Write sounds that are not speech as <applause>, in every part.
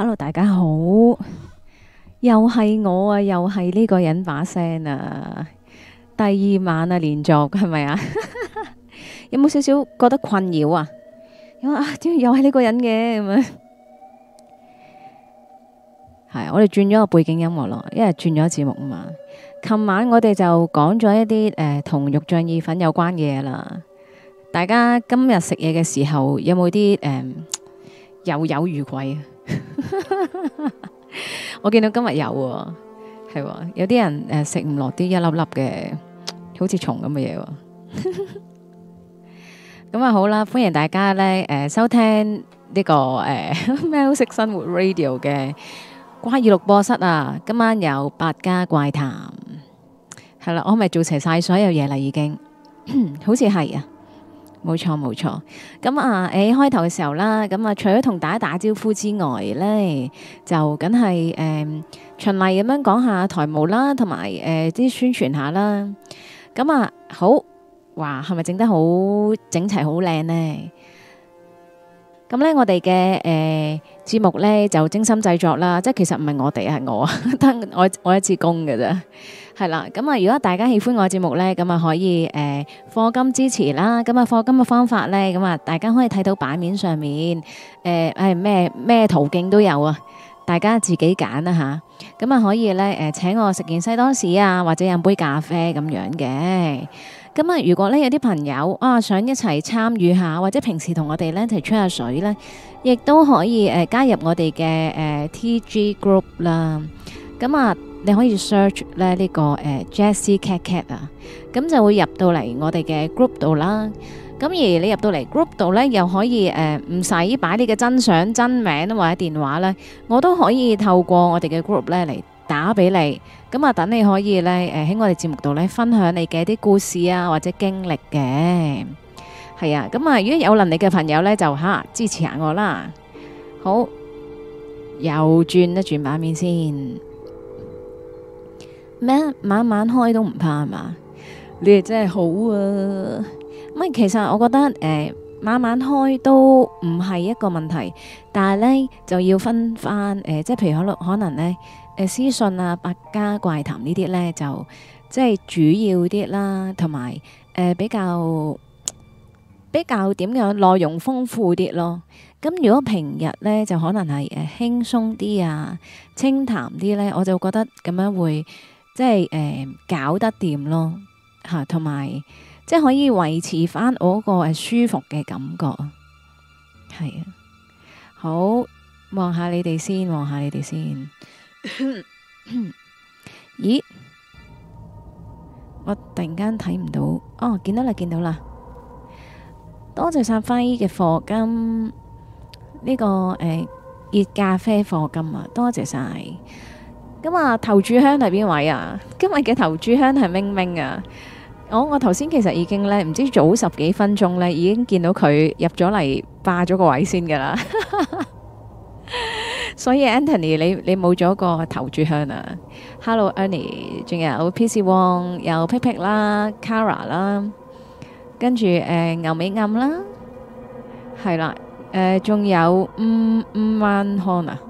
Hello，大家好，又係我啊，又係呢個人把聲啊，第二晚啊連續係咪啊？ <laughs> 有冇少少覺得困擾啊？啊，點又係呢個人嘅，係咪？係我哋轉咗個背景音樂咯，因為轉咗節目啊嘛。琴晚我哋就講咗一啲誒同肉醬意粉有關嘅嘢啦。大家今日食嘢嘅時候有冇啲誒有有餘悸？呃猶猶 <laughs> 我見到今日有係、哦哦，有啲人誒食唔落啲一粒粒嘅好似蟲咁嘅嘢喎。咁 <laughs> 啊好啦，歡迎大家呢誒、呃、收聽呢、呢個誒喵式生活 Radio 嘅怪異錄播室啊。今晚有百家怪談。係啦，我咪做齊晒所有嘢啦，已經，好似係啊。冇錯冇錯，咁啊誒開頭嘅時候啦，咁啊除咗同大家打一打招呼之外咧，就梗係誒循例咁樣講下台務啦，同埋誒啲宣傳下啦。咁啊好話，係咪整得好整齊好靚咧？咁咧我哋嘅誒節目咧就精心製作啦，即係其實唔係我哋啊，係我啊，得我我一次工嘅啫。係啦，咁啊，如果大家喜歡我嘅節目呢，咁啊可以誒課金支持啦。咁啊課金嘅方法呢，咁啊大家可以睇到版面上面誒誒咩咩途徑都有啊，大家自己揀啊。吓，咁啊可以呢，誒請我食件西多士啊，或者飲杯咖啡咁樣嘅。咁啊如果呢，有啲朋友啊想一齊參與下，或者平時同我哋呢一齊吹下水呢，亦都可以誒加入我哋嘅誒 TG Group 啦。咁啊，你可以 search 咧呢，這個誒、呃、Jessie Cat Cat 啊，咁就會入到嚟我哋嘅 group 度啦。咁，啊、而你入到嚟 group 度呢，又可以誒唔使擺你嘅真相，真名，或者電話呢，我都可以透過我哋嘅 group 呢嚟打俾你。咁啊，等你可以呢誒喺、呃、我哋節目度呢分享你嘅一啲故事啊或者經歷嘅。係啊，咁啊，如果有能力嘅朋友呢，就吓、啊、支持下我啦。好，又轉一轉版面先。咩晚晚開都唔怕係嘛？你哋真係好啊！咁其實我覺得誒，晚晚開都唔係一個問題，但係咧就要分翻誒，即係譬如可可能咧誒，屍訊啊、百家怪談呢啲咧就即係主要啲啦，同埋誒比較比較點樣內容豐富啲咯。咁如果平日咧就可能係誒輕鬆啲啊、清談啲咧，我就覺得咁樣會。即係、呃、搞得掂咯吓，同、啊、埋即係可以維持翻我個舒服嘅感覺，係啊。好，望下你哋先，望下你哋先 <coughs> 。咦，我突然間睇唔到，哦，見到啦，見到啦。多謝晒花姨嘅課金，呢、這個誒熱、呃、咖啡課金啊，多謝晒。咁啊，頭炷香係邊位啊？今日嘅頭炷香係明明啊！哦、我我頭先其實已經咧，唔知早十幾分鐘咧，已經見到佢入咗嚟霸咗個位先噶啦。 <laughs> 所以 Anthony，你你冇咗個頭炷香啊 He、er、llo，Annie 仲有 PC Wong，有 Pik Pik 啦 Cara 啦，跟住誒、呃、牛尾暗啦，係啦，誒、呃、仲有、M M Man、h o 彎康啊。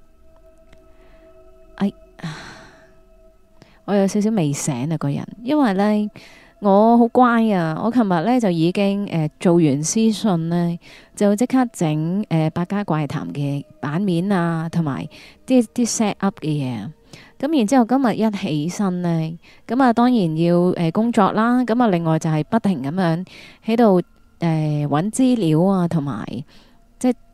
我有少少未醒啊，個人，因為呢，我好乖啊，我琴日呢，就已經誒、呃、做完屍訊呢，就即刻整誒《百、呃、家怪談》嘅版面啊，同埋啲啲 set up 嘅嘢、啊，咁然之後今日一起身呢，咁啊當然要誒工作啦，咁啊另外就係不停咁樣喺度誒搵資料啊，同埋。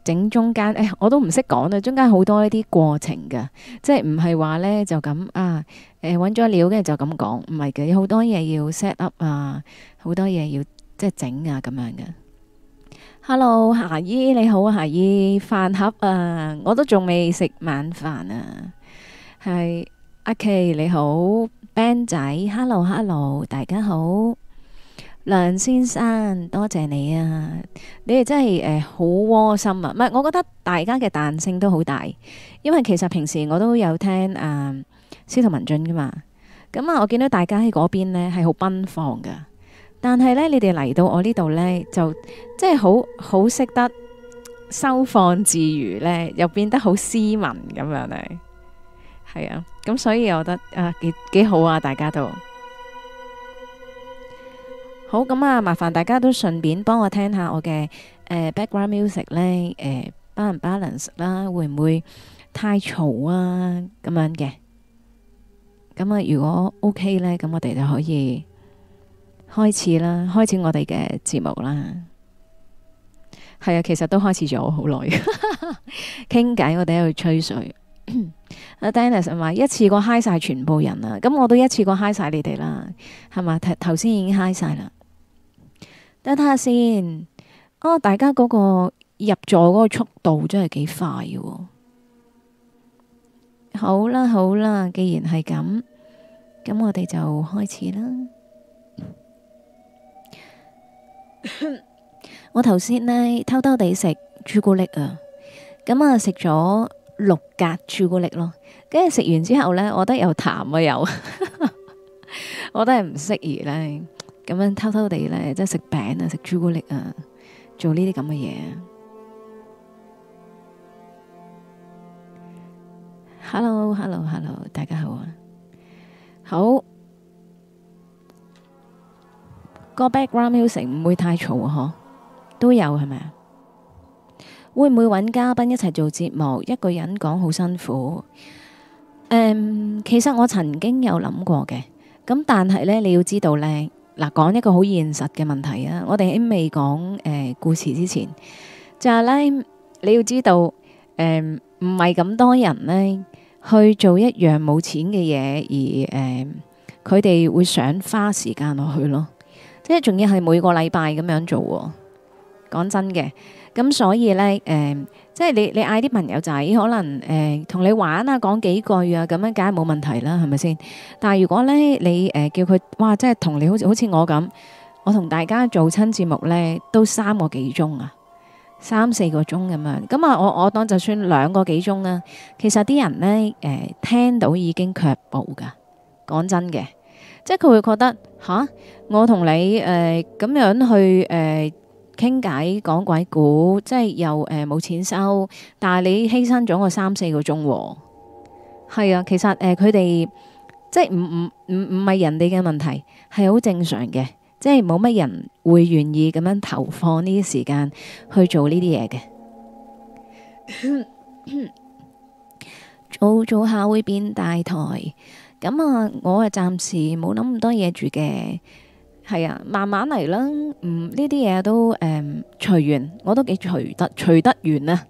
整中間，誒我都唔識講啊！中間好多一啲過程㗎，即係唔係話呢就咁啊誒揾咗料嘅就咁講，唔係嘅，有好多嘢要 set up 啊，好多嘢要即係整啊咁樣嘅。Hello，霞姨你好啊，霞姨飯盒啊，我都仲未食晚飯啊。係阿琪你好，Ben 仔，hello hello，大家好。梁先生，多謝你啊！你哋真係呃、好窩心啊！唔係，我覺得大家嘅彈性都好大，因為其實平時我都有聽啊司徒文俊噶嘛。咁啊，我見到大家喺嗰邊呢係好奔放噶，但係呢，你哋嚟到我呢度呢，就即係好好識得收放自如呢，又變得好斯文咁樣咧。係啊，咁所以我覺得啊、呃、幾幾好啊，大家都。好咁啊，麻煩大家都順便幫我聽下我嘅、呃、background music 咧，誒、呃、balance 啦，會唔會太嘈啊咁樣嘅？咁啊，如果 OK 咧，咁我哋就可以開始啦，開始我哋嘅節目啦。係啊，其實都開始咗好耐，傾偈 <laughs> 我哋喺度吹水。啊 <coughs> ，Dennis 係嘛，一次過 high 晒全部人啦，咁我都一次過 high 晒你哋啦，係嘛，頭先已經 high 晒啦。等睇下先，大家嗰個入座嗰個速度真係幾快嘅。好啦好啦，既然係咁，咁我哋就開始啦。 <coughs> 我頭先呢偷偷地食朱古力啊，咁啊食咗六格朱古力咯。跟住食完之後呢，我都有痰啊又， <laughs> 我都係唔適宜呢。咁樣偷偷地呢，即係食餅啊，食朱古力啊，做呢啲咁嘅嘢。Hello，Hello，Hello，大家好啊，好個 background music 唔會太嘈嗬，都有係咪啊？會唔會搵嘉賓一齊做節目？一個人講好辛苦。嗯，其實我曾經有諗過嘅，咁但係呢，你要知道呢。嗱，講一個好現實嘅問題啊！我哋喺未講故事之前，就係呢：你要知道，嗯、誒唔係咁多人呢去做一樣冇錢嘅嘢，而佢哋、嗯、會想花時間落去咯。即係仲要係每個禮拜這樣做喎。講真嘅。咁所以呢，誒、呃，即係你你嗌啲朋友仔，可能誒同、呃、你玩啊，講幾句啊，咁樣梗係冇問題啦，係咪先？但係如果呢，你誒、呃、叫佢，哇，即係同你好似好似我咁，我同大家做親節目呢，都三個幾鐘啊，三四個鐘咁樣。咁啊，我我當就算兩個幾鐘啦，其實啲人呢，誒、呃、聽到已經卻步㗎。講真嘅，即係佢會覺得吓，我同你誒咁、呃、樣去誒。呃傾偈講鬼故，即係又誒冇、呃、錢收，但係你犧牲咗我三四個鐘。係啊，其實誒佢哋即係唔唔唔唔係人哋嘅問題，係好正常嘅，即係冇乜人會願意咁樣投放呢啲時間去做呢啲嘢嘅。做做 <coughs> 下會變大台，咁啊，我啊暫時冇諗咁多嘢住嘅。係啊，慢慢嚟啦。嗯，呢啲嘢都誒隨緣，我都幾隨得隨得緣啊。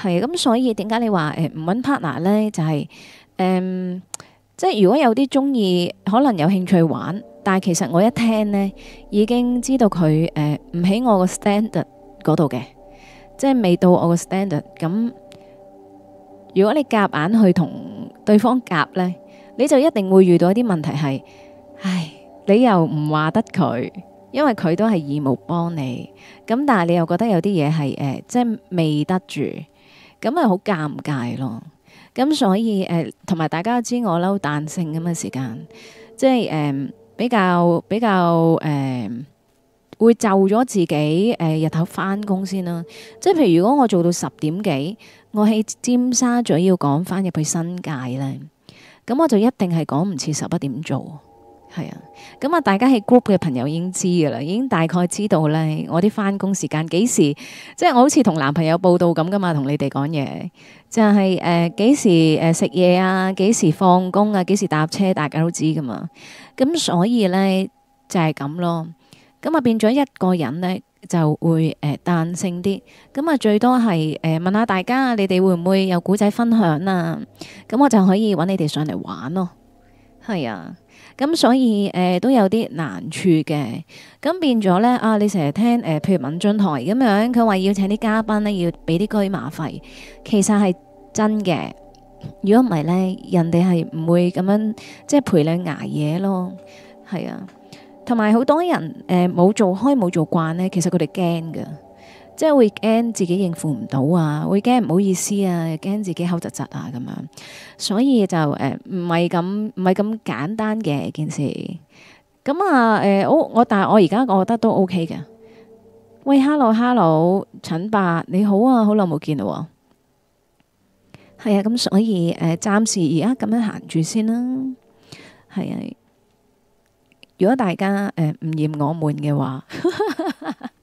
係咁，所以點解你話誒唔揾 partner 咧？就係誒，即係如果有啲中意，可能有興趣玩，但係其實我一聽咧，已經知道佢誒唔喺我個 standard 嗰度嘅，即係未到我個 standard。咁如果你夾硬去同對方夾咧，你就一定會遇到一啲問題係，唉。你又唔話得佢，因為佢都係義務幫你。咁但係你又覺得有啲嘢係誒，即係未得住，咁咪好尷尬咯。咁所以誒，同、呃、埋大家都知道我嬲彈性咁嘅時間，即係誒、呃、比較比較誒、呃、會就咗自己誒、呃、日頭翻工先啦。即係譬如如果我做到十點幾，我喺尖沙咀要趕翻入去新界咧，咁我就一定係趕唔切十一點做。係啊，咁啊，大家喺 group 嘅朋友已經知噶啦，已經大概知道呢，我啲翻工時間幾時，即係我好似同男朋友報道咁噶嘛，同你哋講嘢就係誒幾時誒食嘢啊，幾時放工啊，幾時搭車，大家都知噶嘛。咁所以呢，就係、是、咁咯。咁啊變咗一個人呢，就會誒彈、呃、性啲。咁啊最多係誒、呃、問下大家，你哋會唔會有古仔分享啊？咁我就可以揾你哋上嚟玩咯。係啊。咁所以誒、呃、都有啲難處嘅，咁變咗咧啊！你成日聽誒、呃，譬如文進台咁樣，佢話要請啲嘉賓咧，要俾啲居馬費，其實係真嘅。如果唔係咧，人哋係唔會咁樣即係陪你捱嘢咯。係啊，同埋好多人誒冇、呃、做開冇做慣咧，其實佢哋驚㗎。即係會驚自己應付唔到啊，會驚唔好意思啊，又驚自己口窒窒啊咁樣，所以就誒唔係咁唔係咁簡單嘅件事。咁啊誒、呃哦，我但我但係我而家我覺得都 OK 嘅。喂，hello hello，陳伯你好啊，好耐冇見啦。係啊，咁、啊、所以誒暫、呃、時而家咁樣行住先啦。係啊，如果大家誒唔、呃、嫌我悶嘅話。 <laughs>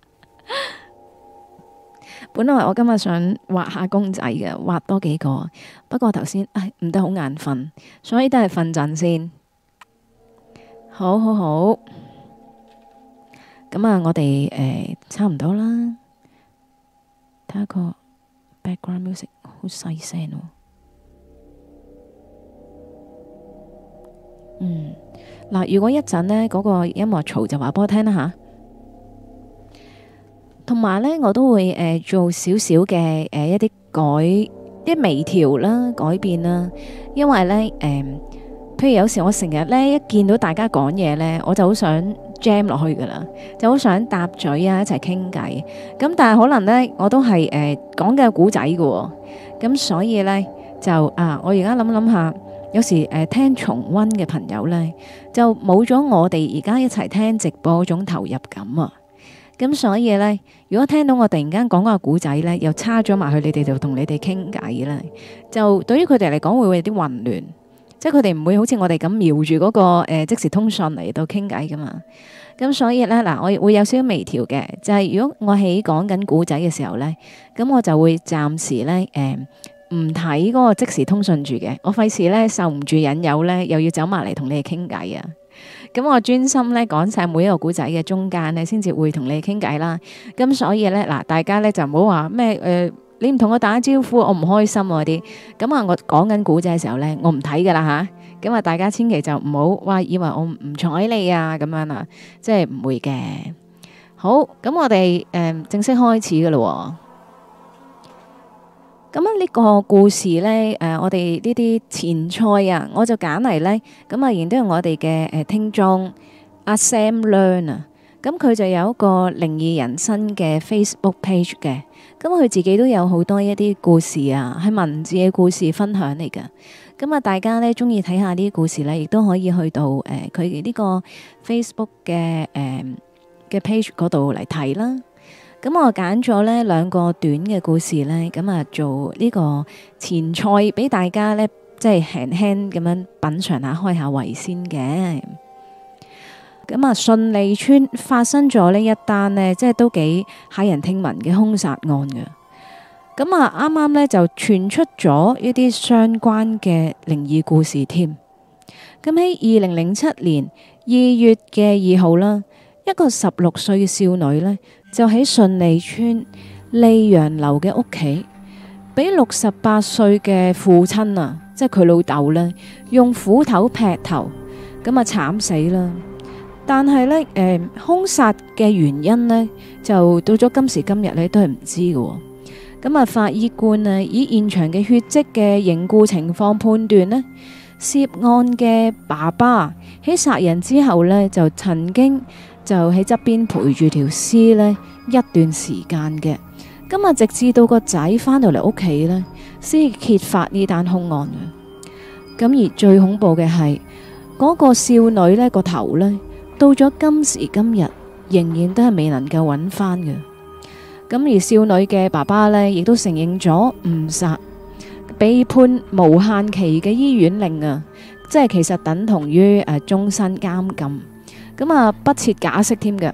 本來我今日想畫下公仔嘅，畫多幾個。不過頭先，唉，唔得好眼瞓，所以都係瞓陣先。好好好。咁啊，我哋誒、呃、差唔多啦。睇下個 background music 好細聲哦。嗯，嗱，如果一陣呢，嗰、嗰個音樂嘈就話俾我聽啦吓。同埋咧，我都會誒做少少嘅誒一啲改一啲微調啦，改變啦。因為咧誒，譬如有時我成日咧一見到大家講嘢咧，我就好想 jam 落去噶啦，就好想搭嘴啊，一齊傾偈。咁但係可能咧，我都係誒講嘅古仔㗎喎。咁所以咧就啊，我而家諗諗下，有時誒聽重溫嘅朋友咧，就冇咗我哋而家一齊聽直播嗰種投入感啊。咁所以呢，如果聽到我突然間講個古仔呢，又差咗埋去，你哋就同你哋傾偈啦。就對於佢哋嚟講，會會有啲混亂，即係佢哋唔會好似我哋咁瞄住嗰個、呃、即時通訊嚟到傾偈噶嘛。咁所以呢，嗱，我會有少少微調嘅，就係如果我喺講緊古仔嘅時候呢，咁我就會暫時呢誒唔睇嗰個即時通訊住嘅，我費事呢受唔住引誘呢，又要走埋嚟同你哋傾偈啊。咁我專心呢講晒每一個古仔嘅中間咧，先至會同你傾偈啦。咁所以呢，大家呢就唔好話咩，你唔同我打招呼，我唔開心嗰、啊、啲。咁啊，我講緊古仔嘅時候呢，我唔睇㗎啦吓。咁啊，大家千祈就唔好話以為我唔睬你呀，咁樣啊，即係唔會嘅。好，咁我哋誒、呃、正式開始㗎喇喎。咁呢個故事呢，誒、呃、我哋呢啲前菜啊，我就揀嚟呢。咁、嗯、啊，啊，亦都係我哋嘅誒聽眾阿 Sam Learn 啊，咁佢就有一個靈異人生嘅 Facebook page 嘅。咁、嗯、佢自己都有好多一啲故事啊，係文字嘅故事分享嚟㗎。咁、嗯、啊，大家呢，鍾意睇下啲故事呢，亦都可以去到誒佢呢個 Facebook 嘅誒嘅、呃、page 度嚟睇啦。咁我揀咗呢兩個短嘅故事呢，咁啊做呢個前菜，俾大家呢，即係輕輕咁樣品嘗下，開一下胃先嘅。咁啊，順利村發生咗呢一單呢，即係都幾駭人聽聞嘅兇殺案㗎。咁啊，啱啱呢就傳出咗一啲相關嘅靈異故事添。咁喺二零零七年二月嘅二號啦，一個十六歲嘅少女呢，就喺順利村利陽樓嘅屋企，俾六十八歲嘅父親啊，即係佢老豆呢，用斧頭劈頭，咁啊慘死啦！但係呢，誒，凶殺嘅原因呢，就到咗今時今日呢都係唔知嘅。咁啊，法醫官啊，以現場嘅血跡嘅凝固情況判斷呢，涉案嘅爸爸喺殺人之後呢就曾經。就喺側邊陪住條屍呢一段時間嘅，咁啊直至到個仔翻到嚟屋企呢，先揭發呢單兇案嘅。咁而最恐怖嘅係，嗰個少女呢個頭呢，到咗今時今日仍然都係未能夠揾翻嘅。咁而少女嘅爸爸呢，亦都承認咗誤殺，被判無限期嘅醫院令啊，即係其實等同於誒終身監禁。咁啊、嗯，不設假釋添嘅。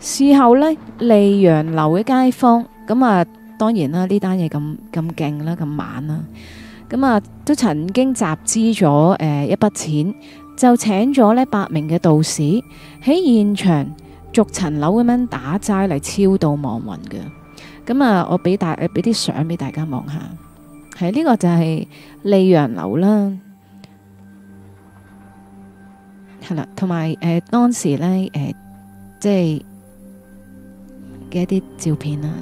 事後呢，利陽樓嘅街坊，咁、嗯、啊，當然啦，呢單嘢咁咁勁啦，咁猛啦，咁、嗯、啊、嗯，都曾經集資咗誒一筆錢，就請咗呢八名嘅道士喺現場逐層樓咁樣打齋嚟超度亡魂嘅。咁、嗯、啊、嗯，我俾大俾啲相俾大家望下，係呢、嗯這個就係利陽樓啦。係啦，同埋誒，當時咧誒、呃，即係嘅一啲照片啊，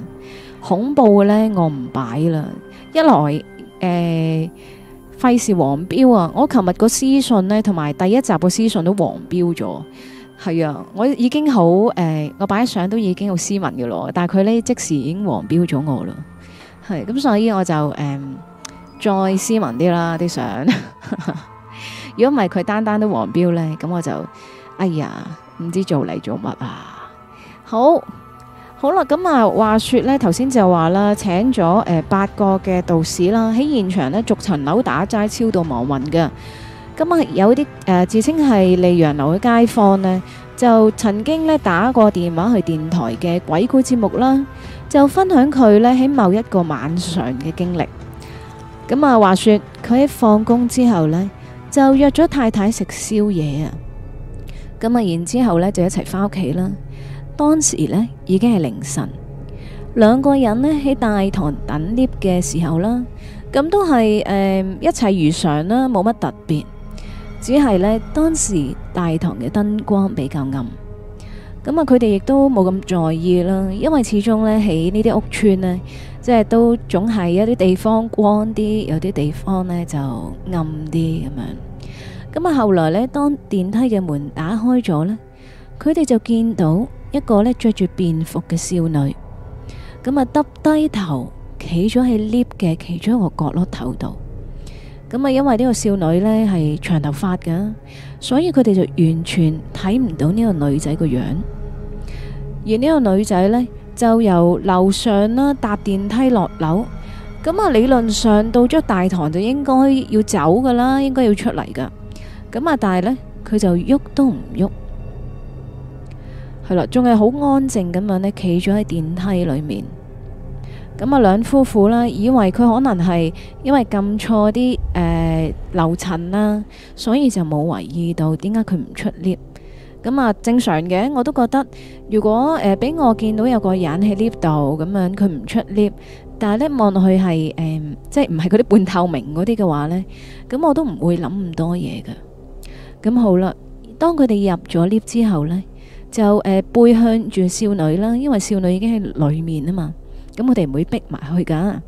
恐怖嘅咧我唔擺啦。一來誒，呃、費事黃標啊！我琴日個私信咧，同埋第一集個私信都黃標咗。係啊，我已經好誒、呃，我擺相都已經好斯文嘅咯。但係佢咧即時已經黃標咗我啦。係咁，所以我就誒、呃，再斯文啲啦啲相。 <laughs> 如果唔係佢單單都黃標呢，咁我就哎呀，唔知做嚟做乜啊好。好好、呃、啦，咁啊，話説呢，頭先就話啦，請咗誒八個嘅道士啦，喺現場呢逐層樓打齋，超度亡魂嘅。咁啊，有啲誒自稱係利陽樓嘅街坊呢，就曾經呢打過電話去電台嘅鬼故節目啦，就分享佢呢喺某一個晚上嘅經歷。咁啊，話説佢喺放工之後呢。就約咗太太食宵夜啊，咁啊，然之後呢就一齊返屋企啦。當時呢，已經係凌晨，兩個人呢喺大堂等 lift 嘅時候啦，咁都係誒、呃、一切如常啦，冇乜特別，只係呢，當時大堂嘅燈光比較暗，咁啊，佢哋亦都冇咁在意啦，因為始終呢，喺呢啲屋村呢。即係都總係有啲地方光啲，有啲地方呢就暗啲咁樣。咁啊，後來呢，當電梯嘅門打開咗呢，佢哋就見到一個呢着住便服嘅少女，咁啊耷低頭，企咗喺 lift 嘅其中一個角落頭度。咁啊，因為呢個少女呢係長頭髮噶，所以佢哋就完全睇唔到呢個女仔個樣。而呢個女仔呢。就由樓上啦，搭電梯落樓，咁啊，理論上到咗大堂就應該要走噶啦，應該要出嚟噶。咁啊，但係呢，佢就喐都唔喐，係啦，仲係好安靜咁樣咧，企咗喺電梯裏面。咁啊，兩夫婦啦，以為佢可能係因為撳錯啲誒樓層啦，所以就冇懷疑到點解佢唔出嚟。咁啊，正常嘅，我都覺得，如果誒俾、呃、我見到有個人喺 lift 度咁樣，佢唔出 lift，但係呢望落去係誒、呃，即係唔係嗰啲半透明嗰啲嘅話呢，咁我都唔會諗咁多嘢噶。咁、嗯、好啦，當佢哋入咗 lift 之後呢，就誒、呃、背向住少女啦，因為少女已經喺裏面啊嘛，咁我哋唔會逼埋去噶。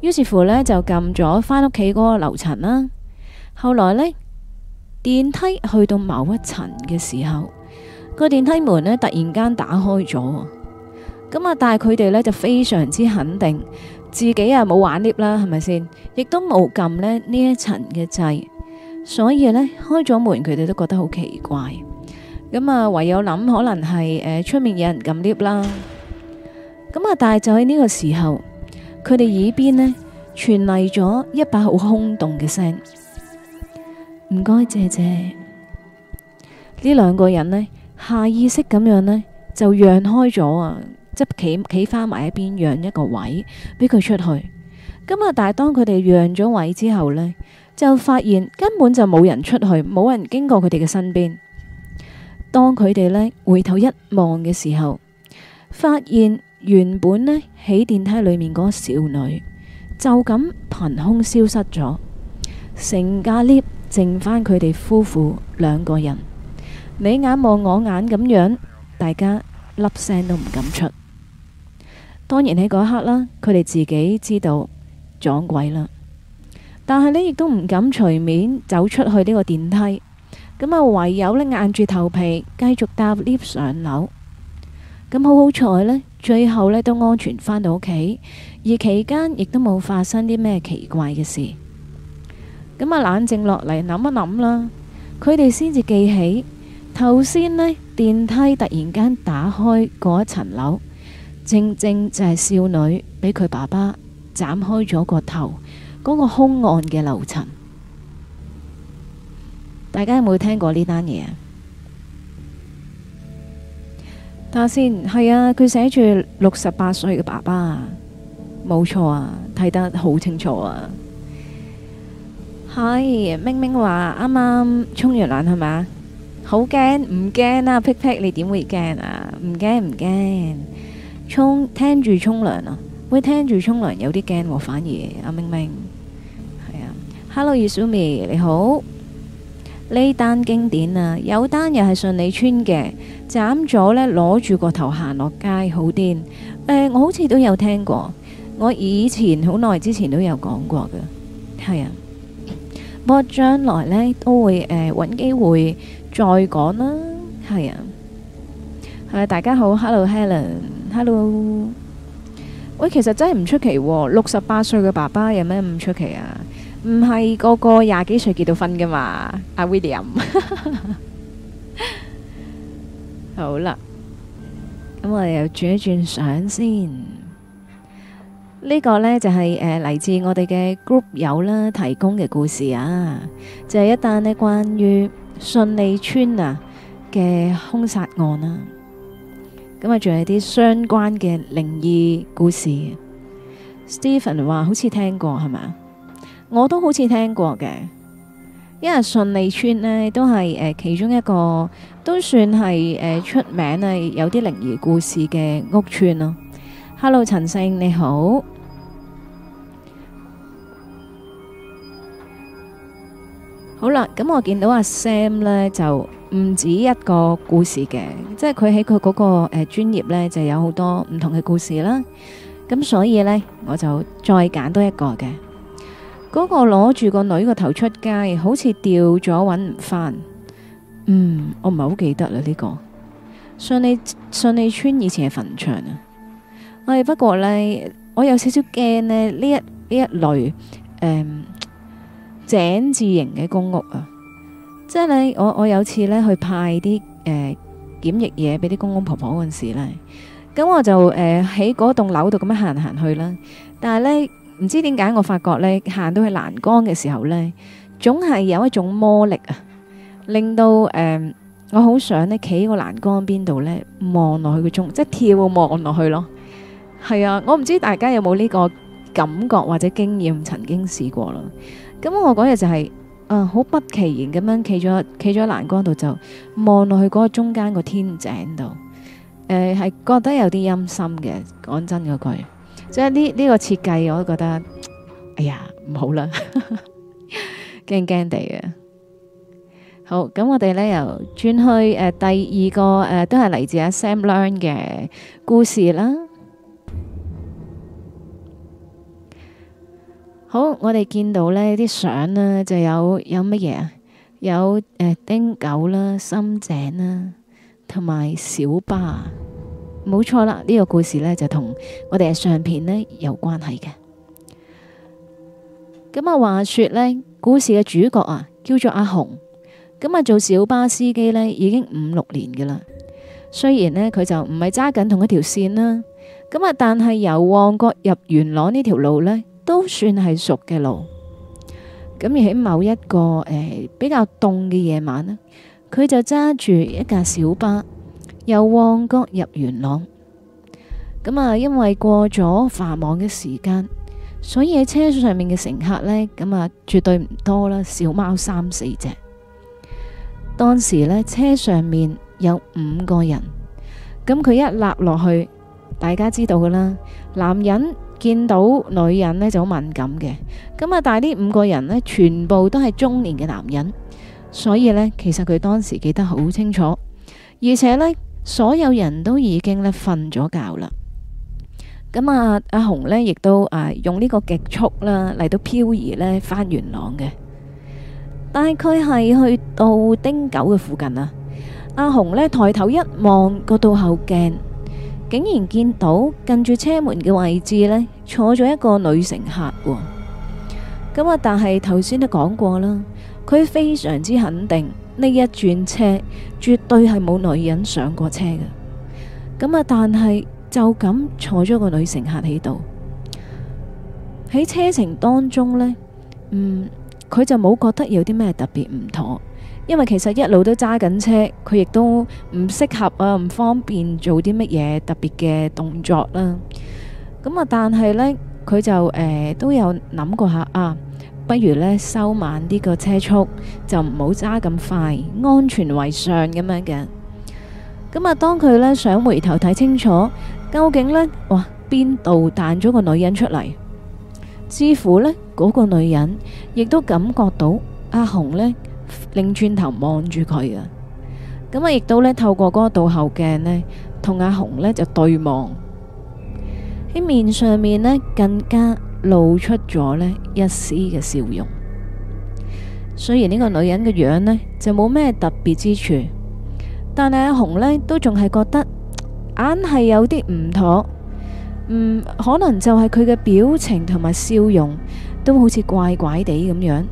於是乎呢，就撳咗返屋企嗰個樓層啦。後來呢，電梯去到某一層嘅時候。個電梯門咧，突然間打開咗，咁啊，但係佢哋咧，就非常之肯定自己啊冇玩 lift 啦，係咪先？亦都冇撳咧呢一層嘅掣，所以咧，開咗門，佢哋都覺得好奇怪。咁啊，唯有諗可能係誒出面有人撳 lift 啦。咁啊，但係就喺呢個時候，佢哋耳邊咧傳嚟咗一把好空洞嘅聲，唔該，謝謝呢兩個人咧。下意識咁樣呢，就讓開咗啊！即企企翻埋一邊，讓一個位俾佢出去。咁啊，但係當佢哋讓咗位之後呢，就發現根本就冇人出去，冇人經過佢哋嘅身邊。當佢哋呢，回頭一望嘅時候，發現原本呢，喺電梯裏面嗰個少女就咁憑空消失咗，成架 lift 剩翻佢哋夫婦兩個人。你眼望我眼咁樣，大家粒聲都唔敢出。當然喺嗰一刻啦，佢哋自己知道撞鬼啦，但係呢亦都唔敢隨便走出去呢個電梯。咁啊，唯有呢硬住頭皮繼續搭 lift 上樓。咁好好彩呢，最後呢都安全翻到屋企，而期間亦都冇發生啲咩奇怪嘅事。咁啊，冷靜落嚟諗一諗啦，佢哋先至記起。頭先呢，電梯突然間打開嗰一層樓，正正就係少女畀佢爸爸斬開咗個頭，嗰、嗰個兇案嘅樓層。大家有冇聽過呢單嘢？睇下先，係啊，佢寫住六十八歲嘅爸爸，沒錯啊，冇錯啊，睇得好清楚啊。係明明話啱啱沖完涼係咪？好驚唔驚啊 pet pet 你點會驚啊？唔驚唔驚，沖、啊、聽住沖涼啊！喂，聽住沖涼有啲驚喎，反而阿明明係啊。Hello，小咪，你好。呢單經典啊，有單又係順利村嘅，斬咗呢，攞住個頭行落街，好癲、呃。我好似都有聽過，我以前好耐之前都有講過嘅，係啊。不過將來呢，都會誒揾、呃、機會。再講啦，係啊，係。大家好，Hello Helen，Hello，喂，其實真係唔出奇喎，哦，六十八歲嘅爸爸有咩唔出奇啊？唔係個個廿幾歲結到婚噶嘛？阿 William， <laughs> 好啦，咁我哋又轉一轉相先。呢個呢，就係誒嚟自我哋嘅 group 友啦，提供嘅故事啊，就係一單呢關於順利村啊嘅兇殺案啦，咁啊仲有啲相關嘅靈異故事。Stephen 話好似聽過係咪？我都好似聽過嘅，因為順利村呢都係誒其中一個都算係誒出名係有啲靈異故事嘅屋村咯。Hello，陳勝你好。好啦，咁我見到阿 Sam 呢，就唔止一個故事嘅，即係佢喺佢嗰個誒專、呃、業呢就有好多唔同嘅故事啦。咁所以呢，我就再揀多一個嘅，嗰、嗰個攞住個女個頭出街，好似掉咗，揾唔返。嗯，我唔係好記得啦呢、呢個。上利上利村以前係墳場啊。我哋不過咧，我有少少驚咧。呢一呢一類誒井字型嘅公屋啊，即係咧，我我有次咧去派啲誒檢疫嘢俾啲公公婆婆嗰陣時咧，咁我就誒喺嗰棟樓度咁樣行行去啦。但係咧，唔知點解我發覺咧，行到去欄杆嘅時候咧，總係有一種魔力啊，令到誒我好想咧企喺個欄杆邊度咧望落去個鐘，即係跳望落去咯。係啊，我唔知大家有冇呢個感覺或者經驗，曾經試過啦。咁我嗰日就係、是、誒、好、呃、不其然咁樣企咗企咗欄杆度，就望落去嗰個中間個天井度，誒、呃、係覺得有啲陰森嘅。講真嗰句，即係呢呢個設計，我都覺得哎呀唔好啦，驚驚地嘅。好，咁，那我哋咧又轉去誒、呃、第二個誒、呃，都係嚟自阿 Sam Learn 嘅故事啦。好，我哋見到呢啲相呢，就有有乜嘢啊？有，有、呃、丁狗啦、深井啦，同埋小巴。冇錯啦。呢個故事呢，就同我哋嘅相片呢有關係嘅。咁啊，話說呢，故事嘅主角啊，叫做阿紅。咁啊，做小巴司機呢，已經五六年嘅啦。雖然呢，佢就唔係揸緊同一條線啦，咁啊，但係由旺角入元朗呢條路呢。都算係熟嘅路，咁而喺某一個誒比較凍嘅夜晚呢，佢就揸住一架小巴，由旺角入元朗。咁啊，因為過咗繁忙嘅時間，所以喺車上面嘅乘客呢，咁啊，絕對唔多啦，小貓三四隻。當時呢，車上面有五個人，咁佢一立落去，大家知道噶啦，男人。見到女人呢就好敏感嘅，咁啊，但係呢五個人呢，全部都係中年嘅男人，所以呢，其實佢當時記得好清楚，而且呢，所有人都已經呢瞓咗覺啦。咁啊，阿紅呢，亦都啊用呢個極速啦嚟到漂移呢，返元朗嘅，大概係去到丁九嘅附近啊。阿紅呢，抬頭一望個倒後鏡，竟然見到近住車門嘅位置呢，坐咗一個女乘客。咁啊，但係頭先都講過啦，佢非常之肯定呢一轉車絕對係冇女人上過車嘅。咁啊，但係就咁坐咗個女乘客喺度，喺車程當中呢，嗯，佢就冇覺得有啲咩特別唔妥。因為其實一路都揸緊車，佢亦都唔適合啊，唔方便做啲乜嘢特別嘅動作啦。咁、嗯、啊，但係呢，佢就誒、呃、都有諗過一下啊，不如呢收慢啲個車速，就唔好揸咁快，安全為上咁樣嘅。咁、嗯、啊、嗯，當佢呢想回頭睇清楚，究竟呢，哇邊度彈咗個女人出嚟？似乎呢，嗰、那個女人亦都感覺到阿紅呢。擰轉頭望住佢啊！咁啊，亦都呢透過嗰個倒後鏡呢，同阿紅呢就對望，喺面上面呢，更加露出咗呢一絲嘅笑容。雖然呢個女人嘅樣呢就冇咩特別之處，但係阿紅呢都仲係覺得硬係有啲唔妥，嗯，可能就係佢嘅表情同埋笑容都好似怪怪地咁樣。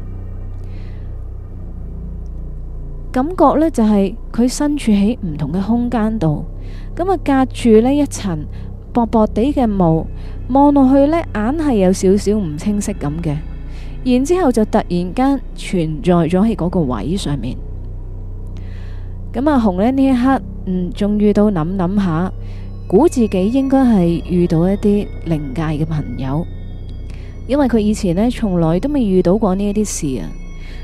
感覺呢，就係佢身處喺唔同嘅空間度，咁啊隔住呢一層薄薄地嘅霧，望落去呢，眼係有少少唔清晰咁嘅，然之後就突然間存在咗喺嗰個位上面。咁、嗯、阿紅呢，呢一刻，嗯，仲遇到諗諗下，估自己應該係遇到一啲靈界嘅朋友，因為佢以前呢，從來都未遇到過呢一啲事啊。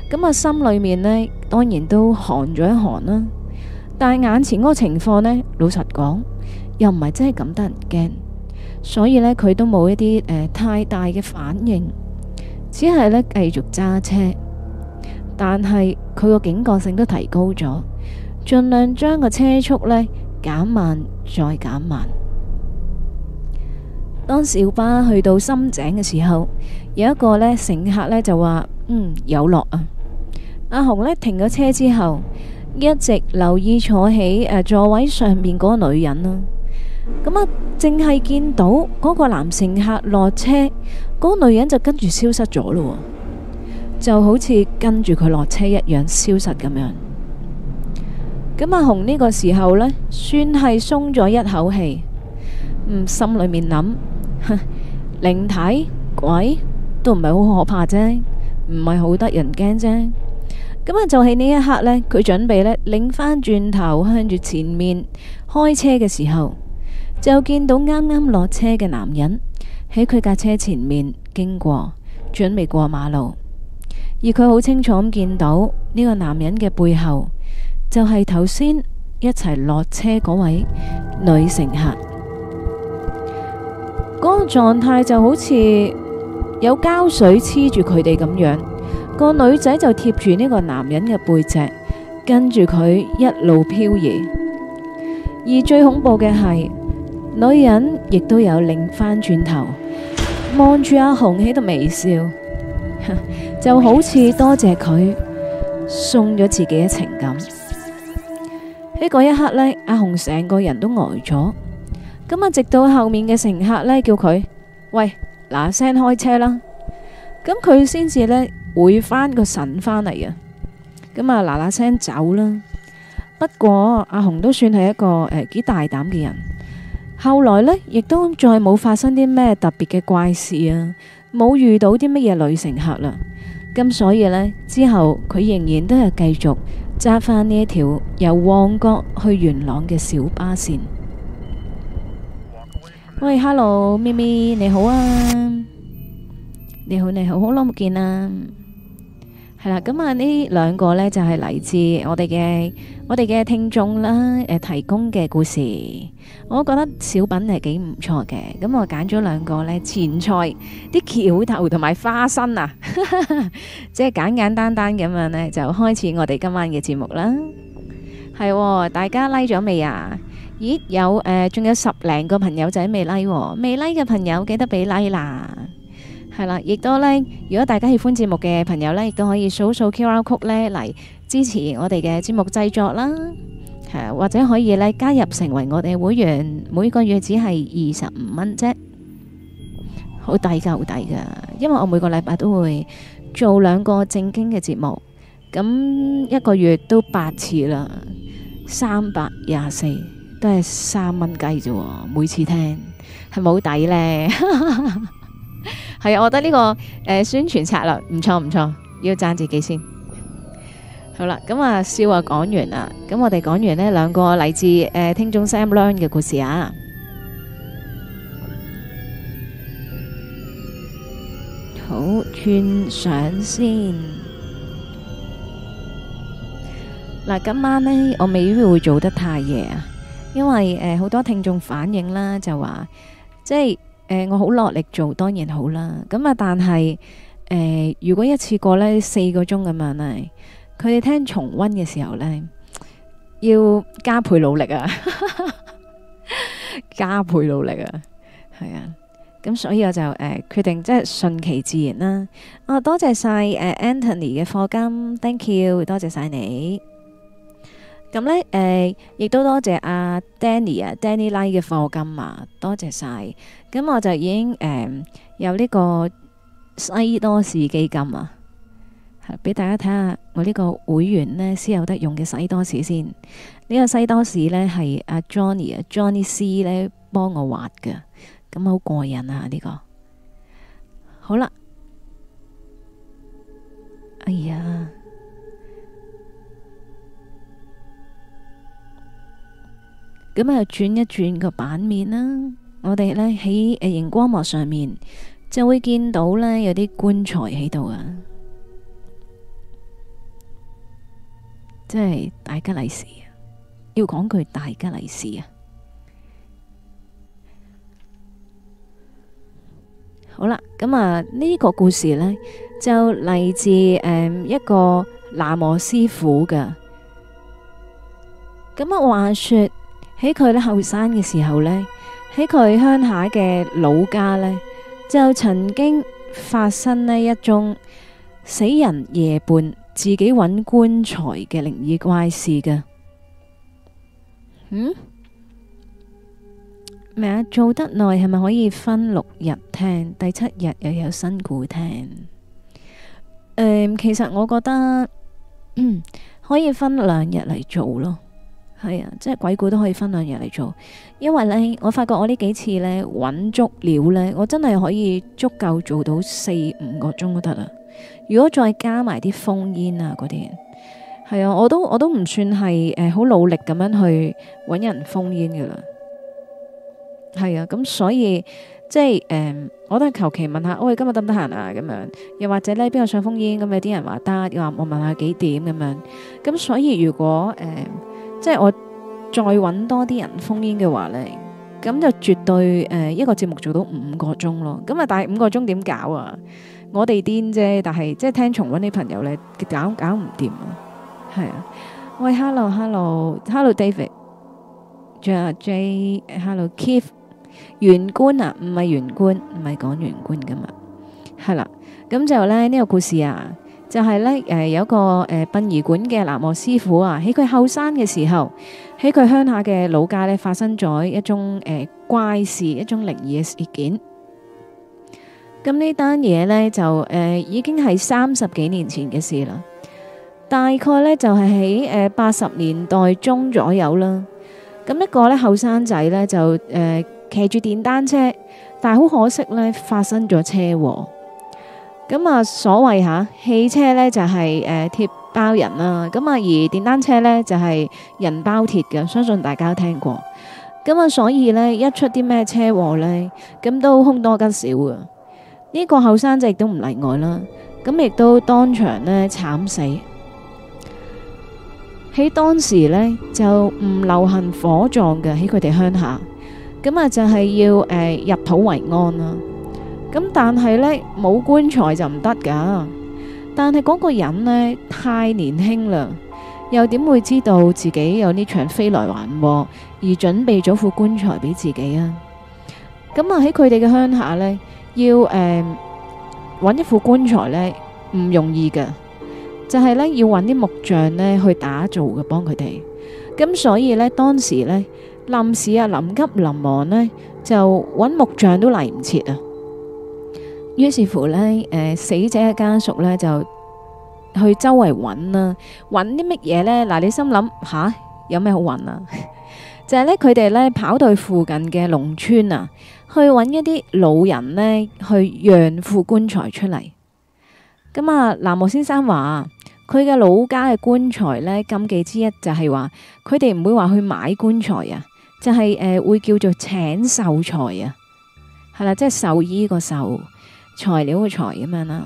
咁啊，心裏面呢，當然都寒咗一寒啦。但係眼前嗰個情況呢，老實講又唔係真係咁得人驚，所以呢，佢都冇一啲太大嘅反應，只係呢，繼續揸車。但係佢個警覺性都提高咗，盡量將個車速呢減慢再減慢。當小巴去到深井嘅時候，有一個呢乘客呢，就話：「嗯，有落啊！阿紅呢，停咗車之後，一直留意坐喺、呃、座位上面嗰個女人啦。咁啊，嗯、淨係見到嗰個男乘客落車，嗰、嗰個女人就跟住消失咗咯，就好似跟住佢落車一樣消失咁樣。咁、嗯、阿紅呢個時候呢，算係鬆咗一口氣。唔，心裏面諗，靈體鬼都唔係好可怕啫，唔係好得人驚啫。咁啊，就喺呢一刻呢，佢準備呢擰翻轉頭向住前面開車嘅時候，就見到啱啱落車嘅男人喺佢架車前面經過，準備過馬路。而佢好清楚咁見到呢個男人嘅背後，就係頭先一齊落車嗰位女乘客。嗰個狀態就好似有膠水黐住佢哋咁樣。個女仔就貼住呢個男人嘅背脊，跟住佢一路漂移。而最恐怖嘅係，女人亦都有擰翻轉頭，望住阿紅喺度微笑，就好似多謝佢送咗自己嘅情感。喺嗰一刻呢，阿紅成個人都呆咗。咁啊，直到後面嘅乘客呢，叫佢，喂，嗱聲開車啦。咁佢先至呢，他才會返個神返嚟啊！咁啊，嗱嗱聲走啦。不過阿紅都算係一個誒幾、呃、大膽嘅人。後來呢，亦都再冇發生啲咩特別嘅怪事啊，冇遇到啲乜嘢女乘客啦。咁所以呢，之後佢仍然都係繼續揸返呢一條由旺角去元朗嘅小巴線。喂、hey,，Hello，咪咪你好啊！你好，你好，好耐冇見啦，係啦，咁啊，呢兩個呢，就係嚟自我哋嘅我哋嘅聽眾啦，誒，提供嘅故事，我覺得小品係幾唔錯嘅，咁我揀咗兩個呢，前菜，啲橋頭同埋花生啊，即 <laughs> 係簡簡單單咁樣呢，就開始我哋今晚嘅節目啦。係，大家拉咗未啊？咦，有誒，仲有十零個朋友仔未拉哦？未拉嘅朋友記得俾拉啦。係啦，亦都呢，如果大家喜歡節目嘅朋友呢，亦都可以掃掃 QR Code 呢嚟支持我哋嘅節目製作啦，係或者可以呢，加入成為我哋會員，每個月只係二十五蚊啫，好抵噶好抵噶，因為我每個禮拜都會做兩個正經嘅節目，咁一個月都八次啦，三百廿四都係三蚊雞啫，每次聽係冇抵呢！ <laughs> 係啊，我覺得呢、這個誒、呃、宣傳策略唔錯唔錯，要讚自己先。好啦，咁、嗯、啊笑話講完啦，咁、嗯、我哋講完呢兩個嚟自誒聽眾 Sam Long 嘅故事啊。好，轉上先。嗱，今晚呢，我未必會做得太夜啊，因為誒好、呃、多聽眾反映啦，就話即係。誒、呃，我好落力，做當然好啦，咁啊，但係誒、呃，如果一次過咧四個鐘咁樣咧，佢哋聽重溫嘅時候咧，要加倍努力啊， <laughs> 加倍努力啊，係啊，咁所以我就誒、呃、決定即係順其自然啦。哦、啊，多謝晒誒、呃、Anthony 嘅課金，thank you，多謝晒你。咁呢，誒、嗯，亦都多謝阿 Danny 啊，Danny Line 嘅課金啊，多謝晒。咁我就已經誒、嗯、有呢個西多士基金啊，係俾大家睇下我呢個會員呢，先有得用嘅西多士先。呢、這個西多士呢，係阿 Johnny 啊，Johnny C 呢，幫我畫嘅，咁好過癮啊呢個。好啦，哎呀～咁啊，轉一轉個版面啦，我哋呢喺誒熒光幕上面就會見到呢，有啲棺材喺度啊，即係大吉利是啊，要講句大吉利是啊。好啦，咁啊呢個故事呢，就嚟自誒、嗯、一個喃嘸師傅嘅，咁啊話說。喺佢呢後生嘅時候呢，喺佢鄉下嘅老家呢，就曾經發生呢一宗死人夜半自己揾棺材嘅靈異怪事㗎。嗯，咩啊？做得耐係咪可以分六日聽？第七日又有新故聽？嗯，其實我覺得，嗯，可以分兩日嚟做咯。係啊，即係鬼故都可以分兩日嚟做，因為咧，我發覺我呢幾次咧揾足料咧，我真係可以足夠做到四五個鐘都得啦。如果再加埋啲封煙啊嗰啲，係啊，我都我都唔算係誒好努力咁樣去揾人封煙噶啦。係啊，咁所以即係誒，我都係求其問下，喂，今日得唔得閒啊？咁樣，又或者咧邊個上封煙？咁有啲人話得，又話我問下幾點咁樣。咁所以如果誒，呃即係我再揾多啲人封煙嘅話呢，咁就絕對誒、呃、一個節目做到五個鐘咯。咁啊，但係五個鐘點搞啊？我哋癲啫，但係即係聽重溫啲朋友呢搞搞唔掂啊。係啊，喂 hello，hello hello hello David，仲有 Jay hello Keith，玄官啊，唔係玄官，唔係講玄官噶嘛。係啦、啊，咁就咧呢、這個故事啊。就係呢，誒，有一個誒殯儀館嘅南無師傅啊，喺佢後生嘅時候，喺佢鄉下嘅老家呢，發生咗一宗誒怪事，一宗靈異嘅事件。咁呢單嘢呢，就誒已經係三十幾年前嘅事啦，大概呢，就係喺誒八十年代中左右啦。咁一個咧後生仔咧就誒騎住電單車，但係好可惜咧發生咗車禍。咁啊，所謂吓汽車呢就係誒鐵包人啦，咁啊而電單車呢就係人包鐵嘅，相信大家都聽過。咁啊，所以呢一出啲咩車禍呢，咁都凶多吉少啊！呢個後生仔亦都唔例外啦，咁亦都當場呢慘死。喺當時呢就唔流行火葬嘅喺佢哋鄉下，咁啊就係要誒入土為安啦。咁但係咧冇棺材就唔得噶。但係嗰個人咧太年輕啦，又點會知道自己有呢場飛來橫禍，而準備咗副棺材俾自己啊？咁啊喺佢哋嘅鄉下咧，要誒搵一副棺材咧唔容易噶，就係咧要搵啲木匠咧去打造嘅，幫佢哋。咁所以咧當時咧臨時啊，臨急臨忙咧就搵木匠都嚟唔切啊。於是乎呢，誒、呃、死者嘅家屬呢，就去周圍揾啦，揾啲乜嘢呢？嗱、啊，你心諗嚇有咩好揾啊？找啊 <laughs> 就係呢，佢哋呢，跑到附近嘅農村啊，去揾一啲老人呢，去讓副棺材出嚟。咁、嗯、啊，藍毛先生話：佢嘅老家嘅棺材呢，禁忌之一就係話佢哋唔會話去買棺材啊，就係、是、誒、呃、會叫做請壽材啊，係啦、啊，即係壽衣個壽。材料嘅材咁樣啦，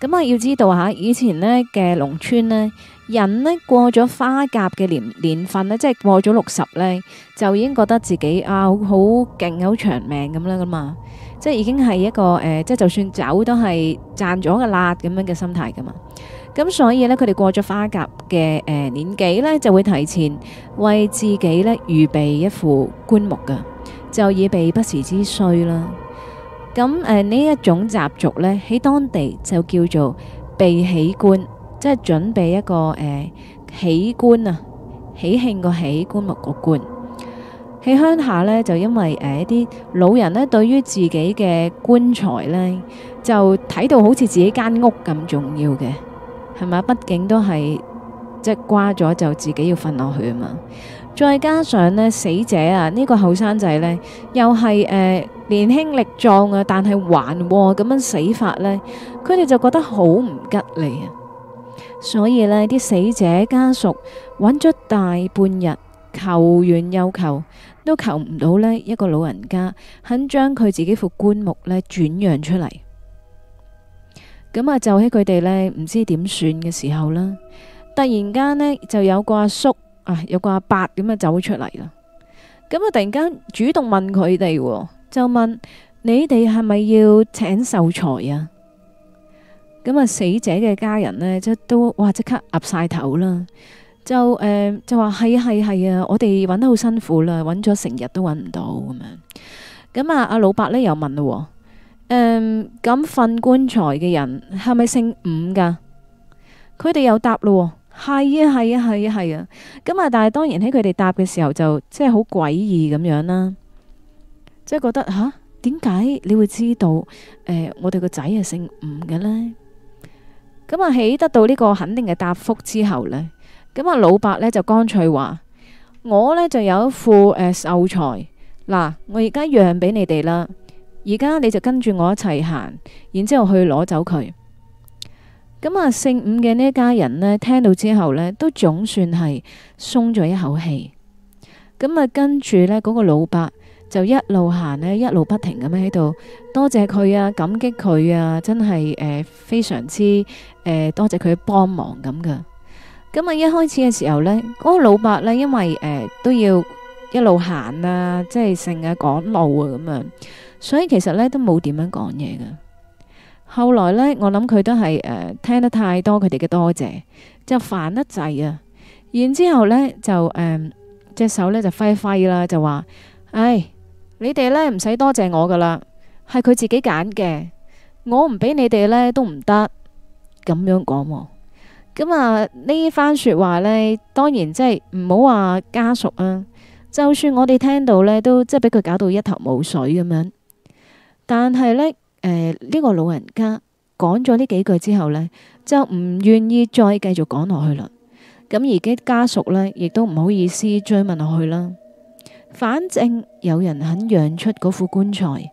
咁啊要知道吓，以前呢嘅農村呢，人呢過咗花甲嘅年年份呢，即係過咗六十呢，就已經覺得自己啊好好勁、好長命咁樣噶嘛。即係已經係一個誒，即、呃、係就算走都係賺咗嘅辣咁樣嘅心態噶嘛。咁所以呢，佢哋過咗花甲嘅誒、呃、年紀呢，就會提前為自己呢預備一副棺木噶，就以備不時之需啦。咁誒呢一種習俗呢，喺當地就叫做備喜棺，即係準備一個誒喜棺啊喜慶個喜棺木個棺。喺鄉下呢，就因為誒一啲老人呢，對於自己嘅棺材呢，就睇到好似自己間屋咁重要嘅，係咪？畢竟都係即係瓜咗就自己要瞓落去啊嘛。再加上呢死者啊，這個、呢個後生仔呢又係誒、呃、年輕力壯啊，但係橫禍咁樣死法呢，佢哋就覺得好唔吉利啊！所以呢啲死者家屬揾咗大半日，求完又求，都求唔到呢一個老人家肯將佢自己副棺木呢轉讓出嚟。咁啊，就喺佢哋呢唔知點算嘅時候啦，突然間呢就有個阿叔。啊，有個阿伯咁啊走出嚟啦，咁啊突然間主動問佢哋，就問你哋係咪要請壽材啊？咁啊死者嘅家人呢，即都哇即刻岌晒頭啦，就誒就話係係係啊，我哋揾得好辛苦啦，揾咗成日都揾唔到咁樣。咁啊阿老伯呢又問嘞，誒咁瞓棺材嘅人係咪姓伍噶？佢哋又答啦。係啊，係啊，係啊，係啊！咁啊，但係當然喺佢哋答嘅時候就即係好詭異咁樣啦，即係覺得吓點解你會知道誒、呃、我哋個仔係姓吳嘅呢？咁啊喺得到呢個肯定嘅答覆之後呢，咁、嗯、啊老伯呢就乾脆話我呢就有一副誒壽材嗱，我而家讓俾你哋啦，而家你就跟住我一齊行，然之後去攞走佢。咁啊、嗯，姓伍嘅呢一家人呢，聽到之後呢，都總算係鬆咗一口氣。咁、嗯、啊，跟住呢嗰，那個老伯就一路行呢，一路不停咁喺度多謝佢啊，感激佢啊，真係誒、呃、非常之誒、呃、多謝佢幫忙咁噶。咁、嗯、啊、嗯，一開始嘅時候呢，嗰，那個老伯呢，因為誒、呃、都要一路行啊，即係成日趕路啊咁樣，所以其實呢，都冇點樣講嘢噶。後來呢，我諗佢都係誒、呃、聽得太多佢哋嘅多謝，就煩得滯啊。然之後咧就誒隻手呢就揮揮啦，就話：唉，你哋呢唔使多謝我噶啦，係佢自己揀嘅，我唔俾你哋呢都唔得。咁樣講喎，咁啊呢番說話呢，當然即係唔好話家屬啊。就算我哋聽到呢都即係俾佢搞到一頭霧水咁樣。但係呢。呢、呃呢個老人家講咗呢幾句之後呢，就唔願意再繼續講落去啦。咁而家家屬呢，亦都唔好意思追問落去啦。反正有人肯讓出嗰副棺材，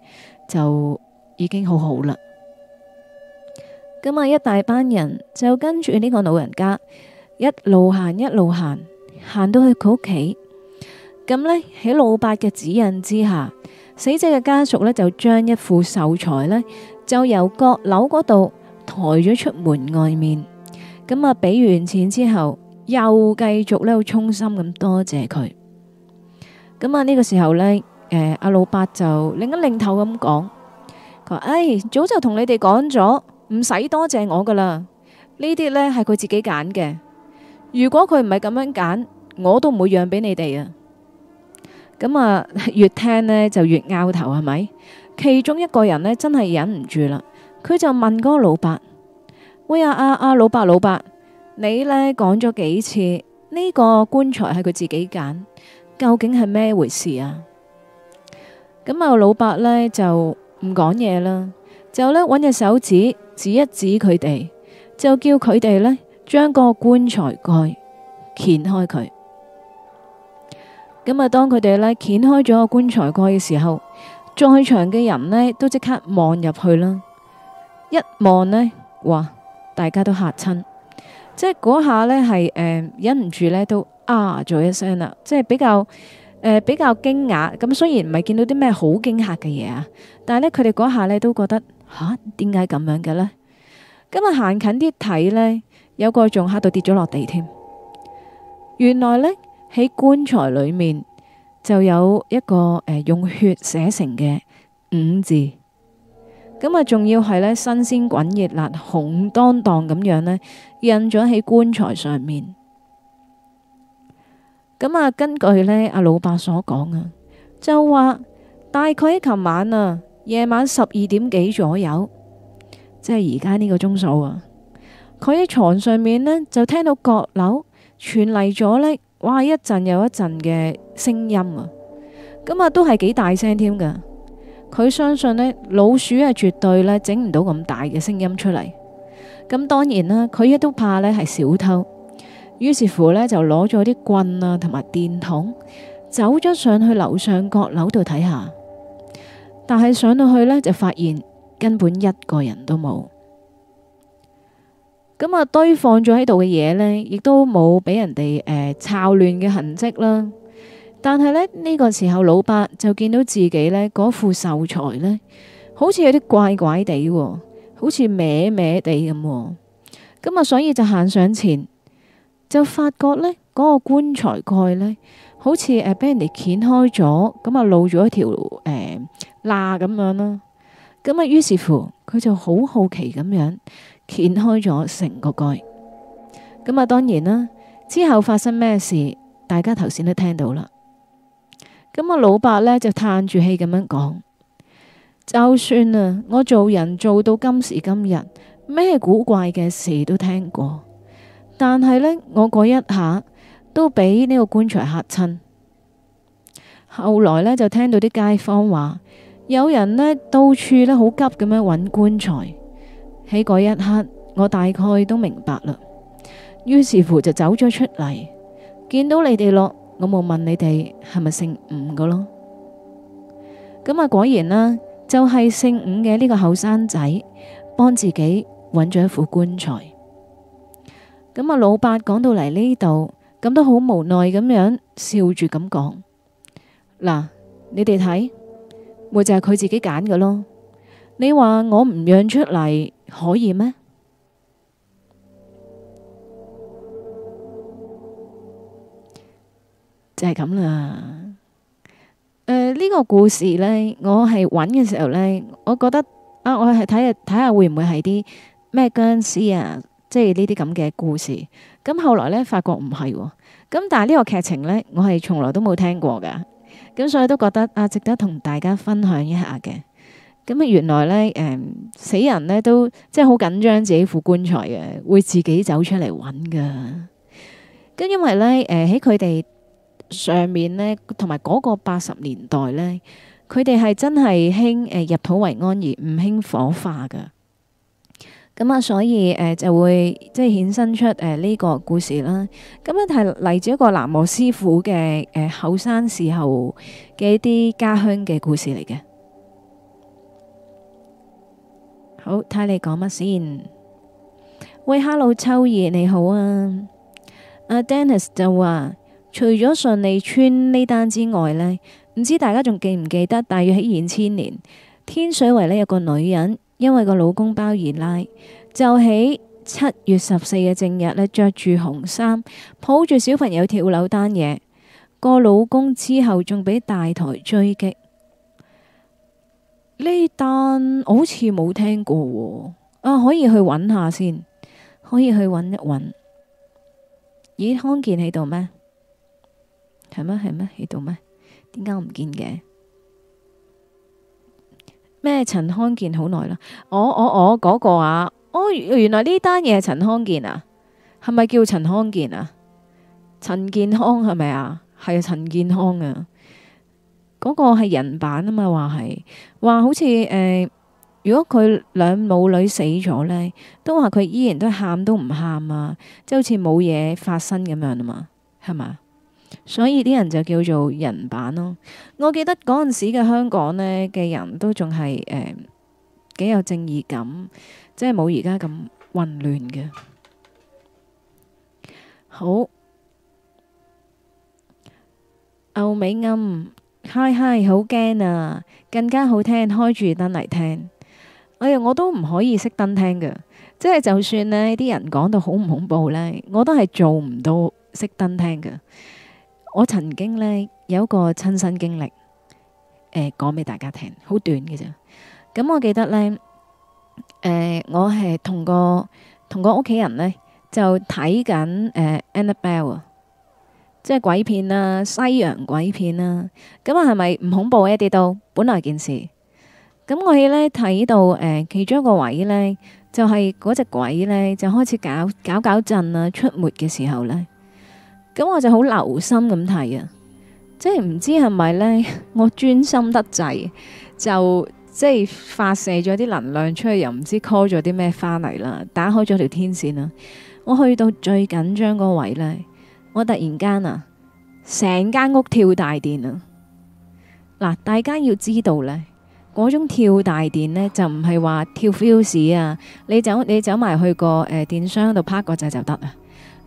就已經好好啦。咁啊，一大班人就跟住呢個老人家一路行一路行，行到去佢屋企。咁呢，喺老伯嘅指引之下，死者嘅家屬呢，就將一副壽材呢，就由閣樓嗰度抬咗出門外面，咁啊俾完錢之後又繼續呢，好衷心咁多謝佢。咁啊呢個時候呢，誒阿老伯就擰一擰頭咁講，佢話，唉、哎，早就同你哋講咗，唔使多謝我噶啦，呢啲呢，係佢自己揀嘅。如果佢唔係咁樣揀，我都唔會讓俾你哋啊。咁啊，越聽呢就越拗頭係咪？其中一個人呢，真係忍唔住啦，佢就問嗰個老伯：「喂啊啊啊，老伯，老伯，你呢？講咗幾次呢，呢個棺材係佢自己揀，究竟係咩回事啊？」咁、嗯、啊，老伯呢就唔講嘢啦，就呢揾隻手指指一指佢哋，就叫佢哋呢將個棺材蓋掀開佢。咁啊，當佢哋呢，掀開咗個棺材蓋嘅時候，在場嘅人呢，都即刻望入去啦。一望呢，哇！大家都嚇親，即係嗰下呢，係誒、呃、忍唔住呢，都啊咗一聲啦，即係比較誒、呃、比較驚訝。咁雖然唔係見到啲咩好驚嚇嘅嘢啊，但係呢，佢哋嗰下呢，都覺得吓，點解咁樣嘅呢？咁啊行近啲睇呢，有個仲吓到跌咗落地添。原來呢。喺棺材裏面就有一個誒用血寫成嘅五字。咁啊，仲要係咧新鮮滾熱辣紅當當咁樣咧印咗喺棺材上面。咁啊，根據咧阿老伯所講啊，就話大概喺琴晚啊夜晚十二點幾左右，即係而家呢個鐘數啊，佢喺牀上面咧就聽到閣樓傳嚟咗咧。哇！一陣又一陣嘅聲音啊，咁啊都係幾大聲添噶。佢相信呢老鼠係絕對呢整唔到咁大嘅聲音出嚟。咁當然啦，佢亦都怕呢係小偷，於是乎呢，就攞咗啲棍啊同埋電筒，走咗上去樓上閣樓度睇下。但係上到去呢，就發現根本一個人都冇。咁啊，堆放咗喺度嘅嘢呢，亦都冇俾人哋誒抄亂嘅痕跡啦。但係呢，呢個時候，老伯就見到自己呢嗰副壽材呢，好似有啲怪怪地，好似歪歪地咁。咁啊，所以就行上前，就發覺呢嗰、嗰個棺材蓋呢，好似誒俾人哋掀開咗，咁啊露咗一條誒罅咁樣啦。咁啊，於是乎，佢就好好奇咁樣。掀開咗成個蓋，咁啊，當然啦，之後發生咩事，大家頭先都聽到啦。咁啊，老伯呢就嘆住氣咁樣講：就算啊，我做人做到今時今日，咩古怪嘅事都聽過，但係呢，我嗰一下都俾呢個棺材吓親。後來呢，就聽到啲街坊話，有人呢，到處呢好急咁樣揾棺材。喺嗰一刻，我大概都明白嘞。於是乎就走咗出嚟，見到你哋咯，我冇問你哋係咪姓吳嘅咯。咁啊果然啦、啊，就係、是、姓吳嘅呢個後生仔幫自己揾咗一副棺材。咁啊老伯講到嚟呢度，咁都好無奈咁樣笑住咁講：嗱，你哋睇，咪就係佢自己揀嘅咯。你話我唔讓出嚟？可以咩？就係咁啦。誒，呢個故事呢，我係揾嘅時候呢，我覺得啊，我係睇下睇下會唔會係啲咩僵屍啊？即係呢啲咁嘅故事。咁後來呢，發覺唔係。咁但係呢個劇情呢，我係從來都冇聽過㗎。咁所以都覺得啊，值得同大家分享一下嘅。咁啊，原來呢，誒死人呢都即係好緊張自己副棺材嘅，會自己走出嚟揾噶。咁因為呢，誒喺佢哋上面呢，同埋嗰個八十年代呢，佢哋係真係興誒入土為安而唔興火化噶。咁啊，所以誒就會即係衍生出誒呢個故事啦。咁樣係嚟自一個南無師傅嘅誒後生時候嘅一啲家鄉嘅故事嚟嘅。好睇你講乜先？喂，Hello 秋葉你好啊！阿 Dennis 就話，除咗順利邨呢單之外呢，唔知大家仲記唔記得，大約喺二千年，天水圍呢有個女人，因為個老公包二奶，就喺七月十四嘅正日呢着住紅衫，抱住小朋友跳樓單嘢，個老公之後仲俾大台追擊。呢單好似冇聽過喎、哦，啊可以去揾下先，可以去揾一揾。咦，康健喺度咩？係咩係咩喺度咩？點解我唔見嘅？咩陳康健好耐啦，我我我嗰個啊，哦、oh, 原來呢單嘢係陳康健啊，係咪叫陳康健啊？陳健康係咪啊？係啊、陳健康啊。嗰個係人版啊嘛，話係話好似誒、呃，如果佢兩母女死咗呢，都話佢依然都喊都唔喊啊，即係好似冇嘢發生咁樣啊嘛，係嘛？所以啲人就叫做人版咯。我記得嗰陣時嘅香港呢嘅人都仲係誒幾有正義感，即係冇而家咁混亂嘅。好，歐美暗。嗨嗨，hi hi，好驚啊！更加好聽，開住燈嚟聽。哎呀，我都唔可以熄燈聽㗎。即係就算呢啲人講到好唔恐怖呢，我都係做唔到熄燈聽㗎。我曾經呢，有一個親身經歷，誒、呃，講俾大家聽，好短嘅咋。咁我記得呢，誒、呃，我係同個同個屋企人呢，就睇緊誒呃 Annabelle 啊。即係鬼片啦、啊，西洋鬼片啦、啊，咁啊係咪唔恐怖嘅？跌到本來件事，咁我呢睇到誒、呃，其中一個位呢，就係嗰隻鬼呢，就開始搞搞搞震啊，出沒嘅時候呢，咁我就好留心咁睇啊，即係唔知係咪呢，我專心得滯，就即係發射咗啲能量出去，又唔知 call 咗啲咩翻嚟啦，打開咗條天線啦、啊，我去到最緊張個位呢。我突然間啊，成間屋跳大電啊！嗱，大家要知道呢，嗰種跳大，跳、啊、跳大電呢，就唔係話跳 fuse 啊。你走你走埋去個誒電箱度拍個掣就得啦。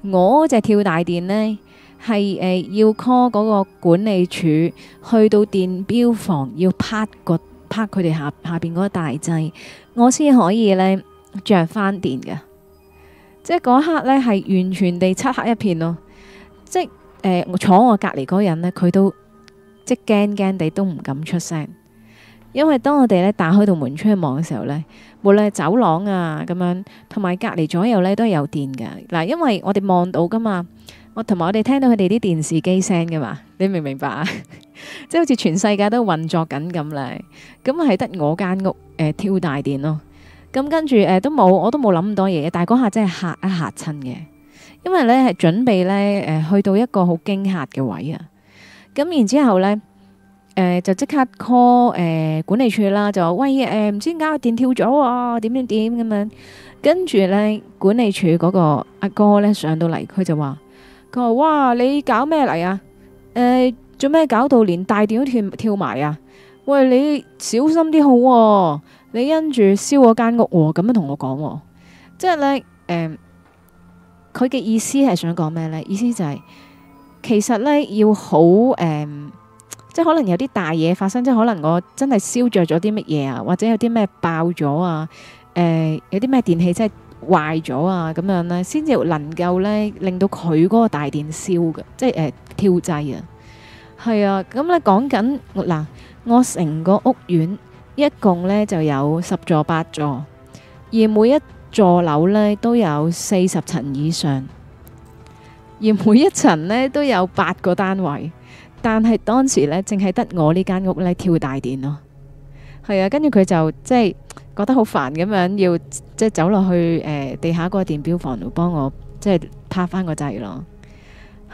我隻跳大電呢，係誒要 call 嗰個管理處去到電表房要拍個拍佢哋下下邊嗰個大掣，我先可以呢，着翻電嘅。即係嗰刻呢，係完全地漆黑一片咯。即誒、呃，坐我隔籬嗰個人咧，佢都即係驚驚地，都唔敢出聲。因為當我哋咧打開道門出去望嘅時候咧，無論係走廊啊咁樣，同埋隔籬左右咧都係有電噶。嗱，因為我哋望到噶嘛，我同埋我哋聽到佢哋啲電視機聲噶嘛，你明唔明白啊？ <laughs> 即係好似全世界都運作緊咁咧，咁係得我間屋誒跳、呃、大電咯。咁跟住誒、呃、都冇，我都冇諗咁多嘢。但係嗰下真係吓一吓親嘅。因為咧係準備咧，誒、呃、去到一個好驚嚇嘅位啊，咁然之後咧，誒、呃、就即刻 call 誒、呃、管理處啦，就話喂，誒、呃、唔知點解個電跳咗啊，點點點咁樣，跟住咧管理處嗰個阿哥咧上到嚟，佢就話，佢話哇你搞咩嚟啊，誒做咩搞到連大電都跳跳埋啊，喂你小心啲好、啊，你因住燒我間屋咁、哦、樣同我講、啊，即係咧誒。呃佢嘅意思係想講咩呢？意思就係、係、其實呢，要好誒、呃，即係可能有啲大嘢發生，即係可能我真係燒着咗啲乜嘢啊，或者有啲咩爆咗啊，誒、呃、有啲咩電器真係壞咗啊咁樣呢，先至能夠呢令到佢嗰個大電燒嘅，即係誒、呃、跳掣啊。係啊，咁咧講緊嗱，我成個屋苑一共呢就有十座八座，而每一座樓咧都有四十層以上，而每一層咧都有八個單位，但係當時咧淨係得我呢間屋呢跳大電咯。係啊，跟住佢就即係覺得好煩咁樣，要即係走落去誒、呃、地下嗰個電表房度幫我即係拍翻個掣咯。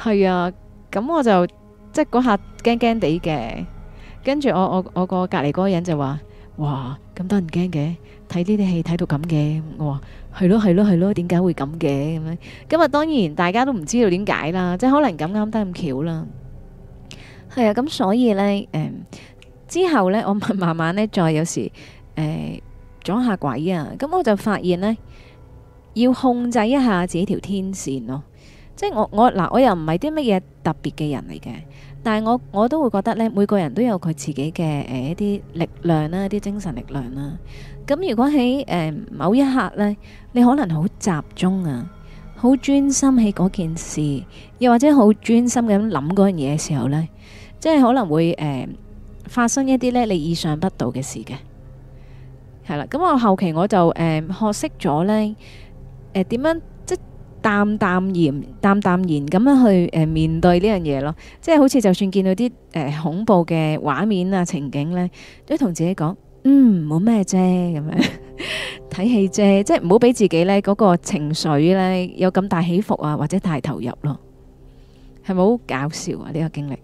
係啊，咁我就即係嗰下驚驚地嘅，跟住我我我個隔籬嗰個人就話：，哇，咁多人驚嘅！睇呢啲戲睇到咁嘅，我話係咯係咯係咯，點解會咁嘅咁咧？咁啊，當然大家都唔知道點解啦，即係可能咁啱得咁巧啦。係啊，咁所以咧，誒之後咧，我慢慢咧再有時誒撞下鬼啊。咁我就發現咧，要控制一下自己條天線咯。即係我我嗱，我又唔係啲乜嘢特別嘅人嚟嘅，但係我我都會覺得咧，每個人都有佢自己嘅誒一啲力量啦，一啲精神力量啦。咁如果喺誒、呃、某一刻呢，你可能好集中啊，好專心喺嗰件事，又或者好專心咁諗嗰樣嘢嘅時候呢，即係可能會誒、呃、發生一啲呢你意想不到嘅事嘅，係啦。咁我後期我就誒、呃、學識咗呢誒點、呃、樣即淡淡然淡淡然咁樣去誒、呃、面對呢樣嘢咯。即係好似就算見到啲誒、呃、恐怖嘅畫面啊，情景呢，都同自己講。嗯，冇咩啫，咁樣睇戲啫，即係唔好俾自己呢嗰、那個情緒呢有咁大起伏啊，或者大投入咯，係咪好搞笑啊？呢、這個經歷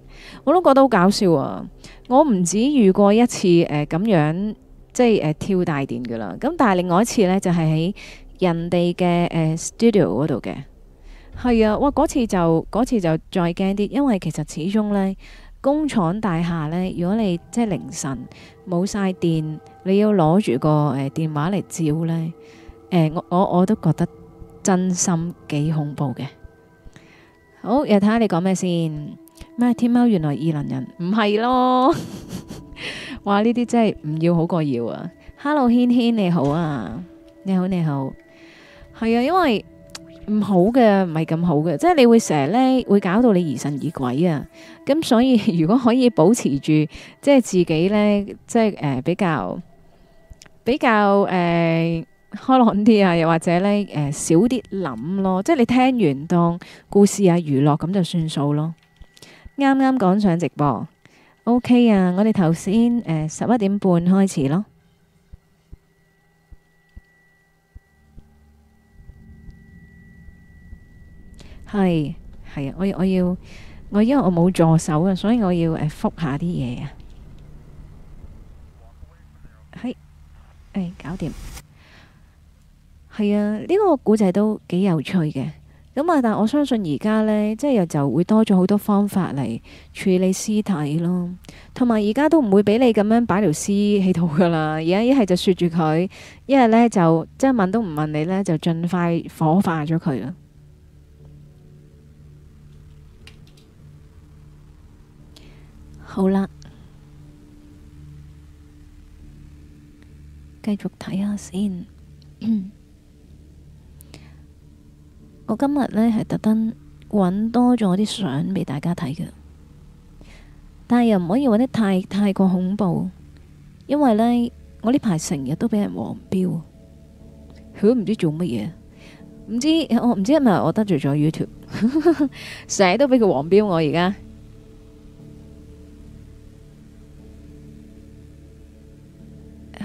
我都覺得好搞笑啊！我唔止遇過一次誒咁、呃、樣，即係誒、呃、跳大電噶啦。咁但係另外一次呢，就係、是、喺人哋嘅誒 studio 嗰度嘅，係啊，哇！嗰次就嗰次就再驚啲，因為其實始終呢，工廠大廈呢，如果你即係凌晨。冇晒電，你要攞住個誒、呃、電話嚟照咧，誒、呃、我我我都覺得真心幾恐怖嘅。好，又睇下你講咩先？咩天貓原來異能人，唔係咯。 <laughs> 哇！呢啲真係唔要好過要啊。Hello，軒軒你好啊，你好你好，係啊，因為。唔好嘅，唔係咁好嘅，即係你會成日呢，會搞到你疑神疑鬼啊！咁所以如果可以保持住，即係自己呢，即係誒、呃、比較比較誒開朗啲啊，又或者呢，誒、呃、少啲諗咯，即係你聽完當故事啊娛樂咁就算數咯。啱啱趕上直播，OK 啊！我哋頭先誒十一點半開始咯。係係啊！我要我要我因為我冇助手啊，所以我要誒覆下啲嘢啊。係誒、哎，搞掂。係啊，呢、這個古仔都幾有趣嘅。咁啊，但我相信而家呢，即係又就會多咗好多方法嚟處理屍體咯。同埋而家都唔會俾你咁樣擺條屍喺度噶啦。而家一係就雪住佢，一係呢，就即係問都唔問你呢，就盡快火化咗佢啦。好啦，繼續睇下先。 <coughs> 我今日呢係特登揾多咗啲相畀大家睇嘅，但係又唔可以揾得太太過恐怖，因為呢，我呢排成日都畀人黃標，佢都唔知做乜嘢，唔知我唔知係咪我得罪咗 YouTube，成 <laughs> 日都畀佢黃標我，我而家。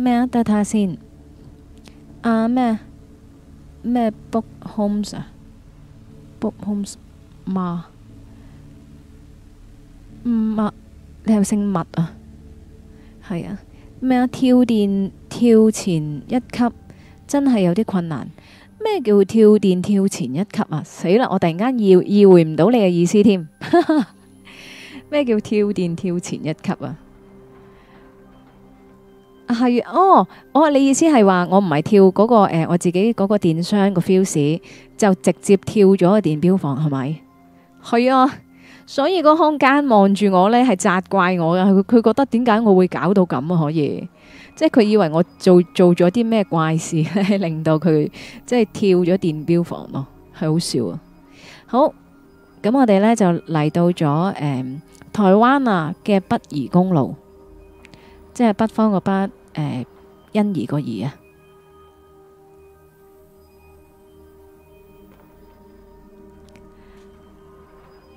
咩啊？等睇下先。啊咩咩 Bob Holmes 啊，Bob Holmes Ma，麥，你係咪姓麥啊？係啊。咩啊？跳電跳前一級，真係有啲困難。咩叫跳電跳前一級啊？死啦！我突然間意意會唔到你嘅意思添。咩叫跳電跳前一級啊？係哦，我、哦、你意思係話我唔係跳嗰、那個誒、呃，我自己嗰個電箱個 fuse 就直接跳咗個電表房係咪？係啊，所以那個空間望住我呢係責怪我噶，佢佢覺得點解我會搞到咁啊？可以，即係佢以為我做做咗啲咩怪事 <laughs> 令到佢即係跳咗電表房咯，係好笑啊！好，咁我哋呢就嚟到咗誒、嗯、台灣啊嘅北宜公路，即係北方嘅北。誒，欣宜嗰宜啊，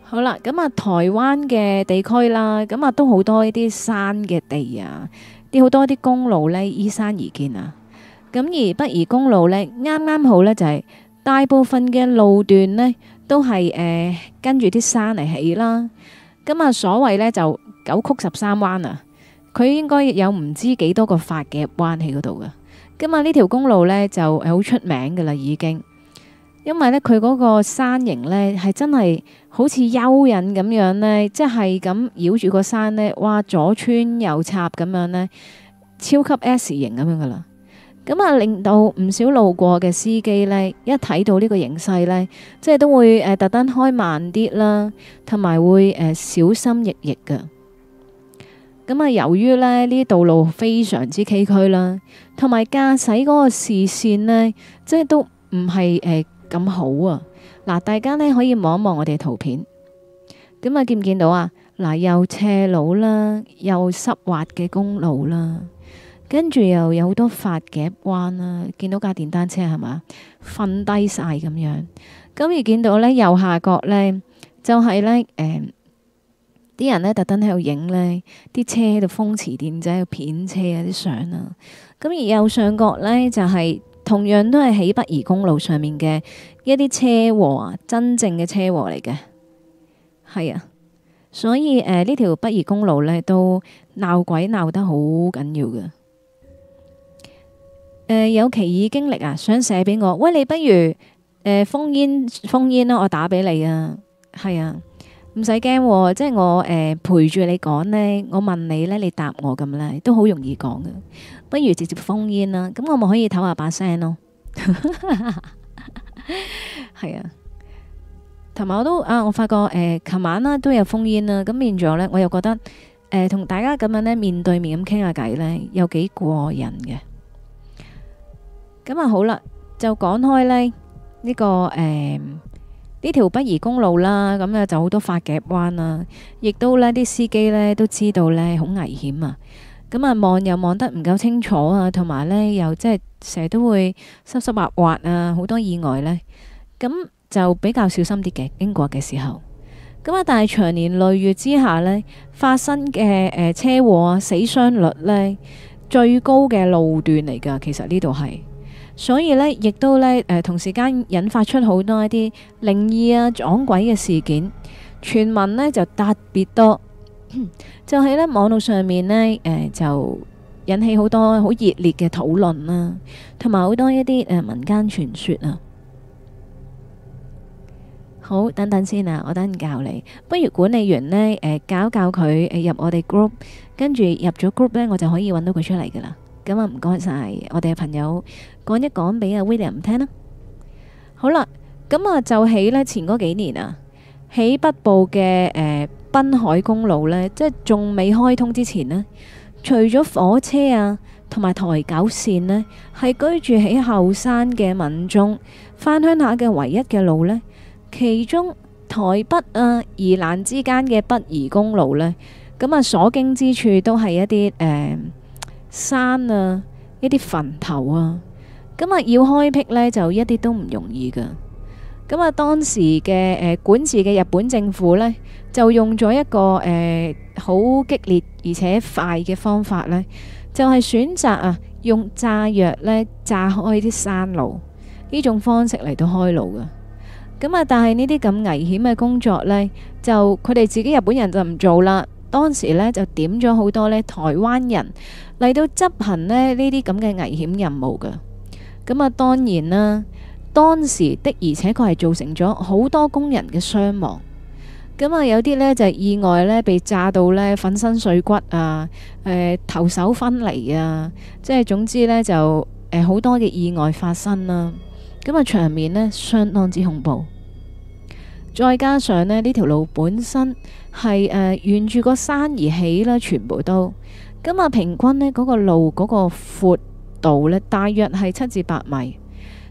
好啦，咁啊，台灣嘅地區啦，咁啊，都好多呢啲山嘅地啊，啲好多啲公路呢依山而建啊，咁而北宜公路呢啱啱好呢就係大部分嘅路段呢都係誒跟住啲山嚟起啦，咁啊所謂呢就九曲十三彎啊。佢應該有唔知幾多個髮夾嘅彎喺嗰度噶，咁啊呢條公路呢就好出名噶啦，已經，因為呢，佢嗰個山形呢係真係好似蚯蚓咁樣呢，即係咁繞住個山呢，哇左穿右插咁樣呢，超級 S 型咁樣噶啦，啊，咁啊令到唔少路過嘅司機呢，一睇到呢個形勢呢，即係都會、呃、特登開慢啲啦，同埋會、呃、小心翼翼嘅。咁啊，由於咧呢啲道路非常之崎嶇啦，同埋駕駛嗰個視線呢，即係都唔係誒咁好啊。嗱，大家咧可以望一望我哋圖片，咁啊見唔見到啊？嗱，又斜路啦，又濕滑嘅公路啦，跟住又有好多髮夾彎啦。見到架電單車係嘛，瞓低晒咁樣。咁而見到呢右下角呢，就係、是、呢。誒、呃。啲人呢，特登喺度影呢啲車喺度風馳電掣喺度片車啊啲相啊。咁而右上角呢，就係、是、同樣都係喺北宜公路上面嘅一啲車禍啊，真正嘅車禍嚟嘅。係啊，所以誒呢條北宜公路呢，都鬧鬼鬧得好緊要嘅。誒、呃，有奇異經歷啊，想寫俾我。喂，你不如誒、呃、封煙封煙啦，我打俾你啊。係啊。唔使驚，即係我誒、呃、陪住你講呢。我問你呢，你答我咁，呢，都好容易講嘅。不如直接封煙啦，咁我咪可以唞下把聲咯。係 <laughs> 啊，同埋我都啊，我發覺誒，琴、呃、晚啦都有封煙啦。咁變咗呢，我又覺得誒、呃，同大家咁樣咧面對面咁傾下偈呢，有幾過癮嘅。咁啊好啦，就講開呢，呢、呢個誒。呃呢條北宜公路啦，咁咧就好多發夾彎啦，亦都呢啲司機呢都知道呢好危險啊！咁啊望又望得唔夠清楚啊，同埋呢，又即係成日都會濕濕滑滑啊，好多意外呢，咁就比較小心啲嘅經過嘅時候。咁啊，但係長年累月之下呢，發生嘅誒車禍啊、死傷率呢，最高嘅路段嚟㗎，其實呢度係。所以呢，亦都呢、呃，同時間引發出好多一啲靈異啊、撞鬼嘅事件，傳聞呢就特別多， <coughs> 就喺、是、呢網絡上面呢，呃、就引起好多好熱烈嘅討論啦、啊，同埋好多一啲誒、呃、民間傳說啊。好，等等先啊，我等陣教你，不如管理員呢，呃、教教佢入我哋 group，跟住入咗 group 呢，我就可以揾到佢出嚟㗎喇。咁啊，唔該晒，我哋嘅朋友講一講俾阿 William 聽啦。好啦，咁啊，就喺呢前嗰幾年啊，喺北部嘅、誒濱海公路呢，即係仲未開通之前呢，除咗火車啊、同埋台九線呢，係居住喺後山嘅民眾返鄉下嘅唯一嘅路呢。其中台北啊、宜蘭之間嘅北宜公路呢，咁啊，所經之處都係一啲誒。呃山啊，呢啲墳頭啊，咁啊要開闢呢，就一啲都唔容易噶。咁啊，當時嘅誒，管治嘅日本政府呢，就用咗一個誒好激烈而且快嘅方法呢，就係選擇啊用炸藥呢炸開啲山路呢種方式嚟到開路噶。咁啊，但係呢啲咁危險嘅工作呢，就佢哋自己日本人就唔做啦。當時呢就點咗好多呢台灣人。嚟到執行呢呢啲咁嘅危險任務㗎，咁、嗯、啊當然啦，當時的而且確係造成咗好多工人嘅傷亡，咁、嗯、啊有啲呢就是、意外呢，被炸到呢粉身碎骨啊，誒、呃、頭手分離啊，即係總之呢，就誒好、呃、多嘅意外發生啦，咁、嗯、啊場面呢相當之恐怖，再加上呢呢條路本身係誒、呃、沿住個山而起啦，全部都。咁啊，平均呢嗰個路嗰個闊度呢，大約係七至八米，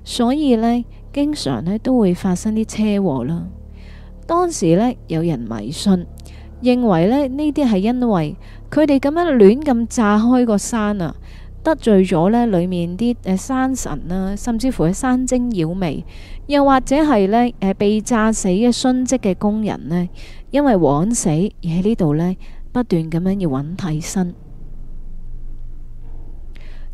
所以呢，經常呢都會發生啲車禍啦。當時呢，有人迷信認為呢，呢啲係因為佢哋咁樣亂咁炸開個山啊，得罪咗呢裏面啲誒、呃、山神啦，啊，甚至乎係山精妖魅，又或者係呢誒、呃、被炸死嘅殉職嘅工人呢，因為枉死而喺呢度呢不斷咁樣要揾替身。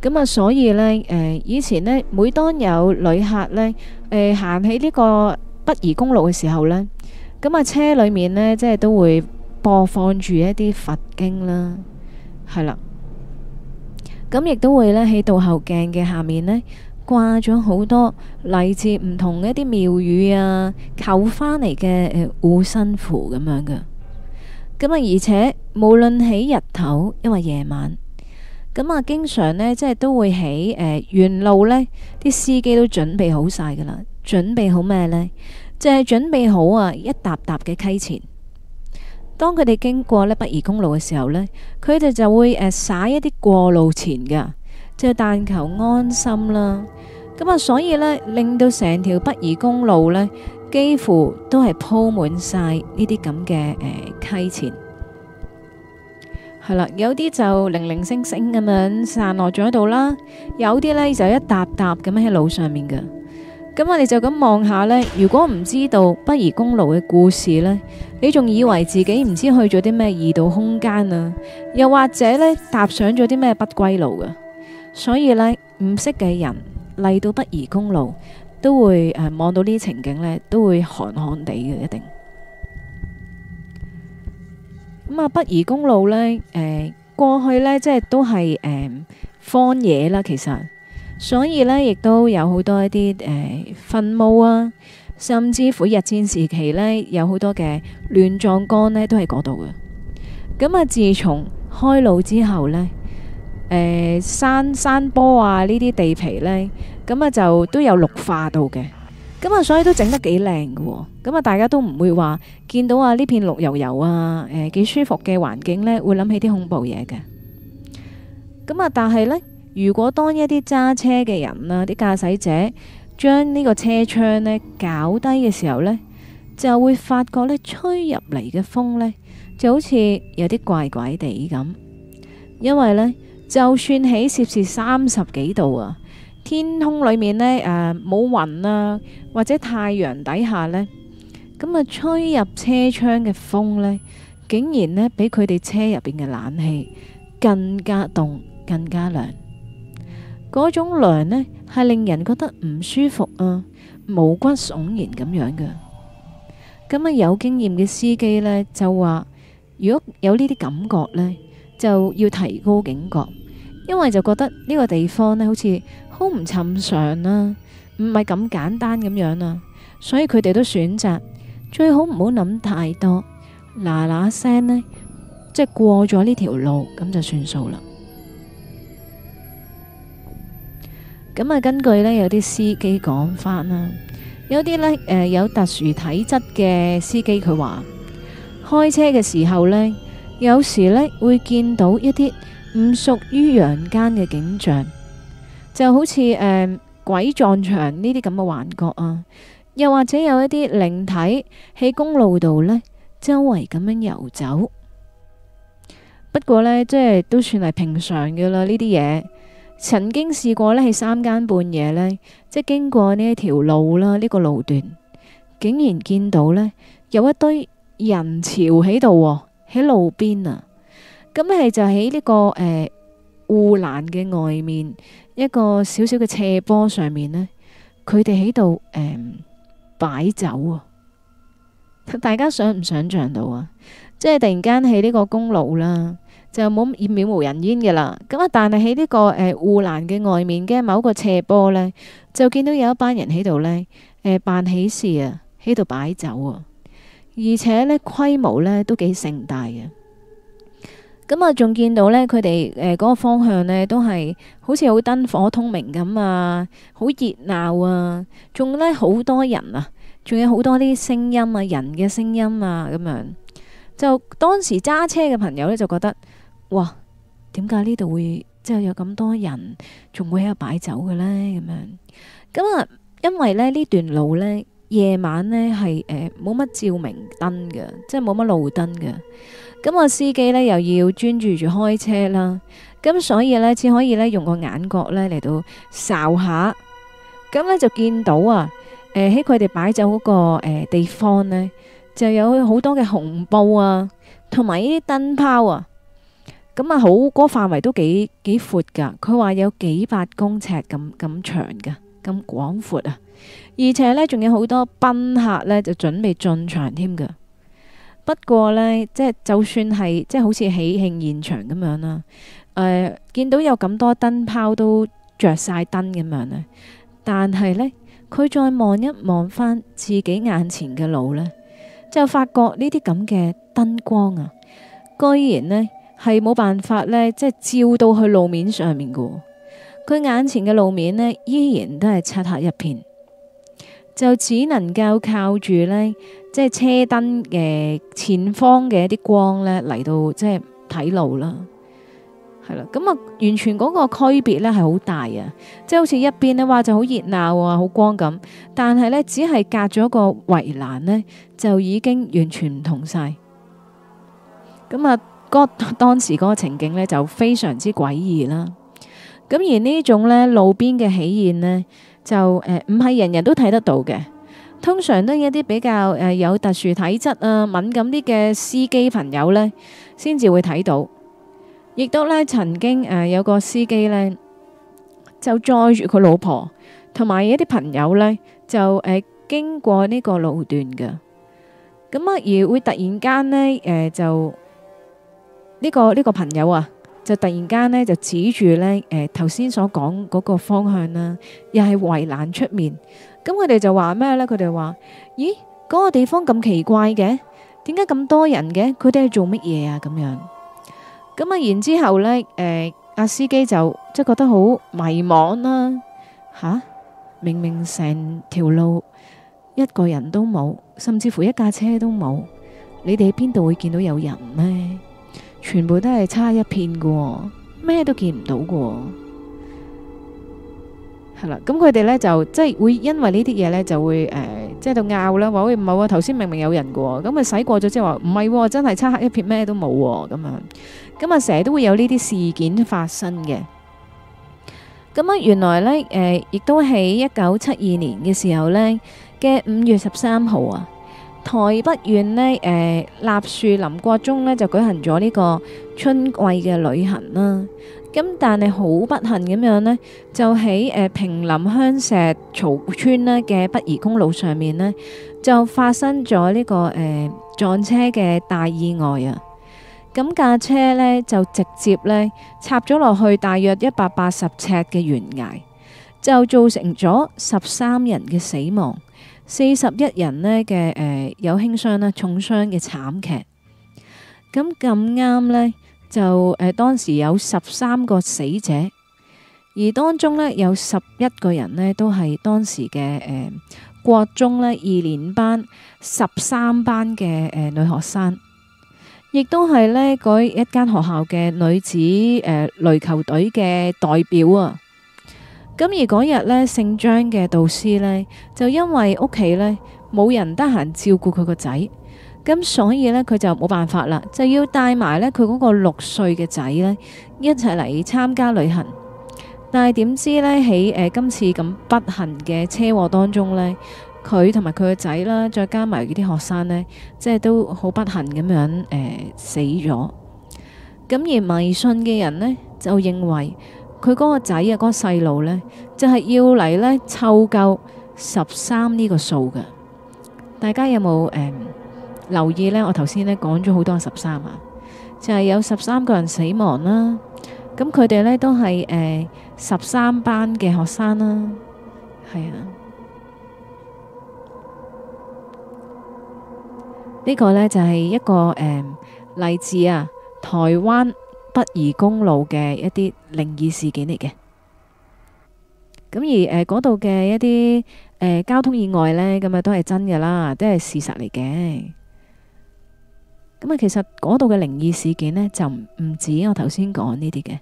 咁啊，所以呢，誒，以前呢，每當有旅客呢，誒、呃，行喺呢個北宜公路嘅時候呢，咁啊，車裏面呢，即係都會播放住一啲佛經啦，係啦，咁亦都會呢，喺倒後鏡嘅下面呢，掛咗好多嚟自唔同一啲廟宇啊、求返嚟嘅護身符咁樣嘅，咁、嗯、啊，而且無論喺日頭，因為夜晚。咁啊，經常咧，即係都會喺誒沿路，咧，啲司機都準備好晒噶啦，準備好咩咧？就係準備好啊一沓沓嘅溪錢。當佢哋經過咧北宜公路嘅時候咧，佢哋就會誒撒一啲過路錢噶，就但求安心啦。咁啊，所以咧，令到成條北宜公路咧，幾乎都係鋪滿晒呢啲咁嘅誒溪錢。係啦，有啲就零零星星咁樣散落咗喺度啦，有啲呢就一沓沓咁喺路上面嘅。咁我哋就咁望下呢。如果唔知道不宜公路嘅故事呢，你仲以為自己唔知道去咗啲咩異度空間啊？又或者呢踏上咗啲咩不歸路嘅？所以呢，唔識嘅人嚟到不宜公路，都會望、呃、到呢啲情景呢，都會寒寒地嘅一定。咁啊，北宜公路呢，誒、呃、過去呢，即係都係、呃、荒野啦，其實，所以呢，亦都有好多一啲誒墳墓啊，甚至乎日戰時期呢，有好多嘅亂葬崗呢，都係嗰度嘅。咁啊，自從開路之後呢，誒、呃、山山坡啊呢啲地皮呢，咁啊就都有綠化到嘅。咁啊、嗯，所以都整得幾靚㗎，咁、嗯、啊，大家都唔會話見到啊呢片綠油油啊，誒、呃，幾舒服嘅環境呢，會諗起啲恐怖嘢嘅。咁、嗯、啊，但係呢，如果當一啲揸車嘅人啊，啲駕駛者將呢個車窗呢搞低嘅時候呢，就會發覺呢吹入嚟嘅風呢，就好似有啲怪怪地咁，因為呢，就算起攝氏三十幾度啊。天空裏面呢，誒冇雲啊，或者太陽底下呢，咁啊吹入車窗嘅風呢，竟然呢，比佢哋車入邊嘅冷氣更加凍，更加涼。嗰種涼呢，係令人覺得唔舒服啊，毛骨悚然咁樣嘅。咁啊，有經驗嘅司機呢，就話，如果有呢啲感覺呢，就要提高警覺，因為就覺得呢個地方呢，好似。好唔尋常啦，唔係咁簡單咁樣啊，所以佢哋都選擇最好唔好諗太多，嗱嗱聲咧，即係過咗呢條路咁就算數啦。咁啊，根據咧有啲司機講翻啦，有啲咧誒有特殊體質嘅司機，佢話開車嘅時候咧，有時咧會見到一啲唔屬於陽間嘅景象。就好似誒、呃、鬼撞牆呢啲咁嘅幻覺啊，又或者有一啲靈體喺公路度呢，周圍咁樣遊走。不過呢，即係都算係平常嘅啦。呢啲嘢曾經試過呢，喺三更半夜呢，即係經過呢一條路啦，呢個路段，竟然見到呢，有一堆人潮喺度喎，喺路邊啊。咁係就喺呢個誒護欄嘅外面。一個小小嘅斜坡上面呢，佢哋喺度誒擺酒啊！大家想唔想象到啊？即係突然間喺呢個公路啦，就冇已渺無人煙嘅啦。咁啊，但係喺呢個誒護欄嘅外面嘅某個斜坡呢，就見到有一班人喺度呢誒辦喜事啊，喺度擺酒啊，而且呢，規模呢都幾盛大嘅。咁啊，仲見到呢，佢哋誒嗰個方向呢，都係好似好燈火通明咁啊，好熱鬧啊，仲呢，好多人啊，仲有好多啲聲音啊，人嘅聲音啊，咁樣就當時揸車嘅朋友呢，就覺得哇，點解呢度會即係有咁多人，仲會喺度擺酒嘅呢？咁樣咁啊，因為呢呢段路呢，夜晚呢，係誒冇乜照明燈嘅，即係冇乜路燈嘅。咁個司機呢又要專注住開車啦，咁所以呢，只可以呢用個眼角呢嚟到哨下，咁呢就見到啊，誒喺佢哋擺酒嗰個誒、呃、地方呢，就有好多嘅紅布啊，同埋呢啲燈泡啊，咁啊好嗰、那個範圍都幾幾闊噶，佢話有幾百公尺咁咁長噶，咁廣闊啊，而且呢，仲有好多賓客呢，就準備進場添噶。不過呢，即係就算係即係好似喜慶現場咁樣啦，誒、呃、見到有咁多燈泡都着晒燈咁樣呢，但係呢，佢再望一望翻自己眼前嘅路呢，就發覺呢啲咁嘅燈光啊，居然呢係冇辦法呢，即係照到去路面上面噶。佢眼前嘅路面呢，依然都係漆黑一片，就只能夠靠住呢。即係車燈嘅前方嘅一啲光呢，嚟到，即係睇路啦，係啦。咁啊，完全嗰個區別呢係好大啊！即係好似一邊呢話，就好熱鬧啊，好光咁，但係呢，只係隔咗個圍欄呢，就已經完全唔同晒。咁啊，嗰當時嗰個情景呢，就非常之詭異啦。咁而呢種呢，路邊嘅喜宴呢，就誒唔係人人都睇得到嘅。通常都有一啲比較誒有特殊體質啊、敏感啲嘅司機朋友咧，先至會睇到。亦都咧曾經誒有個司機咧，就載住佢老婆同埋一啲朋友咧，就誒經過呢個路段嘅。咁啊，而會突然間咧誒就呢個呢個朋友啊，就突然間咧就指住咧誒頭先所講嗰個方向啦，又係圍欄出面。咁佢哋就話咩呢？佢哋話，咦，嗰個地方咁奇怪嘅，點解咁多人嘅？佢哋係做乜嘢啊？咁樣，咁啊，然之後呢，誒，阿司機就即係覺得好迷茫啦，吓，明明成條路一個人都冇，甚至乎一架車都冇，你哋邊度會見到有人呢？全部都係差一片喎，咩都見唔到喎。係啦，咁佢哋咧就即係會因為呢啲嘢咧就會誒，即係度拗啦，話喂唔係喎，頭先明明有人嘅，咁啊洗過咗即係話唔係，真係漆黑一片咩都冇咁樣，咁啊成日都會有呢啲事件發生嘅。咁啊原來咧誒，亦都喺一九七二年嘅時候咧嘅五月十三號啊，台北縣咧誒，立樹林國中咧就舉行咗呢個春季嘅旅行啦。咁但係好不幸咁樣咧，就喺誒平林鄉石曹村咧嘅北宜公路上面咧，就發生咗呢個誒撞車嘅大意外啊！咁架車咧就直接咧插咗落去大約一百八十尺嘅懸崖，就造成咗十三人嘅死亡，四十一人咧嘅誒有輕傷啦、重傷嘅慘劇。咁咁啱咧。就誒、呃，當時有十三個死者，而當中呢，有十一個人呢，都係當時嘅誒、呃、國中呢二年班十三班嘅、呃、女學生，亦都係呢嗰一間學校嘅女子誒壘、呃、球隊嘅代表啊。咁而嗰日呢，姓張嘅導師呢，就因為屋企呢冇人得閒照顧佢個仔。咁所以呢，佢就冇辦法啦，就要帶埋呢，佢嗰個六歲嘅仔呢，一齊嚟參加旅行。但係點知呢？喺誒、呃、今次咁不幸嘅車禍當中呢，佢同埋佢嘅仔啦，再加埋嗰啲學生呢，即係都好不幸咁樣誒死咗。咁而迷信嘅人呢，就認為佢嗰個仔啊，嗰個細路呢，就係、是、要嚟呢，湊夠十三呢個數嘅。大家有冇誒？呃留意呢，我頭先咧講咗好多十三啊，就係有十三個人死亡啦。咁佢哋呢都係誒十三班嘅學生啦，係啊。這個、呢個咧就係、是、一個誒、呃、嚟自，台灣北宜公路嘅一啲靈異事件嚟嘅。咁而誒嗰度嘅一啲誒、呃、交通意外呢，咁啊都係真嘅啦，都係事實嚟嘅。咁啊，其實嗰度嘅靈異事件呢，就唔止我頭先講呢啲嘅。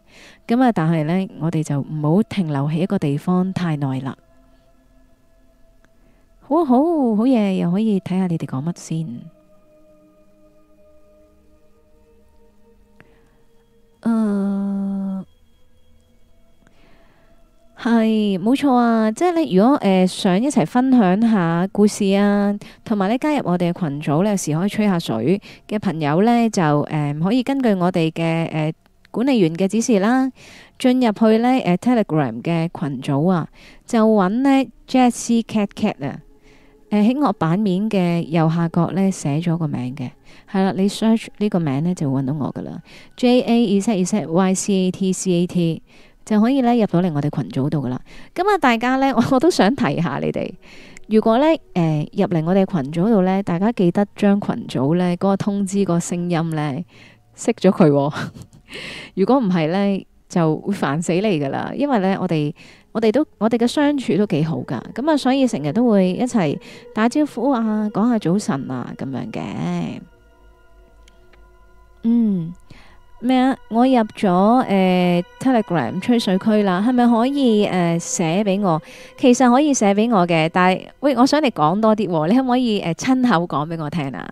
咁啊，但係呢，我哋就唔好停留喺一個地方太耐啦。好好好嘢，又可以睇下你哋講乜先。Uh 係冇錯啊！即係你如果誒、呃、想一齊分享下故事啊，同埋咧加入我哋嘅群組咧，有時可以吹下水嘅朋友咧，就誒、呃、可以根據我哋嘅誒管理員嘅指示啦，進入去咧誒、呃、Telegram 嘅群組啊，就揾咧 Jazzy Cat Cat 啊、呃！誒喺我版面嘅右下角咧寫咗個名嘅，係啦，你 search 呢個名咧就會揾到我噶啦，J A Z Z Y C A T C A T。C A T 就可以咧入到嚟我哋群組度噶啦。咁啊，大家咧，我我都想提下你哋，如果咧誒入嚟我哋群組度咧，大家記得將群組咧嗰個通知個聲音咧熄咗佢。如果唔係咧，就會煩死你噶啦。因為咧，我哋我哋都我哋嘅相處都幾好噶。咁啊，所以成日都會一齊打招呼啊，講下早晨啊，咁樣嘅。嗯。咩啊？我入咗誒、呃、Telegram 吹水區啦，係咪可以誒寫俾我？其實可以寫俾我嘅，但係喂，我想你講多啲，你可唔可以誒親、呃、口講俾我聽啊？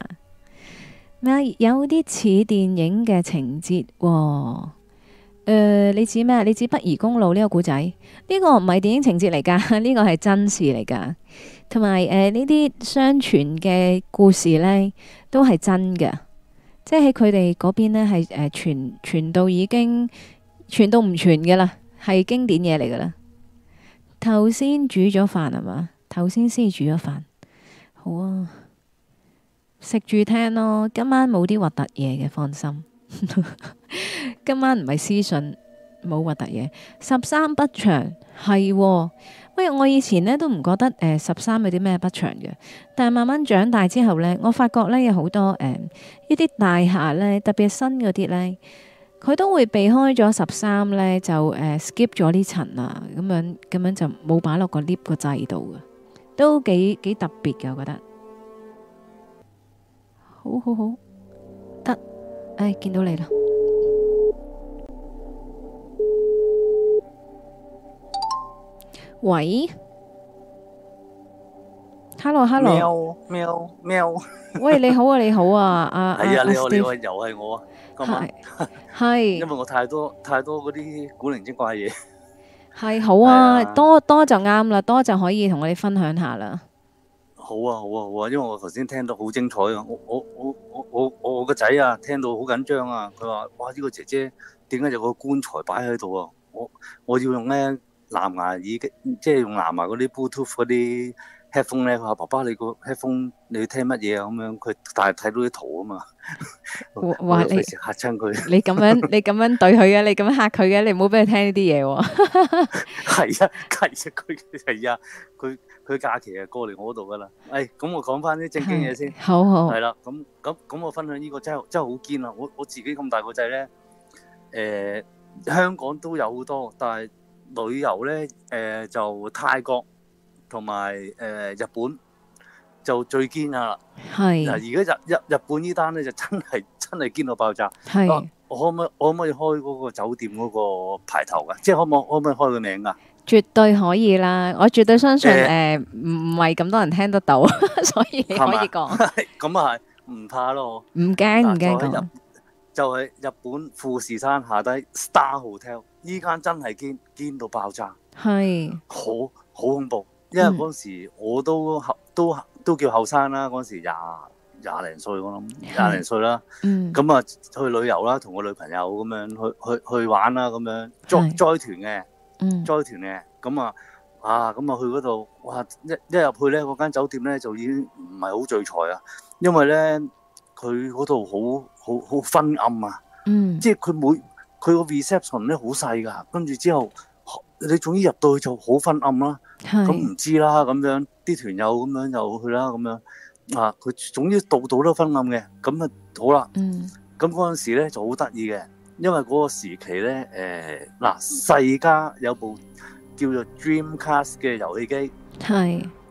咩？有啲似電影嘅情節？誒、哦呃，你指咩？你指《北宜公路》呢、這個故仔？呢、這個唔係電影情節嚟噶，呢 <laughs> 個係真事嚟噶。同埋誒呢啲相傳嘅故事咧，都係真嘅。即係佢哋嗰邊呢，係誒傳傳到已經傳到唔傳嘅啦，係經典嘢嚟㗎喇。頭先煮咗飯係嘛，頭先先煮咗飯，好啊，食住聽咯。今晚冇啲核突嘢嘅，放心。 <laughs> 今晚唔係私信，冇核突嘢。十三不長係喎。喂，我以前呢都唔覺得誒十三有啲咩不祥嘅，但係慢慢長大之後呢，我發覺呢有好多誒一啲大廈呢，特別係新嗰啲呢，佢都會避開咗十三呢，就誒、呃、skip 咗呢層啊，咁樣咁樣就冇擺落個 lift 個掣度嘅，都幾幾特別嘅，我覺得。好好好，得，唉、哎，見到你啦。喂，Hello，Hello，喵 hello 喵喵，喵喵 <laughs> 喂，你好啊，你好啊，啊，哎呀，啊、你好，你個又係我啊，係，係，因為我太多太多嗰啲古靈精怪嘢，係好啊，哎、呀多多就啱啦，多就可以同我哋分享下啦，好啊，好啊，好啊，因為我頭先聽到好精彩啊，我我我我我我個仔啊，聽到好緊張啊，佢話，哇，呢、呢個姐姐點解有個棺材擺喺度啊，我我要用咧。藍牙耳機，即係用藍牙嗰啲 Bluetooth 嗰啲 headphone 咧。佢話：爸爸，你個 headphone 你要聽乜嘢 <laughs> 啊？咁樣佢但係睇到啲圖啊嘛。哇！你嚇親佢，你咁樣你咁樣對佢嘅，你咁樣嚇佢嘅，你唔好俾佢聽呢啲嘢喎。係啊，係對 <laughs> 啊，佢係啊，佢佢假期啊過嚟我度噶啦。誒、哎，咁、嗯嗯、我講翻啲正經嘢先、嗯。好好，係啦、啊，咁咁咁，我分享呢個真係真係好堅啊！我我自己咁大個仔咧，誒、呃，香港都有好多，但係。旅遊咧，誒、呃、就泰國同埋誒日本就最堅啊！係嗱是，而家日日日本呢單咧就真係真係堅到爆炸。係是，我可唔可我可唔可以開嗰個酒店嗰個牌頭㗎？即係可唔可可唔可以開個名啊？絕對可以啦！我絕對相信誒，唔唔係咁多人聽得到，呃、 <laughs> 所以你可以講。咁啊是嗎，唔 <laughs> 怕咯，唔驚唔驚咁。就係日本富士山下底 Star Hotel。依間真係堅堅到爆炸，係是，好好恐怖，因為嗰陣時我都後、嗯、都都，都叫後生啦，嗰陣時廿廿零歲我諗廿零歲啦，歲是歲嗯，咁啊去旅遊啦，同個女朋友咁樣去去去玩啦，咁樣，災災團嘅，是團嗯，災團嘅，咁啊啊咁啊去嗰度，哇！一一入去咧，嗰間酒店咧就已經唔係好聚財啊，因為咧佢嗰度好好好昏暗啊，嗯，即係佢每佢個 reception 咧好細㗎，跟住之後你總之入到去就好昏暗啦，咁唔是知啦咁樣，啲團友咁樣就去啦咁樣，嗱、啊、佢總之度度都昏暗嘅。咁啊好啦，咁嗰陣、嗯、時咧就好得意嘅，因為嗰個時期咧誒嗱世嘉有部叫做 Dreamcast 嘅遊戲機，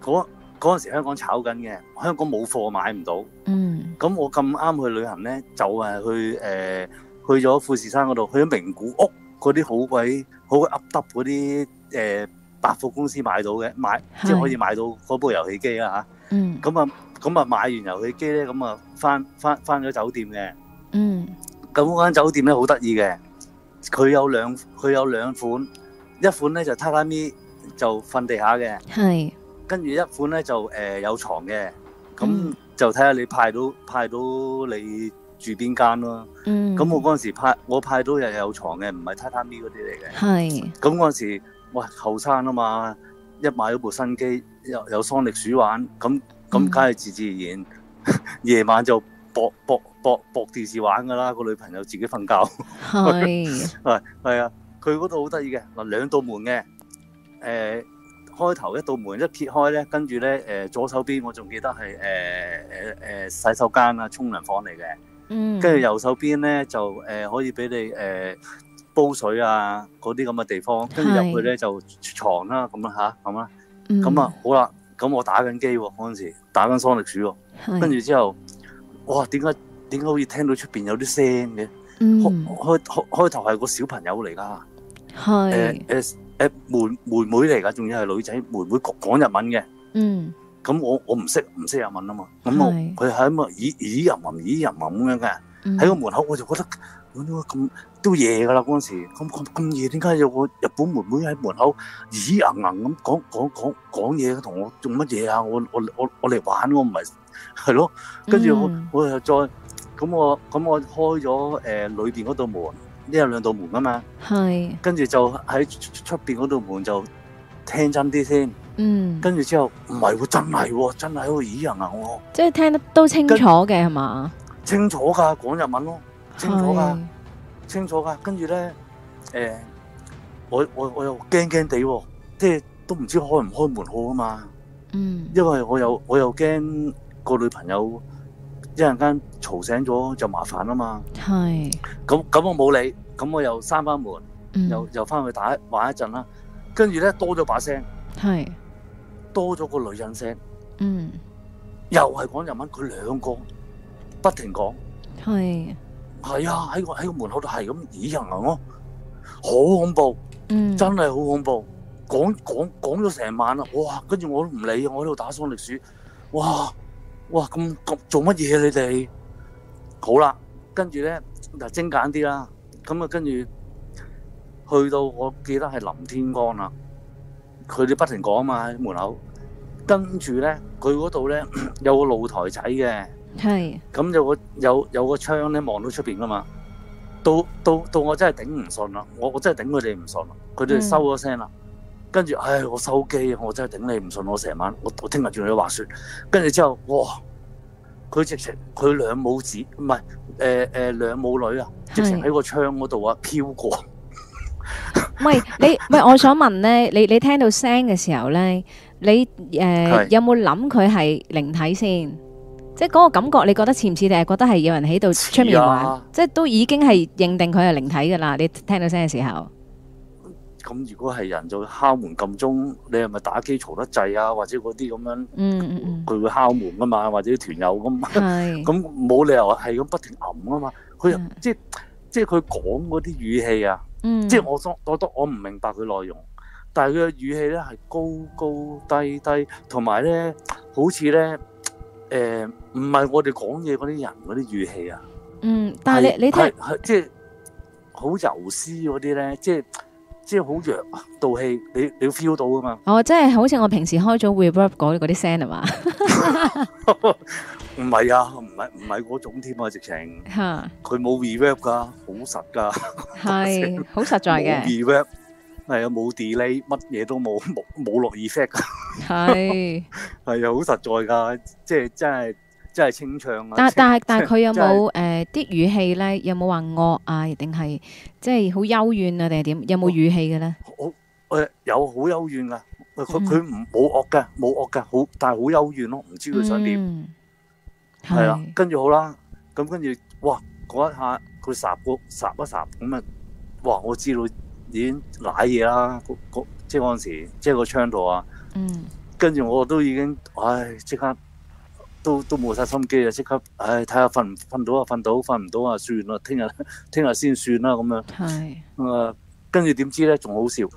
嗰嗰陣是時香港炒緊嘅，香港冇貨買唔到，嗯，咁我咁啱去旅行咧就係去誒。呃去咗富士山嗰度，去咗名古屋嗰啲好鬼好鬼 UP 噏耷嗰啲誒百貨公司買到嘅，買的即係可以買到嗰部遊戲機啦吓，嗯。咁啊咁啊買完遊戲機咧，咁啊翻翻翻咗酒店嘅。嗯。咁嗰間酒店咧好得意嘅，佢有兩佢有兩款，一款咧就榻榻米就瞓地下嘅，係的跟住一款咧就誒、呃、有床嘅，咁就睇下你派到、嗯、派到你。住邊間咯、啊？嗯，咁我嗰陣時派我派到又有床嘅，唔係榻榻米嗰啲嚟嘅。係是。咁嗰陣時，哇後生啊嘛，一買咗部新機，又有桑力鼠玩，咁咁梗係自自然，嗯、 <laughs> 夜晚就駁駁駁駁電視玩㗎啦。個女朋友自己瞓覺。係 <laughs> 是。係係 <laughs> 啊，佢嗰度好得意嘅。嗱，兩道門嘅，誒、呃、開頭一道門一撇開咧，跟住咧誒左手邊我仲記得係誒誒誒洗手間啊沖涼房嚟嘅。跟住、嗯、右手邊咧就誒、呃、可以俾你誒、呃、煲水啊嗰啲咁嘅地方，跟住入去咧就床啦咁啦吓，咁啦，咁啊、嗯、好啦，咁我打緊機喎，嗰陣時打緊桑力鼠喎，跟住之後，是哇點解點解好似聽到出邊有啲聲嘅？開開開開頭係個小朋友嚟㗎，係誒誒誒妹妹嚟㗎，仲要係女仔妹妹講日文嘅，嗯。咁我我唔識唔識日文啊嘛，咁、嗯、我佢喺咪耳耳日文耳日文咁樣嘅，喺個門口，我就覺得我呢個咁都夜㗎喇嗰陣時，咁咁咁夜點解有個日本妹妹喺門口耳耳鈍鈍咁講講講講嘢同我做乜嘢啊？我我我我嚟玩、嗯、我唔係係咯，跟住我我又再咁我咁我開咗誒裏邊嗰道門，呢有兩道門啊嘛，跟住是就喺出邊嗰道門就 Lebanon，聽真啲先。嗯，跟住之後唔係喎，真係喎、哦，真係喎、哦，咦人啊我，即係聽得都清楚嘅係嘛？清楚噶，講日文咯，清楚噶，是清楚噶。跟住咧，誒、欸，我我我又驚驚地，即係都唔知開唔開門好啊嘛。嗯，因為我又我又驚個女朋友一陣間嘈醒咗就麻煩啊嘛。係是。咁咁我冇理，咁我又閂翻門，又又翻去打玩一陣啦。跟住咧多咗把聲，係。多咗個女人聲，嗯，又係講日文，佢兩個不停講，係是，係啊，喺個喺個門口度係咁耳人啊，我好恐怖，嗯，真係好恐怖，講講講咗成晚啦，哇，跟住我都唔理啊，我喺度打桑力鼠，哇哇咁咁做乜嘢、啊、你哋？好啦，跟住咧嗱精簡啲啦，咁啊跟住去到我記得係林天光啦。佢哋不停講啊嘛，喺門口跟住咧，佢嗰度咧有個露台仔嘅，係咁是有個有有個窗咧望到出邊噶嘛。到到到我真係頂唔順啦，我我真係頂佢哋唔順啦，佢哋收咗聲啦。是跟住，唉，我收機，我真係頂你唔順，我成晚我我聽日仲要滑雪。跟住之後，哇！佢直情佢兩母子唔係誒誒兩母女啊，直情喺個窗嗰度啊飄過。是 <laughs> 唔係你，唔係我想問咧。你你聽到聲嘅時候咧，你誒有冇諗佢係靈體先？即係嗰個感覺，你覺得似唔似定係覺得係有人喺度出面玩？即係都已經係認定佢係靈體噶啦。你聽到聲嘅時候，咁如果係人就敲門、撳鐘，你係咪打機嘈得滯啊？或者嗰啲咁樣，嗯嗯，佢會敲門噶嘛？或者團友咁，咁冇理由係咁不停撳啊嘛。佢又即即係佢講嗰啲語氣啊。嗯，即係我得，我覺得，我唔明白佢內容，但係佢嘅語氣咧係高高低低，同埋咧好似咧，誒唔係我哋講嘢嗰啲人嗰啲語氣啊。嗯，但係你係你聽即係好柔絲嗰啲咧，即係。即係好弱啊！度氣你你 feel 到噶嘛？哦，即係好似我平時開咗 reverb 嗰嗰啲聲係嘛？唔係 <laughs> <laughs> 啊，唔係唔係嗰種添啊，直情嚇佢冇 reverb 噶，好實噶，係好是 <laughs> 是實在嘅。冇 reverb 係啊，冇 delay，乜嘢都冇冇冇落 effect。係係啊，好 <laughs> 實在㗎，即係真係。即係清唱啊。但清但係是但係佢有冇誒啲語氣咧？有冇話惡啊？定係即係好幽怨啊？定係點？有冇語氣嘅咧、呃嗯？好誒，有好幽怨㗎，佢佢唔冇惡嘅，冇惡嘅，好但係好幽怨咯，唔知佢想點，係啦。跟住好啦，咁跟住哇嗰一下佢霎個霎一霎咁啊，哇我知道已經瀨嘢啦，即係嗰陣時即係、就是、個窗度啊，嗯、跟住我都已經唉即刻。都都冇晒心機啊！即刻，唉，睇下瞓唔瞓到啊？瞓到瞓唔到啊？算啦，聽日聽日先算啦咁樣。係是。啊、呃，跟住點知咧？仲好笑。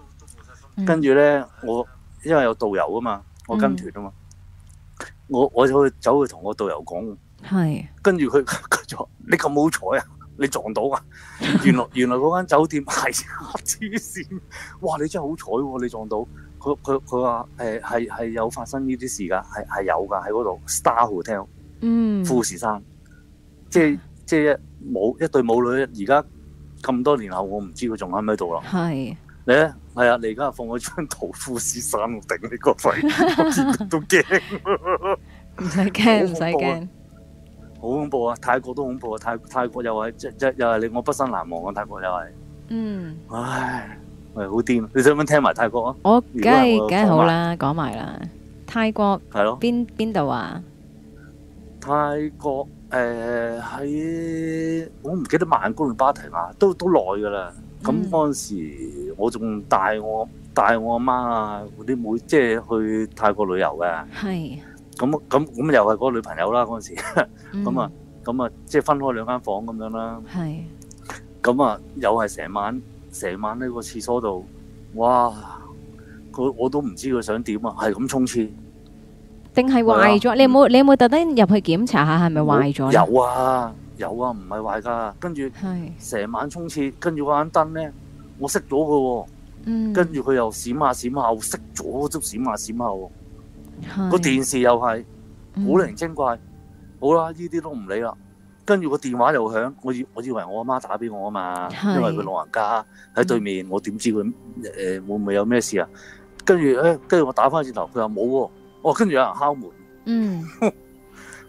跟住咧，嗯、我因為有導遊啊嘛，我跟團啊嘛，嗯、我我就去走去同個導遊講。係是。跟住佢，佢就：你咁好彩啊！你撞到啊？ <laughs> 原來原來嗰間酒店係黐線，哇！你真係好彩喎！你撞到。佢佢佢話誒係係有發生呢啲事㗎，係係有㗎喺嗰度。Star Hotel，嗯、富士山，即係即係一母一對母女，而家咁多年後，我唔知佢仲喺唔喺度啦。係是你咧，係啊！你而家放嗰張圖富士山，頂你個肺，都驚 <laughs> ，唔使驚，唔使驚，好恐，、啊、恐怖啊！泰國都恐怖啊！泰泰國又係即係又係令我畢生難忘啊！泰國又係，又又嗯，唉。係好癲，你想唔想聽埋泰國啊？哦、我梗係梗係好啦，講埋啦，泰國係咯，邊邊度啊？泰國誒喺、呃、我唔記得曼谷定芭提雅，都都耐㗎啦。咁嗰陣時我仲帶我、嗯、帶我阿媽啊嗰啲妹，即係去泰國旅遊嘅。係是。咁咁咁又係嗰個女朋友啦嗰陣時，咁啊咁啊即係分開兩間房咁樣啦。係是。咁啊又係成晚。成晚喺個廁所度，哇！佢我都唔知佢想點啊，係咁沖廁，定係壞咗？你有冇你有冇特登入去檢查下係咪壞咗？有啊有啊，唔係壞噶。跟住成晚沖廁，跟住嗰盞燈咧，我熄咗佢噶喎。嗯，跟住佢又閃下閃下，熄咗即閃下閃下。個是電視又係古靈精怪。嗯、好啦，呢啲都唔理啦。跟住個電話又響，我以我以為我阿媽打俾我啊嘛，因為佢老人家喺對面，我點知佢誒會唔會有咩事啊？跟住誒，跟住我打翻轉頭，佢話冇喎，跟住有人敲門，嗯，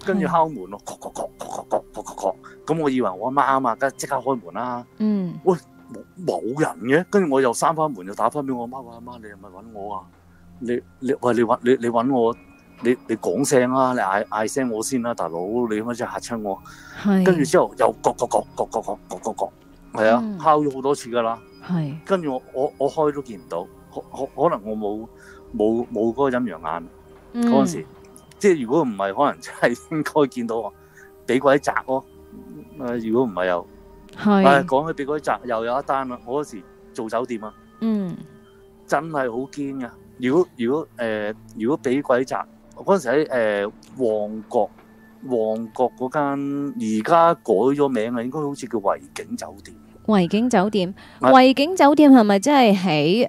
跟住敲門咯，咵咵咵咵咵咵咵，咁我以為我阿媽啊嘛，梗係即刻開門啦，嗯，喂冇冇人嘅，跟住我又閂翻門，又打翻俾我阿媽話阿媽，你係咪揾我啊？你你喂你你你揾我？你你講聲啦，你嗌嗌聲我先啦，大佬，你點解先嚇親我？係。跟住之後又咯咯咯咯咯咯咯咯，係啊，敲咗好多次㗎喇。係。跟住我我我開都見唔到，可可能我冇冇冇嗰個陰陽眼嗰陣時，即係如果唔係，可能真係應該見到我俾鬼砸咯。誒，如果唔係又係講起俾鬼砸，又有一單啦。我嗰時做酒店啊，嗯，真係好堅㗎。如果如果誒，如果俾鬼砸。嗰陣時喺誒旺角旺角嗰間，而家改咗名啦，應該好似叫維景酒店。維景酒店，維景酒店係咪真係喺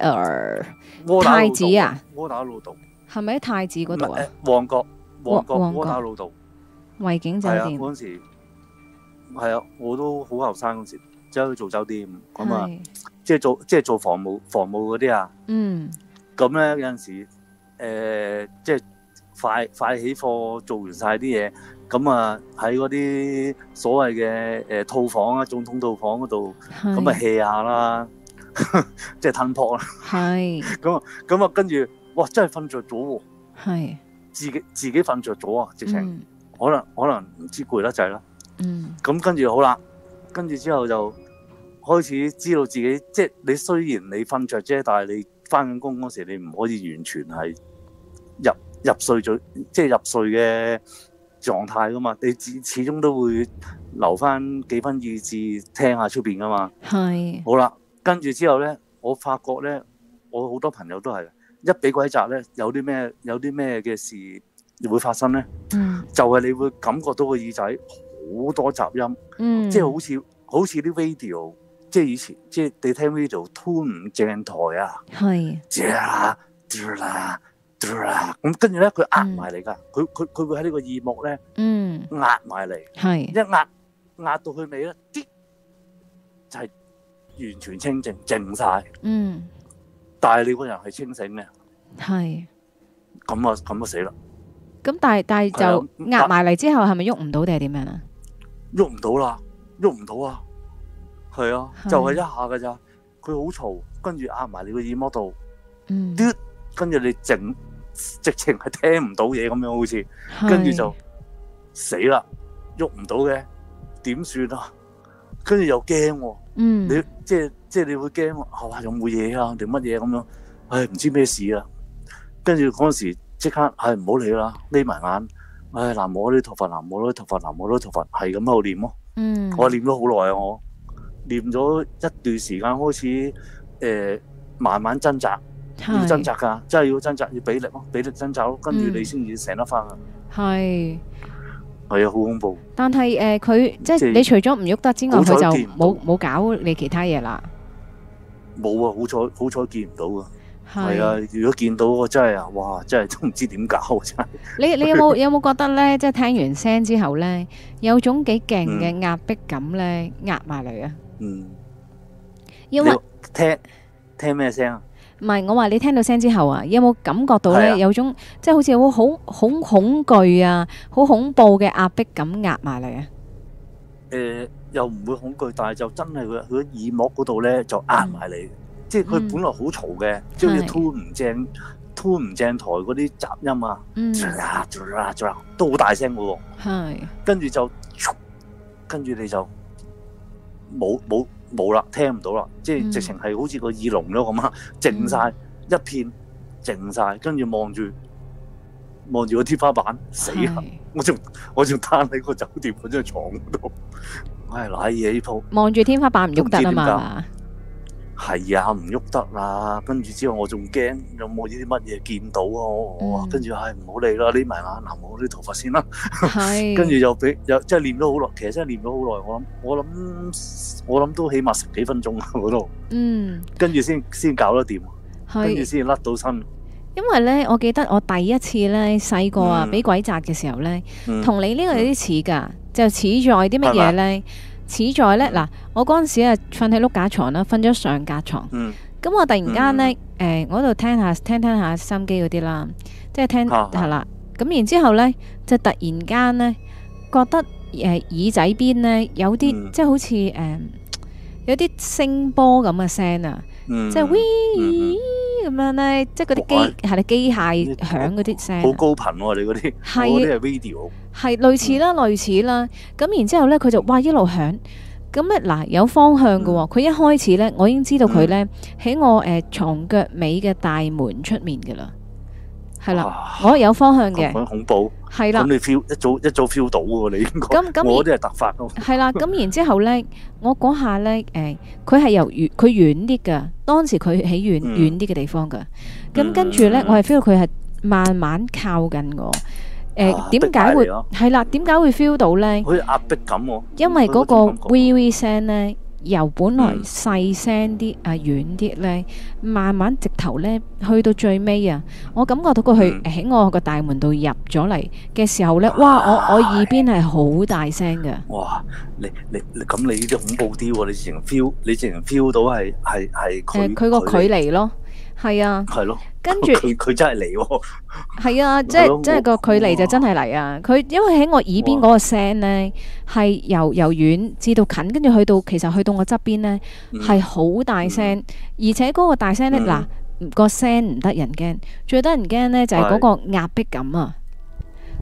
誒太子啊？窩打老道係咪喺太子嗰度啊？旺角旺角窩打老道維景酒店嗰陣時係啊，我都好後生嗰時走去做酒店咁啊，即係做即係做房務房務嗰啲啊。嗯，咁咧有陣時誒即係。快快起貨做完晒啲嘢，咁啊喺嗰啲所謂嘅誒、呃、套房啊，總統套房嗰度，咁啊 hea 下啦，即係吞破啦。係是。咁啊咁啊，跟住哇真係瞓着咗喎。係。自己自己瞓着咗啊！直情、嗯、可能可能唔知攰得滯啦。嗯。咁跟住好啦，跟住之後就開始知道自己，即係你雖然你瞓着啫，但係你翻緊工嗰時你唔可以完全係入。入睡最即係入睡嘅狀態噶嘛，你始始終都會留翻幾分意志聽下出邊噶嘛。係。好啦，跟住之後咧，我發覺咧，我好多朋友都係一俾鬼閘咧，有啲咩有啲咩嘅事會發生咧，就係你會感覺到個耳仔好多雜音，即係好似好似啲 video 即係以前即係你聽 video tune 唔正台啊，係。咁跟住咧，佢壓埋嚟噶，佢佢佢會喺呢個耳膜咧，壓埋嚟，一壓壓到佢尾咧，啲，就係完全清淨靜晒，但係你個人係清醒嘅，係咁啊咁啊死啦！咁但係但係就壓埋嚟之後，係咪喐唔到定係點樣啊？喐唔到啦，喐唔到啊，係啊，就係一下噶咋，佢好嘈，跟住壓埋你個耳膜度，嘟，跟住你靜。直情係聽唔到嘢，咁樣，好似是，跟住就死啦，喐唔到嘅，點算啊？跟住又驚、哦，嗯、你即係即係你會驚，係哇？又冇嘢啊？定乜嘢咁樣？唉，唔知咩事啊！跟住嗰時即刻係唔好理啦，匿埋眼。唉，南無阿彌陀佛，南無阿彌陀佛，南無阿彌陀佛，係咁喺度念咯、哦。嗯，我念咗好耐啊，我念咗一段時間，開始誒、呃、慢慢掙扎。要掙扎噶，真係要掙扎，要俾力咯，俾力掙扎咯，跟住你先至醒得翻噶。係係啊，好恐怖！但係誒，佢即係你除咗唔喐得之外，佢就冇冇搞你其他嘢啦。冇啊，好彩好彩見唔到噶。係啊，如果見到我真係啊，哇，真係都唔知點搞啊，真係。你你有冇有冇覺得咧？即係聽完聲之後咧，有種幾勁嘅壓迫感咧，壓埋嚟。啊，嗯，因為聽聽咩聲啊？唔係，我話你聽到聲之後啊，有冇感覺到咧？有種即係好似會好恐恐懼啊，好恐，恐怖嘅壓迫感壓埋嚟啊！誒、呃，又唔會恐懼，但係就真係佢佢耳膜嗰度咧就壓埋嚟，嗯、即係佢本來好嘈嘅，將啲、嗯、tune 唔正是 tune 唔正台嗰啲雜音啊，嗯、都好大聲噶喎、哦。係是，跟住就，跟住你就冇冇。冇啦，聽唔到啦，即係直情係好似個耳聾咁啊！靜晒、嗯、一片靜，靜晒，跟住望住望住個天花板，死啦是！我仲我仲攤喺個酒店嗰張床度，唉，瀨嘢呢鋪，望住天花板唔喐得啊嘛！係啊，唔喐得啦！跟住之後，我仲驚有冇呢啲乜嘢見到啊？我跟住唉，唔好理啦，匿埋阿南母啲頭髮先啦。係是。跟住又俾又即係念咗好耐，其實真係念咗好耐。我諗我諗我諗都起碼十幾分鐘啊！嗰度。嗯。跟住先先搞得掂，跟住先甩到身。因為咧，我記得我第一次咧細個啊，俾鬼扎嘅時候咧，同、嗯、你呢個有啲似㗎，嗯嗯、就似在啲乜嘢咧？始在咧嗱、嗯，我嗰陣時啊，瞓喺碌架床啦，瞓咗上架牀。咁、嗯、我突然間咧，誒、嗯欸、我度聽下聽聽下收音機嗰啲啦，即係聽係哈啦。咁然之後咧，就突然間咧，覺得誒、呃、耳仔邊咧有啲、嗯、即係好似誒、呃、有啲聲波咁嘅聲啊，嗯、即係 We 咁樣咧，嗯嗯嗯、即係嗰啲機係咪我機械響嗰啲聲、啊看我看我？好高頻喎、啊！你嗰啲嗰啲係 radio。我係類似啦，類似啦。咁然之後咧，佢就哇一路響。咁咧嗱，有方向嘅喎、哦。佢一開始咧，我已經知道佢咧喺我誒、呃、床腳尾嘅大門出面嘅啦。係啦，啊、我有方向嘅。咁恐怖。係啦的。咁你 feel 一早一早 feel 到喎，你應該。咁咁。我啲係突發嘅。係、呃、啦。咁然之後咧，我嗰下咧誒，佢係由遠佢遠啲嘅。當時佢喺遠遠啲嘅地方嘅。咁跟住咧，嗯、我係 feel 佢係慢慢靠近我。誒，點解會係啦？點解會 feel 到咧？好似壓迫感喎。因為嗰個 v v 聲咧，由本來細聲啲，啊遠啲咧，慢慢直頭咧去到最尾啊，我感覺到佢喺我個大門度入咗嚟嘅時候咧，哇！我我耳邊係好大聲嘅。哇！你你你咁你呢啲恐怖啲喎！你直情 feel，你直情 feel 到係係係佢。誒，佢個距離咯。係啊，係咯，跟住佢佢真係嚟喎，係啊，即係即係個距離就真係嚟啊！佢因為喺我耳邊嗰個聲呢，係由由遠至到近，跟住去到其實去到我側邊呢，係好大聲，而且嗰個大聲呢，嗱，個聲唔得人驚，最得人驚呢就係嗰個壓迫感啊！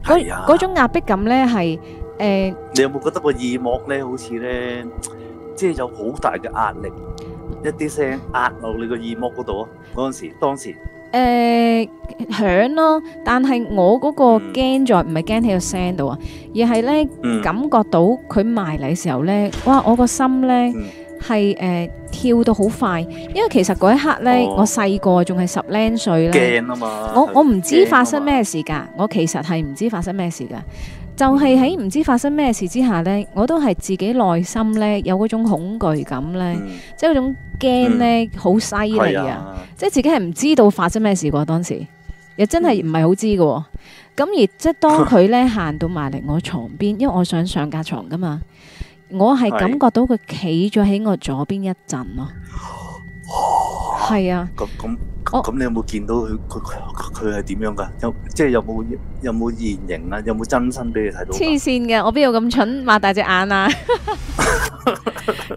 嗰嗰種壓迫感呢，係誒，你有冇覺得個耳膜呢好似呢，即係有好大嘅壓力？一啲聲壓落你個耳膜嗰度啊！嗰陣時，當時誒響咯，但係我嗰個驚在唔係驚喺個聲度啊，而係咧感覺到佢埋嚟嘅時候咧，哇！我個心咧係誒跳到好快，因為其實嗰一刻咧，我細個仲係十零歲啦，驚啊嘛！我我唔知發生咩事噶，我其實係唔知發生咩事噶。就係喺唔知發生咩事之下呢，我都係自己內心呢有嗰種恐懼感呢，嗯、即係嗰種驚呢好犀利啊！即係自己係唔知道發生咩事㗎當時，又真係唔係好知嘅。咁、嗯、而即係當佢呢行 <laughs> 到埋嚟我床邊，因為我想上架床㗎嘛，我係感覺到佢企咗喺我左邊一陣咯。哦，係啊，咁咁咁，你有冇見到佢佢佢佢係點樣噶？有即係有冇有冇現形啊？有冇真身俾你睇到？黐線嘅，我邊度咁蠢，擘大隻眼啊！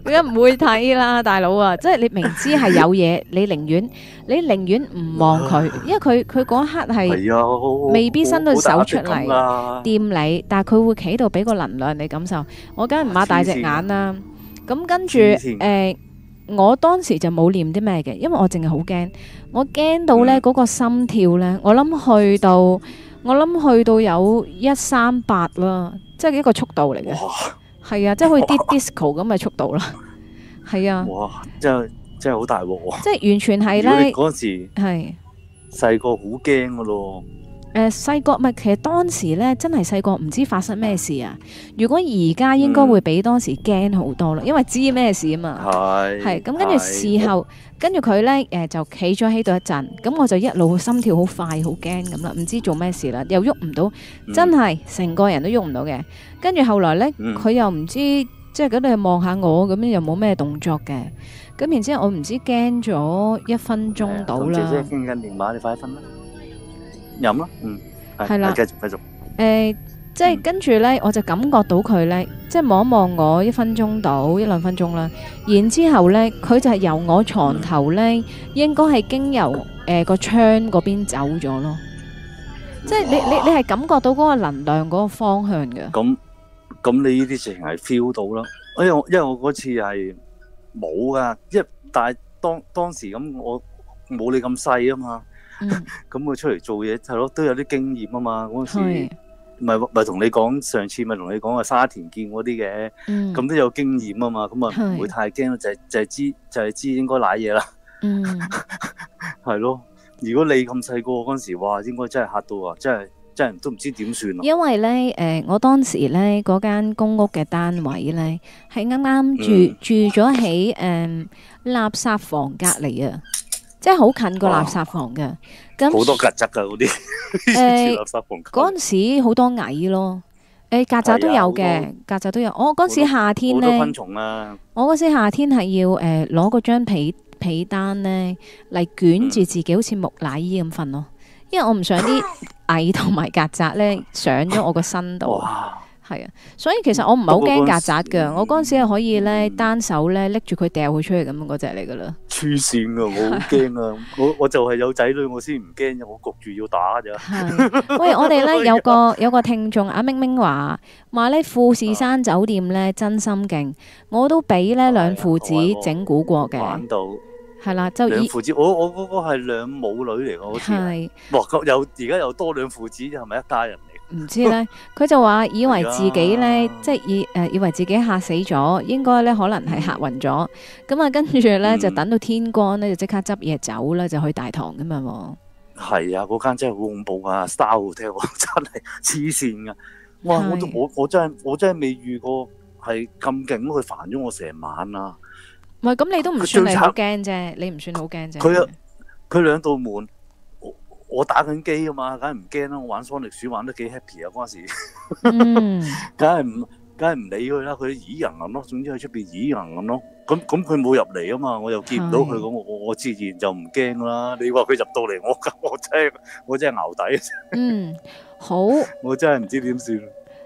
點解唔會睇啦，大佬啊？即係你明知係有嘢，你寧願你寧願唔望佢，因為佢佢嗰一刻係未必伸到手出嚟掂你，但係佢會企到俾個能量你感受。我梗係唔擘大隻眼啦。咁跟住誒。我當時就冇念啲咩嘅，因為我淨係好驚，我驚到咧嗰個心跳咧，我諗去到，我諗去到有一三八啦，即係一個速度嚟嘅，係哇啊，即係好似啲 disco 咁嘅速度啦，係哇啊，哇，真係真係好大鑊喎，即係完全係咧嗰陣時係細個好驚噶咯。誒，細個咪其實當時咧真係細個唔知發生咩事啊！如果而家應該會比當時驚好多啦，因為知咩事啊嘛。係係咁，跟住事後，跟住佢咧誒就企咗喺度一陣，咁我就一路心跳好快，好驚咁啦，唔知做咩事啦，又喐唔到，真係成個人都喐唔到嘅。跟住後來咧，佢又唔知即係嗰度望下我，咁樣又冇咩動作嘅。咁然之後我唔知驚咗一分鐘到啦。同姐姐傾緊電話，你快啲瞓啦。飲咯，嗯，係啦，繼續繼續，誒，即係跟住咧，我就感覺到佢咧，即係望一望我一分鐘到一兩分鐘啦，然之後咧，佢就係由我床頭咧，應該係經由誒個窗嗰邊走咗咯，即係你你你係感覺到嗰個能量嗰個方向嘅。咁咁你呢啲事情係 feel 到咯，因為因為我嗰次係冇噶，即係但係當當時咁我冇你咁細啊嘛。咁佢出嚟做嘢，係咯，都有啲經驗啊嘛。嗰時咪咪同你講，上次咪同你講啊沙田見嗰啲嘅，咁都有經驗啊嘛。咁啊唔會太驚咯，就係就係知就係知應該瀨嘢啦。係咯，如果你咁細個嗰陣時，哇，應該真係嚇到啊，真係真係都唔知點算咯。因為咧，誒，我當時咧嗰間公屋嘅單位咧，係啱啱住住咗喺誒垃圾房隔籬啊。即係好近個垃圾房嘅，咁好哇那多曱甴噶嗰啲。誒那，嗰陣、欸、時好多蟻咯，誒、欸，曱甴都有嘅，曱甴都有。我嗰陣時夏天咧，昆蟲啦。很多啊，我嗰時夏天係要誒攞嗰張被被單咧嚟捲住自己，好似、嗯、木乃伊咁瞓咯，因為我唔想啲蟻同埋曱甴咧上咗我個身度。係啊，所以其實我唔係好驚曱甴嘅，我嗰陣時係可以咧單手咧拎住佢掉佢出去咁嗰隻嚟噶啦。黐線噶，我好驚啊！我我就係有仔女，我先唔驚，我焗住要打咋 <laughs> 。喂，我哋咧有個有個聽眾啊，明明話話咧富士山酒店咧、啊、真心勁，我都俾咧的兩父子整蠱過嘅。我我玩到。係啦，就兩父子，我我嗰個係兩母女嚟嘅，好似。係的。哇，有而家又多兩父子，係咪一家人？唔知咧，佢 <laughs> 就話以為自己咧，啊、即係以誒以為自己吓死咗，應該咧可能係吓暈咗。咁啊、嗯，跟住咧就等到天光咧，就即刻執嘢走啦，就去大堂噶嘛。係啊，嗰間真係好恐怖啊！Star Hotel 真係黐線噶，我都是我都我真係我真係未遇過係咁勁，佢煩咗我成晚啊！唔係咁，你都唔算係好驚啫，差你唔算好驚啫。佢佢兩道門。我打緊機啊嘛，梗係唔驚啦！我玩桑尼鼠玩得幾 happy 啊，嗰陣時，梗係唔梗係唔理佢啦。佢耳人咁咯，總之佢出邊耳人咁咯。咁咁佢冇入嚟啊嘛，我又見唔到佢咁，是的 我我自然就唔驚啦。你話佢入到嚟，我我真係我真係牛底。嗯，好。 <laughs> 我真係唔知點算。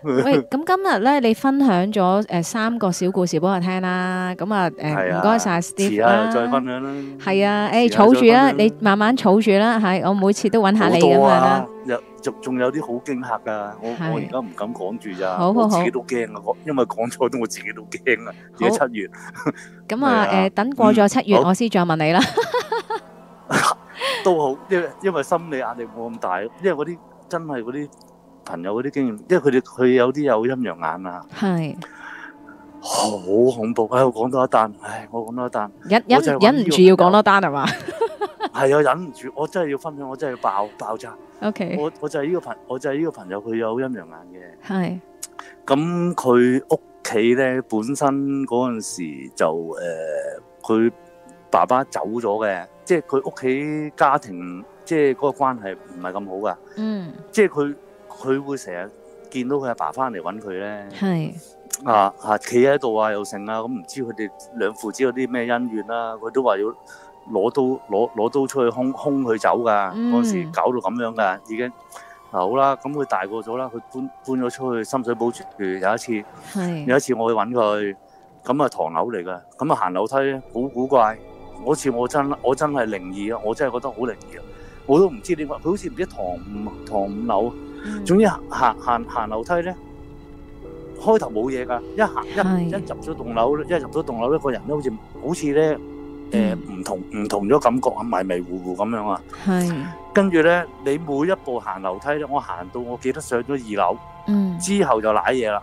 喂，咁今日咧，你分享咗誒三個小故事俾我聽啦。咁啊，誒，唔該晒，Steve 啦。遲下再分享啦。係啊，誒，儲住啦，你慢慢儲住啦。係，我每次都揾下你噶嘛。好多啊，又仲仲有啲好驚吓噶，我我而家唔敢講住咋，自己都驚啊。我因為講錯都我自己都驚啊。而家七月。咁啊，誒，等過咗七月我先再問你啦。都好，因因為心理壓力冇咁大，因為嗰啲真係嗰啲。朋友嗰啲經驗，因為佢哋佢有啲有陰陽眼啊，係是、哦、好恐怖啊！我講多一單，唉，我講多一單，一忍忍唔住要講多一單係嘛？係 <laughs> 啊，忍唔住，我真係要分享，我真係要爆爆炸。O Okay K，我我就係呢個朋，我就係呢個朋友，佢有陰陽眼嘅。係咁是，佢屋企咧本身嗰陣時就誒，佢、呃、爸爸走咗嘅，即係佢屋企家庭，即係嗰個關係唔係咁好㗎。嗯，即係佢。佢會成日見到佢阿爸翻嚟揾佢咧，啊啊，企喺度啊又剩啊，咁唔知佢哋兩父子有啲咩恩怨啦、啊，佢都話要攞刀攞攞刀出去兇兇佢走噶，嗰、嗯、時搞到咁樣噶，已經嗱、啊、好啦，咁佢大個咗啦，佢搬搬咗出去深水埗住，有一次，是有一次我去揾佢，咁啊唐樓嚟噶，咁啊行樓梯咧好古怪，嗰次我真我真係靈異啊，我真係覺得好靈異啊，我都唔知點解，佢好似唔知唐唐五,五樓。總之行行行樓梯咧，開頭冇嘢噶，一行一一入咗棟樓，一入咗棟樓咧，個人咧好似好似咧，誒唔同唔同咗感覺啊，迷迷糊糊咁樣啊。係跟住咧，你每一步行樓梯咧，我行到我記得上咗二樓，嗯，之後就瀨嘢啦。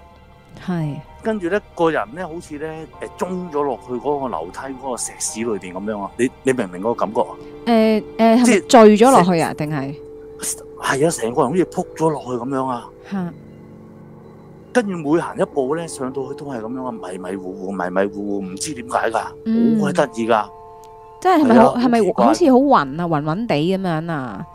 係跟住咧，個人咧好似咧，誒，中咗落去嗰個樓梯嗰個石屎裏邊咁樣啊。你你明唔明嗰個感覺啊？誒誒，即係墜咗落去啊？定係？係啊，成個人好似撲咗落去咁樣啊！跟住是每行一步咧，上到去都係咁樣啊，迷迷糊糊、迷迷糊糊，唔知點解噶，好鬼得意噶！即係係咪係咪好似好暈啊，暈暈地咁樣啊，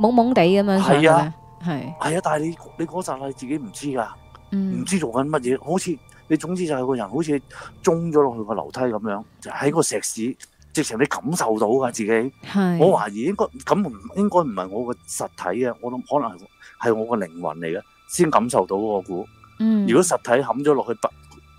懵懵地咁樣上啊，係係啊！但係你你嗰陣係自己唔知噶，唔、嗯、知做緊乜嘢，好似你總之就係個人好似中咗落去個樓梯咁樣，就喺個石屎。直情你感受到㗎自己，是我懷疑應該感唔應該唔係我個實體嘅，我諗可能係我個靈魂嚟嘅先感受到我估。嗯，如果實體冚咗落去爆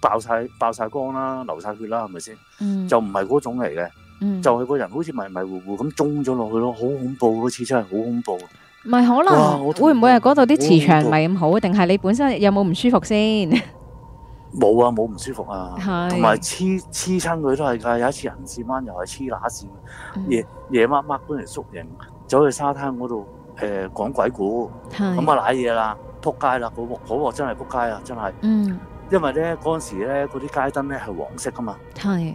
爆曬爆曬光啦，流晒血啦，係咪先？嗯，就唔係嗰種嚟嘅。嗯，就係個人好似迷迷糊糊咁中咗落去咯，好恐怖嗰次真係好恐怖。唔係，可能會唔會係嗰度啲磁場唔係咁好，定係你本身有冇唔舒服先？ <laughs> 冇啊，冇唔舒服啊，同埋黐黐親佢都係㗎。有一次人事灣又係黐乸線，夜媽媽搬嚟宿營，走去沙灘嗰度，誒講鬼故，咁啊，瀨嘢啦，撲街啦，嗰個真係撲街啊，真係。嗯，因為咧嗰陣時咧嗰啲街燈咧係黃色㗎嘛。係。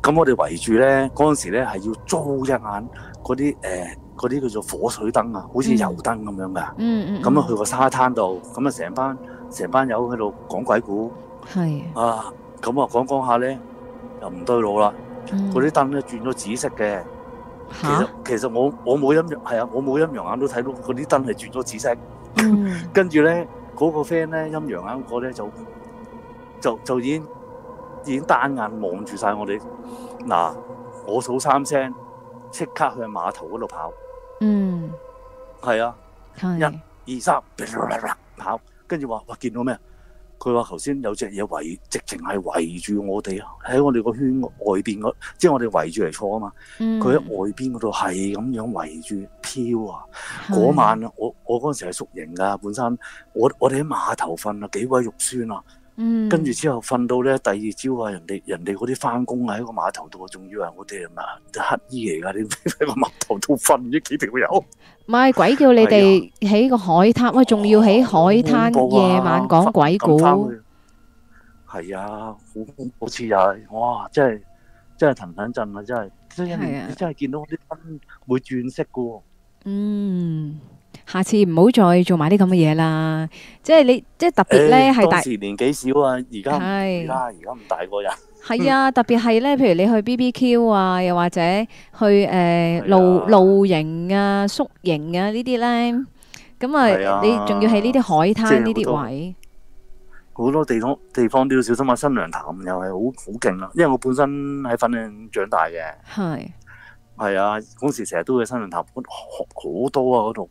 咁我哋圍住咧嗰陣時咧係要租一眼嗰啲，誒嗰啲叫做火水燈啊，好似油燈咁樣㗎。嗯嗯。咁啊去個沙灘度，咁啊成班成班友喺度講鬼故。係啊，咁啊講講下咧，又唔對路啦。嗰啲燈咧轉咗紫色嘅。嗯，其實其實我我冇陰陽係啊，我冇陰陽眼都睇到嗰啲燈係轉咗紫色。跟住咧，嗰， <laughs> 嗰個 friend 咧陰陽眼個咧就就就已經已經單眼望住晒我哋。嗱，啊，我數三聲，即刻向碼頭嗰度跑。嗯，係啊，一，啊，二、三，跑，跟住話哇，見到咩啊？佢話頭先有隻嘢圍，直情係圍住我哋喺我哋個圈外邊嗰，即係我哋圍住嚟坐啊嘛。佢喺外邊嗰度係咁樣圍住飄啊！嗰、嗯、晚的我我嗰陣時係宿營㗎，本身我我哋喺碼頭瞓啊，幾鬼肉酸啊！嗯，跟住之後瞓到咧，第二朝啊，人哋人哋嗰啲翻工喺個碼頭度，仲以為我哋係嘛，乞衣嚟噶，你喺個碼頭度瞓咗幾條友，唔係鬼叫你哋喺個海灘，喂，仲要喺海灘夜晚講鬼故，係啊，好好似又係，哇，真係真係騰騰震啊，真係真係真係見到啲燈會轉色噶喎，嗯。下次唔好再做埋啲咁嘅嘢啦，即係你即係特別咧係大時年紀少啊，而家而家而家唔大個人係啊，特別係咧，譬如你去 BBQ 啊，又或者去誒露露營啊、宿營啊呢啲咧，咁啊，你仲要喺呢啲海灘呢啲位好多地方地方都要小心啊。新娘潭又係好好勁啊，因為我本身喺粉嶺長大嘅，係係啊，嗰時成日都去新娘潭，好多啊嗰度。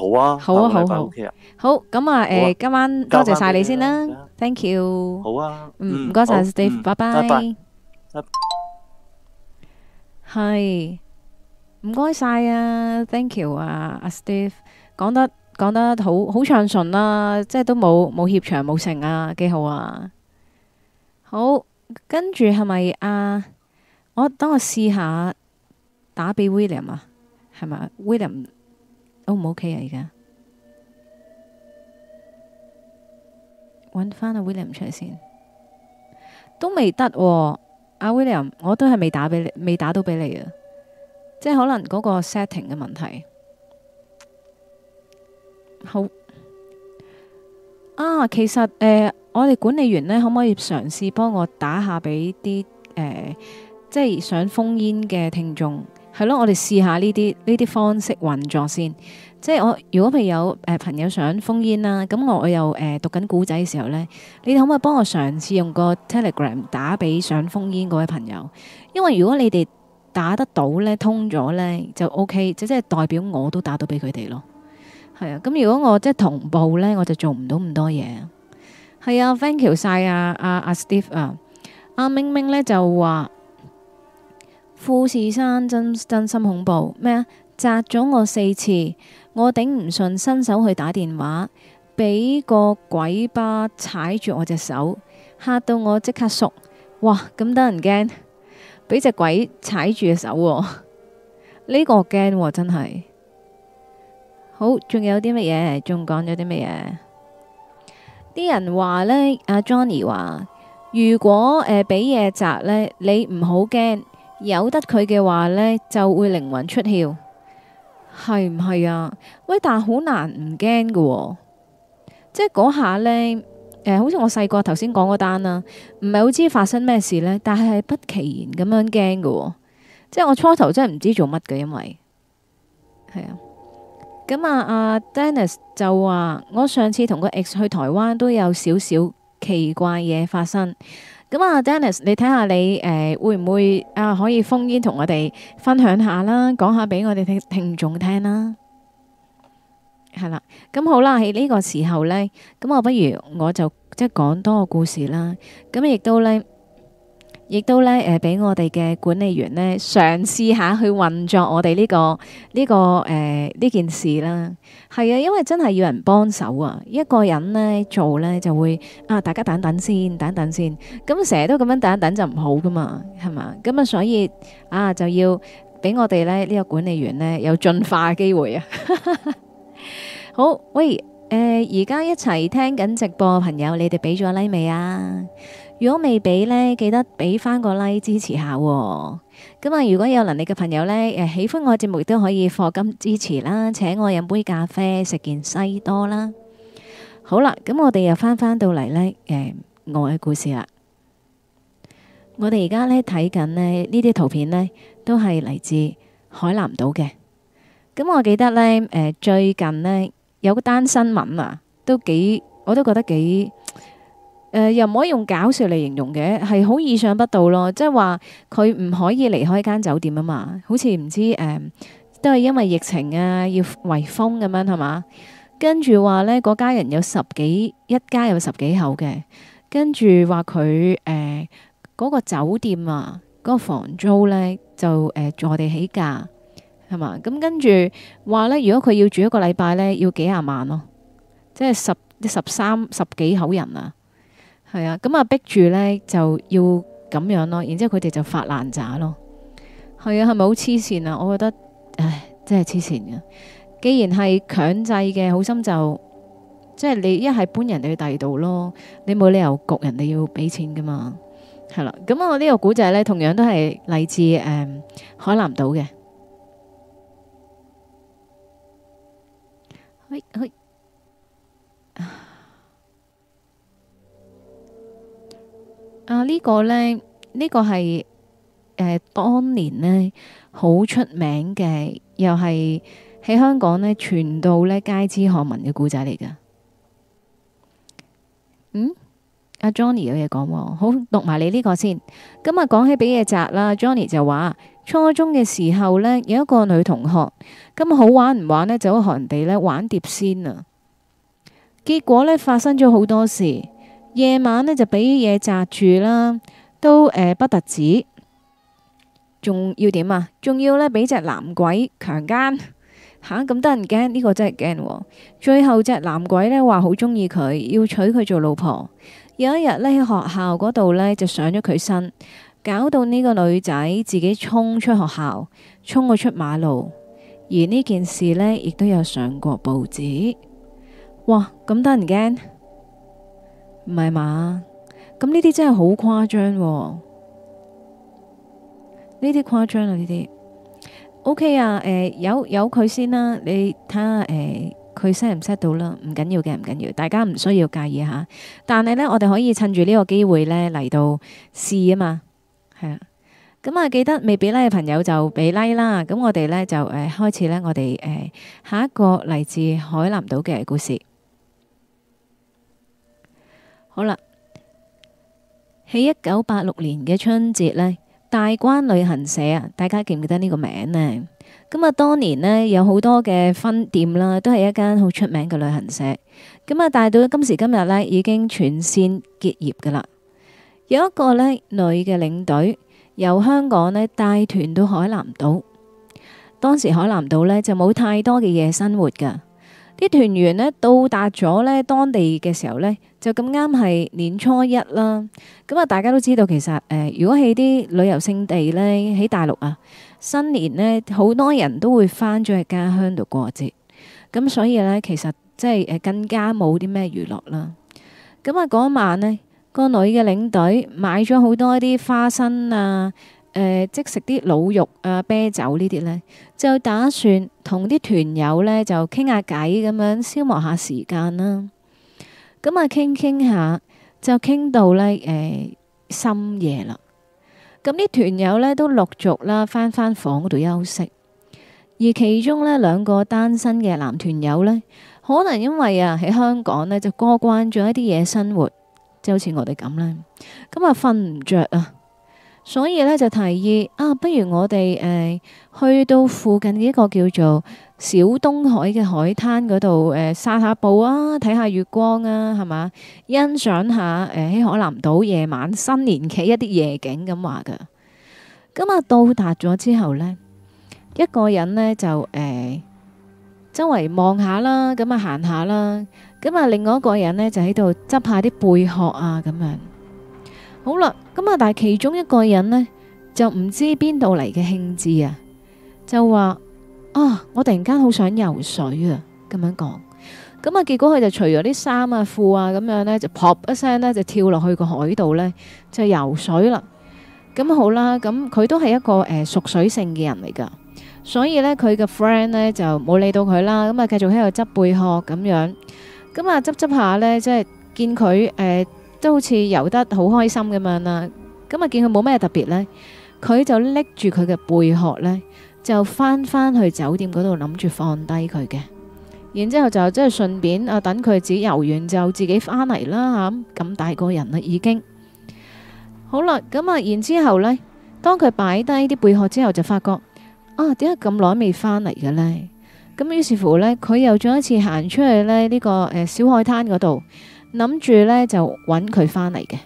好啊，好啊，好好好，咁啊，誒，今晚多謝晒你先啦你，thank you。好啊，嗯，唔該晒，Steve、嗯、bye bye 拜拜。係唔該晒啊，thank you 啊，阿 Steve，講得講得好好暢順啊，即係都冇冇怯場冇成啊，幾好啊。好，跟住係咪啊？我等我試下打俾 William 啊，係咪 William？O 唔 O K 啊？而家揾翻阿 William 出嚟先，都未得喎、哦。阿 William，我都係未打俾你，未打到俾你啊。即係可能嗰個 setting 嘅問題。好啊，其實誒、呃，我哋管理員呢，可唔可以嘗試幫我打下俾啲誒，即係想封煙嘅聽眾？係咯，我哋試下呢啲呢啲方式運作先。即係我如果係有誒、呃、朋友想封煙啦、啊，咁我又誒、呃、讀緊古仔嘅時候咧，你哋可唔可以幫我嘗試用個 Telegram 打俾想封煙嗰位朋友？因為如果你哋打得到咧，通咗咧就 OK，即係代表我都打到俾佢哋咯。係啊，咁如果我即係同步咧，我就做唔到咁多嘢。係啊 Thank you 曬啊，阿阿、啊啊啊、Steve 啊，阿、啊、明明咧就話。富士山真真心恐怖，咩啊？砸咗我四次，我頂唔順，伸手去打電話，俾個鬼巴踩住我隻手，吓到我即刻縮。哇，咁得人驚，俾隻鬼踩住隻手喎，呢 <laughs> 個驚真係好。仲有啲乜嘢？仲講咗啲乜嘢？啲人話呢，阿、啊、Johnny 話，如果誒俾嘢砸呢，你唔好驚。有得佢嘅話呢，就會靈魂出竅，係唔係啊？喂，但係好難唔驚嘅，即係嗰下呢，呃、好似我細個頭先講嗰單啦，唔係好知發生咩事呢，但係係不其然咁樣驚嘅，即係我初頭真係唔知做乜嘅，因為係啊，咁啊阿、啊、Dennis 就話我上次同個 ex 去台灣都有少少奇怪嘢發生。咁啊，Dennis，你睇下你誒、呃、會唔會啊、呃、可以封煙同我哋分享下啦，講下俾我哋聽聽眾聽啦，係啦。咁好啦，喺呢個時候咧，咁我不如我就即係講多個故事啦。咁亦都咧。亦都咧，誒、呃、俾我哋嘅管理員咧嘗試下去運作我哋呢、呢個呢、呢個誒呢、呃、件事啦。係啊，因為真係要人幫手啊，一個人咧做咧就會啊，大家等等先，等等先。咁成日都咁樣等等就唔好噶嘛，係嘛？咁、嗯、啊，所以啊，就要俾我哋咧呢、呢個管理員咧有進化嘅機會啊。 <laughs> 好，喂，誒而家一齊聽緊直播嘅朋友，你哋俾咗 like 未啊？如果未俾呢，記得俾翻個 like 支持下喎、哦。咁啊，如果有能力嘅朋友呢，誒喜歡我嘅節目亦都可以課金支持啦，請我飲杯咖啡，食件西多啦。好啦，咁我哋又翻翻到嚟呢誒我嘅故事啦。我哋而家呢睇緊呢呢啲圖片呢，都係嚟自海南島嘅。咁我記得呢，誒、呃、最近呢有個單新聞啊，都幾我都覺得幾。呃、又唔可以用搞笑嚟形容嘅，係好意想不到咯。即係話佢唔可以離開間酒店啊嘛，好似唔知誒、嗯、都係因為疫情啊，要圍封咁樣係嘛？跟住話咧，嗰家人有十幾一家有十幾口嘅，跟住話佢嗰個酒店啊，嗰、嗰個房租咧就、呃、坐地起價係嘛。咁跟住話咧，如果佢要住一個禮拜咧，要幾廿萬咯，即係十十三十幾口人啊。係啊，咁啊逼住呢就要咁樣咯，然之後佢哋就發爛渣咯，係啊，係咪好黐線啊？我覺得，唉，真係黐線嘅。既然係強制嘅，好心就即係你一係搬人哋去第二度咯，你冇理由焗人哋要俾錢噶嘛。係啦，啊，咁我呢個古仔呢，同樣都係嚟自，嗯，海南島嘅。嘿，嘿。啊！這個、呢、這個咧，呢個係當年咧好出名嘅，又係喺香港咧傳到咧街知巷聞嘅故仔嚟噶。嗯，阿、啊、Johnny 有嘢講喎，好讀埋你呢個先。今日講起俾嘢扎啦，Johnny 就話：初中嘅時候呢，有一個女同學，咁好玩唔玩呢，就學人哋呢玩碟仙啊。結果呢，發生咗好多事。夜晚呢，就俾嘢紮住啦，都、呃、不特止，仲要點啊？仲要呢，俾隻男鬼強姦吓，咁得人驚？呢、呢個真係驚、喎！最後隻男鬼呢，話好中意佢，要娶佢做老婆。有一日呢，喺學校嗰度呢，就上咗佢身，搞到呢個女仔自己衝出學校，衝咗出馬路。而呢件事呢，亦都有上過報紙。哇！咁得人驚？唔係嘛？咁呢啲真係好誇張，呢啲誇張啊，呢啲。OK 啊，誒、OK 啊，呃、有有佢先啦，你睇下誒，佢 set 唔 set 到啦？唔緊要嘅，唔緊要，大家唔需要介意吓。但係咧，我哋可以趁住呢個機會咧嚟到試啊嘛，係啊。咁啊，記得未俾 like 嘅朋友就俾 like 啦。咁我哋咧就誒、呃、開始咧，我哋誒、呃、下一個嚟自海南島嘅故事。好啦，喺一九八六年嘅春節呢，大關旅行社啊，大家記唔記得呢個名呢？咁啊，當年呢，有好多嘅分店啦，都係一間好出名嘅旅行社。咁啊，大到今時今日呢，已經全線結業噶啦。有一個呢女嘅領隊由香港呢帶團到海南島，當時海南島呢，就冇太多嘅夜生活噶。啲團員呢，到達咗呢當地嘅時候呢，就咁啱係年初一啦。咁啊，大家都知道其實誒、呃，如果係啲旅遊勝地呢，喺大陸啊，新年呢，好多人都會翻咗去家鄉度過節。咁所以呢，其實即係更加冇啲咩娛樂啦。咁啊，嗰晚呢，個女嘅領隊買咗好多啲花生啊，呃、即食啲滷肉啊、啤酒呢啲呢。就打算同啲團友呢，就傾下偈咁樣消磨下時間啦。咁啊，傾傾下就傾到呢誒、呃、深夜啦。咁啲團友呢，都陸續啦翻翻房度休息。而其中呢兩個單身嘅男團友呢，可能因為啊喺香港呢，就過慣咗一啲夜生活，即係好似我哋咁啦。咁啊，瞓唔着啊。所以咧，就提議啊，不如我哋誒、呃、去到附近一個叫做小東海嘅海灘嗰度誒散下步啊，睇下月光啊，係嘛，欣賞下誒喺、呃、海南島夜晚新年期一啲夜景咁話噶。咁、嗯、啊到達咗之後呢，一個人呢，就誒、呃、周圍望下啦，咁啊行下啦，咁、嗯、啊另外一個人呢，就喺度執下啲貝殼啊咁樣。好啦，咁啊，但係其中一個人呢，就唔知邊度嚟嘅興致啊，就話啊，我突然間好想游水啊，咁樣講，咁、嗯、啊，結果佢就除咗啲衫啊、褲啊咁樣呢，就撲一聲呢，就跳落去個海度呢，就游水啦。咁、嗯、好啦，咁、嗯、佢都係一個誒熟、呃、水性嘅人嚟噶，所以呢，佢嘅 friend 呢，就冇理到佢啦，咁啊繼續喺度執貝殼咁樣，咁啊執執下呢，即係見佢誒。呃都好似游得好開心咁樣啦，咁啊見佢冇咩特別呢，佢就拎住佢嘅貝殼呢，就翻返去酒店嗰度，諗住放低佢嘅，然之後就即係順便啊等佢自己游完就自己翻嚟啦吓，咁大個人啦已經好啦，咁啊然之後咧，當佢擺低啲貝殼之後就發覺啊，點解咁耐未翻嚟嘅呢？咁於是乎呢，佢又再一次行出去呢，呢、呢個誒、呃、小海灘嗰度。諗住呢就揾佢返嚟嘅，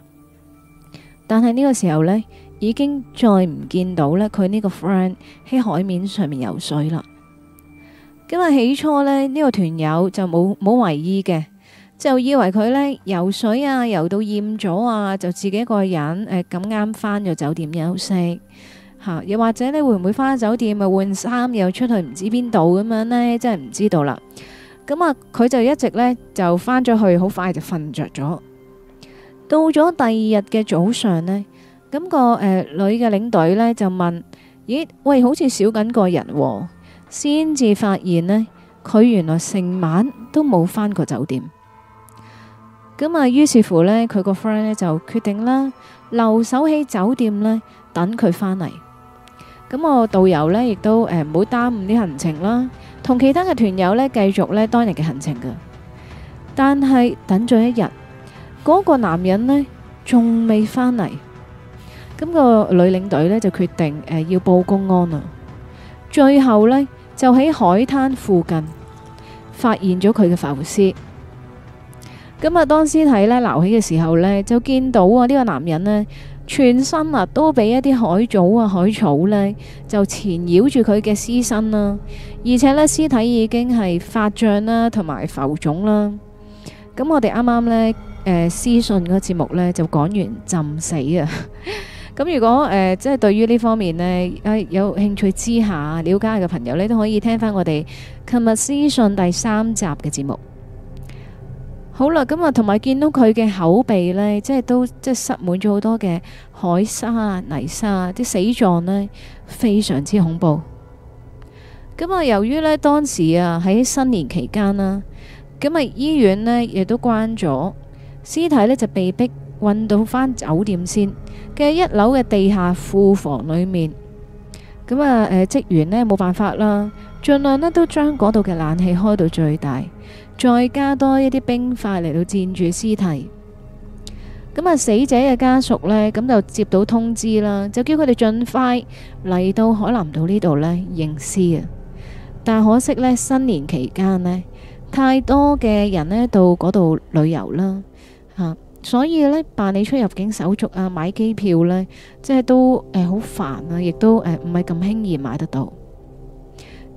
但係呢個時候呢已經再唔見到呢佢呢個 friend 喺海面上面游水啦。咁啊起初呢，呢、呢個團友就冇冇懷疑嘅，就以為佢呢游水啊游到厭咗啊，就自己一個人咁啱返咗酒店休息吓，啊，又或者你會唔會返酒店啊換衫又出去唔知邊度咁樣呢？真係唔知道啦。咁啊，佢就一直呢，就翻咗去，好快就瞓着咗。到咗第二日嘅早上呢，咁、個誒、呃、女嘅領隊呢，就問：咦，喂，好似少緊個人。先至發現呢，佢原來成晚都冇翻過酒店。咁啊，於是乎呢，佢個 friend 呢，就決定啦，留守喺酒店呢，等佢翻嚟。咁我導遊呢，亦都誒唔好耽誤啲行程啦。同其他嘅團友咧，繼續咧當日嘅行程㗎。但係等咗一日，嗰個男人咧，仲未返嚟，咁個女領隊咧就決定誒要報公安啦。最後咧就喺海灘附近發現咗佢嘅浮屍。咁啊，當屍體咧撈起嘅時候咧，就見到啊呢個男人咧。全身啊，都俾一啲海藻啊、海草呢，就纏繞住佢嘅屍身啦、啊。而且呢，屍體已經係發脹啦，同埋浮腫啦。咁我哋啱啱呢，誒、呃，屍訊個節目呢，就講完浸死啊。咁 <laughs> 如果誒、呃，即係對於呢方面呢，誒有，有興趣之下了解嘅朋友呢，都可以聽翻我哋琴日屍訊第三集嘅節目。好啦，咁啊，同埋見到佢嘅口鼻呢，即係都即係塞滿咗好多嘅海沙啊、泥沙啊，啲死狀呢，非常之恐怖。咁啊，由於呢當時啊喺新年期間啦，咁啊醫院呢亦都關咗，屍體呢就被迫運到返酒店先嘅一樓嘅地下庫房裡面。咁啊，誒、呃、職員呢冇辦法啦，盡量呢都將嗰度嘅冷氣開到最大。再加多一啲冰塊嚟到浸住屍體，咁啊死者嘅家屬呢，咁就接到通知啦，就叫佢哋盡快嚟到海南島呢度呢認屍啊！但係可惜呢，新年期間呢，太多嘅人呢到嗰度旅遊啦，吓，所以呢辦理出入境手續啊、買機票呢，即係都誒好煩啊，亦都誒唔係咁輕易買得到。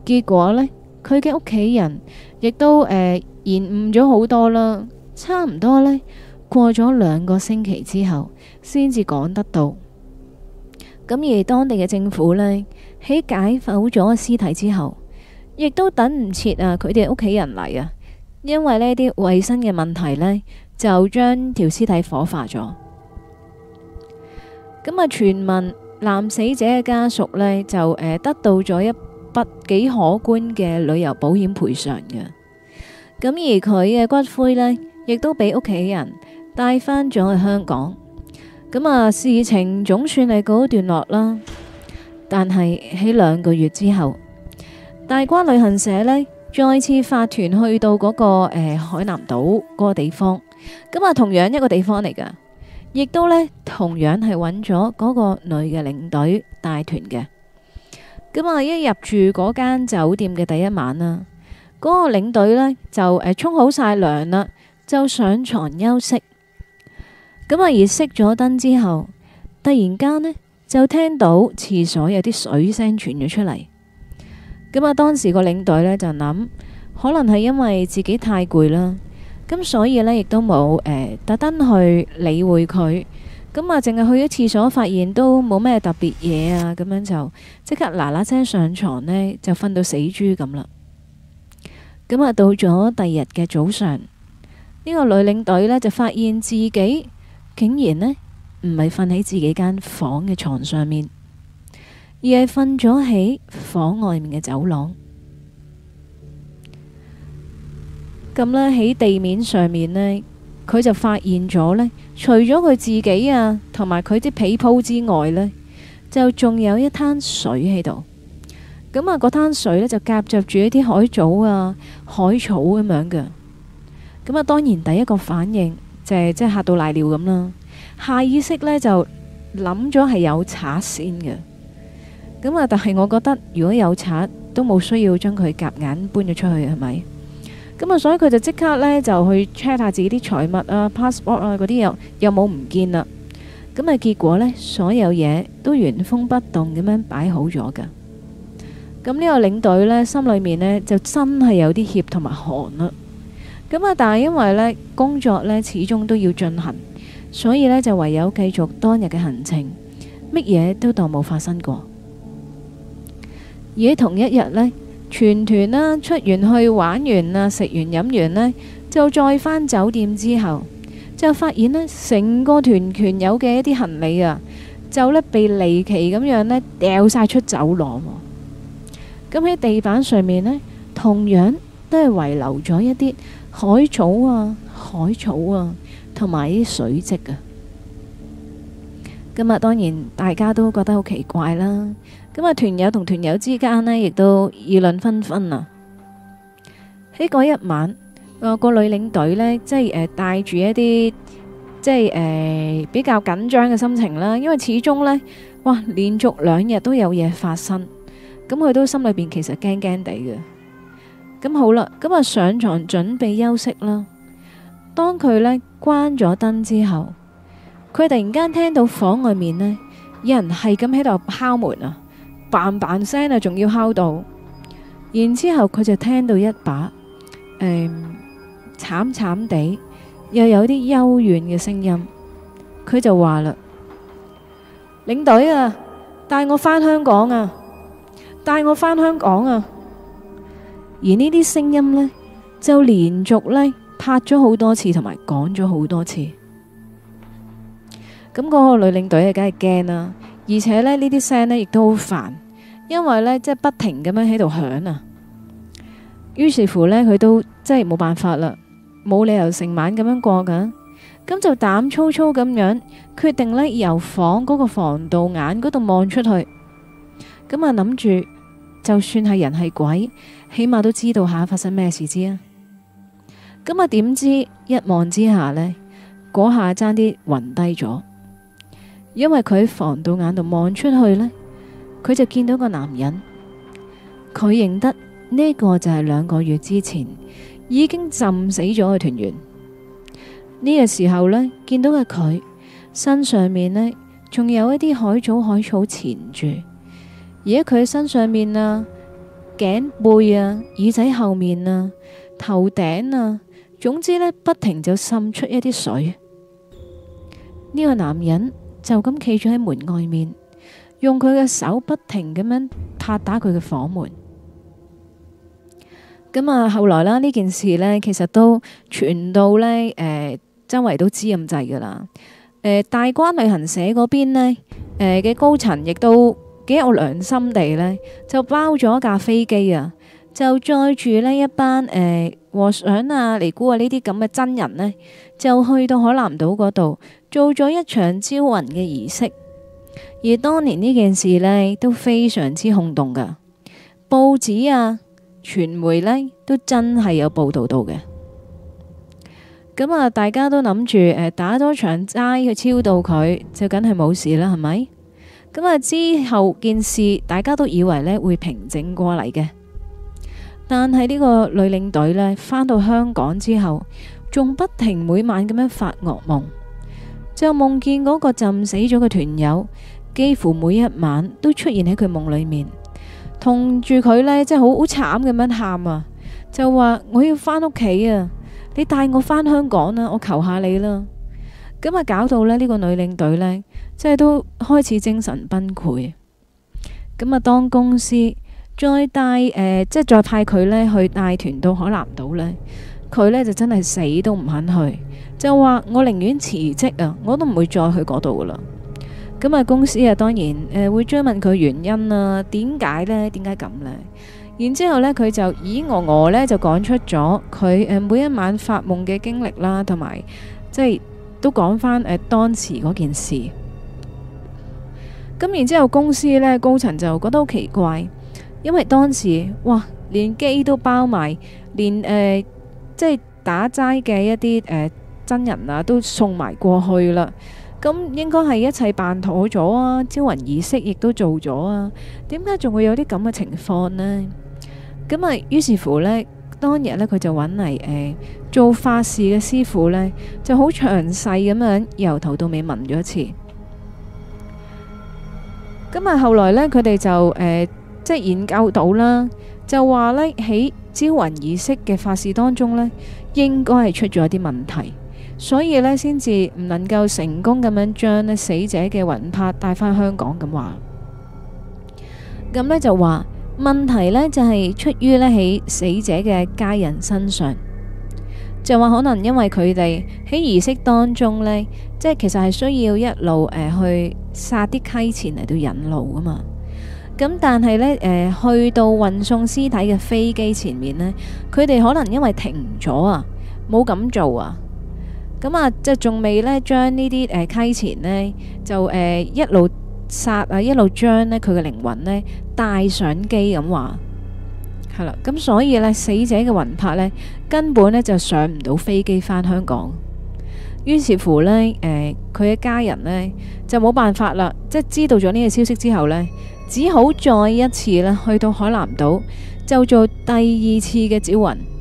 結果呢，佢嘅屋企人。亦都誒、呃、延誤咗好多啦，差唔多呢，過咗兩個星期之後，先至講得到。咁而當地嘅政府呢，喺解剖咗個屍體之後，亦都等唔切啊，佢哋屋企人嚟啊，因為呢啲衞生嘅問題呢，就將條屍體火化咗。咁啊，傳聞男死者嘅家屬呢，就誒得到咗一不幾可觀嘅旅遊保險賠償嘅，咁而佢嘅骨灰呢，亦都俾屋企人帶翻咗去香港。咁、嗯、啊，事情總算係告一段落啦。但係喺兩個月之後，大關旅行社呢，再次發團去到嗰、那個誒、呃、海南島嗰個地方。咁、嗯、啊，同樣一個地方嚟噶，亦都呢，同樣係揾咗嗰個女嘅領隊帶團嘅。咁啊，一入住嗰間酒店嘅第一晚啦，嗰個領隊呢就誒沖好晒涼啦，就上床休息。咁啊，而熄咗燈之後，突然間呢就聽到廁所有啲水聲傳咗出嚟。咁啊，當時個領隊呢就諗，可能係因為自己太攰啦，咁所以呢亦都冇誒特登去理會佢。咁啊，淨係去咗廁所，發現都冇咩特別嘢啊，咁樣就即刻嗱嗱聲上床，呢就瞓到死豬咁啦。咁啊，到咗第二日嘅早上，呢個女領隊呢就發現自己竟然呢唔係瞓喺自己間房嘅床上面，而係瞓咗喺房外面嘅走廊。咁呢，喺地面上面呢，佢就發現咗呢。除咗佢自己啊，同埋佢啲被鋪之外呢，就仲有一灘水喺度。咁啊，嗰灘水呢，就夾雜住一啲海藻啊、海草咁樣嘅。咁啊，當然第一個反應就係即係吓到瀨尿咁啦，下意識呢，就諗咗係有賊先嘅。咁啊，但係我覺得如果有賊，都冇需要將佢夾硬搬咗出去，係咪？咁啊，所以佢就即刻呢，就去 check 下自己啲財物啊、passport 啊嗰啲又，又有冇唔見啦。咁啊，結果呢，所有嘢都原封不動咁樣擺好咗噶。咁，呢個領隊呢，心裏面呢，就真係有啲怯同埋寒啦。咁啊，但係因為呢，工作呢，始終都要進行，所以呢，就唯有繼續當日嘅行程，乜嘢都當冇發生過。而喺同一日呢。全團啦，出完去玩完啊，食完飲完呢，就再返酒店之後，就發現呢，成個團團友嘅一啲行李啊，就呢被離奇咁樣呢掉晒出走廊。咁喺地板上面呢，同樣都係遺留咗一啲海草啊、海草啊，同埋啲水跡啊。今日當然大家都覺得好奇怪啦。咁啊，團友同團友之間咧，亦都議論紛紛啊！喺嗰一晚，我個女領隊咧，即係誒，帶住一啲即係誒，比較緊張嘅心情啦。因為始終咧，哇，連續兩日都有嘢發生，咁佢都心裏邊其實驚驚地嘅。咁好啦，咁啊，上床準備休息啦。當佢咧關咗燈之後，佢突然間聽到房外面咧有人係咁喺度敲門啊！嘭嘭聲啊，仲要敲到，然之後佢就聽到一把誒，慘慘地，又有啲幽怨嘅聲音，佢就話啦：領隊啊，帶我返香港啊，帶我返香港啊！而呢啲聲音呢，就連續呢拍咗好多次，同埋講咗好多次。咁嗰個女領隊呀，梗係驚啦。而且呢，呢啲聲呢亦都好煩，因為呢即係不停咁樣喺度響啊。於是乎呢，佢都即係冇辦法啦，冇理由成晚咁樣過噶、啊。咁就膽粗粗咁樣決定呢由房嗰、嗰個防盜眼嗰度望出去。咁啊，諗住就算係人係鬼，起碼都知道下發生咩事之啊。咁啊，點知一望之下呢，嗰下差啲暈低咗。因為佢喺防盜眼度望出去呢，佢就見到個男人。佢認得呢個就係兩個月之前已經浸死咗嘅團員。呢個時候呢，見到嘅佢身上面呢，仲有一啲海藻、海草纏住，而喺佢身上面啊、頸背啊、耳仔後面啊、頭頂啊，總之呢，不停就滲出一啲水。呢個男人。就咁企住喺門外面，用佢嘅手不停咁樣拍打佢嘅房門。咁啊，後來啦，呢件事呢，其實都傳到呢，誒、呃、周圍都知咁滯噶啦。誒、呃，大關旅行社嗰邊呢，誒、呃、嘅高層亦都幾有良心地呢，就包咗一架飛機啊，就載住呢一班誒、呃、和尚啊、尼姑啊呢啲咁嘅真人呢，就去到海南島嗰度，做咗一場招魂嘅儀式，而當年呢件事呢都非常之轟動噶，報紙啊、傳媒呢都真係有報道到嘅。咁啊，大家都諗住誒打多場齋去超度佢，就梗係冇事啦，係咪？咁啊，之後件事大家都以為呢會平靜過嚟嘅，但係呢個女領隊呢返到香港之後，仲不停每晚咁樣發噩夢。就夢見嗰個浸死咗嘅團友，幾乎每一晚都出現喺佢夢裏面，同住佢呢，即係好好慘咁樣喊啊！就話我要返屋企啊！你帶我返香港啦，啊，我求下你啦，啊！咁啊搞到呢，呢個女領隊呢，即係都開始精神崩潰。咁啊，當公司再帶誒、呃，即係再派佢呢去帶團到海南島呢，佢呢就真係死都唔肯去。就話我寧願辭職啊，我都唔會再去嗰度噶啦。咁啊，公司啊，當然誒會追問佢原因啦，點解呢？點解咁呢？然之後呢，佢就咦我我呢，就講出咗佢誒每一晚發夢嘅經歷啦，同埋即係都講翻誒當時嗰件事。咁然之後公司呢，高層就覺得好奇怪，因爲當時哇連機都包埋，連誒即係打齋嘅一啲誒。呃真人啊，都送埋過去啦。咁應該係一切辦妥咗啊，招魂儀式亦都做咗啊。點解仲會有啲咁嘅情況呢？咁啊，於是乎呢，當日呢，佢就揾嚟誒做法事嘅師傅呢，就好詳細咁樣由頭到尾問咗一次。咁啊，後來呢，佢哋、呃、就誒即係研究到啦，就話呢，喺招魂儀式嘅法事當中呢，應該係出咗一啲問題。所以呢，先至唔能夠成功咁樣將呢死者嘅魂魄帶返香港咁話。咁呢就話問題呢，就係出於呢喺死者嘅家人身上，就話可能因為佢哋喺儀式當中呢，即係其實係需要一路誒去殺啲溪錢嚟到引路㗎嘛。咁但係呢，誒去到運送屍體嘅飛機前面呢，佢哋可能因為停咗啊，冇咁做啊。咁啊，即係仲未呢，將呢啲誒溪錢呢，就誒一路殺啊，一路將呢佢嘅靈魂呢，帶上機咁話，係啦。咁所以呢，死者嘅魂魄呢，根本呢就上唔到飛機返香港。於是乎呢，誒佢一家人呢，就冇辦法啦。即係知道咗呢個消息之後呢，只好再一次呢去到海南島，就做第二次嘅招魂。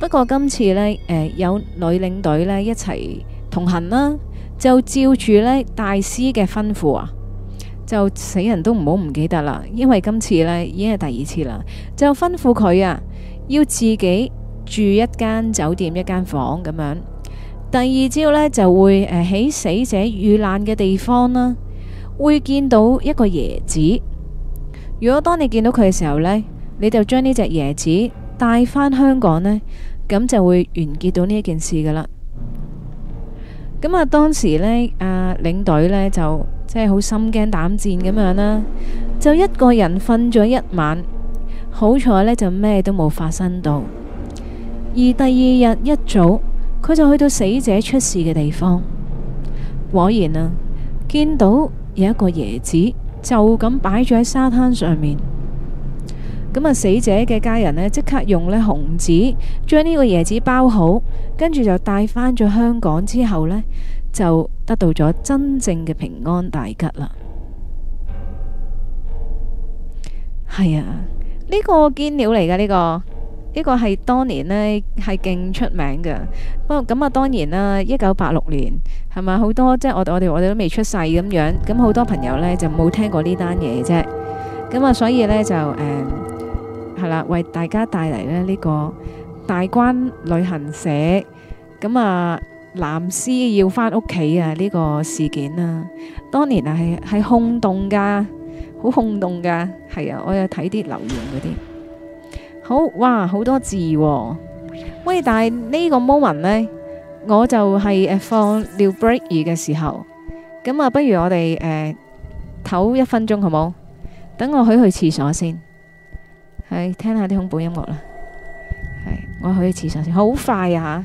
不過今次呢，誒、呃、有女領隊呢一齊同行啦，就照住呢大師嘅吩咐啊，就死人都唔好唔記得啦，因為今次呢已經係第二次啦，就吩咐佢啊，要自己住一間酒店一間房咁樣。第二朝呢，就會誒喺死者遇難嘅地方啦，會見到一個椰子。如果當你見到佢嘅時候呢，你就將呢隻椰子帶返香港呢。咁就會完結到呢一件事噶啦。咁啊，當時呢，啊領隊呢就即係好心驚膽戰咁樣啦，就一個人瞓咗一晚，好彩呢就咩都冇發生到。而第二日一早，佢就去到死者出事嘅地方，果然啊，見到有一個椰子就咁擺咗喺沙灘上面。咁啊，死者嘅家人呢，即刻用呢紅紙將呢個椰子包好，跟住就帶返咗香港之後呢，就得到咗真正嘅平安大吉啦。係 <music> 啊，呢、呢個堅料嚟噶，呢、呢個呢、呢個係當年呢，係勁出名噶。不過咁啊，當然啦，一九八六年，係咪好多即係我我哋我哋都未出世咁樣，咁好多朋友呢，就冇聽過呢單嘢啫。咁啊，所以呢，就誒。嗯係啦，為大家帶嚟咧呢個大關旅行社咁啊，藍絲要返屋企啊，呢個事件啊，當年啊係係轟動噶，好轟動噶，係啊，我有睇啲留言嗰啲。好哇，好多字喎，喂，但係呢個 moment 呢，我就係誒放 new break 嘅時候，咁啊，不如我哋誒唞一分鐘好冇？等我去去廁所先。係聽下啲恐怖音樂啦，係，我去廁所先，好快啊吓。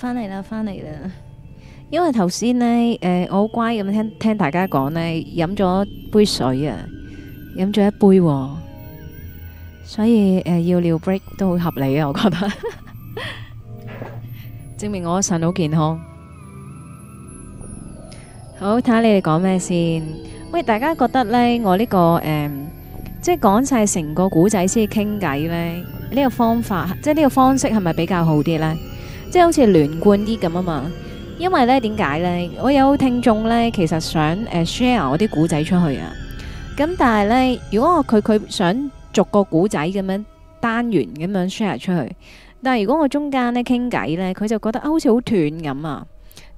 翻嚟啦，翻嚟啦！因為頭先咧，誒，我好乖咁聽聽大家講咧，飲咗杯水啊，飲咗一杯喎，所以誒要尿 break 都好合理啊，我覺得，證明我腎好健康。好，睇下你哋講咩先？喂，大家覺得咧，我呢個誒，即係講晒成個古仔先傾偈咧，呢個方法，即係呢個方式係咪比較好啲咧？即係好似連貫啲咁啊嘛，因為呢點解呢？我有聽眾呢，其實想誒 share 我啲古仔出去啊。咁但係呢，如果我佢佢想逐個古仔咁樣單元咁樣 share 出去，但係如果我中間呢傾偈呢，佢就覺得啊好似好斷咁啊。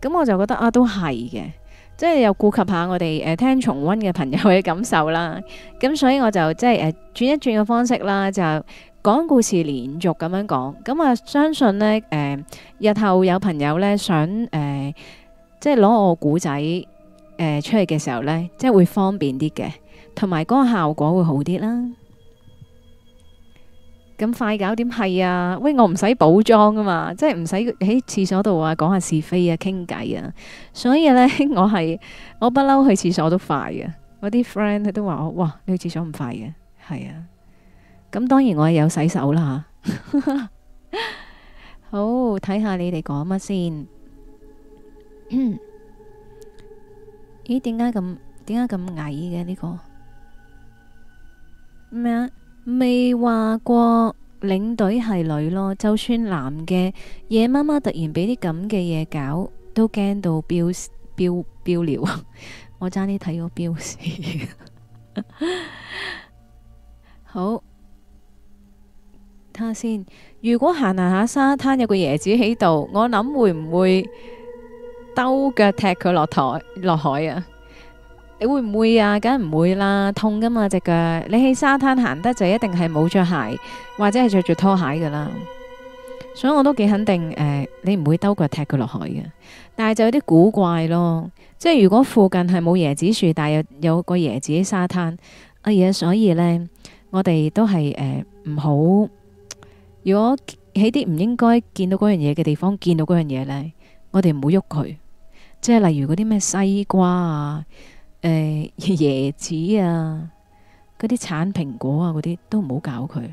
咁我就覺得啊都係嘅，即係又顧及下我哋誒聽重温嘅朋友嘅感受啦。咁所以我就即係誒轉一轉嘅方式啦，就。講故事連續咁樣講，咁我相信呢，誒、呃，日後有朋友呢，想誒、呃，即係攞我個古仔誒出嚟嘅時候呢，即係會方便啲嘅，同埋嗰個效果會好啲啦。咁快搞點係啊？喂，我唔使補妝啊嘛，即係唔使喺廁所度啊，講下是非啊，傾偈啊。所以呢，我係我不嬲去廁所都快嘅。我啲 friend 佢都話我：哇，你去廁所唔快嘅，係啊。咁當然我有洗手啦，嚇，好，睇下你哋講乜先？咦？點解咁，點解咁矮嘅呢個？咩啊？未話過領隊係女咯，就算男嘅夜媽媽突然俾啲咁嘅嘢搞，都驚到標標標了。我爭啲睇咗標屎，好。睇下先。如果行行下沙灘，有個椰子喺度，我諗會唔會兜腳踢佢落台落海啊？你會唔會啊？梗係唔會啦，腳腳痛噶嘛隻腳。你喺沙灘行得就一定係冇着鞋，或者係着住拖鞋噶啦。所以我都幾肯定誒、呃，你唔會兜腳踢佢落海嘅。但係就有啲古怪咯，即係如果附近係冇椰子樹，但係有有個椰子喺沙灘啊嘢，所以呢，我哋都係誒唔好。呃如果喺啲唔應該見到嗰樣嘢嘅地方見到嗰樣嘢呢，我哋唔好喐佢。即係例如嗰啲咩西瓜啊、誒椰子啊、嗰啲橙蘋果啊嗰啲，都唔好搞佢。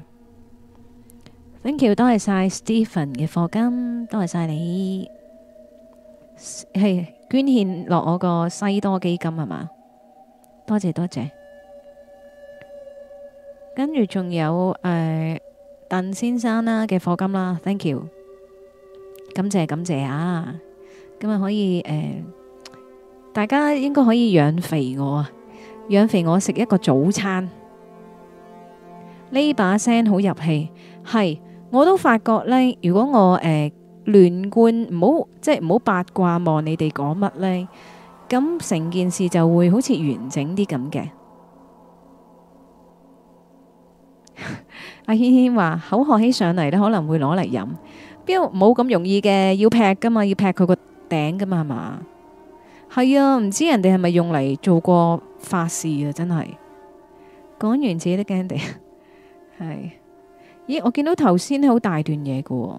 Thank you，多謝曬 Stephen 嘅課金，多謝曬你係捐獻落我個西多基金係嘛？多謝多謝。跟住仲有誒，鄧先生啦嘅課金啦，thank you，感謝感謝啊，今日可以誒，大家應該可以養肥我，養肥我食一個早餐。呢把聲好入氣，係我都發覺呢，如果我誒亂觀，唔好即係唔好八卦望你哋講乜呢，咁成件事就會好似完整啲咁嘅。阿軒軒話口渴起上嚟咧，可能會攞嚟飲，邊冇咁容易嘅，要劈噶嘛，要劈佢個頂噶嘛，係嘛？係啊，唔知人哋係咪用嚟做過法事啊？真係講完自己都驚地，係，咦？我見到頭先好大段嘢㗎，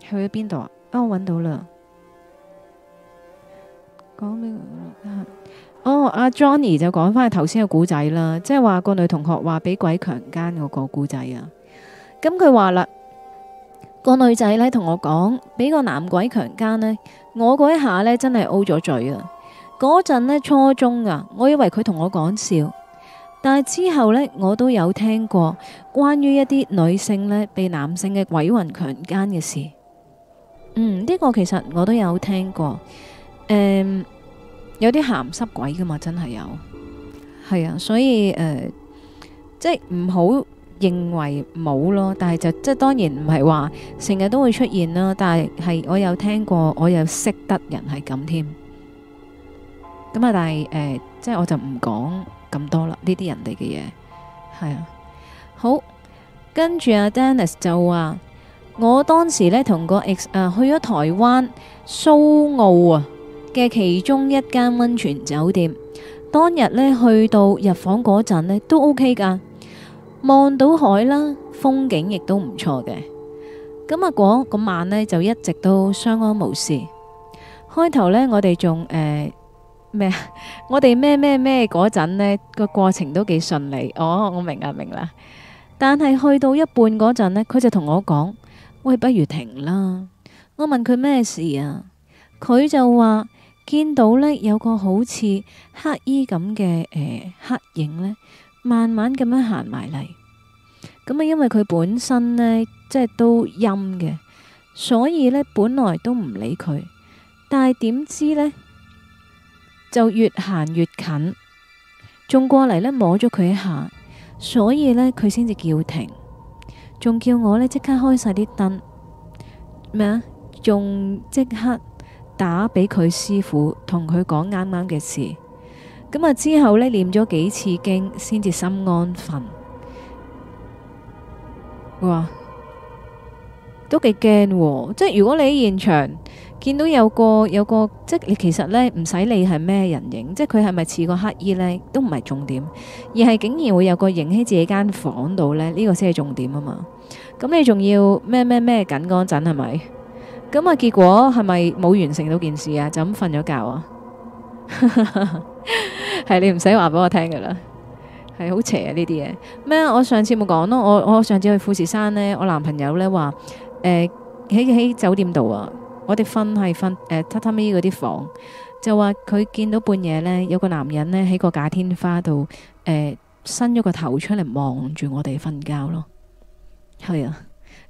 去咗邊度啊？啊，我搵到啦，講咩啊？哦，阿、oh, Johnny 就講翻頭先嘅故仔啦，即係話個女同學話俾鬼強姦嗰個故仔啊。咁佢話啦，個女仔呢同我講俾個男鬼強姦呢，我嗰一下呢真係 O 咗嘴啊！嗰陣呢初中啊，我以為佢同我講笑，但係之後呢，我都有聽過關於一啲女性呢被男性嘅鬼魂強姦嘅事。嗯，呢、這個其實我都有聽過，誒、嗯。有啲鹹濕鬼噶嘛，真係有，係啊，所以誒，即係唔好認為冇咯，但係就即係當然唔係話成日都會出現啦，但係係我有聽過，我有識得人係咁添，咁啊，但係誒，即係我就唔講咁多啦，呢啲人哋嘅嘢係啊，好，跟住阿 Dennis 就話，我當時咧同個 ex 啊去咗台灣蘇澳啊。嘅其中一間溫泉酒店，當日呢去到入房嗰陣呢都 OK 噶，望到海啦，風景亦都唔錯嘅。咁啊，嗰晚呢就一直都相安無事。開頭呢，我哋仲誒咩啊？我哋咩咩咩嗰陣呢個過程都幾順利。哦，我明啦，明啦。但係去到一半嗰陣呢，佢就同我講：喂，不如停啦。我問佢咩事啊？佢就話，見到呢，有個好似黑衣咁嘅誒黑影呢，慢慢咁樣行埋嚟。咁啊，因為佢本身呢，即係都陰嘅，所以呢，本來都唔理佢。但係點知呢，就越行越近，仲過嚟呢，摸咗佢一下，所以呢，佢先至叫停，仲叫我呢，即刻開晒啲燈。咩啊？仲即刻。打俾佢師傅，同佢講啱啱嘅事。咁啊，之後呢念咗幾次經，先至心安分。哇，都幾驚。哦，即係如果你喺現場見到有個有個，即係你其實呢唔使理係咩人影，即係佢係咪似個黑衣呢，都唔係重點，而係竟然會有個影喺自己間房度呢，呢個先係重點啊嘛。咁你仲要咩咩咩緊嗰陣係咪？咁啊，結果係咪冇完成到件事啊？就咁瞓咗覺啊？係 <laughs> 你唔使話俾我聽噶啦，係好邪啊呢啲嘢咩？我上次冇講咯，我我上次去富士山呢，我男朋友呢話，誒，喺喺酒店度啊，我哋瞓係瞓誒，榻榻米嗰啲房，就話佢見到半夜呢，有個男人呢喺個假天花度，呃，伸咗個頭出嚟，望住我哋瞓覺咯，係啊。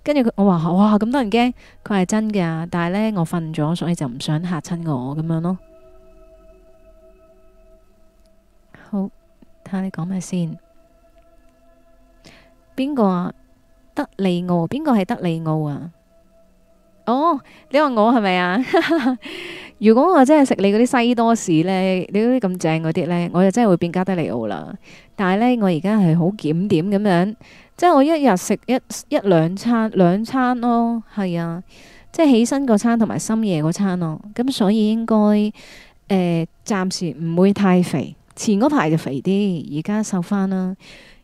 跟住我話哇咁多人驚，佢係真㗎。但係呢，我瞓咗，所以就唔想嚇親我咁樣咯。好，睇下你講咩先？邊個啊？德利奧？邊個係德利奧啊？哦，你話我係咪啊？ <laughs> 如果我真係食你嗰啲西多士呢，你嗰啲咁正嗰啲呢，我就真係會變加德利奧啦。但係呢，我而家係好檢點咁樣。即係我一日食一一兩餐兩餐咯，係啊，即係起身嗰餐同埋深夜嗰餐咯。咁所以應該誒、呃、暫時唔會太肥。前嗰排就肥啲，而家瘦翻啦。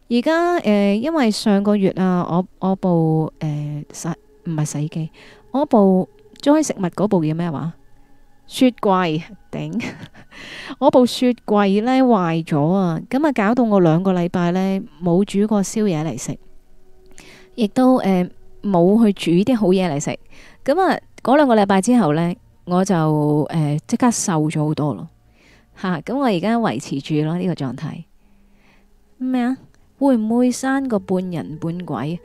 而家誒，因為上個月啊，我我部誒洗唔係洗機，我部裝開食物嗰部叫咩話，雪櫃頂， <laughs> 我部雪櫃呢，壞咗啊，咁啊搞到我兩個禮拜呢，冇煮過宵夜嚟食。亦都誒冇、呃、去煮啲好嘢嚟食，咁啊嗰兩個禮拜之後呢，我就誒即刻瘦咗好多咯，吓、啊、咁我而家維持住咯呢、呢個狀態。咩啊？會唔會生個半人半鬼？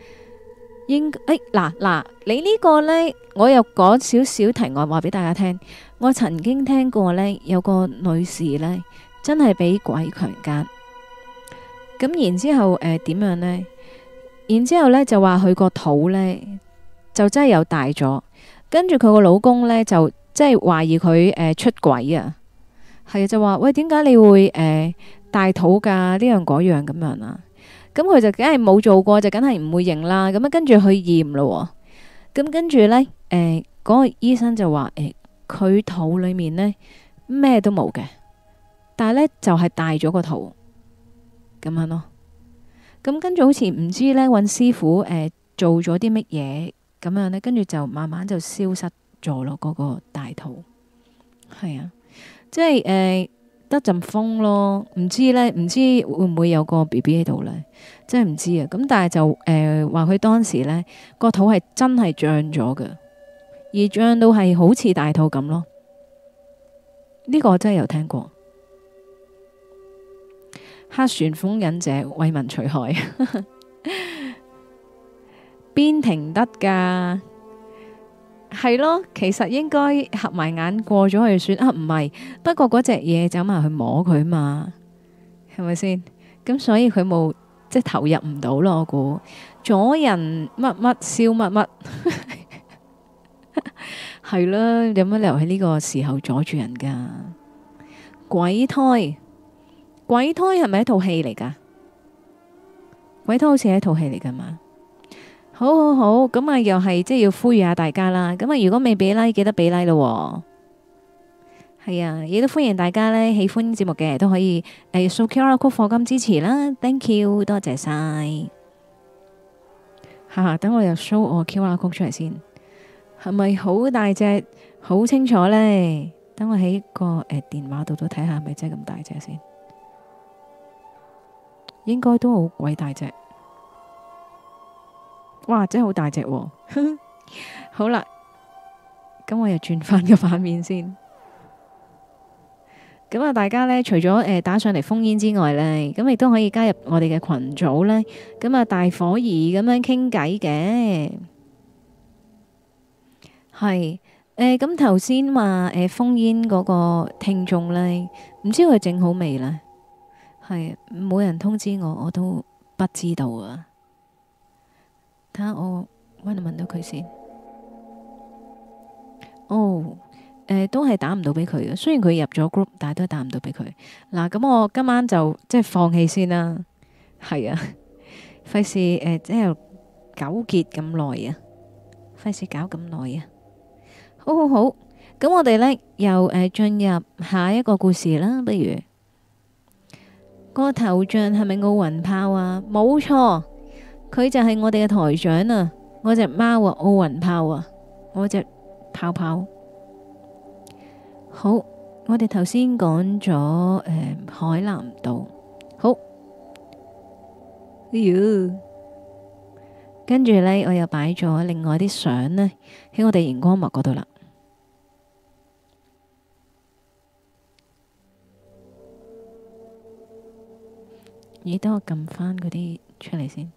應誒嗱嗱，你呢個呢，我又講少少題外話俾大家聽。我曾經聽過呢，有個女士呢，真係俾鬼強姦，咁然之後誒點、呃、樣呢？然之後咧，就話佢個肚呢，就真係有大咗，跟住佢個老公呢，就即係懷疑佢、呃、出軌啊，係就話喂，點解你會誒大、呃、肚噶呢樣嗰樣咁樣啊？咁佢就梗係冇做過，就梗係唔會認啦。咁啊跟住去驗咯，咁跟住呢，誒、呃、嗰、那個醫生就話誒佢肚裏面呢，咩都冇嘅，但係呢，就係大咗個肚咁樣咯。咁跟住好似唔知呢，揾師傅做咗啲乜嘢咁樣呢，跟住就慢慢就消失咗咯。嗰個大肚係啊，即係得陣風咯，唔知呢，唔知會唔會有個 BB 喺度呢？真係唔知啊。咁但係就誒話佢當時呢個肚係真係漲咗㗎，而漲到係好似大肚咁咯。呢個我真係有聽過。黑旋風忍者為民除害，邊 <laughs> <laughs> 停得噶？係咯，其實應該合埋眼過咗去算。啊，唔係，不過嗰隻嘢走埋去摸佢嘛，係咪先？咁所以佢冇即係投入唔到 <laughs> 咯。我估阻人乜乜笑乜乜，係咯，有乜理由喺呢個時候阻住人噶？鬼胎。鬼胎係咪一套戲嚟噶？鬼胎好似係一套戲嚟噶嘛？好好好，咁啊，又係即係要呼籲下大家啦。咁啊，如果未俾啦，記得俾啦咯。係啊，亦都歡迎大家呢，喜歡節目嘅都可以誒，show、呃、QR code 金支持啦。Thank you，多謝晒吓、啊。等我又 show 我 QR code 出嚟先，係咪好大隻？好清楚呢，等我喺個誒、呃、電話度都睇下，係咪真係咁大隻先？.應該都好鬼大隻，哇！真係 <laughs> 好大隻，好啦，咁我又轉翻個反面先。咁啊，大家呢，除咗誒、呃、打上嚟封煙之外呢，咁亦都可以加入我哋嘅群組呢。咁啊，大伙兒咁樣傾偈嘅，係、呃、誒。咁頭先話誒封煙嗰個聽眾呢，唔知佢整好未呢？係冇人通知我，我都不知道啊！睇下我搵唔問到佢先。哦，誒，都係打唔到俾佢啊！雖然佢入咗 group，但係都係打唔到俾佢。嗱，咁我今晚就即係放棄先啦。係啊，費事誒，即係糾結咁耐啊，費事搞咁耐啊！好好好，咁我哋咧又誒進、呃、入下一個故事啦，不如？個頭像係咪奧運炮啊？冇錯，佢就係我哋嘅台長啊！我隻貓啊，奧運炮啊，我隻泡泡。好，我哋頭先講咗誒，海南島。好，哎喲，跟住咧，我又擺咗另外啲相咧喺我哋熒光幕嗰度啦。你等我撳翻嗰啲出嚟先。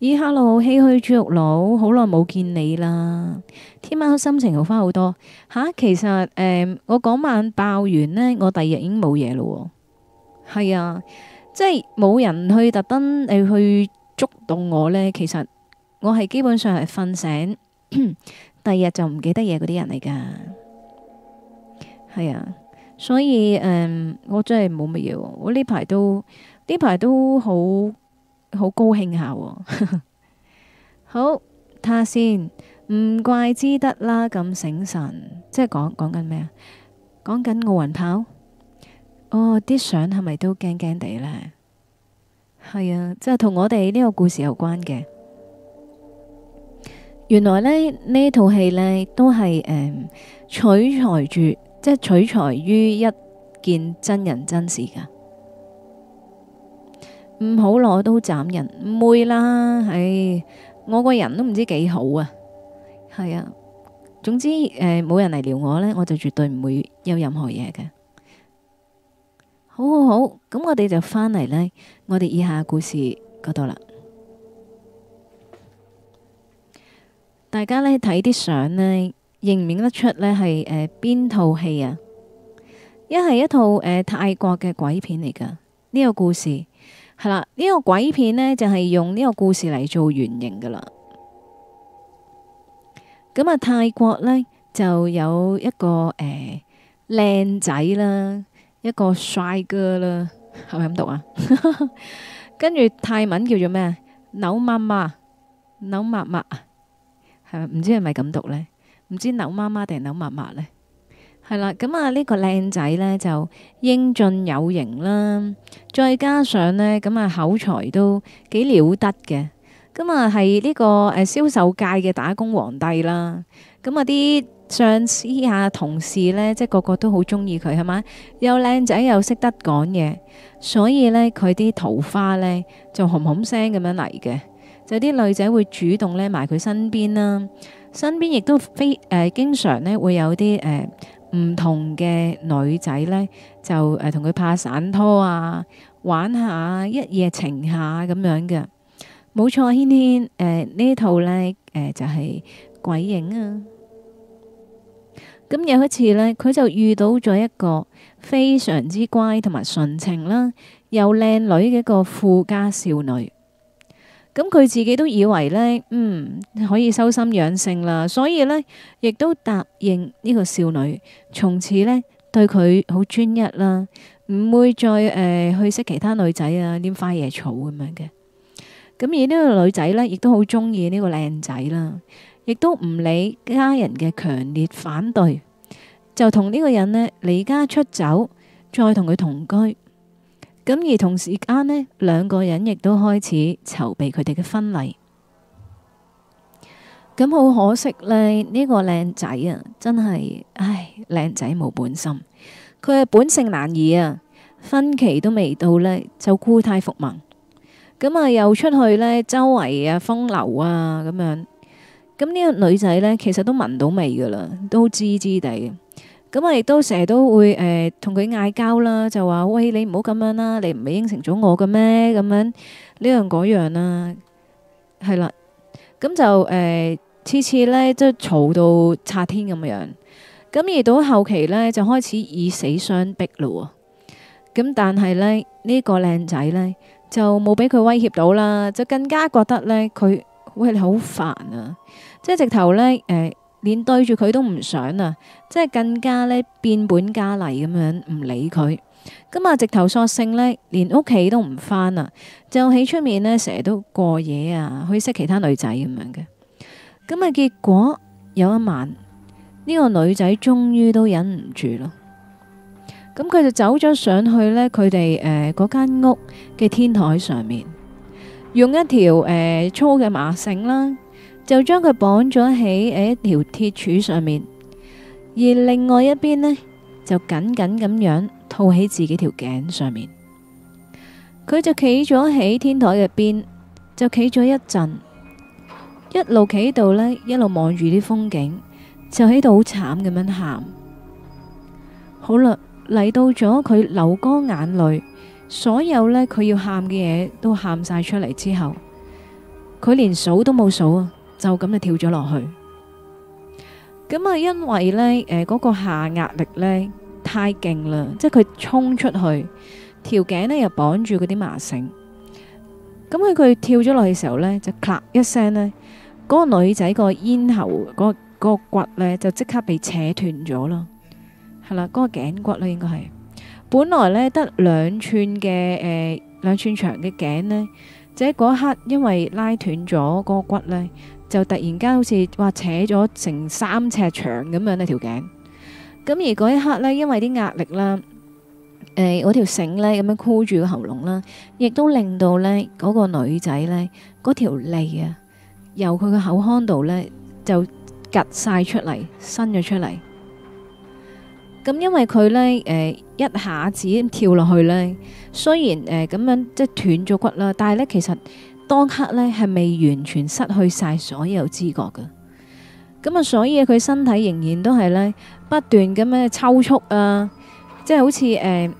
咦，Hello，唏噓豬肉佬，好耐冇見你啦！天晚心情好翻好多吓，啊，其實誒、呃，我嗰晚爆完呢，我第二日已經冇嘢咯。係啊，即係冇人去特登誒、呃、去捉到我呢。其實我係基本上係瞓醒，第二日就唔記得嘢嗰啲人嚟噶。係啊。所以誒、嗯，我真係冇乜嘢喎。我呢排都呢排都好好高興下喎。好，睇下先，唔怪之得啦，咁醒神，即係講講緊咩啊？講緊奧運跑。哦，啲相係咪都驚驚地呢？係啊，即係同我哋呢個故事有關嘅。原來咧，呢套戲呢，都係誒、嗯、取材住。即係取材於一件真人真事噶唔好攞刀斬人，唔會啦。係、哎、我個人都唔知幾好啊，係啊。總之誒，冇人嚟撩我呢，我就絕對唔會有任何嘢嘅。好好好，咁我哋就翻嚟呢，我哋以下故事嗰度啦。大家呢睇啲相呢。認唔認得出咧係誒邊套戲啊？一係一套誒泰國嘅鬼片嚟噶，呢個故事係啦，呢個鬼片咧就係用呢個故事嚟做原型噶啦。咁啊，泰國咧就有一個誒靚仔啦，一個帥哥啦，係咪咁讀啊？跟住泰文叫做咩？扭麻麻，扭麻麻，係唔知係咪咁讀咧？唔知扭麻麻定扭密密呢？係啦。咁啊，呢個靚仔呢就英俊有型啦，再加上呢，咁啊口才都幾了得嘅。咁啊係呢個誒銷售界嘅打工皇帝啦。咁啊啲上司下同事呢，即係個個都好中意佢係咪？又靚仔又識得講嘢，所以呢，佢啲桃花呢就哄哄聲咁樣嚟嘅，就啲女仔會主動呢埋佢身邊啦。身邊亦都非誒、呃、經常咧會有啲誒唔同嘅女仔咧就誒同佢拍散拖啊，玩下一夜情下咁樣嘅，冇錯，軒軒誒、呃、呢套咧誒就係、是、鬼影啊！咁有一次咧，佢就遇到咗一個非常之乖同埋純情啦，又靚女嘅一個富家少女。咁佢自己都以為呢，嗯，可以收心養性啦，所以呢，亦都答應呢個少女，從此呢，對佢好專一啦，唔會再誒、呃、去識其他女仔啊，拈花惹草咁樣嘅。咁而呢個女仔呢，亦都好鍾意呢個靚仔啦，亦都唔理家人嘅強烈反對，就同呢個人呢，離家出走，再同佢同居。咁而同時間呢，兩個人亦都開始籌備佢哋嘅婚禮。咁好可惜呢，呢、呢個靚仔啊，真係唉，靚仔冇本心，佢係本性難移啊，婚期都未到呢，就故態復萌。咁啊，又出去呢，周圍啊風流啊咁樣。咁、呢、呢個女仔呢，其實都聞到味噶啦，都滋滋地。咁我亦都成日都會誒同佢嗌交啦，就話喂，你唔好咁樣啦，你唔係應承咗我嘅咩？咁樣呢樣嗰樣啦，係啦，咁就誒次次咧即嘈到拆天咁樣，咁、呃、而到後期呢，就開始以死相逼啦喎。咁但係呢，呢、呢個靚仔呢，就冇俾佢威脅到啦，就更加覺得呢，佢喂你好煩啊！即係直頭呢。誒、呃。連對住佢都唔想啊，即係更加呢變本加厲咁樣唔理佢，咁啊直頭索性呢，連屋企都唔返啦，就喺出面呢，成日都過夜啊，去識其他女仔咁樣嘅。咁啊結果有一晚呢、呢個女仔終於都忍唔住咯，咁佢就走咗上去呢，佢哋誒嗰間屋嘅天台上面，用一條誒、呃、粗嘅麻繩啦。就將佢綁咗喺誒一條鐵柱上面，而另外一邊咧就緊緊咁樣套喺自己條頸上面。佢就企咗喺天台入邊，就企咗一陣，一路企喺度咧，一路望住啲風景，就喺度好慘咁樣喊。好啦，嚟到咗佢流乾眼淚，所有咧佢要喊嘅嘢，都喊晒出嚟之後，佢連數都冇數啊！就咁就跳咗落去，咁啊，因為咧，誒，嗰個下壓力咧太勁啦，即係佢衝出去，條頸咧又綁住嗰啲麻繩，咁佢佢跳咗落去嘅時候咧，就咔一聲咧，嗰個女仔個咽喉嗰嗰個骨咧就即刻被扯斷咗咯，係啦，嗰個頸骨咧應該係，本來咧得兩寸嘅，誒，兩寸長嘅頸咧，即係嗰刻因為拉斷咗嗰個骨咧。就突然間好似話扯咗成三尺長咁樣咧條頸，咁而嗰一刻咧，因為啲壓力啦，誒，嗰條繩咧咁樣箍住個喉嚨啦，亦都令到咧嗰個女仔咧嗰條脷啊，由佢嘅口腔度咧就趷曬出嚟，伸咗出嚟。咁因為佢咧誒，一下子跳落去咧，雖然誒咁樣即係斷咗骨啦，但係咧其實。當刻呢，係未完全失去晒所有知覺嘅，咁啊，所以佢身體仍然都係呢不斷咁樣抽搐啊，即係好似誒、呃，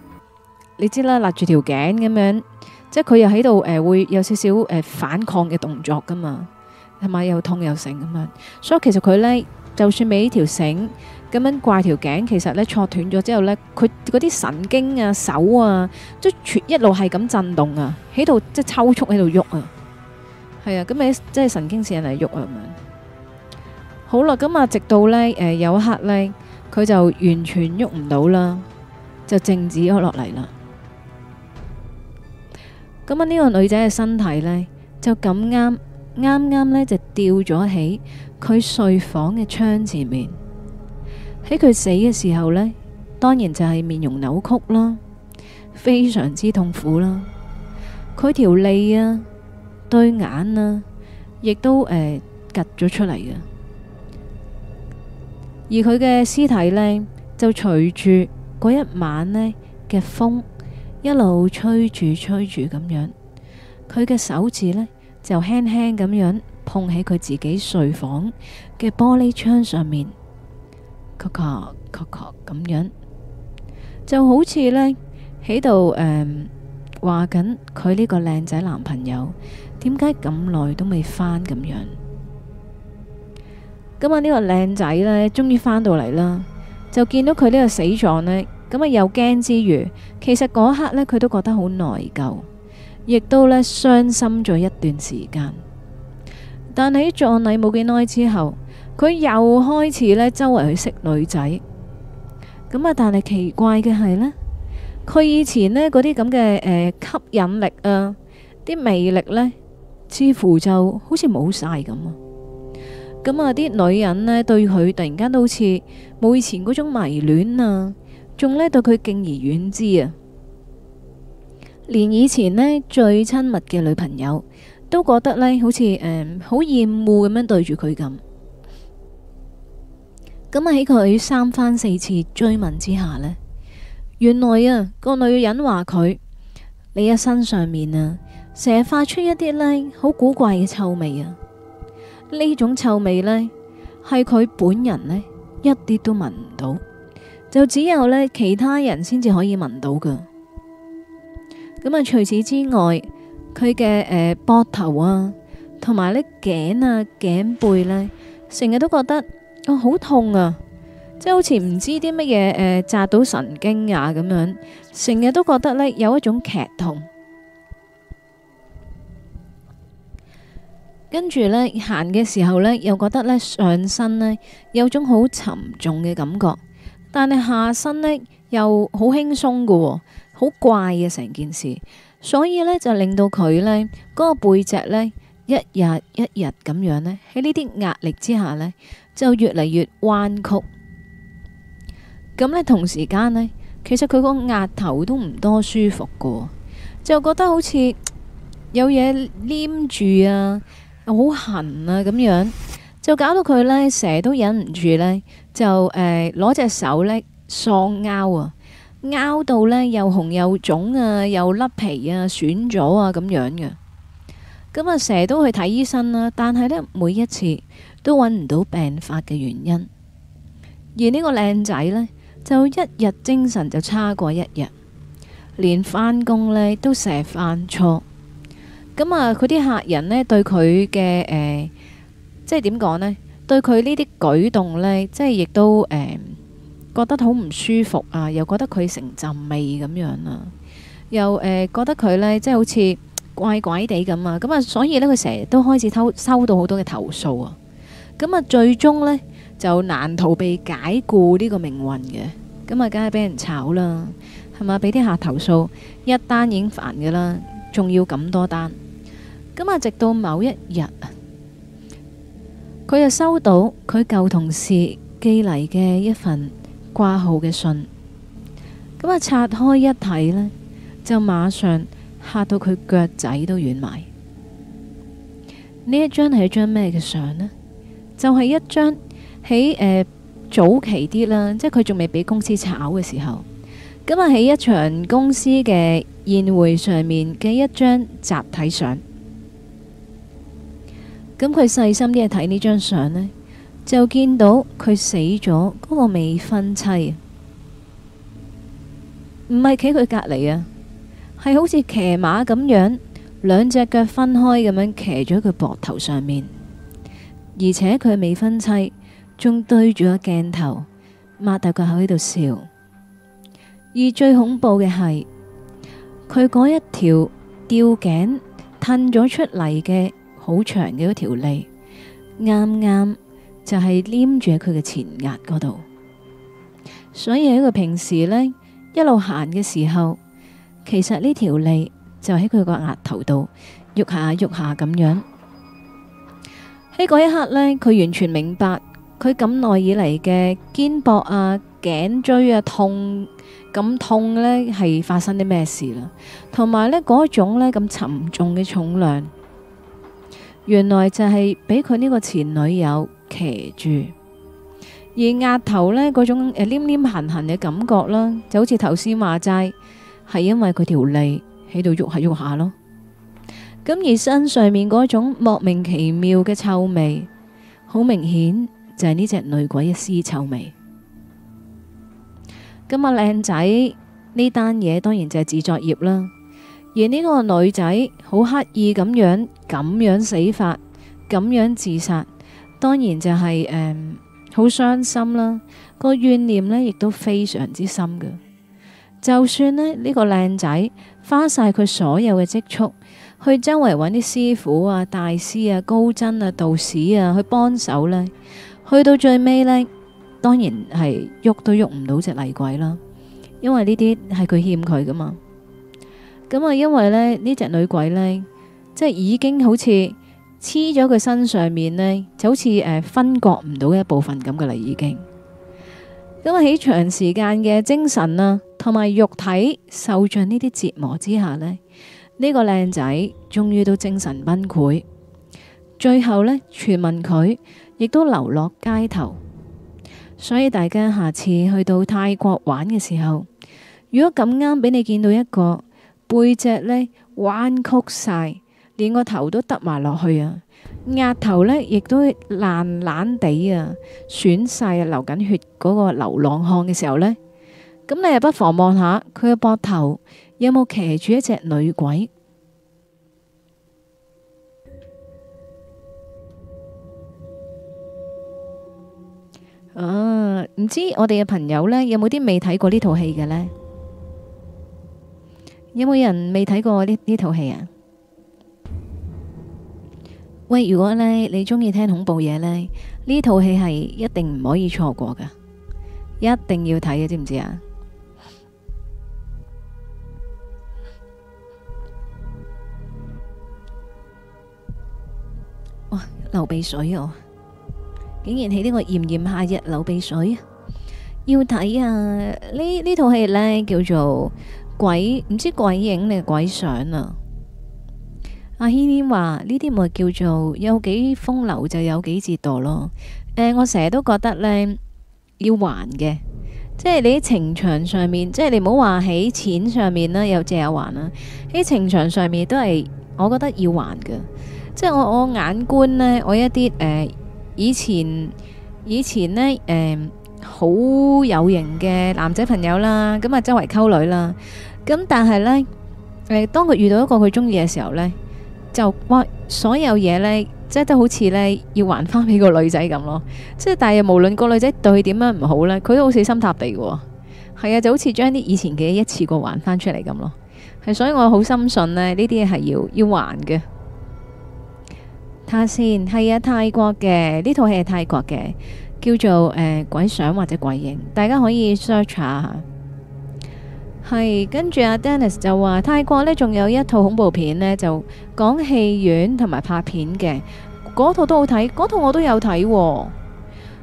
你知啦，勒住條頸咁樣，即係佢又喺度誒會有少少誒、呃、反抗嘅動作噶嘛，同埋又痛又醒啊嘛，所以其實佢呢，就算未呢條繩咁樣掛條頸，其實呢錯斷咗之後呢，佢嗰啲神經啊、手啊，即係一路係咁震動啊，喺度即係抽搐喺度喐啊。係啊，咁咪即係神經線嚟，喐啊，咁樣好啦。咁啊，直到咧誒，有一刻咧，佢就完全喐唔到啦，就靜止咗落嚟啦。咁啊，呢個女仔嘅身體咧，就咁啱啱啱咧就吊咗喺佢睡房嘅窗前面。喺佢死嘅時候咧，當然就係面容扭曲啦，非常之痛苦啦，佢條脷啊！對眼啊，亦都誒，夾、呃、咗出嚟嘅。而佢嘅屍體呢，就隨住嗰一晚呢嘅風，一路吹住吹住咁樣，佢嘅手指呢，就輕輕咁樣碰喺佢自己睡房嘅玻璃窗上面，咔咔咔咔咁樣，就好似呢，喺度誒話緊佢呢個靚仔男，男朋友。點解咁耐都未返咁樣？咁啊呢個靚仔呢，終於返到嚟啦，就見到佢呢個死狀呢，咁啊又驚之餘，其實嗰一刻呢，佢都覺得好內疚，亦都呢傷心咗一段時間。但喺葬禮冇幾耐之後，佢又開始呢周圍去識女仔。咁啊，但係奇怪嘅係呢，佢以前呢嗰啲咁嘅誒吸引力啊，啲魅力呢。似乎就好似冇晒咁啊！咁啊，啲女人呢，對佢突然間都好似冇以前嗰種迷戀啊，仲呢對佢敬而遠之啊！連以前呢最親密嘅女朋友都覺得呢好似誒好厭惡咁樣對住佢咁。咁啊喺佢三番四次追問之下呢，原來啊、個女人話佢，你嘅身上面啊。成日發出一啲呢好古怪嘅臭味啊！呢種臭味呢，係佢本人呢一啲都聞唔到，就只有呢其他人先至可以聞到噶。咁啊，除此之外，佢嘅誒膊頭啊，同埋呢頸啊、頸背呢，成日都覺得哦好痛啊，即係好似唔知啲乜嘢誒炸到神經啊咁樣，成日都覺得呢有一種劇痛。跟住呢，行嘅時候呢，又覺得呢，上身呢，有種好沉重嘅感覺，但係下身呢，又好輕鬆㗎喎，好怪嘅、啊、成件事，所以呢，就令到佢呢，嗰個背脊呢，一日一日咁樣呢，喺呢啲壓力之下呢，就越嚟越彎曲，咁呢，同時間呢，其實佢個額頭都唔多舒服㗎喎，就覺得好似有嘢黏住啊。好痕啊，咁樣就搞到佢呢，成日都忍唔住呢，就誒攞隻手呢，喪拗啊，拗到呢又紅又腫啊，又甩皮啊，損咗啊，咁樣嘅。咁啊，成日都去睇醫生啦，但係呢，每一次都揾唔到病發嘅原因。而呢個靚仔呢，就一日精神就差過一日，連返工呢都成日犯錯。咁啊，佢啲客人呢，對佢嘅，誒，即係點講呢？對佢呢啲舉動呢，即係亦都誒、呃、覺得好唔舒服啊！又覺得佢成陣味咁樣啊。又誒、呃、覺得佢呢，即係好似怪怪地咁啊！咁、嗯、啊，所以呢，佢成日都開始偷收到好多嘅投訴啊！咁、嗯、啊，最終呢，就難逃被解雇呢個命運嘅。咁、嗯、啊，梗係俾人炒啦，係咪？俾啲客投訴一單已經煩嘅啦，仲要咁多單。咁啊！直到某一日，佢又收到佢舊同事寄嚟嘅一份掛號嘅信。咁啊，拆開一睇呢，就馬上吓到佢腳仔都軟埋。呢一張係一張咩嘅相呢？就係、是、一張喺誒、呃、早期啲啦，即係佢仲未俾公司炒嘅時候，咁啊喺一場公司嘅宴會上面嘅一張集體相。咁佢細心啲去睇呢張相呢，就見到佢死咗嗰個未婚妻，唔係企佢隔籬啊，係好似騎馬咁樣，兩隻腳分開咁樣騎咗佢膊頭上面，而且佢未婚妻仲對住個鏡頭，擘大個口喺度笑。而最恐怖嘅係，佢嗰一條吊頸褪咗出嚟嘅，很長的一條好長嘅嗰條脷，啱啱就係黏住喺佢嘅前額嗰度，所以喺佢平時呢一路行嘅時候，其實呢條脷就喺佢個額頭度，喐下喐下咁樣。喺嗰一刻呢，佢完全明白佢咁耐以嚟嘅肩膊啊、頸椎啊痛咁痛呢係發生啲咩事啦，同埋呢嗰種呢咁沉重嘅重量。原來就係俾佢呢個前女友騎住，而額頭呢嗰種誒黏黏痕痕嘅感覺啦，就好似頭先話齋，係因為佢條脷喺度喐下喐下咯。咁而身上面嗰種莫名其妙嘅臭味，好明顯就係呢隻女鬼嘅屍臭味。咁啊，靚仔呢單嘢當然就係自作孽啦。而呢個女仔好刻意咁樣咁樣死法，咁樣自殺，當然就係誒好傷心啦。個怨念呢亦都非常之深嘅。就算咧呢個靚仔花晒佢所有嘅積蓄去周圍揾啲師傅啊、大師啊、高僧啊、道士啊去幫手呢，去到最尾呢，當然係喐都喐唔到隻厲鬼啦。因為呢啲係佢欠佢噶嘛。咁啊，因為咧呢這隻女鬼呢，即係已經好似黐咗佢身上面呢，就好似誒、呃、分割唔到一部分咁嘅啦。已經咁啊，喺長時間嘅精神啊同埋肉體受盡呢啲折磨之下呢，呢、這個靚仔終於都精神崩潰，最後呢，傳聞佢亦都流落街頭。所以大家下次去到泰國玩嘅時候，如果咁啱俾你見到一個。背脊呢，彎曲晒，連個頭都耷埋落去啊！額頭呢亦都爛爛地啊，損晒流緊血嗰個流浪漢嘅時候呢。咁你又不妨望下佢嘅膊頭有冇騎住一隻女鬼？啊，唔知我哋嘅朋友呢，有冇啲未睇過呢套戲嘅呢？有冇人未睇過呢呢套戲啊？喂，如果呢你中意聽恐怖嘢呢，呢套戲係一定唔可以錯過㗎，一定要睇嘅，知唔知啊？哇，流鼻水哦！竟然喺呢個炎炎夏日流鼻水，要睇啊！呢呢套戲呢叫做。鬼唔知鬼影定鬼相啊！阿軒軒話呢啲咪叫做有幾風流就有幾折墮咯。誒、呃，我成日都覺得呢，要還嘅，即係你喺情場上面，即係你唔好話喺錢上面啦，有借有還啦。喺情場上面都係我覺得要還嘅，即係我我眼觀呢，我一啲誒、呃、以前以前呢。誒、呃。好有型嘅男仔朋友啦，咁啊周圍溝女啦，咁但係呢，誒，當佢遇到一個佢中意嘅時候呢，就哇所有嘢呢，即係都好似呢要還返俾個女仔咁咯，即係 <laughs> 但係無論個女仔對佢點樣唔好呢，佢都好死心塌地嘅、喔，係啊，就好似將啲以前嘅一次過還返出嚟咁咯，係、啊，所以我好深信呢，呢啲嘢係要要還嘅，睇下先係啊泰國嘅呢套戲係泰國嘅。叫做誒、呃、鬼相或者鬼影，大家可以 search 下。係跟住阿 Dennis 就話泰國呢仲有一套恐怖片呢，就講戲院同埋拍片嘅，嗰套都好睇。嗰套我都有睇、喎，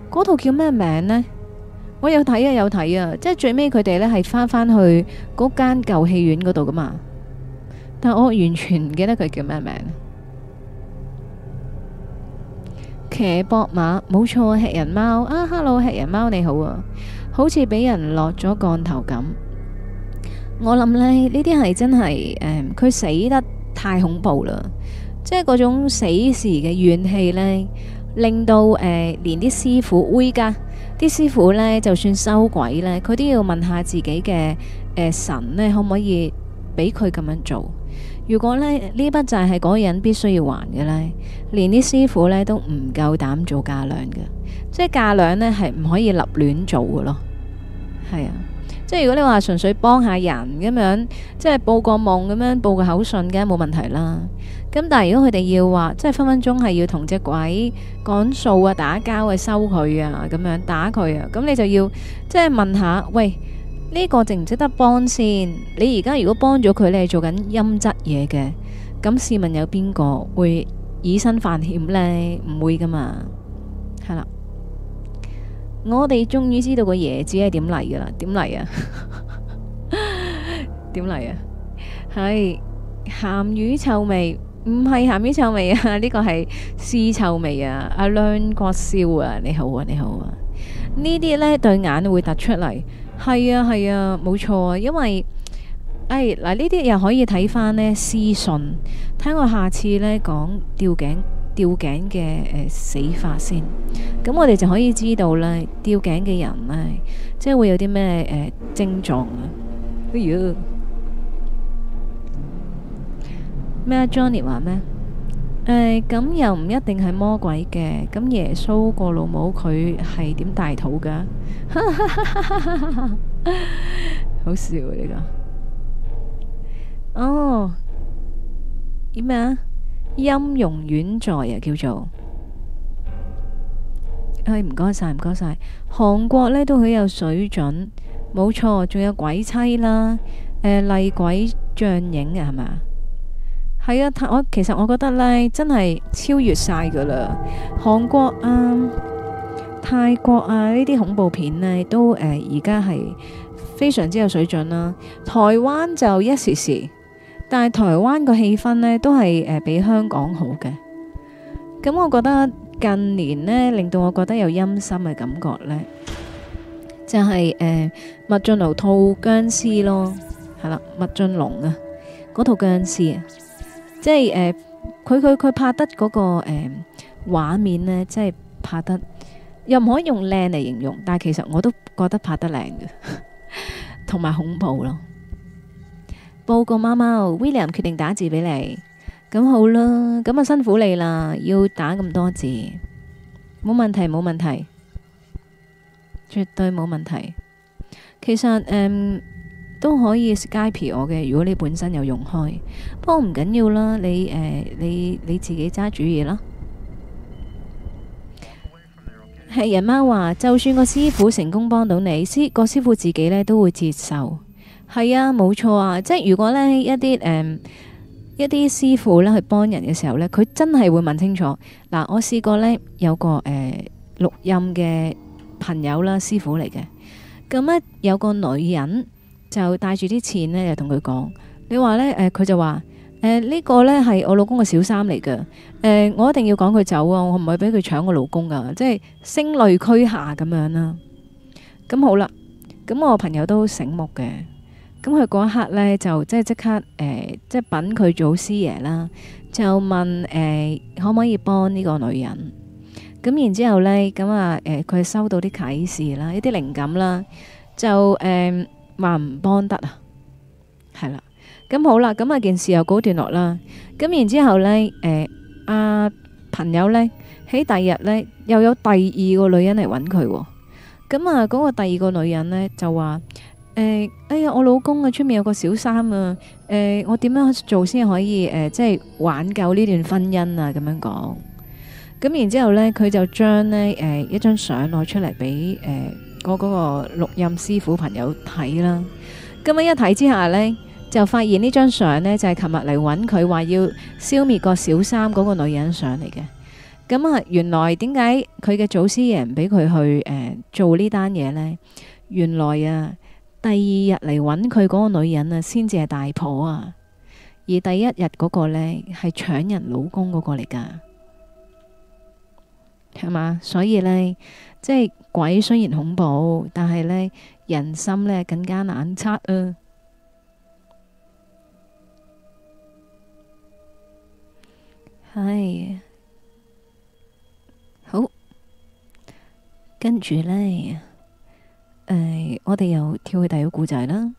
嗰套叫咩名呢？我有睇啊，有睇啊，即係最尾佢哋呢係翻返去嗰間舊戲院嗰度噶嘛。但我完全唔記得佢叫咩名。騎膊馬冇錯，吃人貓啊！Hello，吃人貓你好啊，好似俾人落咗降頭咁。我諗咧呢啲係真係誒，佢死得太恐怖啦，即係嗰種死時嘅怨氣咧，令到誒連啲師傅會噶，啲師傅咧就算收鬼咧，佢都要問下自己嘅誒神咧可唔可以俾佢咁樣做。如果呢呢筆債係嗰個人必須要還嘅呢，連啲師傅呢都唔夠膽做嫁倆嘅，即係嫁倆呢係唔可以立亂做嘅咯。係啊，即係如果你話純粹幫下人咁樣，即係報個夢咁樣報個口信梗係冇問題啦。咁但係如果佢哋要話，即係分分鐘係要同隻鬼講數啊、打交啊、收佢啊咁樣打佢啊，咁你就要即係問下，喂？呢個值唔值得幫先？你而家如果幫咗佢咧，你做緊陰質嘢嘅，咁試問有邊個會以身犯險呢？唔會噶嘛，係啦。我哋終於知道個椰子係點嚟噶啦？點嚟啊？點嚟啊？係鹹魚臭味，唔係鹹魚臭味啊！呢個係屍臭味啊！阿亮郭少啊，你好啊，你好啊！呢啲呢對眼會凸出嚟。係啊係啊，冇錯啊沒錯，因為，哎嗱，呢啲又可以睇翻呢私信，聽我下次呢講吊頸吊頸嘅、呃、死法先，咁我哋就可以知道呢吊頸嘅人呢，即係會有啲咩症狀啊，哎呀，咩啊 Johnny 話咩？誒，咁又唔一定係魔鬼嘅。咁耶穌個老母佢係點大肚噶？好笑啊！呢個哦，叫咩啊？音容宛在啊，叫做。唉唔該晒，唔該晒。韓國呢都好有水準，冇錯。仲有鬼妻啦，誒厲鬼像影啊，係咪啊？係啊，我其實我覺得呢真係超越晒噶啦。韓國啊、泰國啊呢啲恐怖片呢都誒而家係非常之有水準啦。台灣就一時時，但係台灣個氣氛呢都係誒比香港好嘅。咁我覺得近年呢令到我覺得有陰森嘅感覺呢、就是，就係誒麥浚龍套殭屍咯，係啦，麥浚龍啊，嗰套殭屍啊。即係誒，佢佢佢拍得嗰個誒畫面呢，即係拍得又唔可以用靚嚟形容，但係其實我都覺得拍得靚嘅，同埋恐怖咯。報告貓貓 William 決定打字俾你，咁好啦，咁啊辛苦你啦，要打咁多字，冇問題冇問題，絕對冇問題。其實誒。都可以 Skype 我嘅。如果你本身有用開，不過唔緊要啦。你誒、呃，你你自己揸主意啦。係 <noise> 人貓話，就算個師傅成功幫到你， <laughs> 師個師傅自己呢都會接受。係啊，冇錯啊。即係如果呢一啲誒、呃、一啲師傅呢去幫人嘅時候呢，佢真係會問清楚。嗱，我試過呢有個誒錄、呃、音嘅朋友啦，師傅嚟嘅咁呢，有個女人。就帶住啲錢呢，就同佢講，你話呢，誒、呃，佢就話，誒、呃、呢、這個呢係我老公嘅小三嚟嘅，誒、呃，我一定要趕佢走啊，我唔會俾佢搶我老公噶，即係聲淚俱下咁樣啦。咁好啦，咁我朋友都醒目嘅，咁佢嗰一刻呢，就即係即刻，誒、呃，即係禀佢祖師爺啦，就問，誒、呃，可唔可以幫呢個女人？咁然之後咧，咁啊，誒、呃，佢收到啲啟示啦，一啲靈感啦，就誒。呃話唔幫得啊，係啦，咁好啦，咁啊件事又告段落啦。咁然之後呢，誒、呃，阿、啊、朋友呢，喺第二日呢，又有第二個女人嚟搵佢，咁啊嗰個第二個女人呢，就話，誒、呃，哎呀，我老公啊出面有個小三啊，誒、呃，我點樣做先可以誒、呃、即係挽救呢段婚姻啊？咁樣講，咁然之後呢佢就將呢誒、呃、一張相攞出嚟俾誒。呃我嗰個錄音師傅朋友睇啦，咁樣一睇之下呢，就發現呢張相呢，就係琴日嚟搵佢話要消滅個小三嗰個女人相嚟嘅。咁啊，原來點解佢嘅祖師爺唔俾佢去、呃、做呢單嘢呢？原來啊，第二日嚟搵佢嗰個女人啊，先至係大婆啊，而第一日嗰個呢，係搶人老公嗰個嚟㗎，係嘛？所以呢，即係。鬼雖然恐怖，但係呢，人心呢更加難測啊！係好，跟住呢，誒，我哋又跳去第二個故仔啦。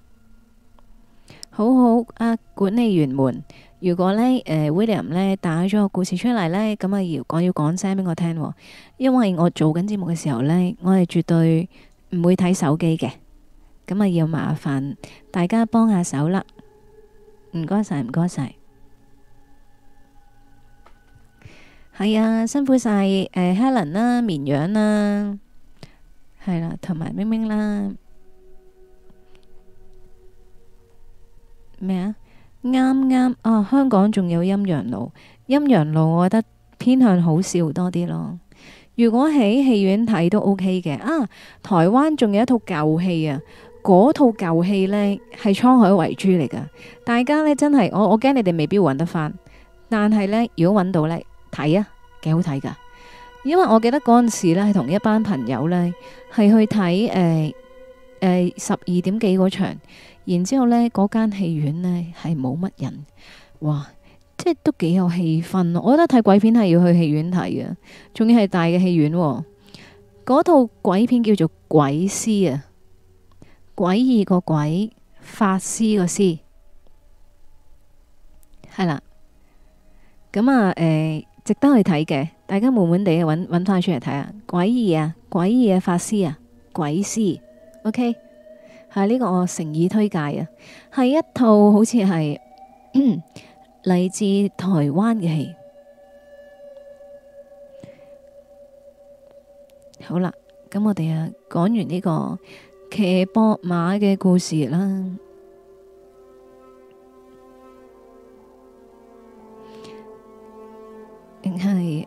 好好，啊管理員們。如果呢，誒 William 呢打咗個故事出嚟呢，咁啊要講要講聲俾我聽，因為我做緊節目嘅時候呢，我係絕對唔會睇手機嘅，咁啊要麻煩大家幫下手啦，唔該晒，唔該晒，係啊，辛苦晒誒 Helen 啦，綿羊啦，係啦，同埋明明啦，咩啊？啱啱啊！香港仲有《陰陽路》，《陰陽路》我覺得偏向好笑多啲咯。如果喺戲院睇都 OK 嘅啊！台灣仲有一套舊戲啊，嗰套舊戲呢係《滄海遺珠》嚟噶。大家呢真係我我驚你哋未必揾得翻，但係呢，如果揾到呢，睇啊，幾好睇噶。因為我記得嗰陣時咧係同一班朋友呢，係去睇誒誒十二點幾嗰場。然之後呢，嗰間戲院呢係冇乜人，哇！即係都幾有氣氛。我覺得睇鬼片係要去戲院睇嘅，仲要係大嘅戲院，哦。嗰套鬼片叫做鬼，啊《鬼師》啊，詭異個鬼，法師個師，係啦。咁啊，誒、呃，值得去睇嘅，大家悶悶地揾揾翻出嚟睇啊！詭異啊，詭異嘅法師啊，鬼師，OK。係呢個誠意推介啊，係一套好似係嚟自台灣嘅戲。好啦，咁我哋啊講完呢個騎膊馬嘅故事啦，係。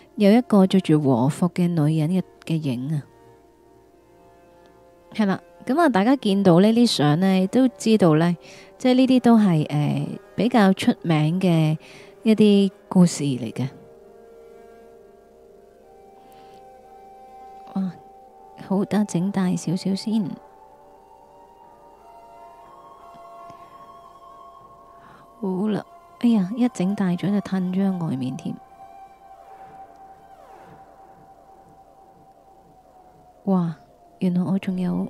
有一個着住和服嘅女人嘅嘅影啊。係啦，咁啊，大家見到呢啲相呢，都知道呢，即係呢啲都係誒比較出名嘅一啲故事嚟嘅。哇，好，等我整大少少先，好啦，哎呀，一整大咗就褪咗喺外面添。哇！原來我仲有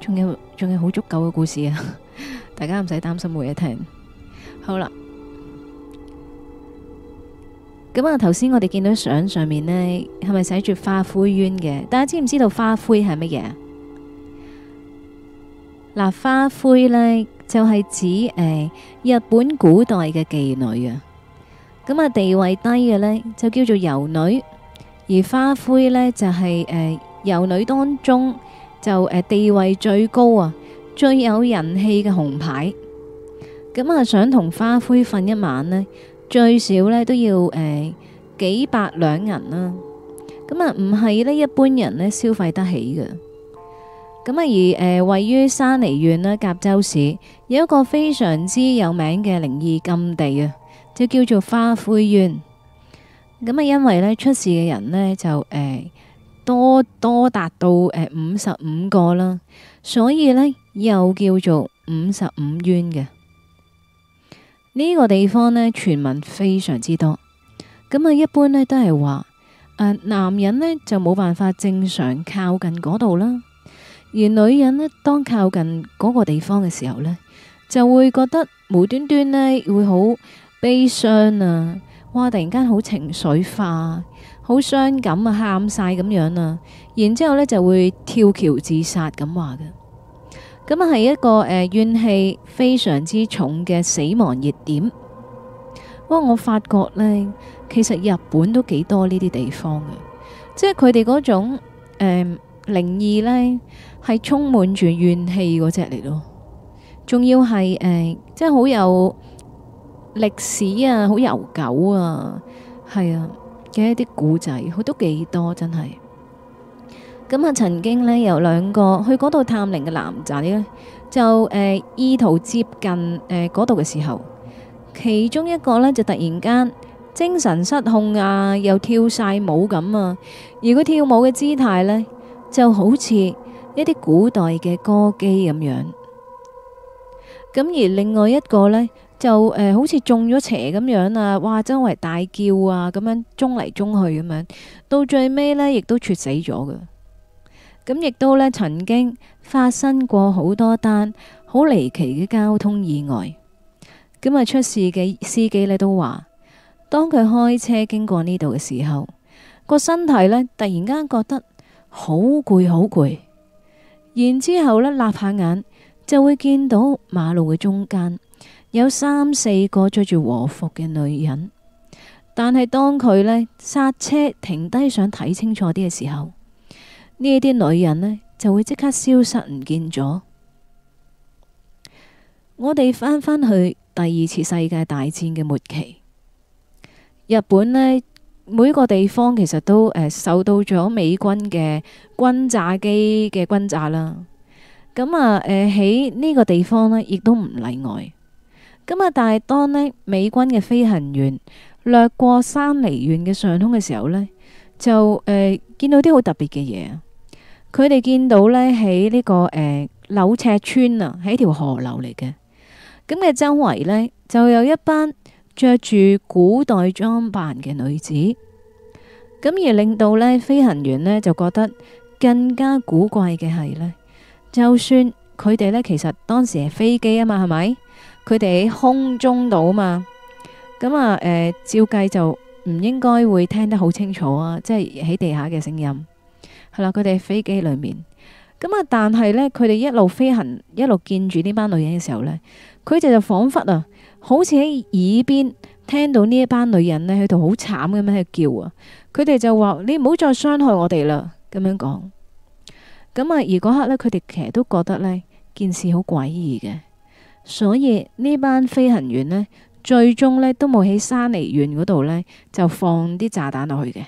仲有仲有好足夠嘅故事啊！大家唔使擔心冇嘢聽。好啦，咁啊頭先我哋見到相上面咧，係咪寫住花魁冤嘅？大家知唔知道花魁係乜嘢啊？嗱，花魁咧就係指誒，日本古代嘅妓女啊。咁啊，地位低嘅咧就叫做遊女。而花魁呢，就係誒遊女當中就誒、呃、地位最高啊，最有人氣嘅紅牌，咁、嗯、啊想同花魁瞓一晚呢，最少呢都要誒、呃、幾百兩銀啦、啊，咁啊唔係呢一般人呢消費得起嘅。咁、嗯、啊而誒、呃、位於山梨縣啦，甲州市有一個非常之有名嘅靈異禁地啊，就叫做花魁淵。咁啊，因為咧出事嘅人呢，就誒多多達到誒五十五個啦，所以呢，又叫做五十五冤嘅呢個地方呢，傳聞非常之多。咁啊，一般呢，都係話誒男人呢就冇辦法正常靠近嗰度啦，而女人呢，當靠近嗰個地方嘅時候呢，就會覺得無端端呢會好悲傷啊！我突然間好情緒化，好傷感啊，喊晒咁樣啊，然之後呢就會跳橋自殺咁話嘅，咁啊係一個誒、呃、怨氣非常之重嘅死亡熱點。不過我發覺呢，其實日本都幾多呢啲地方嘅，即係佢哋嗰種誒靈異呢係充滿住怨氣嗰隻嚟咯，仲要係誒即係好有。歷史啊，好悠久啊，係啊嘅一啲古仔，佢都幾多真係。咁啊，曾經呢有兩個去嗰度探靈嘅男仔呢，就誒意圖接近誒嗰度嘅時候，其中一個呢就突然間精神失控啊，又跳晒舞咁啊，而佢跳舞嘅姿態呢就好似一啲古代嘅歌姬咁樣。咁而另外一個呢，就誒、呃，好似中咗邪咁樣啊！哇，周圍大叫啊，咁樣中嚟中去咁樣，到最尾呢亦都猝死咗嘅。咁亦都呢曾經發生過好多單好離奇嘅交通意外。咁啊，出事嘅司機呢都話，當佢開車經過呢度嘅時候，個身體呢突然間覺得好攰，好攰。然之後呢，眨下眼就會見到馬路嘅中間。有三四個着住和服嘅女人，但係當佢呢剎車停低，想睇清楚啲嘅時候，呢啲女人呢就會即刻消失唔見咗。我哋翻返去第二次世界大戰嘅末期，日本呢每個地方其實都誒、呃、受到咗美軍嘅轟炸機嘅轟炸啦。咁啊，誒喺呢個地方呢，亦都唔例外。咁啊！但係當呢，美軍嘅飛行員掠過三里遠嘅上空嘅時候呢，就誒、呃、見到啲好特別嘅嘢啊！佢哋見到呢、這個，喺呢個誒柳赤村啊，係一條河流嚟嘅。咁嘅周圍呢，就有一班着住古代裝扮嘅女子。咁而令到呢，飛行員呢，就覺得更加古怪嘅係呢，就算佢哋呢，其實當時係飛機啊嘛，係咪？佢哋喺空中度吖嘛，咁啊，誒、呃，照計就唔應該會聽得好清楚啊，即係喺地下嘅聲音，係啦、啊，佢哋喺飛機裏面，咁啊，但係呢，佢哋一路飛行一路見住呢班女人嘅時候呢，佢哋就仿佛啊，好似喺耳邊聽到呢一班女人呢喺度好慘咁樣喺度叫啊，佢哋就話你唔好再傷害我哋啦，咁樣講，咁啊，而嗰刻呢，佢哋其實都覺得呢件事好詭異嘅。所以呢班飛行員呢，最終呢都冇喺沙尼縣嗰度呢，就放啲炸彈落去嘅。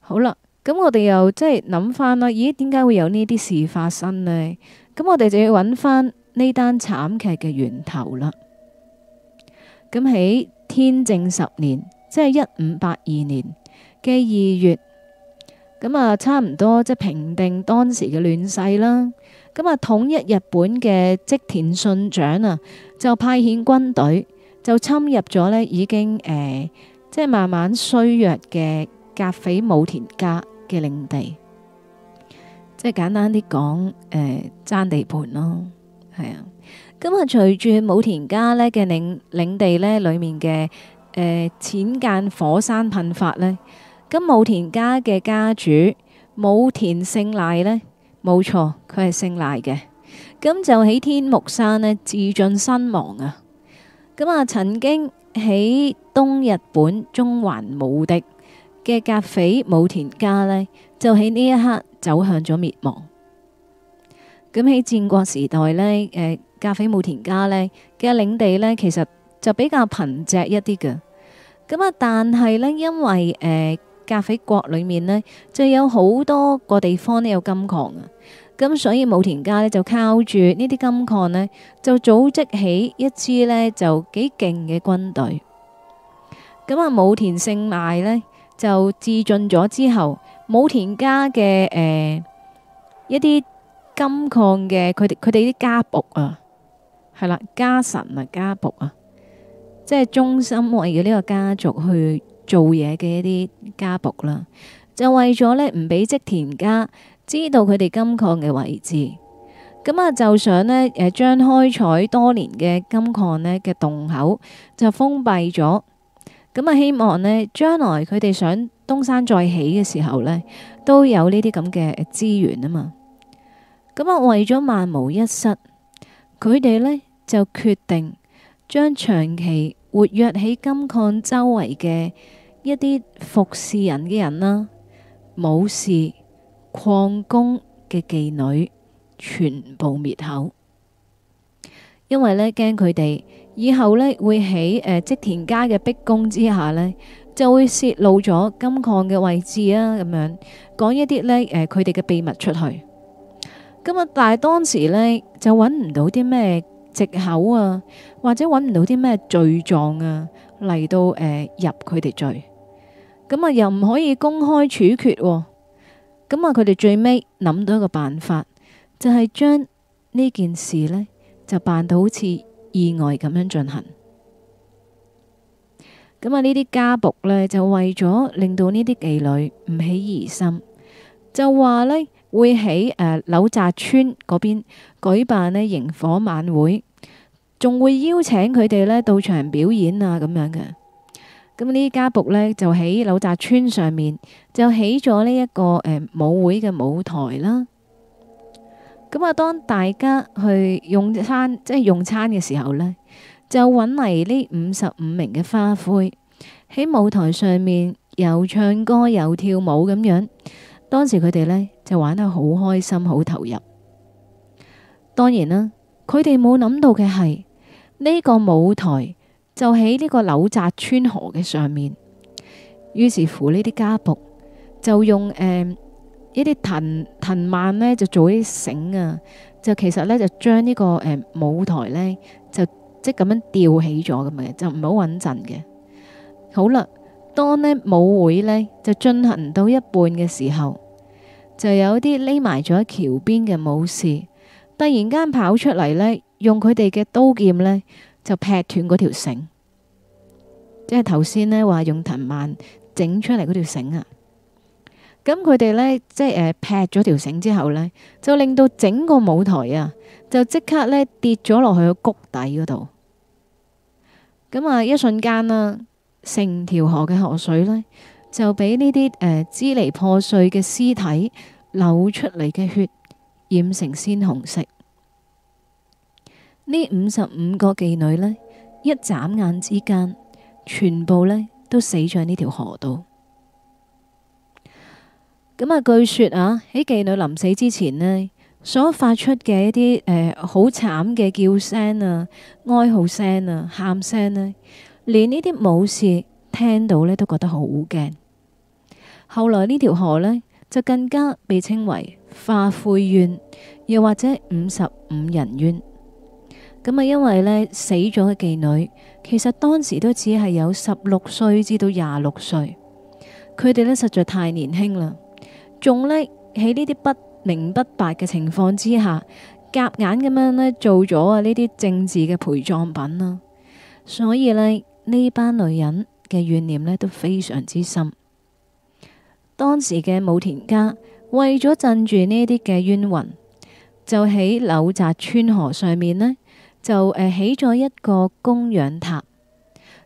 好啦，咁我哋又即係諗翻啦，咦？點解會有呢啲事發生呢？咁我哋就要揾翻呢單慘劇嘅源頭啦。咁喺天正十年，即係一五八二年嘅二月，咁啊，差唔多即係平定當時嘅亂世啦。咁啊，統一日本嘅織田信長啊，就派遣軍隊就侵入咗咧，已經誒、呃，即係慢慢衰弱嘅甲斐武田家嘅領地，即係簡單啲講誒，爭、呃、地盤咯，係啊。咁、嗯、啊，隨住武田家咧嘅領領地咧，裡面嘅誒、呃、淺間火山噴發咧，咁、嗯、武田家嘅家主武田勝賴咧。冇錯，佢係姓賴嘅，咁就喺天目山呢自盡身亡啊！咁啊，曾經喺東日本中環無敵嘅甲斐武田家呢，就喺呢一刻走向咗滅亡。咁喺戰國時代呢，誒，甲斐武田家呢嘅領地呢，其實就比較貧瘠一啲㗎。咁啊，但係呢，因為誒。甲斐國裏面咧就有好多個地方都有金礦啊，咁所以武田家咧就靠住呢啲金礦咧就組織起一支咧就幾勁嘅軍隊。咁啊，武田勝賴咧就自盡咗之後，武田家嘅誒一啲金礦嘅佢哋佢哋啲家僕啊，係啦家臣啊家僕啊，即係忠心為咗呢個家族去。做嘢嘅一啲家僕啦，就為咗呢唔俾織田家知道佢哋金礦嘅位置，咁啊就想呢誒將開採多年嘅金礦呢嘅洞口就封閉咗，咁啊希望呢將來佢哋想東山再起嘅時候呢，都有呢啲咁嘅資源啊嘛，咁啊為咗萬無一失，佢哋呢就決定將長期。活躍喺金礦周圍嘅一啲服侍人嘅人啦、武士、礦工嘅妓女，全部滅口，因為咧驚佢哋以後咧會喺誒織田家嘅逼供之下咧，就會洩露咗金礦嘅位置啊，咁樣講一啲咧誒佢哋嘅秘密出去。咁啊，但係當時咧就揾唔到啲咩。借口啊，或者揾唔到啲咩罪狀啊，嚟到誒、呃、入佢哋罪，咁啊又唔可以公開處決、啊，咁啊佢哋最尾諗到一個辦法，就係、是、將呢件事呢，就辦到好似意外咁樣進行，咁啊呢啲家僕呢，就為咗令到呢啲妓女唔起疑心，就話呢。會喺誒、呃、柳澤村嗰邊舉辦咧營火晚會，仲會邀請佢哋咧到場表演啊咁樣嘅。咁呢家僕呢，就喺柳澤村上面就起咗呢一個誒、呃、舞會嘅舞台啦。咁啊，當大家去用餐，即係用餐嘅時候呢，就揾嚟呢五十五名嘅花魁喺舞台上面又唱歌又跳舞咁樣。當時佢哋呢就玩得好開心，好投入。當然啦，佢哋冇諗到嘅係呢個舞台就喺呢個柳澤川河嘅上面。於是乎呢啲家僕就用誒、呃、一啲藤藤蔓呢，就做啲繩啊，就其實呢，就將呢、這個誒、呃、舞台呢，就即咁樣吊起咗咁嘅，就唔係好穩陣嘅。好啦。當呢舞會呢就進行到一半嘅時候，就有啲匿埋咗喺橋邊嘅武士，突然間跑出嚟，呢用佢哋嘅刀劍呢就劈斷嗰條繩，即係頭先呢話用藤蔓整出嚟嗰條繩啊。咁佢哋呢即係劈咗條繩之後呢，就令到整個舞台啊就即刻呢跌咗落去個谷底嗰度。咁啊，一瞬間啦。成條河嘅河水呢，就俾呢啲誒支離破碎嘅屍體流出嚟嘅血染成鮮紅色。呢五十五個妓女呢，一眨眼之間，全部呢都死在呢條河度。咁啊，據說啊，喺妓女臨死之前呢，所發出嘅一啲誒好慘嘅叫聲啊、哀號聲啊、喊聲呢。連呢啲武士聽到呢都覺得好驚。後來呢條河呢，就更加被稱為化灰院，又或者五十五人院。咁啊，因為呢死咗嘅妓女其實當時都只係有十六歲至到廿六歲，佢哋呢實在太年輕啦，仲呢喺呢啲不明不白嘅情況之下，夾硬咁樣呢做咗啊呢啲政治嘅陪葬品啦。所以呢。呢班女人嘅怨念呢都非常之深。當時嘅武田家為咗鎮住呢啲嘅冤魂，就喺柳澤川河上面呢，就誒起咗一個供養塔，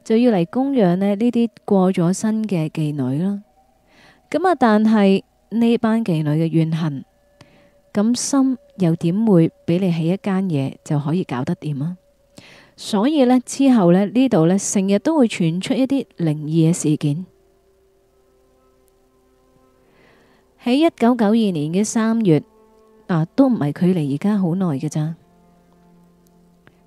就要嚟供養咧呢啲過咗身嘅妓女啦。咁啊，但係呢班妓女嘅怨恨，咁心又點會俾你起一間嘢就可以搞得掂啊？所以呢，之後呢呢度呢成日都會傳出一啲靈異嘅事件。喺一九九二年嘅三月，啊，都唔係距離而家好耐㗎咋。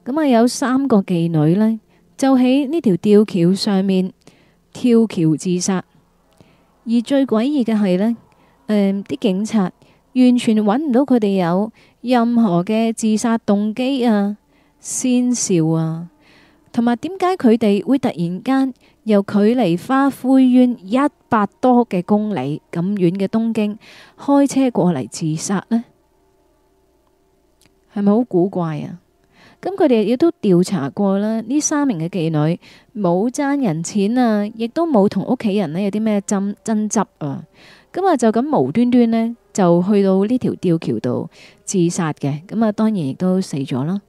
咁啊，有三個妓女呢，就喺呢條吊橋上面跳橋自殺。而最詭異嘅係呢，誒，啲警察完全搵唔到佢哋有任何嘅自殺動機啊！先兆啊，同埋點解佢哋會突然間由距離花魁院一百多嘅公里咁遠嘅東京開車過嚟自殺呢？係咪好古怪啊？咁佢哋亦都調查過啦。呢三名嘅妓女冇爭人錢啊，亦都冇同屋企人呢有啲咩爭爭執啊。咁啊，就咁無端端呢，就去到呢條吊橋度自殺嘅。咁啊，當然亦都死咗啦。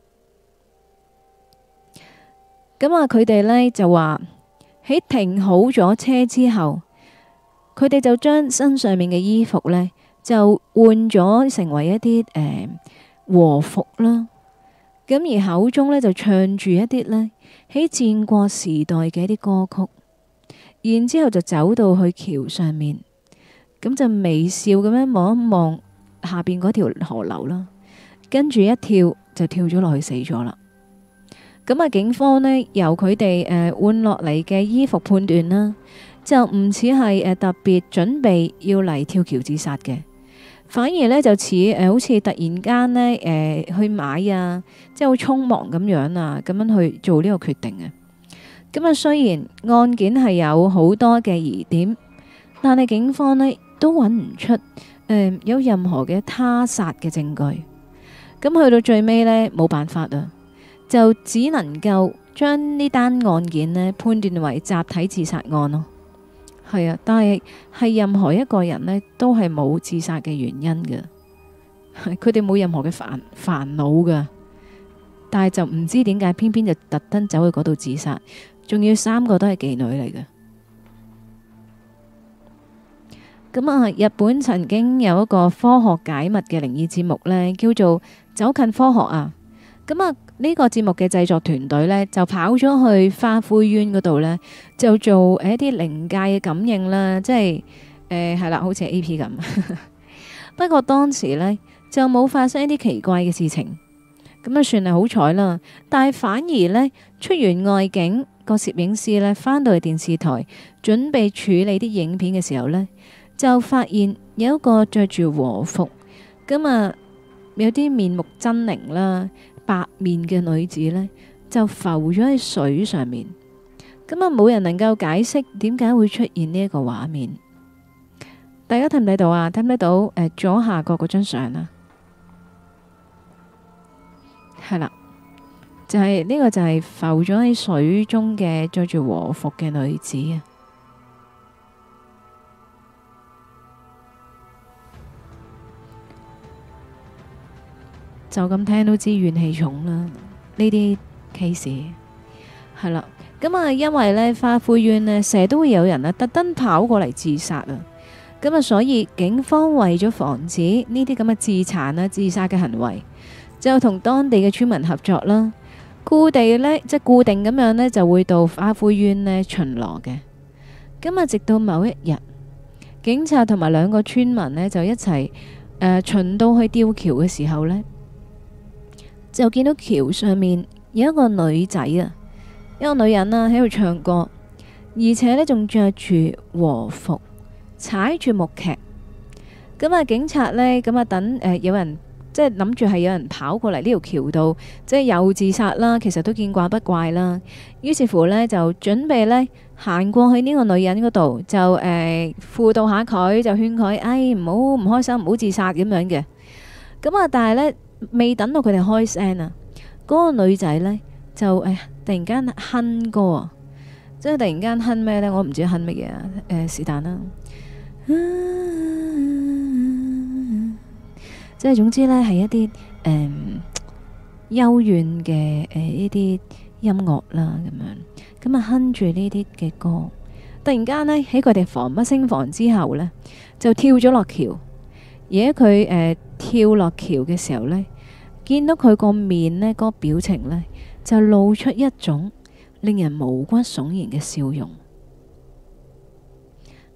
咁啊！佢哋咧就話喺停好咗車之後，佢哋就將身上面嘅衣服咧就換咗成為一啲誒、呃、和服啦。咁而口中咧就唱住一啲咧喺戰國時代嘅一啲歌曲，然之後就走到去橋上面，咁就微笑咁樣望一望下邊嗰條河流啦，跟住一跳就跳咗落去死咗啦。咁啊，警方咧由佢哋誒換落嚟嘅衣服判斷啦，就唔似係誒特別準備要嚟跳橋自殺嘅，反而咧就似誒好似突然間咧誒去買啊，即係好匆忙咁樣啊，咁樣去做呢個決定啊。咁啊，雖然案件係有好多嘅疑點，但係警方咧都揾唔出誒、呃、有任何嘅他殺嘅證據。咁去到最尾呢，冇辦法啦就只能夠將呢單案件呢判斷為集體自殺案咯，係啊，但係係任何一個人呢都係冇自殺嘅原因嘅，佢哋冇任何嘅煩煩惱嘅，但係就唔知點解偏偏就特登走去嗰度自殺，仲要三個都係妓女嚟嘅。咁啊，日本曾經有一個科學解密嘅靈異節目呢，叫做走近科學啊。咁啊。呢個節目嘅製作團隊呢，就跑咗去花魁園嗰度呢，就做一啲靈界嘅感應啦。即係誒係啦，好似 A.P. 咁。 <laughs> 不過當時呢，就冇發生一啲奇怪嘅事情，咁啊算係好彩啦。但係反而呢，出完外景，個攝影師呢返到去電視台準備處理啲影片嘅時候呢，就發現有一個着住和服，咁啊有啲面目猙獰啦。白面嘅女子呢，就浮咗喺水上面，咁啊冇人能夠解釋點解會出現呢一個畫面。大家睇唔睇到啊？睇唔睇到？誒、呃，左下角嗰張相啊，係啦，就係、是、呢、這個就係浮咗喺水中嘅着住和服嘅女子啊。就咁聽都知怨氣重啦。呢啲 case 係啦，咁啊、嗯，因為呢，花卉園呢，成日都會有人啊特登跑過嚟自殺啊。咁、嗯、啊，所以警方為咗防止呢啲咁嘅自殘啊、自殺嘅行為，就同當地嘅村民合作啦，固地呢，即係固定咁樣呢，就會到花卉園呢巡邏嘅。咁、嗯、啊，直到某一日，警察同埋兩個村民呢，就一齊、呃、巡到去吊橋嘅時候呢。就見到橋上面有一個女仔啊，一個女人啊喺度唱歌，而且呢仲着住和服，踩住木屐。咁、嗯、啊，警察呢，咁、嗯、啊等誒、呃，有人即係諗住係有人跑過嚟呢條橋度，即係有自殺啦，其實都見怪不怪啦。於是乎呢，就準備呢，行過去呢個女人嗰度，就誒輔、呃、導下佢，就勸佢，哎唔好唔開心，唔好自殺咁樣嘅。咁、嗯、啊，但係呢，未等到佢哋開聲啊！嗰、那個女仔呢，就誒、哎、突然間哼歌，即係突然間哼咩呢？我唔知哼乜嘢、呃、啊！誒是但啦，即係總之呢，係一啲誒、呃、幽怨嘅誒呢啲音樂啦咁樣，咁啊哼住呢啲嘅歌，突然間呢，喺佢哋防不勝防之後呢，就跳咗落橋，而喺佢誒跳落橋嘅時候呢。見到佢個面呢，嗰表情呢，就露出一種令人毛骨悚然嘅笑容。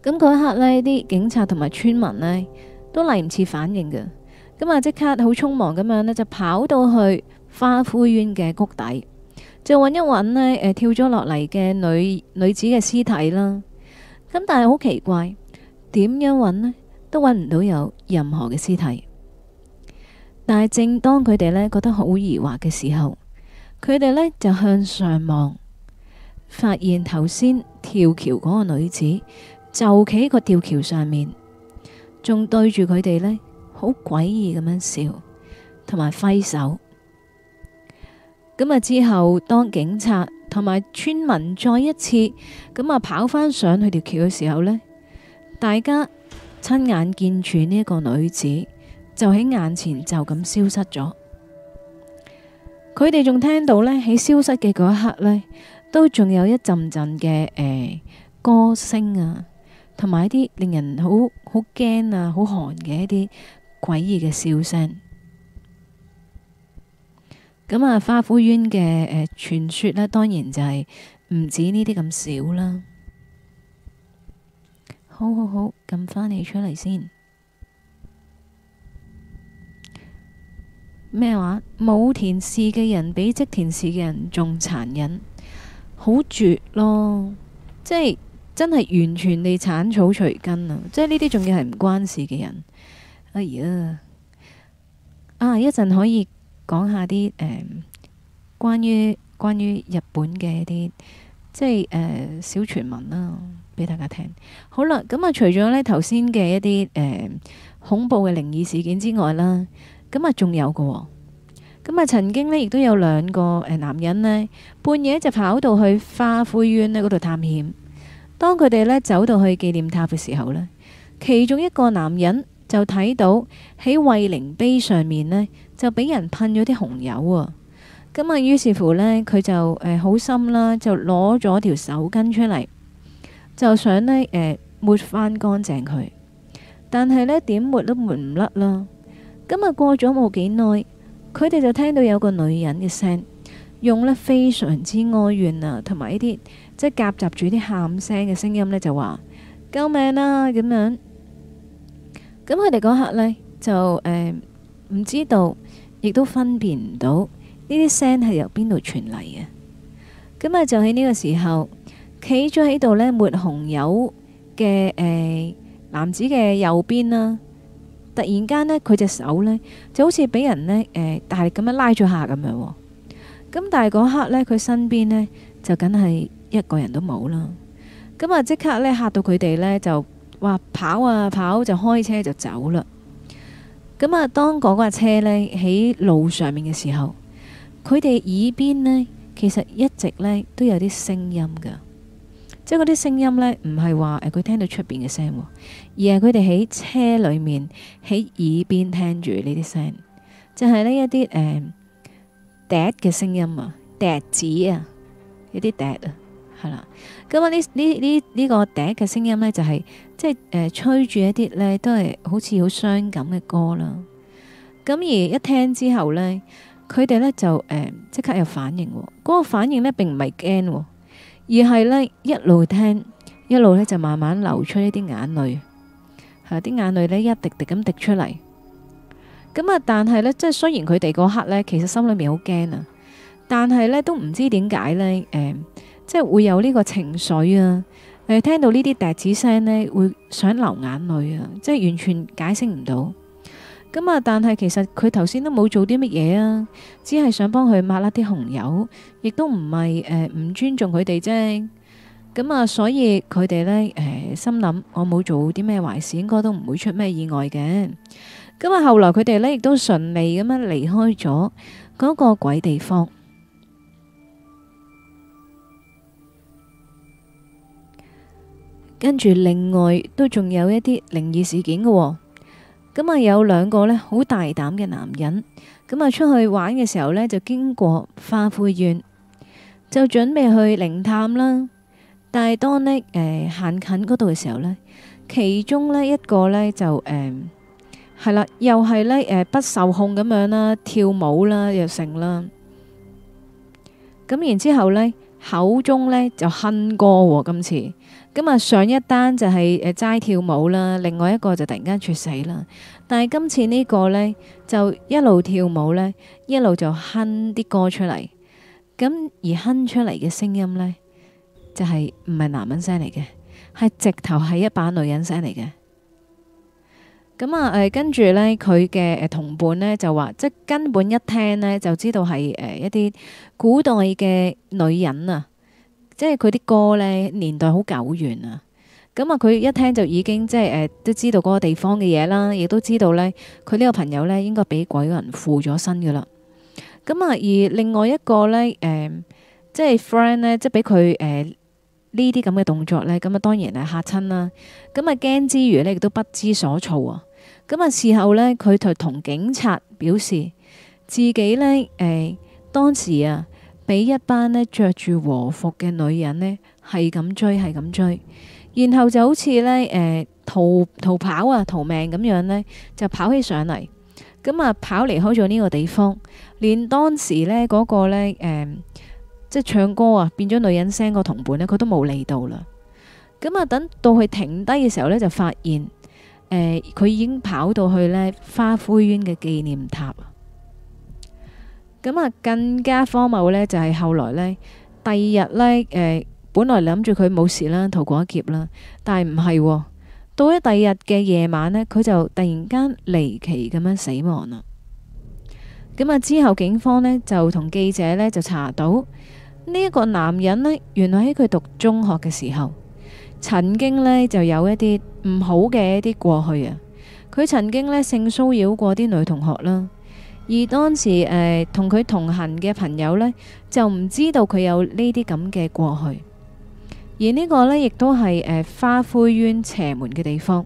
咁嗰一刻呢，啲警察同埋村民呢，都嚟唔切反應嘅，咁啊即刻好匆忙咁樣呢，就跑到去花灰院嘅谷底，就揾一揾呢，呃、跳咗落嚟嘅女女子嘅屍體啦。咁但係好奇怪，點樣揾呢？都揾唔到有任何嘅屍體。但係正當佢哋咧覺得好疑惑嘅時候，佢哋咧就向上望，發現頭先跳橋嗰個女子就企喺個吊橋上面，仲對住佢哋呢，好詭異咁樣笑，同埋揮手。咁啊之後，當警察同埋村民再一次咁啊跑返上去條橋嘅時候呢，大家親眼見住呢一個女子，就喺眼前就咁消失咗，佢哋仲聽到呢，喺消失嘅嗰一刻呢，都仲有一陣陣嘅誒歌聲啊，同埋一啲令人好好驚啊、好寒嘅一啲詭異嘅笑聲。咁啊，華富邨嘅誒傳說咧，當然就係唔止呢啲咁少啦。好好好，撳返你出嚟先。咩話武田氏嘅人比織田氏嘅人仲殘忍，好絕咯！即係真係完全地鏟草除根啊！即係呢啲仲要係唔關事嘅人，哎呀啊！一陣可以講下啲誒、嗯、關於關於日本嘅一啲即係誒、呃、小傳聞啦，俾大家聽。好啦，咁、嗯、啊，除咗呢頭先嘅一啲誒、嗯、恐怖嘅靈異事件之外啦。咁啊，仲有噶，咁啊，曾經呢，亦都有兩個誒男人呢，半夜就跑到去花卉園呢嗰度探險。當佢哋呢走到去紀念塔嘅時候呢，其中一個男人就睇到喺慰靈碑上面呢，就俾人噴咗啲紅油啊！咁啊，於是乎呢，佢就誒好心啦，就攞咗條手巾出嚟，就想呢誒抹返乾淨佢，但係呢點抹都抹唔甩啦。今日過咗冇幾耐，佢哋就聽到有個女人嘅聲，用咧非常之哀怨啊，同埋呢啲即係夾雜住啲喊聲嘅聲音咧，就話救命啦咁樣。咁佢哋嗰刻咧就誒唔知道，亦都分辨唔到呢啲聲係由邊度傳嚟嘅。咁啊就喺呢個時候，企咗喺度咧抹紅油嘅誒男子嘅右邊啦。突然間呢，佢隻手呢就好似俾人呢誒大力咁樣拉咗下咁樣，咁但係嗰刻呢，佢身邊呢就梗係一個人都冇啦。咁啊，即刻呢吓到佢哋呢就話跑啊跑，就開車就走啦。咁啊，當嗰架車呢喺路上面嘅時候，佢哋耳邊呢其實一直呢都有啲聲音噶。即係嗰啲聲音咧，唔係話誒佢聽到出邊嘅聲音，而係佢哋喺車裏面喺耳邊聽住呢啲聲音，就係、是、呢一啲誒笛嘅聲音啊，笛子啊，呢啲笛啊，係啦。咁啊呢呢呢呢個笛嘅聲音咧，就係，就係即係誒吹住一啲咧，都係好似好傷感嘅歌啦。咁、嗯、而一聽之後咧，佢哋咧就誒即、呃、刻有反應，嗰、嗰個反應咧並唔係驚。而係咧一路聽，一路咧就慢慢流出呢啲眼淚，係，啲眼淚咧一滴滴咁滴出嚟。咁啊，但係咧，即係雖然佢哋嗰刻咧，其實心裏面好驚啊，但係咧都唔知點解咧，誒，即係會有呢個情緒啊，誒，聽到呢啲笛子聲咧，會想流眼淚啊，即係完全解釋唔到。咁啊！但係其實佢頭先都冇做啲乜嘢啊，只係想幫佢抹甩啲紅油，亦都唔係誒唔尊重佢哋啫。咁啊，所以佢哋呢誒心諗，我冇做啲咩壞事，應該都唔會出咩意外嘅。咁啊，後來佢哋呢亦都順利咁樣離開咗嗰個鬼地方。跟住另外都仲有一啲靈異事件㗎喎。咁啊，有兩個咧好大膽嘅男人，咁啊出去玩嘅時候咧就經過花魁院，就準備去靈探啦。但係當呢誒行近嗰度嘅時候咧，其中咧一個咧就誒係啦，又係咧誒不受控咁樣啦，跳舞啦又成啦。咁然之後咧，口中咧就哼歌喎，今次。咁啊，上一單就係誒齋跳舞啦，另外一個就突然間猝死啦。但係今次呢個呢，就一路跳舞呢，一路就哼啲歌出嚟。咁而哼出嚟嘅聲音呢，就係唔係男人聲嚟嘅，係直頭係一把女人聲嚟嘅。咁啊誒，跟住呢，佢嘅誒同伴呢，就話，即係根本一聽呢，就知道係誒一啲古代嘅女人啊。即係佢啲歌咧年代好久遠啊，咁啊佢一聽就已經即係、呃、都知道嗰個地方嘅嘢啦，亦都知道呢，佢呢個朋友咧應該俾鬼魂附咗身噶啦。咁、嗯、啊而另外一個呢，呃、即係 friend 呢，即係俾佢呢啲咁嘅動作呢，咁啊當然係嚇親啦。咁啊驚之餘呢，亦都不知所措啊。咁、嗯、啊事後呢，佢就同警察表示自己呢，誒、呃、當時啊，俾一班呢着住和服嘅女人呢，係咁追，係咁追，然後就好似呢誒，逃逃跑啊，逃命咁樣呢，就跑起上嚟，咁啊，跑離開咗呢個地方，連當時呢、那、嗰個呢，誒、呃，即係唱歌啊，變咗女人聲個同伴呢，佢都冇嚟到啦，咁啊，等到佢停低嘅時候呢，就發現，佢、呃、已經跑到去呢花灰冤嘅紀念塔。咁啊，更加荒謬呢，就係後來呢。第二日呢，誒、呃，本來諗住佢冇事啦，逃過一劫啦，但係唔係，到咗第二日嘅夜晚呢，佢就突然間離奇咁樣死亡啦。咁啊，之後警方呢，就同記者呢，就查到呢一個男人呢，原來喺佢讀中學嘅時候，曾經呢，就有一啲唔好嘅一啲過去啊，佢曾經呢，性騷擾過啲女同學啦。而當時誒同佢同行嘅朋友呢，就唔知道佢有呢啲咁嘅過去。而呢個呢，亦都係誒、呃、花灰淵邪門嘅地方。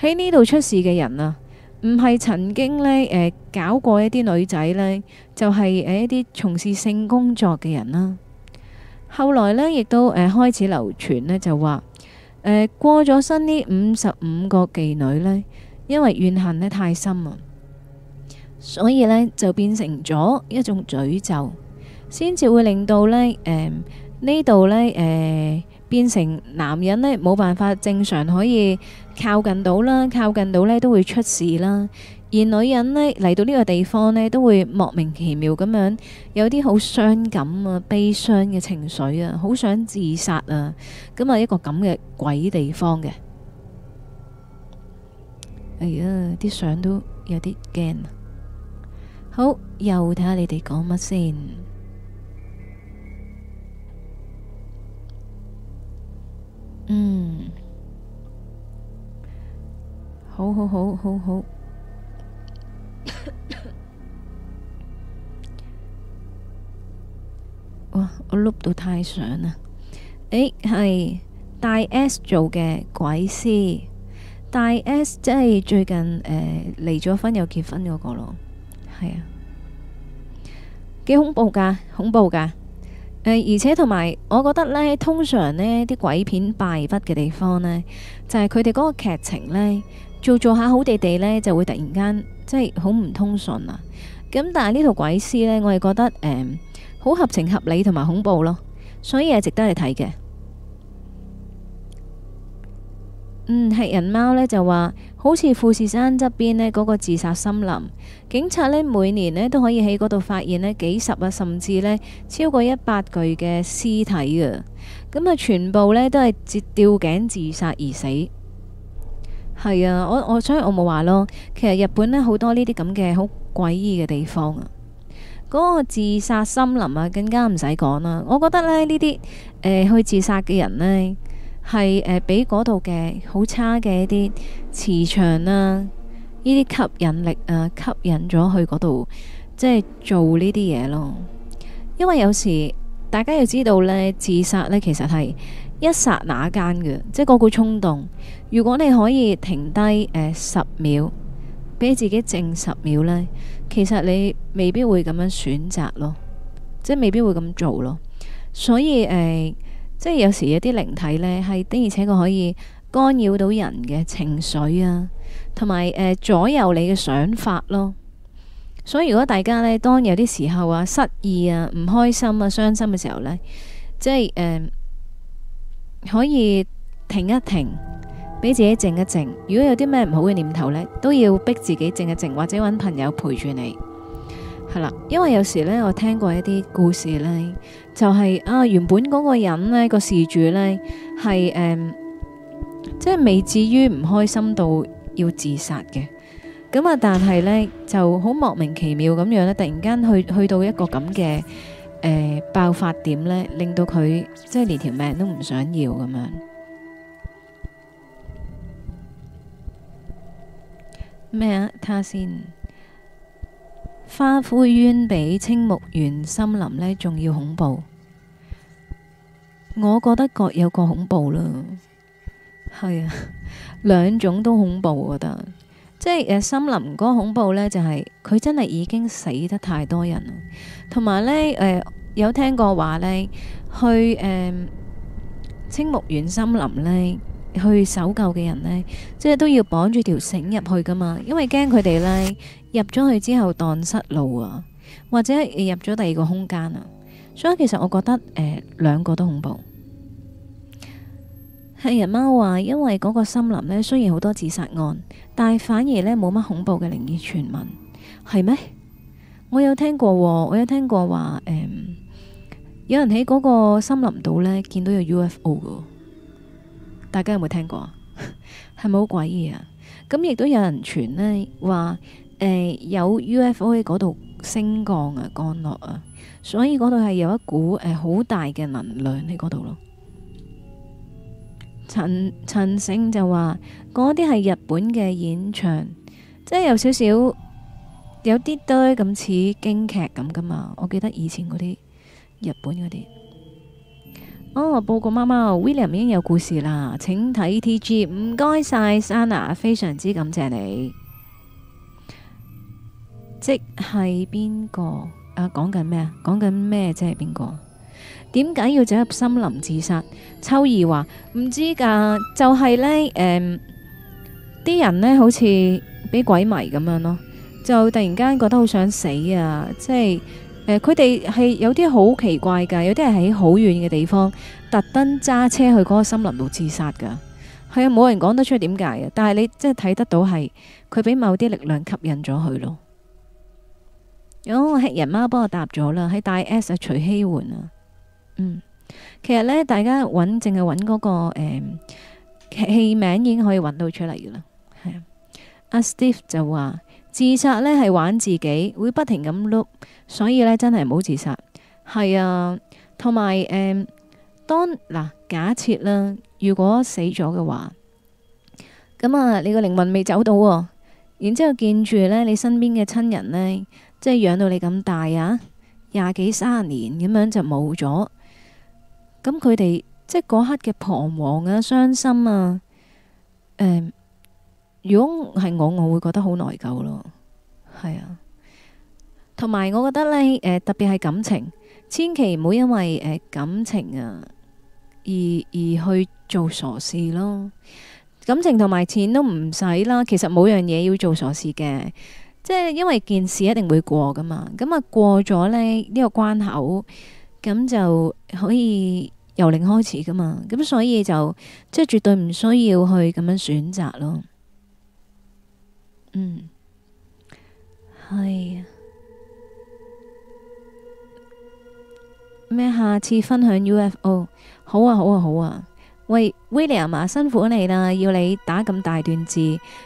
喺呢度出事嘅人啊，唔係曾經呢誒、呃、搞過一啲女仔呢，就係、是、誒一啲從事性工作嘅人啦、啊。後來呢，亦都誒、呃、開始流傳呢，就話誒、呃、過咗身呢五十五個妓女呢，因為怨恨呢太深啊！所以呢就變成咗一種詛咒，先至會令到呢誒呢度呢誒變成男人呢冇辦法正常可以靠近到啦，靠近到呢都會出事啦。而女人呢嚟到呢個地方呢都會莫名其妙咁樣有啲好傷感啊、悲傷嘅情緒啊，好想自殺啊。咁啊，一個咁嘅鬼地方嘅，哎呀，啲相都有啲驚啊！好，又睇下你哋講乜先。嗯，好好好好好。 <laughs> 哇，我碌到太上啦！誒、欸，係大 S 做嘅鬼師，大 S 即係最近誒離咗婚又結婚嗰個咯。係啊，幾恐怖噶，恐怖噶、呃！而且同埋，我覺得呢，通常呢啲鬼片敗筆嘅地方呢，就係佢哋嗰個劇情呢，做做下好地地呢，就會突然間即係好唔通順啦。咁但係呢套鬼屍呢，我係覺得好、嗯、合情合理同埋恐怖咯，所以係值得去睇嘅。嗯，吃人貓呢就話，好似富士山側邊呢嗰個自殺森林，警察呢每年呢都可以喺嗰度發現呢幾十啊，甚至呢超過一百具嘅屍體啊，咁啊全部呢都係截吊頸自殺而死。係啊，我我所以我冇話咯，其實日本呢好多呢啲咁嘅好詭異嘅地方啊，嗰個自殺森林啊更加唔使講啦。我覺得呢呢啲、呃、去自殺嘅人呢。係誒，俾嗰度嘅好差嘅一啲磁場啊，呢啲吸引力啊，吸引咗去嗰度，即係做呢啲嘢咯。因為有時大家要知道呢，自殺呢其實係一剎那間嘅，即係嗰個衝動。如果你可以停低誒十秒，俾自己靜十秒呢，其實你未必會咁樣選擇咯，即係未必會咁做咯。所以誒。呃即係有時有啲靈體呢，係的，而且確可以干擾到人嘅情緒啊，同埋誒左右你嘅想法咯。所以如果大家呢，當有啲時候啊，失意啊、唔開心啊、傷心嘅時候呢，即係誒、呃、可以停一停，俾自己靜一靜。如果有啲咩唔好嘅念頭呢，都要逼自己靜一靜，或者揾朋友陪住你，係啦。因為有時呢，我聽過一啲故事呢。就係啊，原本嗰個人呢個事主呢，係誒，即係未至於唔開心到要自殺嘅，咁啊，但係呢就好莫名其妙咁樣呢，突然間去去到一個咁嘅誒爆發點呢，令到佢即係連條命都唔想要咁樣。咩啊？睇下先。花灰淵比青木原森林呢仲要恐怖。我覺得各有各恐怖啦，係啊，兩種都恐怖。我覺得即係、呃、森林嗰個恐怖呢，就係、是、佢真係已經死得太多人，同埋呢，誒、呃、有聽過話呢，去誒、呃、青木原森林呢。去搜救嘅人呢，即係都要綁住條繩入去噶嘛，因為驚佢哋呢入咗去之後盪失路啊，或者入咗第二個空間啊，所以其實我覺得誒、呃、兩個都恐怖。黑人貓話，媽媽因為嗰個森林呢，雖然好多自殺案，但係反而呢冇乜恐怖嘅靈異傳聞，係咩？我有聽過、哦，我有聽過話、嗯，有人喺嗰個森林度呢見到有 UFO 噶。大家有冇聽過 <laughs> 是是啊？係咪好詭異啊？咁亦都有人傳呢話，誒、呃、有 UFO 喺嗰度升降啊、降落啊，所以嗰度係有一股誒好、呃、大嘅能量喺嗰度咯。陳陳醒就話：嗰啲係日本嘅演唱，即係有少少有啲堆咁似京劇咁噶嘛。我記得以前嗰啲日本嗰啲。哦，oh, 報告媽媽，William 已經有故事啦，請睇 TG，唔該晒 Sanna 非常之感謝你。即係邊個？啊，講緊咩啊？講緊咩？即係邊個？點解要走入森林自殺？秋兒話唔知噶，就係呢，誒，啲人呢好似俾鬼迷咁樣咯，就突然間覺得好想死啊，即係。誒，佢哋係有啲好奇怪噶，有啲係喺好遠嘅地方特登揸車去嗰個森林度自殺噶，係啊，冇人講得出點解嘅。但係你即係睇得到係佢俾某啲力量吸引咗佢咯。有、哦、個黑人貓幫我答咗啦，喺大 S 啊徐熙媛啊，嗯，其實呢，大家揾淨係揾嗰個誒戲、呃、名已經可以揾到出嚟噶啦，係啊，阿 Steve 就話。自殺呢係玩自己，會不停咁碌，所以呢真係唔好自殺。係啊，同埋誒，當嗱、啊、假設啦，如果死咗嘅話，咁啊你個靈魂未走到喎、啊，然之後見住呢你身邊嘅親人呢，即係養到你咁大啊，廿幾三十年咁樣就冇咗，咁佢哋即係嗰刻嘅彷徨、徨啊、傷心啊、誒、嗯。如果係我，我會覺得好內疚咯，係啊。同埋，我覺得呢，誒、呃，特別係感情，千祈唔好因為誒感情啊而而去做傻事咯。感情同埋錢都唔使啦。其實冇樣嘢要做傻事嘅，即係因為件事一定會過噶嘛。咁啊過咗咧呢、呢個關口，咁就可以由零開始噶嘛。咁所以就即係絕對唔需要去咁樣選擇咯。嗯，係啊，咩？下次分享 UFO，好啊，好啊，好啊！喂，William 啊，辛苦你啦，要你打咁大段字。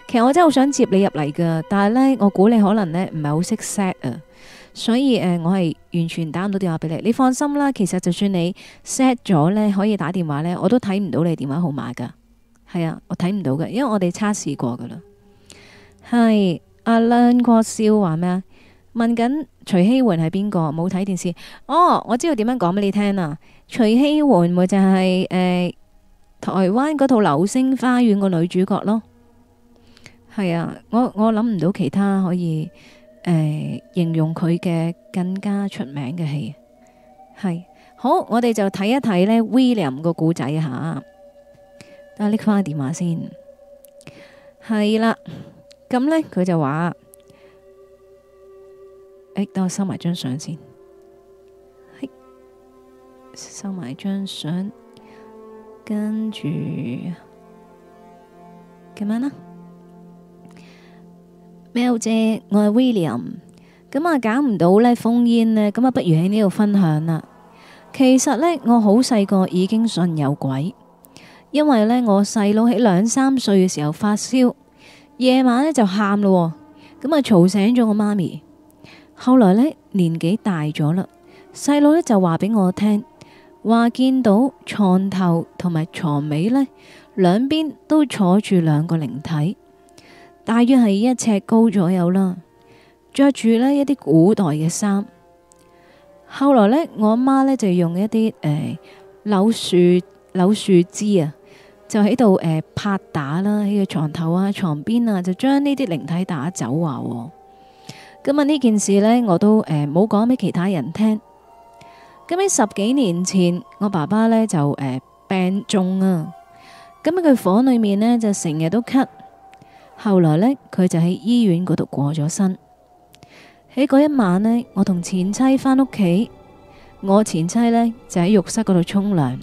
其實我真係好想接你入嚟噶，但係呢，我估你可能呢唔係好識 set 啊，所以誒、呃，我係完全打唔到電話俾你。你放心啦，其實就算你 set 咗呢，可以打電話呢，我都睇唔到你電話號碼噶。係啊，我睇唔到噶，因為我哋測試過噶啦。係阿 Len 哥笑話咩啊？問緊徐熙媛係邊個？冇睇電視哦，我知道點樣講俾你聽啦。徐熙媛咪就係、是、誒、欸、台灣嗰套《流星花園》個女主角咯。係啊，我我諗唔到其他可以誒、欸、形容佢嘅更加出名嘅戲。係好，我哋就睇一睇呢 William 個古仔吓。等我搦翻電話先。係啦、啊。咁咧，佢就話，誒，等我收埋張相先，收埋張相，跟住咁樣啦。喵姐，我係 William，咁啊，揀唔到咧，烽煙咧，咁啊，不如喺呢度分享啦。其實咧，我好細個已經信有鬼，因為咧，我細佬喺兩三歲嘅時候發燒。夜晚呢就喊咯，咁啊，嘈醒咗我媽咪。後來呢，年紀大咗啦，細佬呢就話俾我聽，話見到床頭同埋床尾呢兩邊都坐住兩個靈體，大約係一尺高左右啦，着住呢一啲古代嘅衫。後來呢，我阿媽呢就用一啲誒、呃、柳樹柳樹枝啊。就喺度、呃、拍打啦，喺佢床頭啊、床邊啊，就將呢啲靈體打走喎、啊，咁、嗯、啊呢件事呢，我都冇講俾其他人聽。咁、嗯、喺十幾年前，我爸爸呢就、呃、病重啊。咁喺佢房裏面呢，就成日都咳。後來呢，佢就喺醫院嗰度過咗身。喺嗰一晚呢，我同前妻翻屋企，我前妻呢，就喺浴室嗰度沖涼，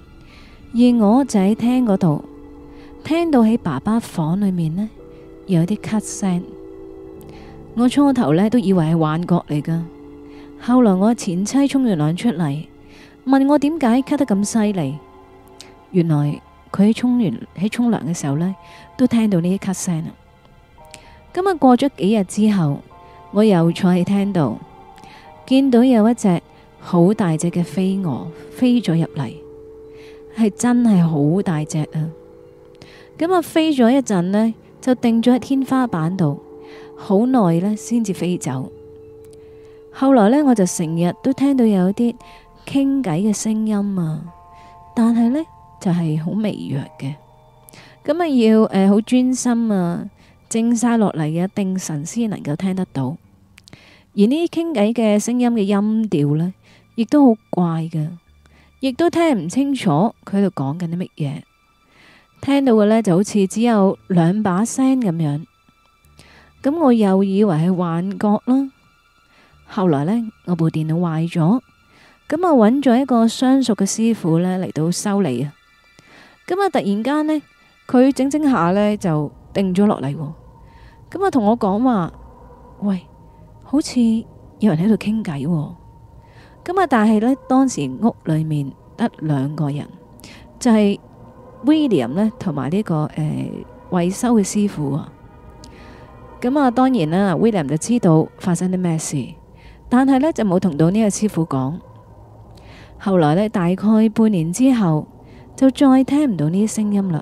而我就喺廳嗰度。聽到喺爸爸房裏面呢，有啲咳聲，我初頭呢都以為係幻覺嚟噶。後來我前妻沖完涼出嚟，問我點解咳得咁犀利，原來佢喺沖完喺沖涼嘅時候呢，都聽到呢啲咳聲啦。咁啊過咗幾日之後，我又坐喺廳度，見到有一隻好大隻嘅飛蛾飛咗入嚟，係真係好大隻啊！咁啊，飛咗一陣呢，就定咗喺天花板度，好耐呢，先至飛走。後來呢，我就成日都聽到有啲傾偈嘅聲音啊，但係呢，就係好微弱嘅，咁啊要好專心啊，靜晒落嚟嘅，一定神先能夠聽得到。而呢傾偈嘅聲音嘅音調呢，亦都好怪嘅，亦都聽唔清楚佢喺度講緊啲乜嘢。聽到嘅呢就好似只有兩把聲咁樣，咁我又以為係幻覺啦。後來呢，我部電腦壞咗，咁啊揾咗一個相熟嘅師傅呢嚟到修理啊。咁啊突然間呢，佢整整下呢就定咗落嚟，咁啊同我講話：喂，好似有人喺度傾偈。咁啊，但係呢，當時屋裏面得兩個人，就係、是。William 呢，同埋呢個誒維修嘅師傅啊，咁啊當然啦，William 就知道發生啲咩事，但係呢就冇同到呢個師傅講。後來呢，大概半年之後，就再聽唔到呢啲聲音啦。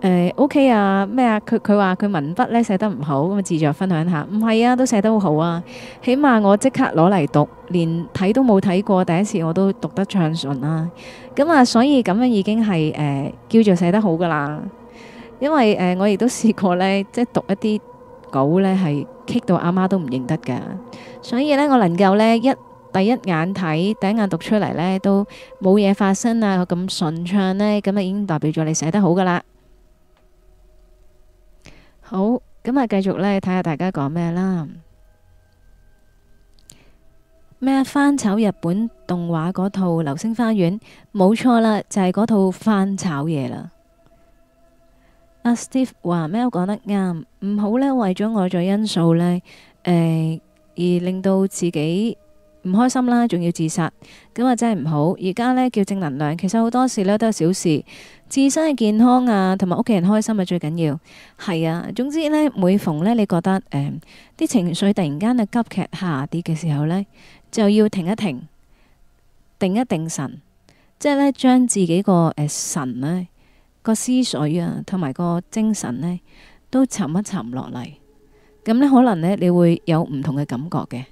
欸，OK 啊，咩啊？佢佢話佢文筆呢寫得唔好，咁啊自在分享下。唔係啊，都寫得好好啊，起碼我即刻攞嚟讀，連睇都冇睇過，第一次我都讀得暢順啦。咁啊，所以咁樣已經係誒叫做寫得好噶啦，因為誒我亦都試過咧，即係讀一啲稿咧係棘到阿媽都唔認得噶，所以咧我能夠咧一第一眼睇第一眼讀出嚟咧都冇嘢發生啊，咁順暢咧，咁啊已經代表咗你寫得好噶啦。好，咁啊繼續咧睇下大家講咩啦。咩翻炒日本動畫嗰套《流星花園》冇錯啦，就係、是、嗰套翻炒嘢啦。阿 Steve 話咩都講得啱，唔好呢，為咗外在因素呢、呃，而令到自己唔開心啦，仲要自殺，咁啊真係唔好。而家呢叫正能量，其實好多事呢都係小事，自身嘅健康啊，同埋屋企人開心啊最緊要。係啊，總之呢，每逢呢，你覺得啲、呃、情緒突然間嘅急劇下跌嘅時候呢。就要停一停，定一定神，即係咧，將自己個誒神咧個思緒啊，同埋個精神呢都沉一沉落嚟。咁呢，可能呢，你會有唔同嘅感覺嘅，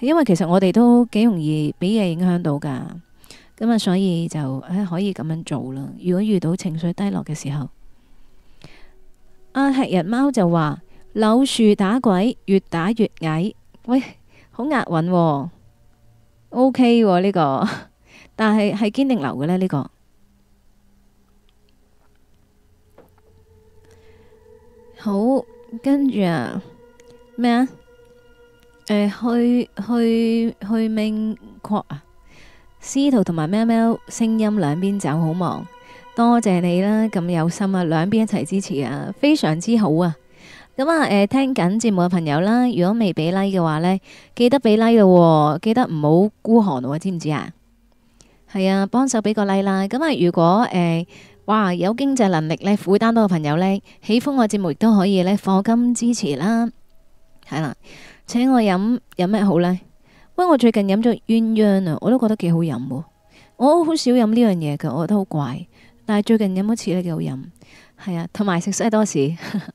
因為其實我哋都幾容易俾嘢影響到噶。咁啊，所以就誒可以咁樣做啦。如果遇到情緒低落嘅時候，啊，吃日貓就話柳樹打鬼越打越矮，喂，好押韻啊。OK 喎，呢個，但係係堅定流嘅呢？呢、這個。好，跟住啊，咩啊？誒、呃，去去去，去明確啊！司徒同埋喵喵聲音兩邊走，好忙，多謝你啦，咁有心啊，兩邊一齊支持啊，非常之好啊！咁、like like，啊！誒，聽緊節目嘅朋友啦，如果未俾 like 嘅話呢，記得俾 like 咯，記得唔好孤寒咯，知唔知啊？係啊，幫手俾個 like 啦。咁啊，如果誒，哇，有經濟能力咧，負擔多嘅朋友呢，喜歡我節目亦都可以呢，課金支持啦。係啦，啊，請我飲飲咩好呢？喂，我最近飲咗鴛鴦啊，我都覺得幾好飲。我好少飲呢樣嘢嘅，我覺得好怪，但係最近飲一次咧，幾好飲。係啊，同埋食西多士。呵呵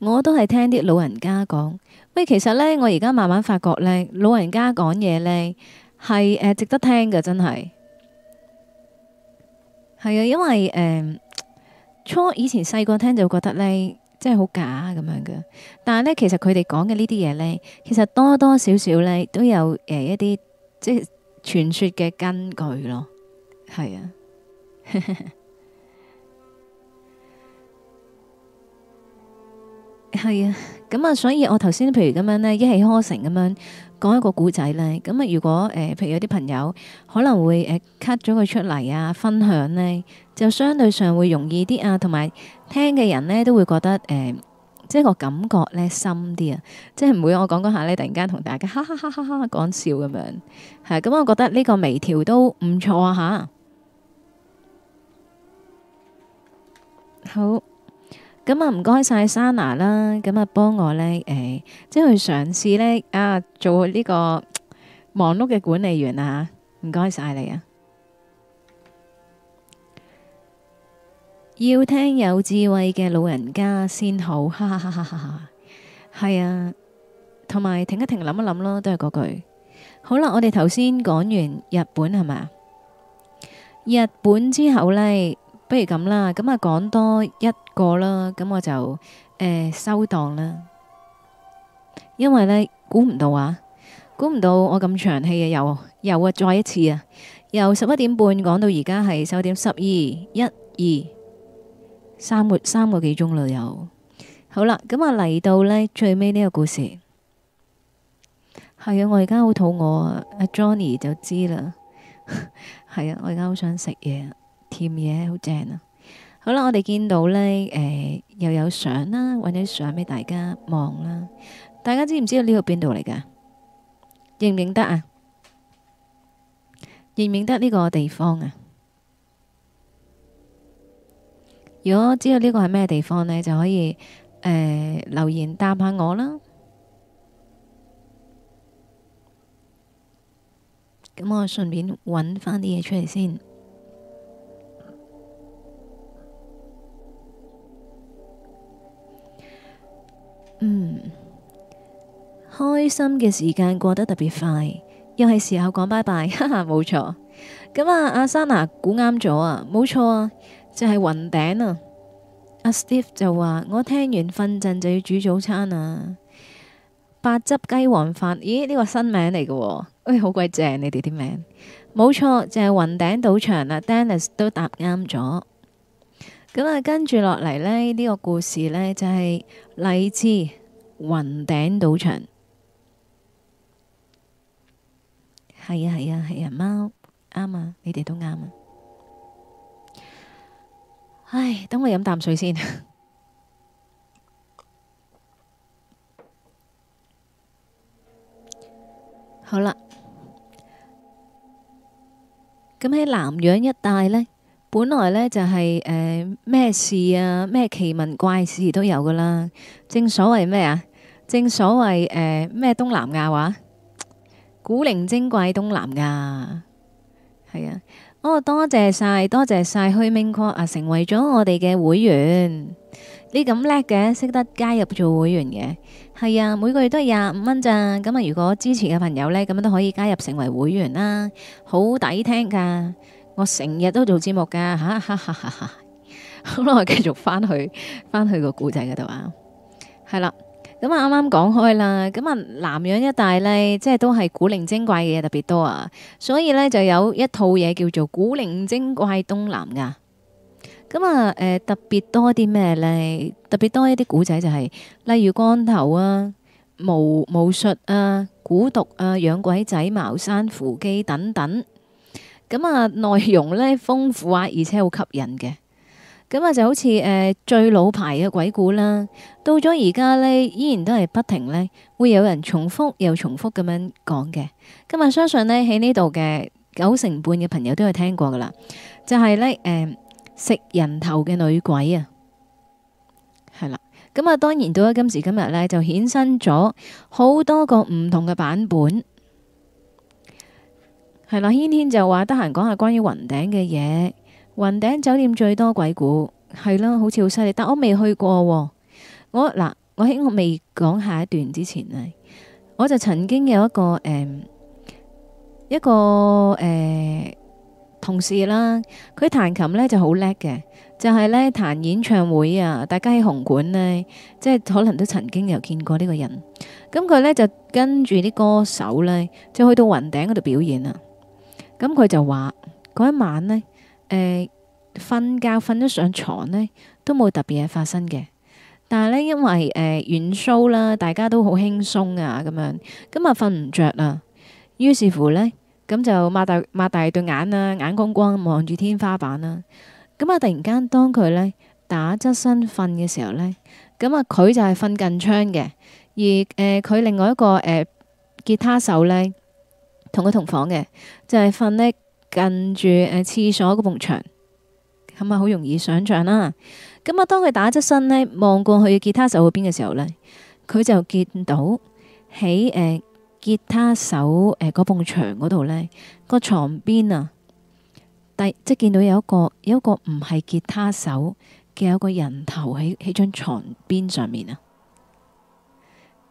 我都係聽啲老人家講，喂，其實呢，我而家慢慢發覺呢，老人家講嘢呢係、呃、值得聽嘅，真係，係啊，因為誒、呃、初以前細個聽就覺得呢，即係好假咁樣嘅，但係呢，其實佢哋講嘅呢啲嘢呢，其實多多少少呢，都有誒一啲即係傳說嘅根據咯，係啊。 <laughs> 係啊，咁啊，所以我頭先譬如咁樣呢，一氣呵成咁樣講一個古仔呢。咁啊，如果誒、呃，譬如有啲朋友可能會誒 cut 咗佢出嚟啊，分享呢，就相對上會容易啲啊，同埋聽嘅人呢，都會覺得誒、呃，即係個感覺呢深啲啊，即係唔會我講講下呢，突然間同大家哈哈哈哈講笑咁樣，係、啊，咁我覺得呢個微調都唔錯啊，吓，好。咁啊，唔該晒 Sana 啦，咁啊，幫我呢，誒、欸，即係去嘗試呢，啊，做呢個忙碌嘅管理員啊，唔該晒你啊，要聽有智慧嘅老人家先好，哈哈哈哈哈哈，係啊，同埋停一停諗一諗咯，都係嗰句。好啦，我哋頭先講完日本係咪，日本之後呢？不如咁啦，咁啊講多一個啦，咁我就誒、欸、收檔啦。因為咧，估唔到啊，估唔到我咁長氣啊，又又啊再一次啊，由十一點半講到而家係十一點十二一二三,三個三個幾鐘啦又。好啦，咁啊嚟到咧最尾呢個故事，係啊，我而家好肚餓啊，阿 Johnny 就知啦。係 <laughs> 啊，我而家好想食嘢。甜嘢好正啊！好啦，我哋見到呢，誒、呃、又有相啦，搵啲相俾大家望啦。大家知唔知道呢個邊度嚟噶？認唔認得啊？認唔認得呢個地方啊？如果知道呢個係咩地方呢，就可以誒、呃、留言答下我啦。咁我順便搵翻啲嘢出嚟先。嗯，開心嘅時間過得特別快，又係時候講拜拜，哈哈，冇錯。咁啊，阿珊娜估啱咗啊，冇錯啊，就係雲頂啊。阿 Steve 就話我聽完瞓陣就要煮早餐啊，八汁雞皇飯，咦，呢個新名嚟嘅。喂、哎，好鬼正，你哋啲名，冇錯就係雲頂賭場啊。Dennis 都答啱咗。咁啊，跟住落嚟呢，呢個故事呢就係荔枝雲頂賭場。係啊，係啊，係啊，貓啱啊，你哋都啱啊。唉，等我飲啖水先。好啦，咁喺南洋一帶呢。本來呢就係誒咩事啊，咩奇聞怪事都有噶啦，正所謂咩啊？正所謂誒咩東南亞話古靈精怪東南亞係啊！哦，多謝晒、多謝晒，虛明確啊，成為咗我哋嘅會員，你咁叻嘅，識得加入做會員嘅係啊，每個月都係廿五蚊咋。咁啊，如果支持嘅朋友呢，咁樣都可以加入成為會員啦，好抵聽噶。我成日都做節目噶，哈哈哈哈哈！好 <laughs> 啦，繼續翻去翻去個古仔嗰度啊，係啦，咁啊啱啱講開啦，咁啊南洋一帶呢，即係都係古靈精怪嘅嘢特別多啊，所以呢，就有一套嘢叫做古靈精怪東南亞，咁啊誒、呃、特別多啲咩呢？特別多一啲古仔就係、是，例如降頭啊、巫巫術啊、蠱毒啊、養鬼仔、茅山扶乩等等。咁啊，內容呢豐富啊，而且好吸引嘅。咁啊，就好似誒、呃、最老牌嘅鬼故啦，到咗而家呢，依然都係不停呢，會有人重複又重複咁樣講嘅。咁啊，相信呢喺呢度嘅九成半嘅朋友都有聽過噶啦，就係、是、呢誒、呃、食人頭嘅女鬼啊，係啦。咁啊，當然到咗今時今日呢，就衍生咗好多個唔同嘅版本。係啦，軒軒就話得閒講下關於雲頂嘅嘢。雲頂酒店最多鬼故，係囉，好似好犀利，但我未去過喎。我嗱，我喺我未講下一段之前呢，我就曾經有一個誒、嗯、一個誒、嗯、同事啦，佢彈琴呢就好叻嘅，就係呢彈演唱會啊。大家喺紅館呢，即係可能都曾經有見過呢個人。咁佢呢就跟住啲歌手呢，就去到雲頂嗰度表演啊。咁佢就話嗰一晚呢，誒、呃，瞓覺瞓咗上床呢，都冇特別嘢發生嘅。但係呢，因為誒完 s 啦，大家都好輕鬆啊，咁樣，咁啊瞓唔着啊。於是乎呢，咁就擘大擘大對眼啦，眼光光望住天花板啦、啊。咁啊，突然間當佢呢打側身瞓嘅時候呢，咁啊佢就係瞓近窗嘅，而誒佢、呃、另外一個誒吉、呃、他手呢。」同佢同房嘅，就係瞓咧近住誒廁所嗰埲牆，咁啊好容易想象啦。咁、嗯、啊，當佢打咗身呢，望過去吉他手嗰邊嘅時候呢，佢就見到喺誒、呃、吉他手誒嗰埲牆嗰度呢個床邊啊，第即係見到有一個有一個唔係吉他手嘅有個人頭喺喺張床邊上面啊。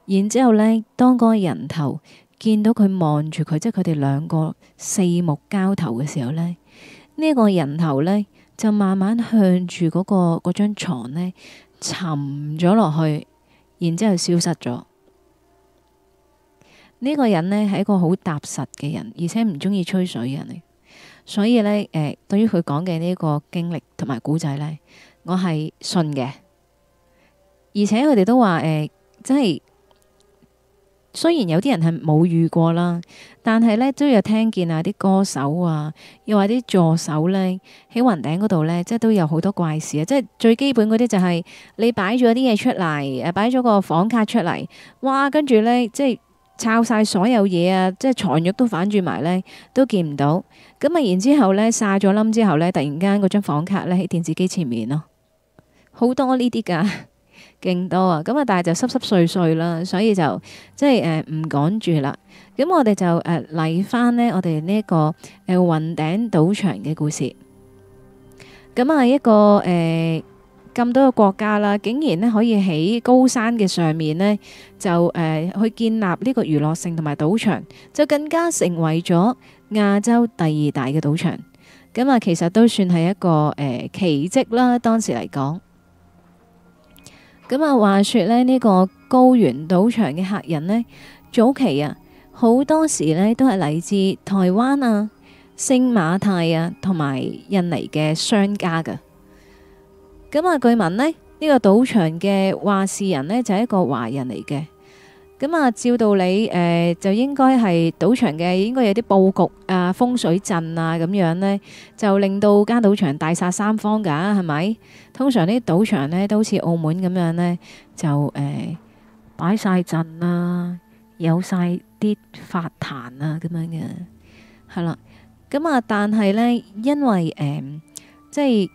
然之後咧，當個人頭。見到佢望住佢，即係佢哋兩個四目交投嘅時候呢，呢一個人頭呢就慢慢向住嗰個嗰張牀呢沉咗落去，然之後消失咗。呢個人呢係一個好踏實嘅人，而且唔中意吹水嘅人。所以呢，誒對於佢講嘅呢個經歷同埋古仔呢，我係信嘅。而且佢哋都話誒，真係。雖然有啲人係冇遇過啦，但係呢都有聽見啊！啲歌手啊，又話啲助手呢，喺雲頂嗰度呢，即係都有好多怪事啊！即係最基本嗰啲就係你擺咗啲嘢出嚟，誒擺咗個房卡出嚟，哇！跟住呢，即係抄晒所有嘢啊，即係床褥都反轉埋呢，都見唔到。咁啊，然之後呢，曬咗冧之後呢，突然間嗰張房卡呢，喺電視機前面咯，好多呢啲噶。勁多啊！咁啊，但係就濕濕碎碎啦，所以就即係誒唔講住啦。咁、呃、我哋就誒嚟翻呢，我哋呢一個誒、呃、雲頂賭場嘅故事。咁啊，一個誒咁、呃、多個國家啦，竟然咧可以喺高山嘅上面呢，就誒、呃、去建立呢個娛樂城同埋賭場，就更加成為咗亞洲第二大嘅賭場。咁啊，其實都算係一個誒、呃、奇蹟啦，當時嚟講。咁啊，話說呢、呢個高原賭場嘅客人呢，早期啊，好多時呢都係嚟自台灣啊、星馬泰啊同埋印尼嘅商家㗎。咁啊，據聞呢，呢、呢個賭場嘅話事人呢，就係、係、一個華人嚟嘅。咁啊、嗯，照道理誒、呃，就應該係賭場嘅，應該有啲布局啊、風水陣啊咁樣呢，就令到間賭場大殺三方噶、啊，係咪？通常啲賭場呢，都好似澳門咁樣呢，就誒擺晒陣啦，有晒啲法壇啊咁樣嘅，係啦。咁啊，嗯嗯、但係呢，因為誒、呃，即係。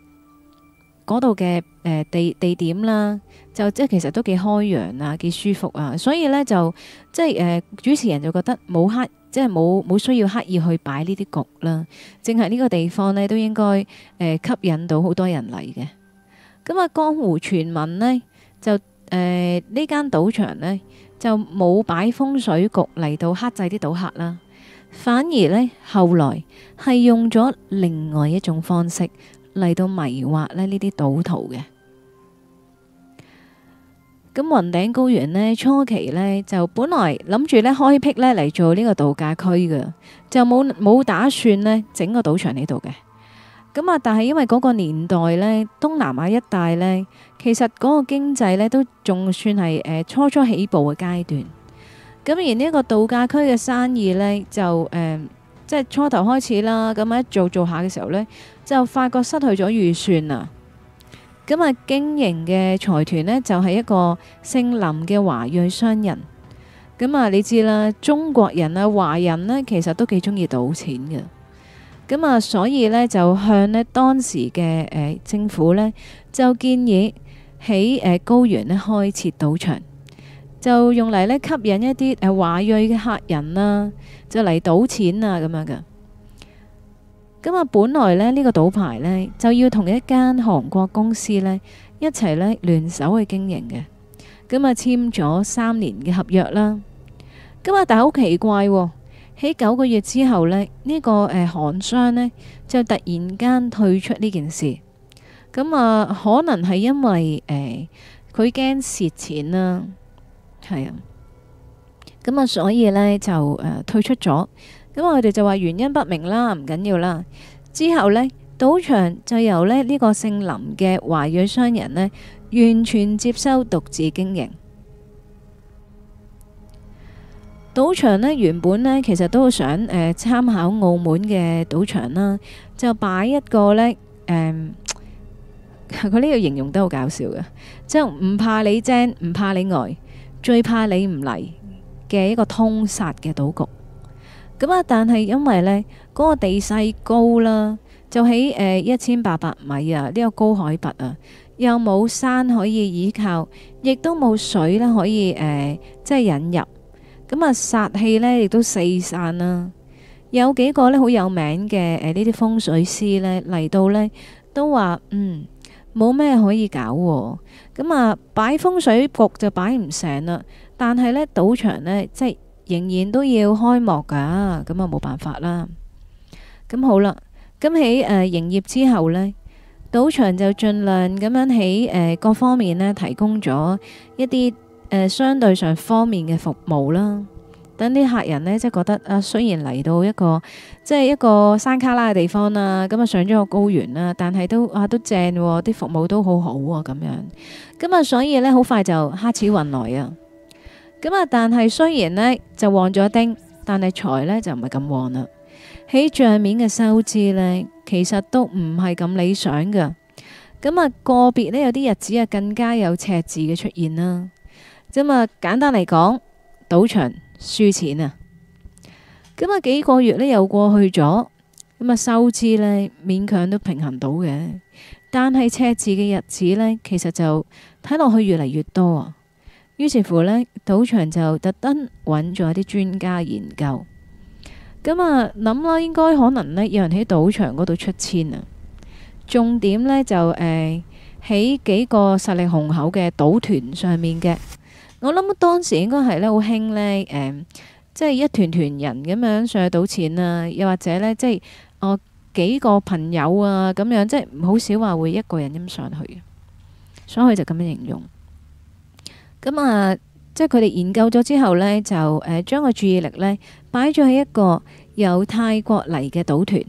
嗰度嘅誒地地點啦，就即係其實都幾開揚啊，幾舒服啊，所以呢，就即係誒、呃、主持人就覺得冇黑，即係冇冇需要刻意去擺呢啲局啦。淨係呢個地方呢，都應該、呃、吸引到好多人嚟嘅。咁啊，江湖傳聞呢，就誒呢、呃、間賭場呢，就冇擺風水局嚟到剋制啲賭客啦，反而呢，後來係用咗另外一種方式。嚟到迷惑呢呢啲賭徒嘅，咁雲頂高原呢，初期呢就本來諗住呢開闢呢嚟做呢個度假區嘅，就冇冇打算呢整個賭場呢度嘅。咁啊，但係因為嗰個年代呢，東南亞一帶呢，其實嗰個經濟呢都仲算係誒、呃、初初起步嘅階段。咁而呢一個度假區嘅生意呢，就誒，即、呃、係、就是、初頭開始啦。咁啊，一做做下嘅時候呢，就發覺失去咗預算啊！咁啊，經營嘅財團呢，就係、是、一個姓林嘅華裔商人。咁啊，你知啦，中國人啊，華人呢，其實都幾中意賭錢嘅。咁啊，所以呢，就向呢當時嘅、呃、政府呢，就建議喺誒、呃、高原呢開設賭場，就用嚟呢吸引一啲誒華裔嘅客人啦、啊，就嚟賭錢啊咁樣嘅。咁啊，本來呢呢、呢個賭牌呢，就要同一間韓國公司呢一齊呢聯手去經營嘅，咁啊簽咗三年嘅合約啦。咁啊，但係好奇怪、喎，喺九個月之後呢，呢、呢個誒韓、啊、商呢就突然間退出呢件事。咁啊，可能係因為誒佢驚蝕錢啦，係啊。咁啊，所以呢，就誒、啊、退出咗。咁我哋就話原因不明啦，唔緊要啦。之後呢，賭場就由咧呢、這個姓林嘅華裔商人呢，完全接收，獨自經營。賭場呢，原本呢，其實都想誒參、呃、考澳門嘅賭場啦，就擺一個呢。誒佢呢個形容都好搞笑嘅，即係唔怕你精，唔怕你呆，最怕你唔嚟，嘅一個通殺嘅賭局。咁啊！但係因為呢嗰、那個地勢高啦，就喺誒一千八百米啊，呢、這個高海拔啊，又冇山可以倚靠，亦都冇水呢可以誒、呃，即係引入。咁、嗯、啊，煞氣呢亦都四散啦、啊。有幾個呢好有名嘅誒呢啲風水師呢嚟到呢，都話嗯冇咩可以搞喎。咁、嗯、啊，擺風水局就擺唔成啦。但係呢，賭場呢，即係。仍然都要開幕噶，咁啊冇辦法啦。咁好啦，咁喺誒營業之後呢，賭場就盡量咁樣喺誒、呃、各方面呢提供咗一啲誒、呃、相對上方面嘅服務啦。等啲客人呢，即係覺得啊，雖然嚟到一個即係一個山卡拉嘅地方啦，咁、嗯、啊上咗個高原啦，但係都啊都正、哦，啲服務都好好啊，咁樣。咁、嗯、啊，所以呢，好快就客似雲來啊。咁啊、嗯！但係雖然呢就旺咗丁，但係財呢就唔係咁旺啦。喺賬面嘅收支呢，其實都唔係咁理想噶。咁、嗯、啊，個別呢有啲日子啊更加有赤字嘅出現啦。咁、嗯、啊，簡單嚟講，賭場輸錢啊。咁、嗯、啊，幾個月呢又過去咗，咁、嗯、啊，收支呢，勉強都平衡到嘅，但係赤字嘅日子呢，其實就睇落去越嚟越多啊。於是乎呢，賭場就特登揾咗啲專家研究，咁啊諗啦，應該可能呢，有人喺賭場嗰度出千啊。重點呢，就誒喺、呃、幾個實力雄厚嘅賭團上面嘅。我諗當時應該係呢，好興呢，誒即係一團團人咁樣上去賭錢啊，又或者呢，即係呃幾個朋友啊咁樣，即係好少話會一個人咁上去。所以佢就咁樣形容。咁啊，即係佢哋研究咗之後呢，就誒將個注意力呢擺咗喺一個由泰國嚟嘅賭團。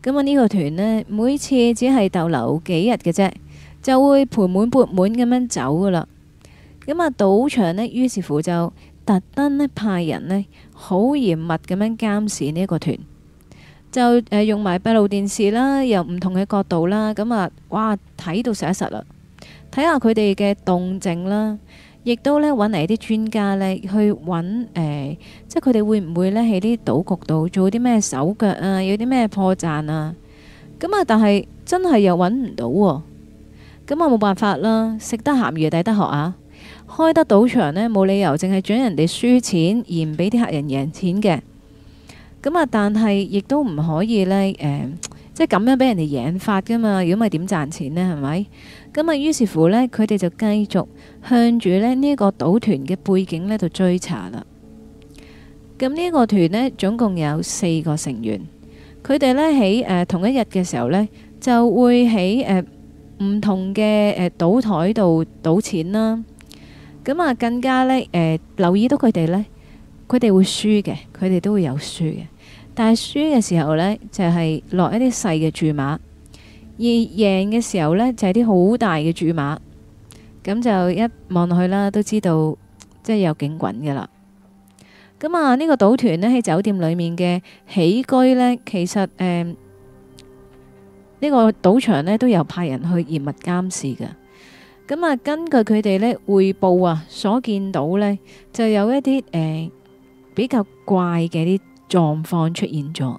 咁啊，呢個團呢，每次只係逗留幾日嘅啫，就會盆滿缽滿咁樣走㗎啦。咁啊，賭場呢，於是乎就特登咧派人呢，好嚴密咁樣監視呢一個團，就誒用埋閉路電視啦，由唔同嘅角度啦，咁啊，哇睇到實一實啦。睇下佢哋嘅動靜啦，亦都呢揾嚟啲專家呢去揾即係佢哋會唔會呢喺啲賭局度做啲咩手腳啊？有啲咩破綻啊？咁啊，但係真係又揾唔到喎，咁啊冇辦法啦，食得鹹魚抵得渴啊！開得賭場呢，冇理由淨係准人哋輸錢而唔俾啲客人贏錢嘅，咁啊，但係亦都唔可以呢。呃即係咁樣俾人哋引發㗎嘛，如果唔係點賺錢呢？係咪？咁啊，於是乎呢，佢哋就繼續向住咧呢、這個賭團嘅背景呢度追查啦。咁呢、這個團呢，總共有四個成員，佢哋呢喺、呃、同一日嘅時候呢，就會喺唔、呃、同嘅誒賭枱度賭錢啦。咁啊，更加呢，呃、留意到佢哋呢，佢哋會輸嘅，佢哋都會有輸嘅。但係輸嘅時候咧，就係落一啲細嘅注碼；而贏嘅時候咧，就係啲好大嘅注碼。咁就一望落去啦，都知道即係有景轟㗎啦。咁啊，呢個賭團咧喺酒店裏面嘅起居咧，其實誒呢個賭場咧都有派人去嚴密監視嘅。咁啊，根據佢哋咧匯報啊，所見到咧就有一啲誒比較怪嘅啲狀況出現咗，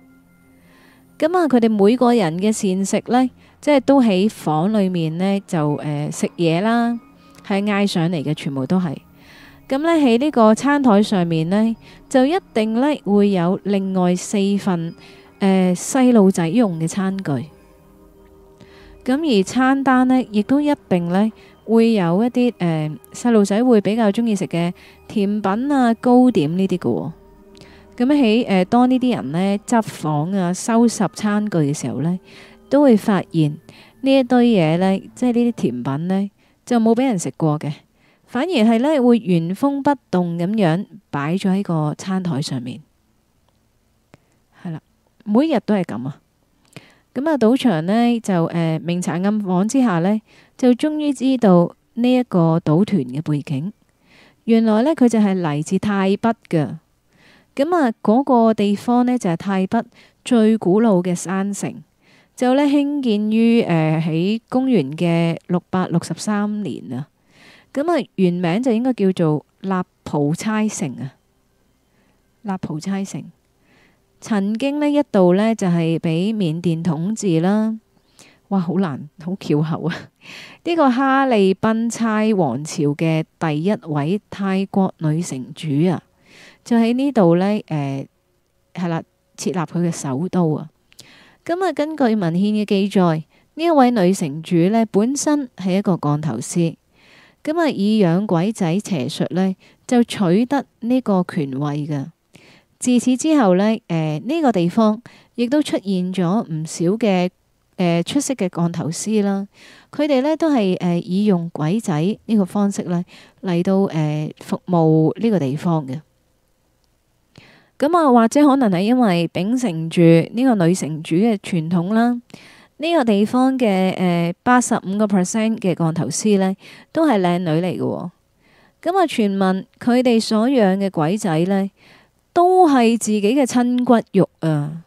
咁啊，佢哋每個人嘅膳食呢，即係都喺房裏面呢，就誒食嘢啦，係嗌上嚟嘅，全部都係。咁呢，喺呢個餐台上面呢，就一定呢會有另外四份誒、呃、細路仔用嘅餐具。咁而餐單呢，亦都一定呢會有一啲誒、呃、細路仔會比較中意食嘅甜品啊、糕點呢啲嘅喎。咁喺誒，當呢啲人咧執房啊、收拾餐具嘅時候咧，都會發現呢一堆嘢咧，即係呢啲甜品咧，就冇俾人食過嘅，反而係咧會原封不動咁樣擺咗喺個餐枱上面，係啦，每日都係咁啊！咁啊，賭場咧就誒明察暗訪之下咧，就終於知道呢一個賭團嘅背景，原來咧佢就係嚟自泰北㗎。咁啊，嗰個地方呢，就係、是、泰北最古老嘅山城，就呢興建於誒喺公元嘅六百六十三年啊。咁、嗯、啊，原名就應該叫做納普差城啊。納普差城曾經呢，一度呢，就係俾緬甸統治啦。哇，好難，好巧口啊！呢、這個哈利賓差王朝嘅第一位泰國女城主啊。就喺呢度呢，誒係啦，設立佢嘅首都啊。咁啊，根據文獻嘅記載，呢一位女城主呢，本身係一個降頭師，咁啊，以養鬼仔邪術呢就取得呢個權位嘅。自此之後呢，誒、這、呢個地方亦都出現咗唔少嘅誒出色嘅降頭師啦。佢哋呢都係誒以用鬼仔呢個方式呢嚟到誒服務呢個地方嘅。咁啊，或者可能係因為秉承住呢個女城主嘅傳統啦，呢個地方嘅誒八十五個 percent 嘅降頭師咧，都係靚女嚟嘅。咁啊，傳聞佢哋所養嘅鬼仔咧，都係自己嘅親骨肉啊。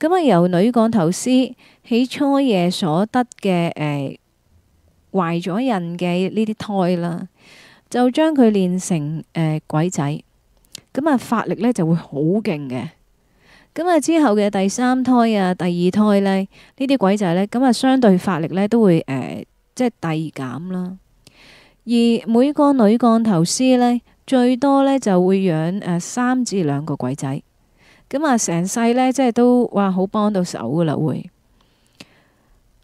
咁啊，由女降頭師喺初夜所得嘅誒壞咗人嘅呢啲胎啦，就將佢練成誒鬼仔。咁啊，法力呢就會好勁嘅。咁啊，之後嘅第三胎啊、第二胎呢，呢啲鬼仔呢，咁啊，相對法力呢，都會誒，即係遞減啦。而每個女降頭師呢，最多呢就會養誒三至兩個鬼仔。咁啊，成世呢，即係都哇，好幫到手噶啦，會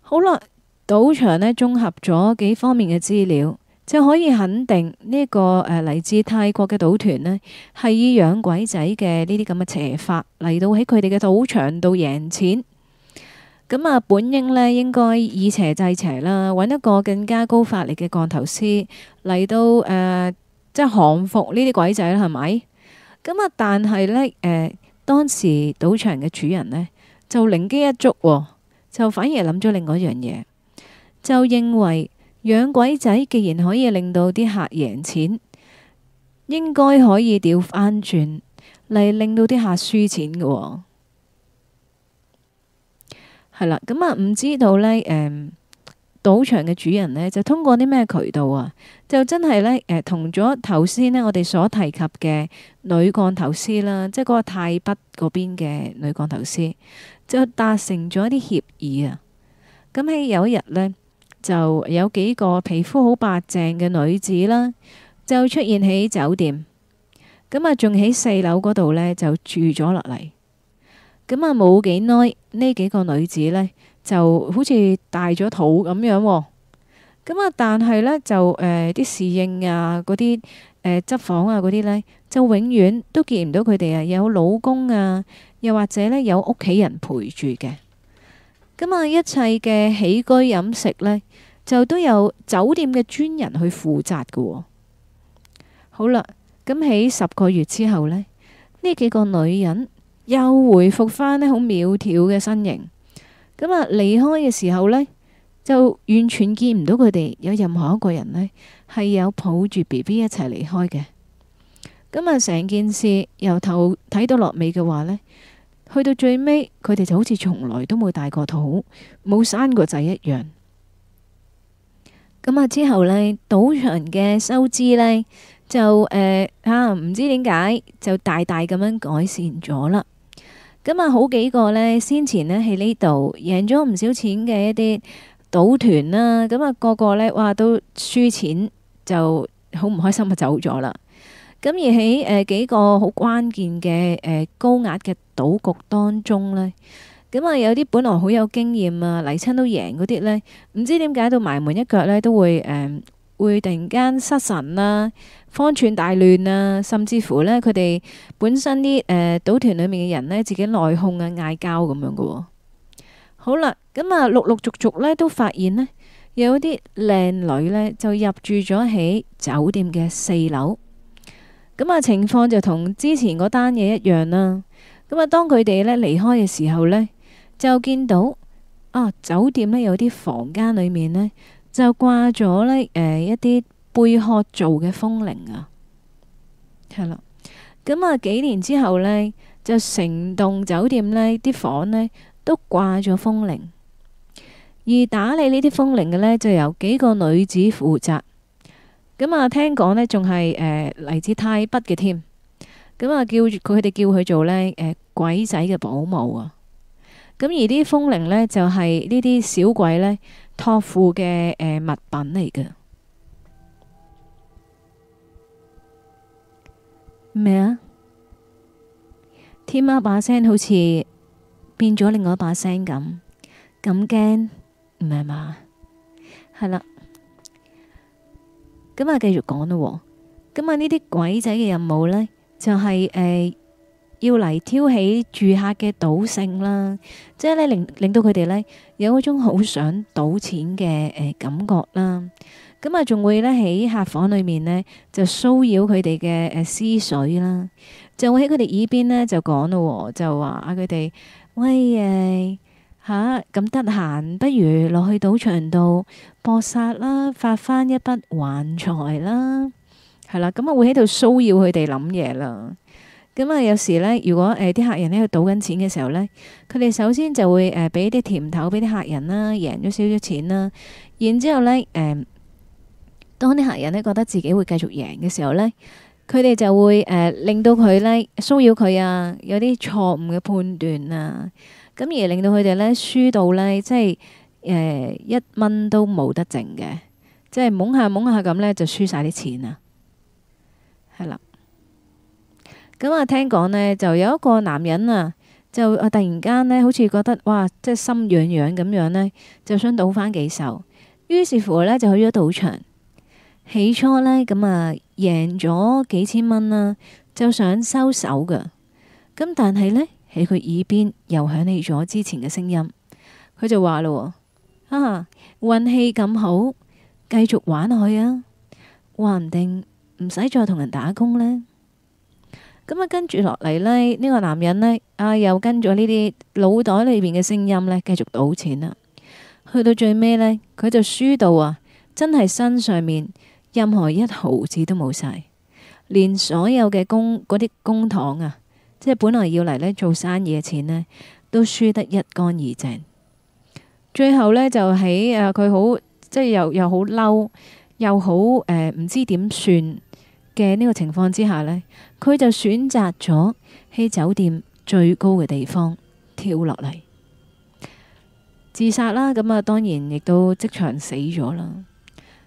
好啦。賭場呢綜合咗幾方面嘅資料，就可以肯定呢，這個誒、嚟、呃、自泰國嘅賭團呢係以養鬼仔嘅呢啲咁嘅邪法嚟到喺佢哋嘅賭場度贏錢。咁，嗯、啊，本應呢應呢應該以邪制邪啦，揾一個更加高法力嘅降頭師嚟到誒，呃，即係降服呢啲鬼仔啦，係咪？咁，嗯、啊，但係呢，誒，呃，當時賭場嘅主人呢，就靈機一觸，哦，就反而諗咗另外一樣嘢，就認為。養鬼仔既然可以令到啲客贏錢，應該可以調翻轉嚟令到啲客輸錢嘅、哦。係啦，咁啊唔知道呢誒，賭、嗯、場嘅主人呢就通過啲咩渠道啊？就真係呢，誒、嗯，同咗頭先呢我哋所提及嘅女降頭師啦，即係嗰個泰北嗰邊嘅女降頭師，就達成咗一啲協議啊。咁喺有一日呢。.就有幾個皮膚好白淨嘅女子啦，就出現喺酒店，咁啊，仲喺四樓嗰度呢，就住咗落嚟。咁啊，冇幾耐，呢幾個女子呢，就好似大咗肚咁樣喎。咁啊，但係呢，就誒，啲、呃、侍應啊，嗰啲誒執房啊，嗰啲呢，就永遠都見唔到佢哋啊，有老公啊，又或者呢，有屋企人陪住嘅。咁啊！一切嘅起居飲食呢，就都有酒店嘅專人去負責㗎喎。好啦，咁喺十個月之後呢，呢幾個女人又回復翻呢好苗條嘅身形。咁啊，離開嘅時候呢，就完全見唔到佢哋有任何一個人呢，係有抱住 BB 一齊離開嘅。咁啊，成件事由頭睇到落尾嘅話呢。去到最尾，佢哋就好似從來都冇大過肚，冇生過仔一樣。咁啊，之後呢，賭場嘅收支呢，就誒吓唔知點解就大大咁樣改善咗啦。咁啊，好幾個呢，先前呢喺呢度贏咗唔少錢嘅一啲賭團啦，咁、那、啊個個呢，哇都輸錢就好唔開心就走咗啦。咁而喺誒、呃、幾個好關鍵嘅誒、呃、高壓嘅賭局當中呢，咁、呃、啊有啲本來好有經驗啊，嚟親都贏嗰啲呢，唔知點解到埋門一腳呢，都會誒、呃、會突然間失神啦、啊、方寸大亂啊，甚至乎呢，佢哋本身啲誒、呃、賭團裏面嘅人呢，自己內訌啊、嗌交咁樣㗎、啊、喎。好啦，咁、呃、啊陸陸續續呢，都發現呢，有啲靚女呢，就入住咗喺酒店嘅四樓。咁啊，情況就同之前嗰單嘢一樣啦。咁啊，當佢哋呢離開嘅時候呢，就見到啊，酒店呢，有啲房間裏面呢，就掛咗呢誒一啲貝殼做嘅風鈴啊，係啦。咁啊，幾年之後呢，就成棟酒店呢啲房呢，都掛咗風鈴，而打理呢啲風鈴嘅呢，就由幾個女子負責。咁啊，聽講咧仲係誒嚟自泰北嘅添，咁啊叫佢哋叫佢做咧誒鬼仔嘅保姆啊，咁而啲風鈴咧就係呢啲小鬼咧託付嘅誒物品嚟嘅。咩啊？天喵，把聲好似變咗另外一把聲咁，咁驚唔係嘛？係啦。咁啊，繼續講咯，咁啊呢啲鬼仔嘅任務呢，就係誒要嚟挑起住客嘅賭性啦，即係咧令令到佢哋呢有嗰種好想賭錢嘅誒感覺啦，咁啊仲會咧喺客房裏面呢，就騷擾佢哋嘅誒思緒啦，就會喺佢哋耳邊呢，就講咯，就話啊佢哋喂誒。嚇，咁得閒，不如落去賭場度搏殺啦，發翻一筆橫財啦，係啦，咁啊會喺度騷擾佢哋諗嘢啦。咁、嗯、啊有時咧，如果誒啲、呃、客人咧去賭緊錢嘅時候咧，佢哋首先就會誒俾啲甜頭俾啲客人啦，贏咗少少錢啦。然之後咧誒、呃，當啲客人咧覺得自己會繼續贏嘅時候咧，佢哋就會誒、呃、令到佢咧騷擾佢啊，有啲錯誤嘅判斷啊。咁而令到佢哋呢輸到呢，即係誒、呃、一蚊都冇得剩嘅，即係懵下懵下咁呢，就輸晒啲錢啊，係啦。咁啊，聽講呢，就有一個男人啊，就突然間呢，好似覺得哇，即係心癢癢咁樣呢，就想賭翻幾手，於是乎呢，就去咗賭場。起初呢，咁啊贏咗幾千蚊啦，就想收手㗎，咁但係呢。喺佢耳邊又響起咗之前嘅聲音，佢就話咯，啊，運氣咁好，繼續玩落去啊，話唔定唔使再同人打工呢。咁啊，跟住落嚟呢，呢、呢個男人呢，啊，又跟咗呢啲腦袋裏邊嘅聲音呢，繼續賭錢啦。去到最尾呢，佢就輸到啊，真係身上面任何一毫子都冇晒，連所有嘅公嗰啲公帑啊。即係本來要嚟呢做生意嘅錢呢，都輸得一乾二淨。最後呢，就喺誒佢好即係又又好嬲，又好誒唔知點算嘅呢個情況之下呢，佢就選擇咗喺酒店最高嘅地方跳落嚟自殺啦。咁啊當然亦都即場死咗啦。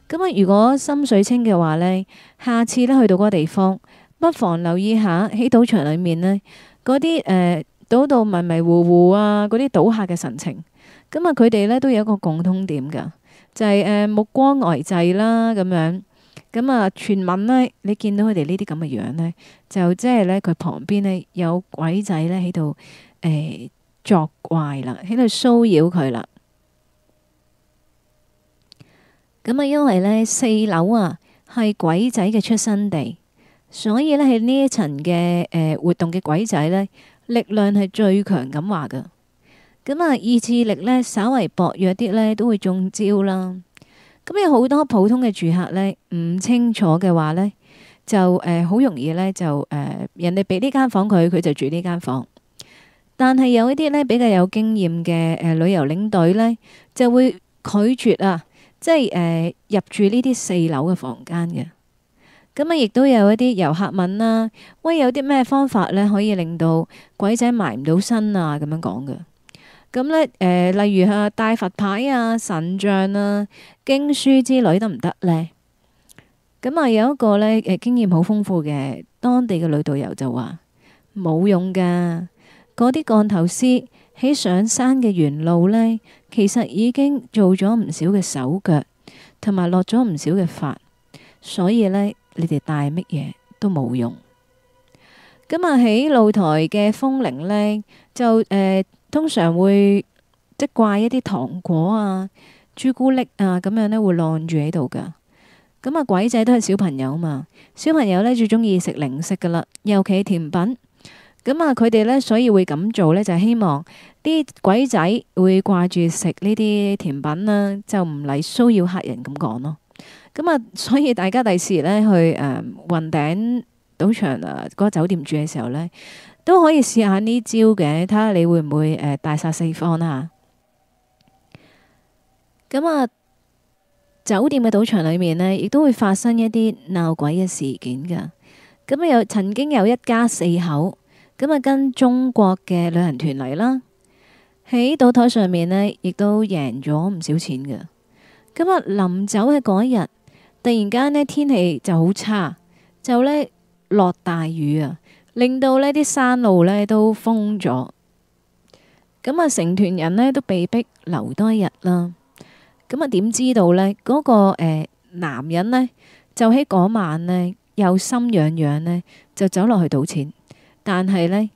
咁啊如果心水清嘅話呢，下次呢去到嗰個地方。不妨留意下喺賭場裏面呢，嗰啲誒賭到迷迷糊糊啊，嗰啲賭客嘅神情，咁啊佢哋呢都有一個共通點噶，就係誒目光呆滯啦，咁樣，咁啊傳聞呢，你見到佢哋呢啲咁嘅樣呢，就即係呢，佢旁邊呢有鬼仔呢喺度誒作怪啦，喺度騷擾佢啦。咁啊，因為呢四樓啊係鬼仔嘅出生地。所以咧，喺呢一層嘅誒、呃、活動嘅鬼仔咧，力量係最強咁話㗎。咁啊，意志力咧稍為薄弱啲咧，都會中招啦。咁有好多普通嘅住客咧，唔清楚嘅話咧，就誒好、呃、容易咧就誒、呃、人哋俾呢間房佢，佢就住呢間房。但係有一啲咧比較有經驗嘅誒、呃、旅遊領隊咧，就會拒絕啊，即係誒、呃、入住呢啲四樓嘅房間嘅。咁啊，亦都有一啲遊客問啦、啊，喂，有啲咩方法呢可以令到鬼仔埋唔到身啊？咁樣講嘅咁呢、呃，例如係、啊、戴佛牌啊、神像啊、經書之類得唔得呢？咁啊，有一個呢誒、呃、經驗好豐富嘅當地嘅女導遊就話冇用㗎，嗰啲降頭師喺上山嘅沿路呢，其實已經做咗唔少嘅手腳，同埋落咗唔少嘅法，所以呢。你哋帶乜嘢都冇用。咁啊，喺露台嘅風鈴呢，就、呃、通常會即掛一啲糖果啊、朱古力啊咁樣呢會晾住喺度噶。咁啊，鬼仔都係小朋友嘛，小朋友呢最中意食零食噶啦，尤其甜品。咁啊，佢哋呢所以會咁做呢，就係希望啲鬼仔會掛住食呢啲甜品啦，就唔嚟騷擾客人咁講咯。咁啊，所以大家第時呢去誒、呃、雲頂賭場啊嗰個酒店住嘅時候呢，都可以試下呢招嘅，睇下你會唔會誒、呃、大殺四方啦。咁啊，酒店嘅賭場裏面呢，亦都會發生一啲鬧鬼嘅事件噶。咁啊，有曾經有一家四口，咁啊跟中國嘅旅行團嚟啦，喺賭台上面呢，亦都贏咗唔少錢㗎。咁啊，臨走嘅嗰一日。突然間呢，天氣就好差，就呢落大雨啊，令到呢啲山路呢都封咗，咁啊成團人呢都被迫留多一日啦。咁啊，點知道呢嗰、嗰個誒、呃、男人呢，就喺嗰晚呢又心癢癢呢，就走落去賭錢，但係呢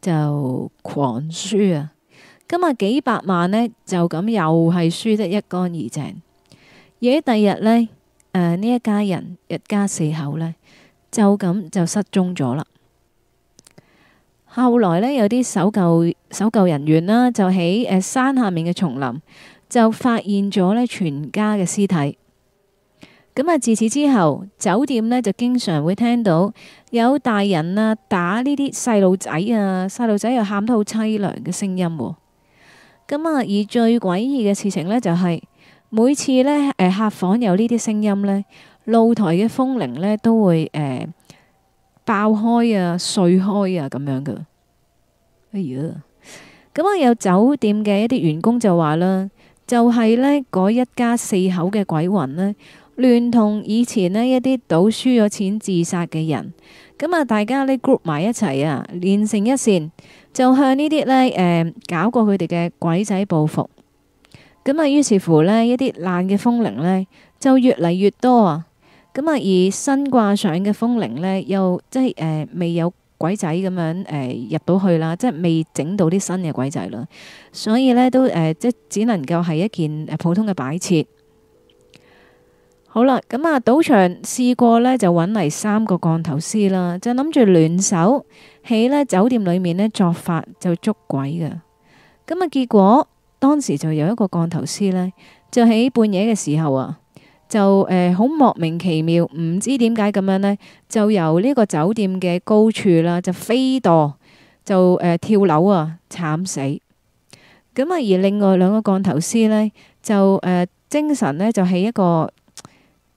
就狂輸啊，咁啊幾百萬呢，就咁又係輸得一乾二淨。而喺第二日呢。誒，呢一家人一家四口呢，就咁就失蹤咗啦。後來呢，有啲搜救搜救人員啦，就喺誒山下面嘅叢林就發現咗呢全家嘅屍體。咁啊，自此之後，酒店呢，就經常會聽到有大人啊打呢啲細路仔啊，細路仔又喊得好凄涼嘅聲音。咁啊，而最詭異嘅事情呢，就係，就係。每次呢，誒客房有呢啲聲音呢，露台嘅風鈴呢都會誒爆開啊、碎開啊咁樣噶。哎呀，咁啊有酒店嘅一啲員工就話啦，就係呢嗰一家四口嘅鬼魂呢，聯同以前呢一啲賭輸咗錢自殺嘅人，咁啊大家咧 group 埋一齊啊，連成一線，就向呢啲呢誒搞過佢哋嘅鬼仔報復。咁啊，於是乎呢，一啲爛嘅風鈴呢就越嚟越多啊！咁啊，而新掛上嘅風鈴呢，又即係誒、呃、未有鬼仔咁樣誒、呃、入到去啦，即係未整到啲新嘅鬼仔啦。所以呢，都誒、呃、即係只能夠係一件普通嘅擺設。好啦，咁、嗯、啊，賭場試過呢，就揾嚟三個降頭師啦，就諗住聯手喺呢酒店裏面呢作法就捉鬼嘅。咁、嗯、啊，結果。當時就有一個降頭師呢，就喺半夜嘅時候啊，就誒好、呃、莫名其妙，唔知點解咁樣呢，就由呢個酒店嘅高處啦，就飛墮，就誒、呃、跳樓啊，慘死。咁啊，而另外兩個降頭師呢，就誒、呃、精神呢，就喺一個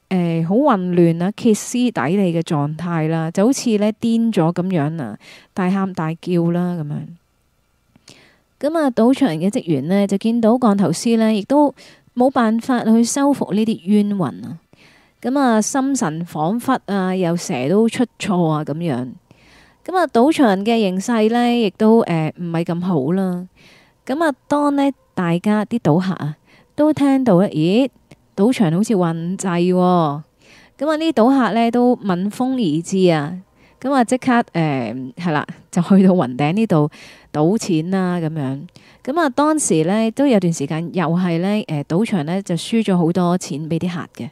誒好、呃、混亂啊，歇斯底里嘅狀態啦，就好似呢，癲咗咁樣啊，大喊大叫啦咁樣。咁啊，賭場嘅職員呢，就見到鋼頭師呢，亦都冇辦法去修復呢啲冤魂啊！咁啊，心神恍惚啊，又成日都出錯啊咁樣。咁啊，賭場嘅形勢呢，亦都誒唔係咁好啦、啊。咁啊，當呢，大家啲賭客啊都聽到咧，咦，賭場好似混滯喎！咁啊，呢啲、啊、賭客呢，都聞風而至啊！咁啊！即刻誒，係、嗯、啦，就去到雲頂呢度賭錢啦咁樣。咁、嗯、啊，當時咧都有段時間又係咧誒，賭場咧就輸咗好多錢俾啲客嘅。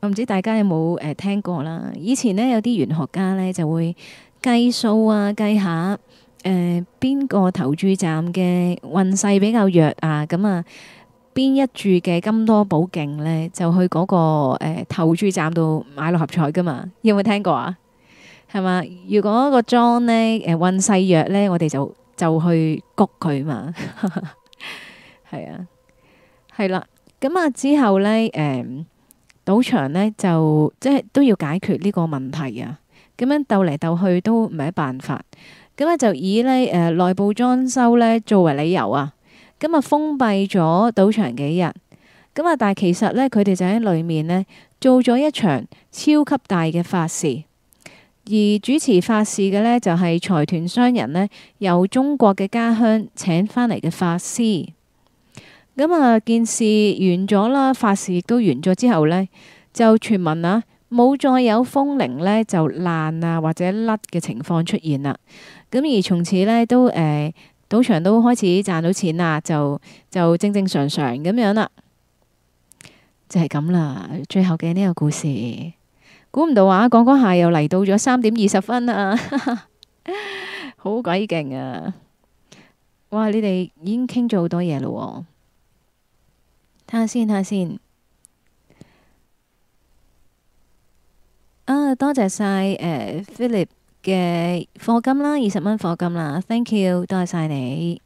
我唔知大家有冇誒、呃、聽過啦。以前咧有啲玄學家咧就會計數啊，計下誒邊、呃、個投注站嘅運勢比較弱啊。咁啊，邊一注嘅金多寶勁咧，就去嗰、那個、呃、投注站度買六合彩噶嘛。有冇聽過啊？係嘛？如果個莊呢，誒運勢弱呢，我哋就就去谷佢嘛。係 <laughs> 啊，係啦。咁啊，之後呢，誒、呃、賭場呢，就即係都要解決呢個問題啊。咁樣鬥嚟鬥去都唔係辦法。咁啊，就以呢誒內、呃、部裝修呢作為理由啊。咁啊，封閉咗賭場幾日。咁啊，但係其實呢，佢哋就喺裏面呢做咗一場超級大嘅法事。而主持法事嘅呢，就係財團商人呢，由中國嘅家鄉請翻嚟嘅法師。咁啊，件事完咗啦，法事都完咗之後呢，就傳聞啊，冇再有風鈴呢就爛啊或者甩嘅情況出現啦。咁而從此呢，都誒，賭場都開始賺到錢啦，就就正正常常咁樣啦，就係咁啦。最後嘅呢個故事。估唔到啊！講講下又嚟到咗三點二十分啊，好鬼勁啊！哇，你哋已經傾咗好多嘢喎，睇下先，睇下先。啊，多謝晒誒、uh，Philip 嘅課金啦，二十蚊課金啦，thank you，多謝晒你。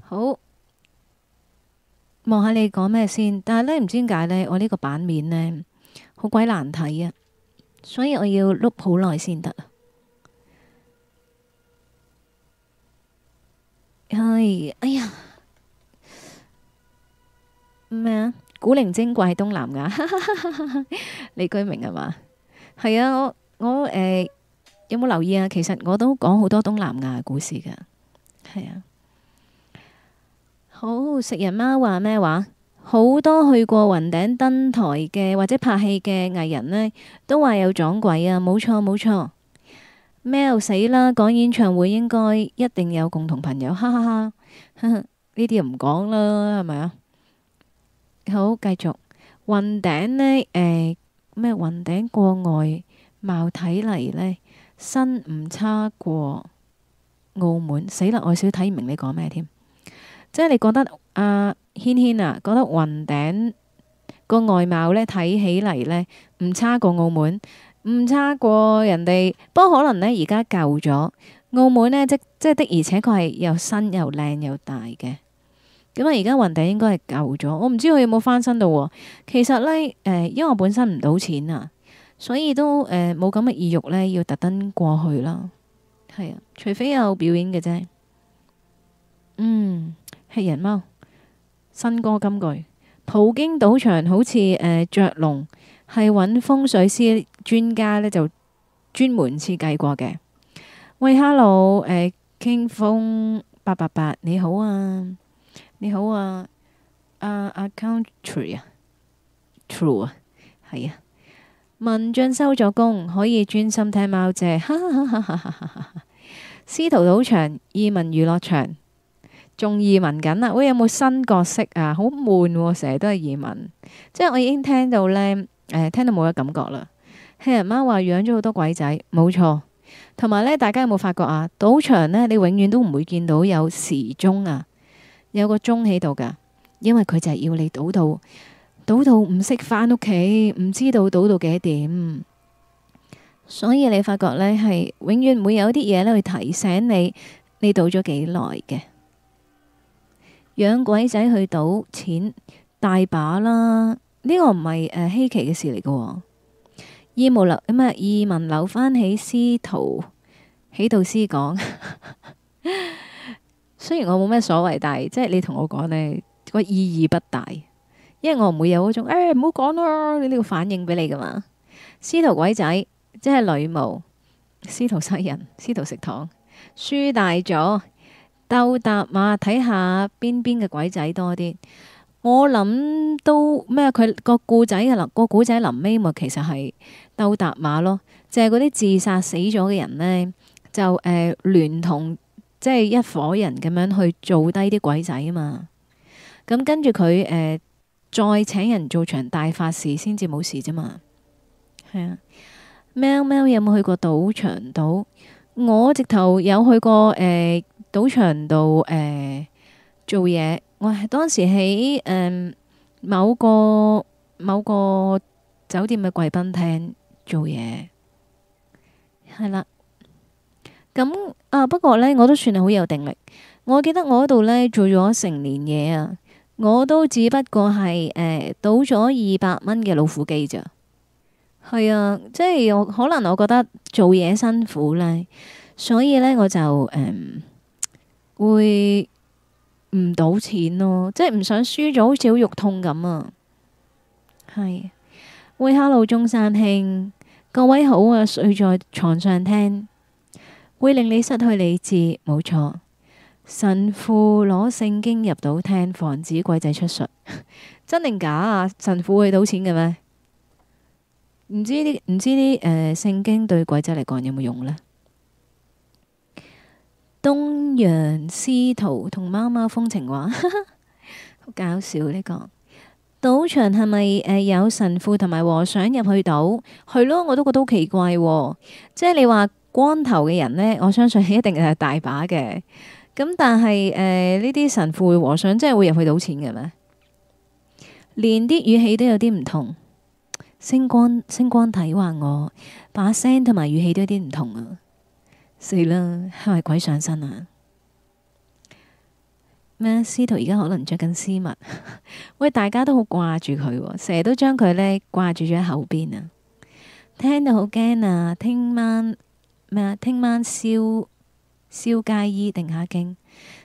好，望下你講咩先？但係呢，唔知點解呢，我呢個版面呢。好鬼難睇啊！所以我要碌好耐先得唉，係，哎呀，咩、哎、啊？古靈精怪東南亞，李 <laughs> 居明係嘛？係啊，我我唉、欸，有冇留意啊？其實我都講好多東南亞嘅故事㗎，係啊。好食人貓話咩話？好多去過雲頂登台嘅，或者拍戲嘅藝人呢，都話有撞鬼啊！冇錯冇錯，咩又死啦？講演唱會應該一定有共同朋友，哈哈哈，哈！呢啲又唔講啦，係咪啊？好，繼續雲頂呢，誒、欸、咩？雲頂過外貌睇嚟呢，身唔差過澳門，死啦！我少睇唔明你講咩添？即係你覺得啊？軒軒啊，覺得雲頂個外貌呢，睇起嚟呢，唔差過澳門，唔差過人哋。不過可能呢而家舊咗。澳門呢即即的而且確係又新又靚又大嘅。咁啊，而家雲頂應該係舊咗。我唔知佢有冇翻新到、啊。其實呢，誒、呃，因為我本身唔賭錢啊，所以都誒冇咁嘅意欲呢。要特登過去啦。係啊，除非有表演嘅啫。嗯，係人貓。新歌金句，葡京賭場好似誒雀籠，係揾風水師專家呢就專門設計過嘅。喂，Hello，誒傾風八八八，8，你好啊，你好啊，啊、uh, 阿 country tr 啊，true 啊，係啊，文進收咗工，可以專心聽貓姐。哈哈哈！哈哈！哈哈！司徒賭場，移民娛樂場。仲移民緊啦！喂，有冇新角色很啊？好悶，成日都係移民。即係我已經聽到呢，誒、哎，聽到冇乜感覺啦。聽人媽話養咗好多鬼仔，冇錯。同埋呢，大家有冇發覺啊？賭場呢，你永遠都唔會見到有時鐘啊，有個鐘喺度㗎，因為佢就係要你賭到賭到唔識翻屋企，唔知道賭到幾點，所以你發覺呢，係永遠唔會有啲嘢呢去提醒你你賭咗幾耐嘅。養鬼仔去賭錢大把啦，呢、這個唔係誒稀奇嘅事嚟嘅、喔。移民留咁啊！移民留翻起司徒喜導師講， <laughs> 雖然我冇咩所謂，但係即係你同我講呢，個意義不大，因為我唔會有嗰種誒唔好講咯，你你要反應俾你噶嘛。司徒鬼仔即係女巫，司徒殺人，司徒食糖，輸大咗。鬥搭馬睇下邊邊嘅鬼仔多啲。我諗都咩？佢個故仔啊，嗱個故仔臨尾咪其實係鬥搭馬咯，就係嗰啲自殺死咗嘅人呢，就誒聯、呃、同即係、就是、一伙人咁樣去做低啲鬼仔啊嘛。咁、嗯、跟住佢誒再請人做場大法事，才沒事，先至冇事啫嘛。係啊，喵喵有冇去過賭場賭？我直頭有去過誒。賭場度誒、呃、做嘢，我係當時喺誒、呃、某個某個酒店嘅貴賓廳做嘢係啦。咁啊，不過呢，我都算係好有定力。我記得我嗰度呢，做咗成年嘢啊，我都只不過係誒賭咗二百蚊嘅老虎機咋。係啊，即係我可能我覺得做嘢辛苦呢，所以呢，我就誒。呃會唔賭錢咯、哦？即係唔想輸咗，好似好肉痛咁啊！係的，會 hello 鍾山慶，各位好啊！睡在床上聽，會令你失去理智，冇錯。神父攞聖經入到廳，防止鬼仔出術，真定假啊？神父會賭錢嘅咩？唔知啲，唔知啲誒，呃、聖經對鬼仔嚟講有冇用呢？東洋司徒同貓貓風情話，好 <laughs> 搞笑呢，呢個賭場係咪誒有神父同埋和尚入去賭？係咯，我都覺得好奇怪。哦。即係你話光頭嘅人呢，我相信一定係大把嘅。咁但係誒呢啲神父和、和尚真係會入去賭錢嘅咩？連啲語氣都有啲唔同。星光星光睇話我把聲同埋語氣都有啲唔同啊！四啦，係咪鬼上身啊？咩司徒而家可能着緊絲襪？喂，大家都好掛住佢，成日都將佢呢掛住咗喺後邊啊，聽到好驚啊！聽晚咩啊？聽晚燒燒加衣定下經，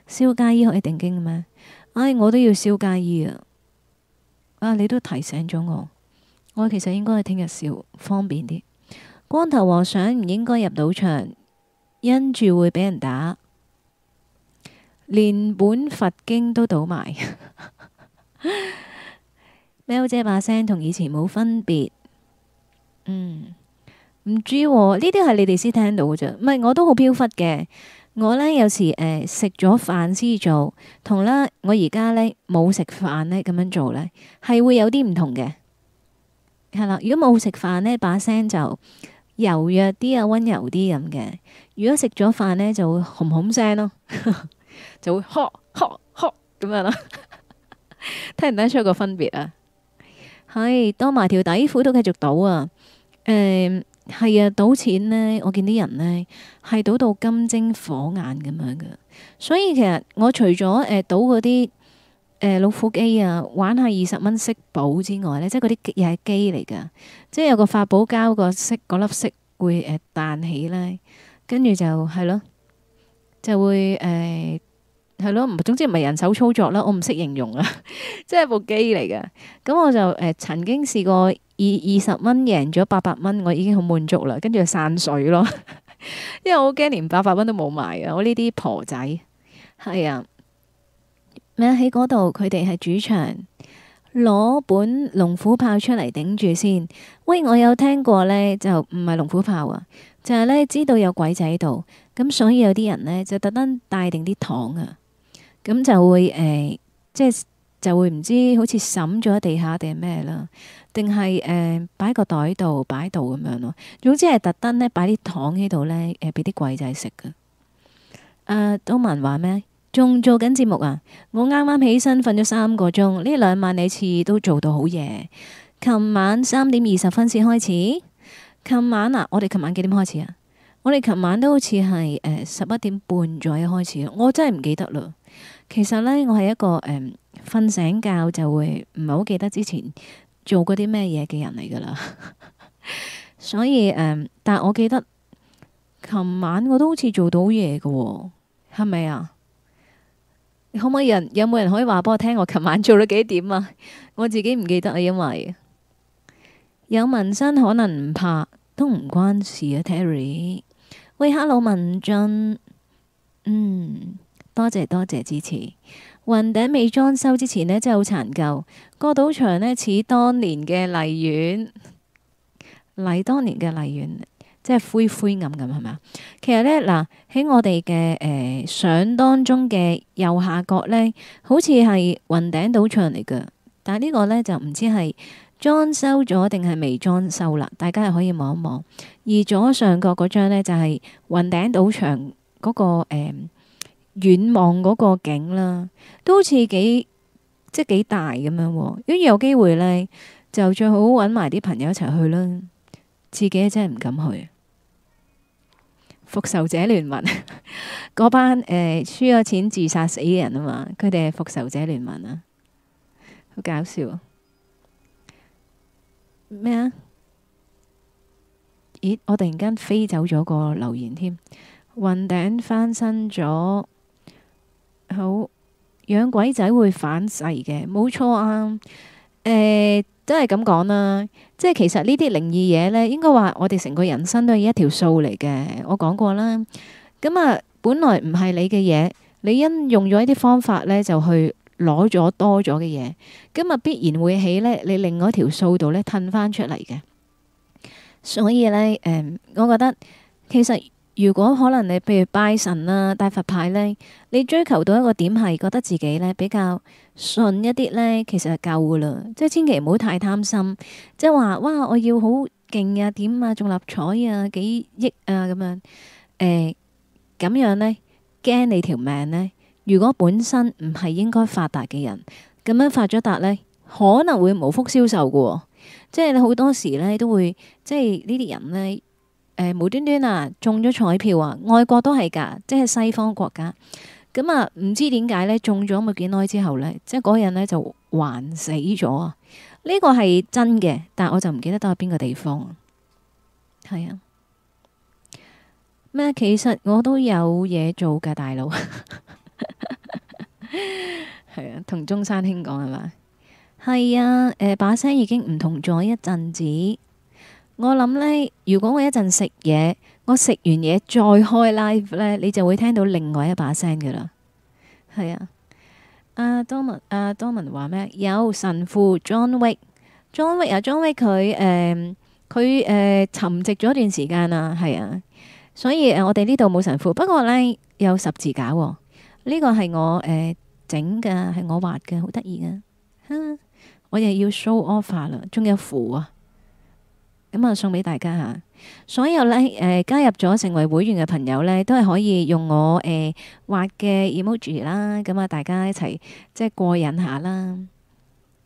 燒加衣可以定經嘅咩？唉，我都要燒加衣啊！啊，你都提醒咗我，我其實應該係聽日燒方便啲。光頭和尚唔應該入賭場。因住會俾人打，連本佛經都倒埋。喵 <laughs> 姐把聲同以前冇分別，嗯，唔知呢啲係你哋先聽到嘅咋。唔係我都好飄忽嘅。我呢，有時誒食咗飯先做，同咧我而家呢冇食飯呢咁樣做呢，係會有啲唔同嘅，係啦。如果冇食飯呢，把聲就柔弱啲啊，溫柔啲咁嘅。如果食咗飯呢，就會哄哄聲咯，呵呵就會呵呵呵咁樣啦，聽唔得出個分別啊？係當埋條底褲都繼續賭啊？誒、呃，係啊，賭錢呢我見啲人呢，係賭到金睛火眼咁樣噶，所以其實我除咗誒賭嗰啲、呃、老虎機啊，玩下二十蚊色寶之外呢，即係嗰啲又係機嚟噶，即係有個發寶膠個色嗰粒色會彈、呃、起呢。跟住就係咯，就會誒係、呃、咯，唔總之唔係人手操作啦，我唔識形容啊，即係部機嚟嘅。咁我就誒、呃、曾經試過二二十蚊贏咗八百蚊，我已經好滿足啦。跟住就散水咯，因為我好驚連八百蚊都冇埋啊！我呢啲婆仔係啊，咩喺嗰度？佢哋係主場。攞本龍虎豹出嚟頂住先。喂，我有聽過呢，就唔係龍虎豹啊，就係、是、呢。知道有鬼仔喺度，咁所以有啲人呢，就特登帶定啲糖啊，咁就會誒，即、呃、係、就是、就會唔知好似嬸咗地下定係咩啦，定係誒擺個袋度擺喺度咁樣咯。總之係特登呢，擺啲糖喺度呢，誒、呃，俾啲鬼仔食嘅。誒、呃、都文話咩？仲做緊節目啊！我啱啱起身，瞓咗三個鐘。呢兩晚你次都做到好夜。琴晚三點二十分先開始。琴晚啊，我哋琴晚幾點開始啊？我哋琴晚都好似係誒十一點半左右開始。我真係唔記得咯。其實呢，我係一個誒瞓、呃、醒覺就會唔係好記得之前做過啲咩嘢嘅人嚟噶啦。 <laughs> 所以誒、呃，但我記得琴晚我都好似做到好夜嘅，係咪啊？可唔可以人有冇人可以話俾我聽，我琴晚做咗幾點啊？我自己唔記得啊，因為有紋身可能唔拍都唔關事啊。Terry，喂，Hello，文俊，嗯，多謝多謝支持。雲頂未裝修之前咧，真係好殘舊。個賭場咧似當年嘅荔園，麗當年嘅荔園。即係灰灰咁咁係咪啊？其實呢，嗱喺我哋嘅誒相當中嘅右下角呢，好似係雲頂賭場嚟㗎。但呢個呢，就唔知係裝修咗定係未裝修啦。大家係可以望一望。而左上角嗰張呢，就係雲頂賭場嗰個誒遠望嗰個景啦，都好似幾即係幾大咁樣。如果有機會呢，就最好揾埋啲朋友一齊去啦。自己真係唔敢去。復仇者聯盟嗰 <laughs> 班誒、呃、輸咗錢自殺死嘅人啊嘛，佢哋係復仇者聯盟啊，好搞笑啊、哦！咩啊？咦！我突然間飛走咗個留言添，雲頂翻身咗，好養鬼仔會反噬嘅，冇錯啊！誒、欸。真係咁講啦，即係其實呢啲靈異嘢呢，應該話我哋成個人生都係一條數嚟嘅。我講過啦，咁啊，本來唔係你嘅嘢，你因用咗一啲方法呢，就去攞咗多咗嘅嘢，咁啊必然會喺呢你另外一條數度呢，吞翻出嚟嘅。所以呢，誒、嗯，我覺得其實。如果可能，你譬如拜神啊、戴佛牌呢，你追求到一個點，係覺得自己呢比較順一啲呢，其實係夠噶啦。即係千祈唔好太貪心，即係話，哇，我要好勁啊、點啊、中立彩啊、幾億啊咁樣。欸、誒，咁樣呢，驚你條命呢。如果本身唔係應該發達嘅人，咁樣發咗達呢，可能會無福消受噶。即係你好多時呢，都會即係呢啲人呢。誒，無端端啊，中咗彩票啊，外國都係噶，即係西方國家。咁啊，唔知點解呢，中咗冇幾耐之後呢，即係嗰人呢，就還死咗啊！呢、這個係真嘅，但係我就唔記得都係邊個地方。係啊，咩？其實我都有嘢做噶，大佬。係 <laughs> 啊，同中山兄講係嘛？係啊，誒、呃，把聲已經唔同咗一陣子。我諗呢，如果我一陣食嘢，我食完嘢，再開 live 呢，你就會聽到另外一把聲噶啦。係啊，阿多文，阿多文話咩？有神父 John Wick，John Wick 啊，John Wick 佢、誒、佢、誒、沉寂咗一段時間啊。係啊，所以誒，我哋呢度冇神父，不過呢，有十字架喎、啊。呢、這個係我誒整嘅，係、呃、我畫嘅，好得意嘅。哼， <laughs> 我又要 show offer 啦，仲有符啊！咁啊，送俾大家吓！所有咧，誒、呃，加入咗成為會員嘅朋友咧，都係可以用我誒畫嘅 emoji 啦。咁、呃、啊，ji，大家一齊即係過癮下啦！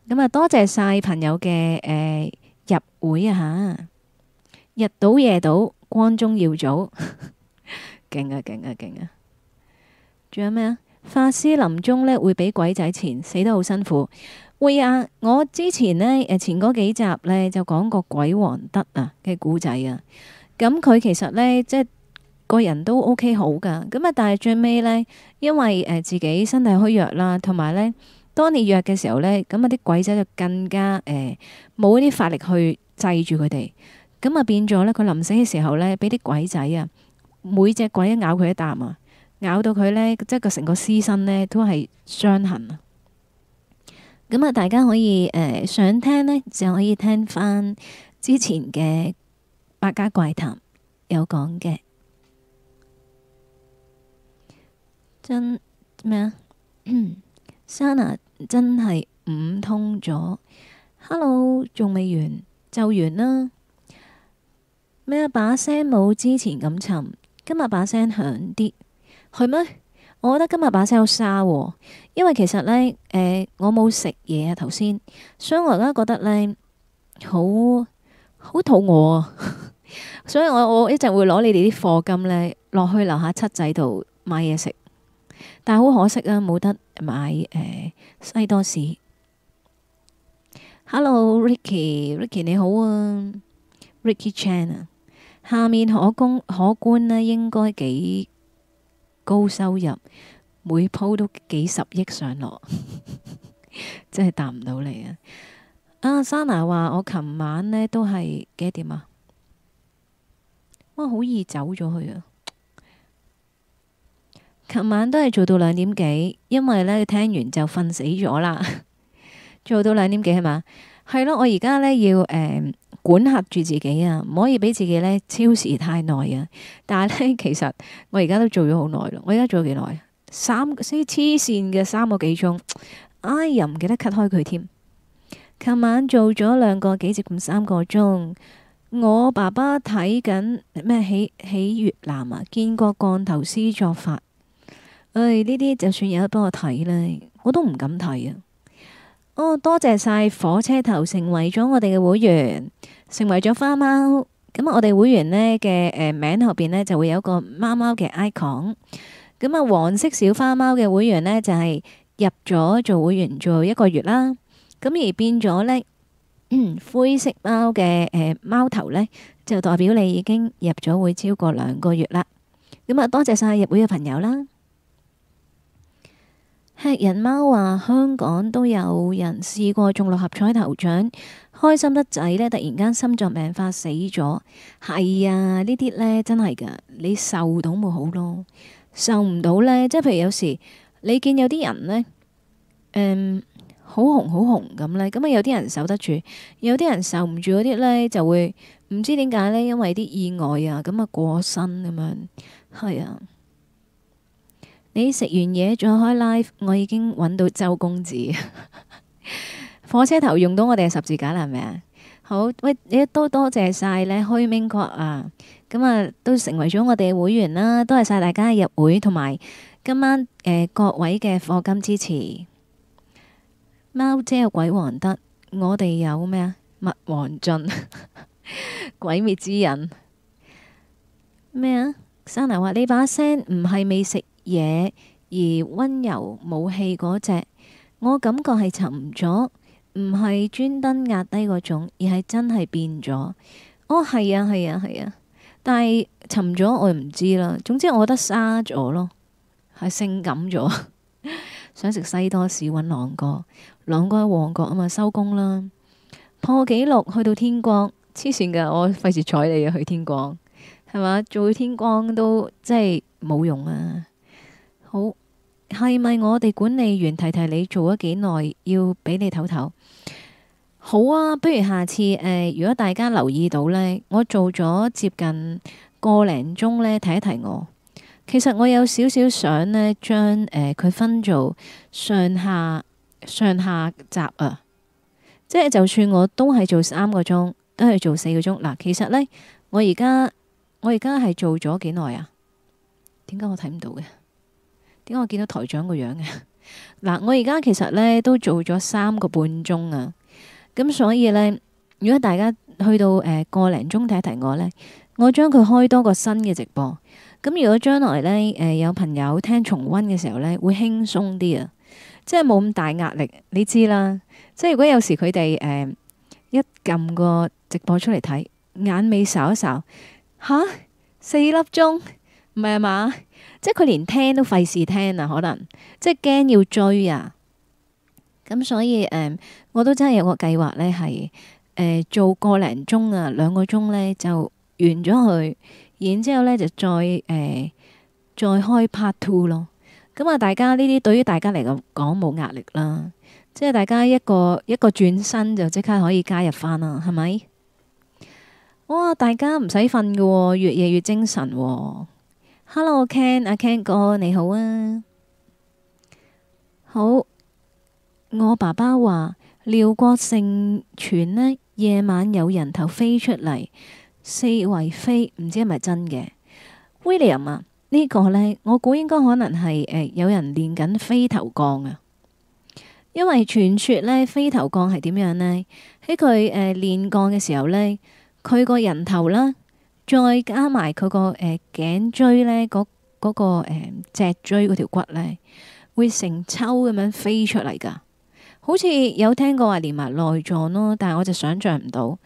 咁啊，多謝晒朋友嘅誒、呃、入會啊吓！日賭夜賭，光宗耀祖，勁啊勁啊勁啊！仲、啊啊、有咩啊？法師臨終咧會俾鬼仔纏，死得好辛苦。會啊！我之前呢，誒前嗰幾集呢，就講過鬼王德啊嘅古仔啊，咁佢其實呢，即係個人都 O、OK、K 好噶，咁啊但係最尾呢，因為誒自己身體虛弱啦，同埋呢，當你弱嘅時候呢，咁啊啲鬼仔就更加誒冇啲法力去制住佢哋，咁啊變咗呢，佢臨死嘅時候呢，俾啲鬼仔啊每隻鬼咬他一咬佢一啖啊，咬到佢呢，即係佢成個屍身呢，都係傷痕啊。咁啊，大家可以誒、呃、想聽呢，就可以聽翻之前嘅《百家怪談》有講嘅。真咩啊 <coughs> ？Sana 真係五通咗。Hello，仲未完就完啦。咩啊？把聲冇之前咁沉，今日把聲響啲，係咩？我覺得今日把聲好沙，喔，因為其實呢，誒、呃，我冇食嘢啊頭先，所以我而家覺得呢，好好肚餓啊， <laughs> 所以我我一陣會攞你哋啲貨金呢落去樓下七仔度買嘢食，但係好可惜啊，冇得買誒、呃、西多士。Hello，Ricky，Ricky 你好啊，Ricky Chan 啊，下面可公可觀呢，應該幾？高收入，每鋪都幾十億上落， <laughs> 真係答唔到你啊！阿莎娜話：我琴晚呢都係幾點啊？我好易走咗去啊！琴晚都係做到兩點幾，因為呢聽完就瞓死咗啦。做到兩點幾係嘛？係咯，我而家呢要誒。嗯管嚇住自己啊，唔可以俾自己呢超時太耐啊。但係呢，其實我而家都做咗好耐咯。我而家做咗幾耐？三黐線嘅三個幾鐘，哎又唔記得 cut 開佢添。琴晚做咗兩個幾，接近三個鐘。我爸爸睇緊咩喜喜越南啊，見過降頭師作法。唉、哎，呢啲就算有得幫我睇呢，我都唔敢睇啊。哦，多謝晒火車頭成為咗我哋嘅會員，成為咗花貓。咁我哋會員呢嘅誒、呃、名後邊呢就會有一個貓貓嘅 icon。咁啊，黃色小花貓嘅會員呢就係、是、入咗做會員做一個月啦。咁而變咗呢灰色貓嘅誒、呃、貓頭呢，就代表你已經入咗會超過兩個月啦。咁啊，多謝晒入會嘅朋友啦。黑人貓話：香港都有人試過中六合彩頭獎，開心得滯呢，突然間心臟病發死咗。係啊，這些呢啲呢真係噶，你受到咪好咯，受唔到呢，即係譬如有時你見有啲人呢，誒、嗯、好紅好紅咁呢，咁啊有啲人受得住，有啲人受唔住嗰啲呢，就會唔知點解呢，因為啲意外啊咁啊過身咁樣，係啊。你食完嘢再開 live，我已經揾到周公子。 <laughs> 火車頭用到我哋十字架啦，係咪啊？好，喂，一多多謝晒咧，開明覺啊，咁啊都成為咗我哋嘅會員啦，多謝晒大家嘅入會同埋今晚誒、呃、各位嘅課金支持。貓姐有鬼王德，我哋有咩啊？物王俊？ <laughs> 鬼滅之刃？咩啊？珊娜話你把聲唔係未食。嘢而溫柔武器嗰隻，我感覺係沉咗，唔係專登壓低嗰種，而係真係變咗。哦，係啊，係啊，係啊，但係沉咗，我就唔知啦。總之我覺得沙咗咯，係性感咗。 <laughs> 想食西多士，搵朗哥，朗哥喺旺角啊嘛，收工啦，破紀錄去到天光黐線噶，我費事睬你啊，去天光係嘛，做天光都即係冇用啊。好，係咪我哋管理員提提你做咗幾耐？要俾你唞唞？好啊，不如下次誒、呃，如果大家留意到呢，我做咗接近個零鐘呢，提一提我。其實我有少少想呢，將誒佢、呃、分做上下、上下集啊。即係就算我都係做三個鐘，都係做四個鐘嗱。其實呢，我而家我而家係做咗幾耐啊？點解我睇唔到嘅？因為我見到台長個樣嘅。嗱， <laughs> 我而家其實呢都做咗三個半鐘啊，咁所以呢，如果大家去到誒、呃、個零鐘睇一睇我呢，我將佢開多個新嘅直播，咁如果將來呢，誒、呃、有朋友聽重溫嘅時候呢，會輕鬆啲啊，即係冇咁大壓力，你知啦，即係如果有時佢哋誒一撳個直播出嚟睇，眼尾掃一掃，吓，四粒鐘，唔係嘛？即係佢連聽都費事聽啊！可能即係驚要追啊！咁所以誒、嗯，我都真係有個計劃呢係誒、呃、做個零鐘啊，兩個鐘呢就完咗佢，然之後呢就再誒、呃、再開 part two 咯。咁、嗯、啊，大家呢啲對於大家嚟講冇壓力啦，即係大家一個一個轉身就即刻可以加入翻啦，係咪？哇！大家唔使瞓嘅喎，越夜越精神喎、哦。Hello，Ken，阿、啊、Ken 哥你好啊。好，我爸爸話廖國盛傳呢夜晚有人頭飛出嚟四圍飛，唔知係咪真嘅。William 啊，呢、這個呢，我估應該可能係誒、呃、有人練緊飛頭降啊。因為傳說呢飛頭降係點樣呢？喺佢誒練降嘅時候呢，佢個人頭啦。再加埋佢個誒頸椎呢，嗰嗰、嗰個誒、呃、脊椎嗰條骨呢，會成抽咁樣飛出嚟噶，好似有聽過話連埋內臟咯，但係我就想象唔到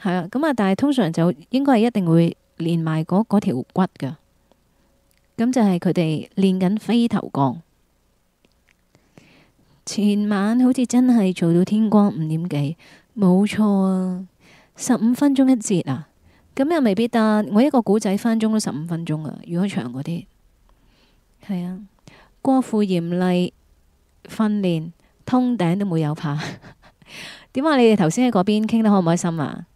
係啊，咁啊，但係通常就應該係一定會連埋嗰嗰條骨噶。咁就係佢哋練緊飛頭降。前晚好似真係做到天光五點幾，冇錯啊，十五分鐘一節啊。咁又未必得，我一個古仔翻鐘都十五分鐘啊，如果長嗰啲，係啊，過負嚴厲訓練通頂都冇有怕，點 <laughs> 啊？你哋頭先喺嗰邊傾得開唔開心啊？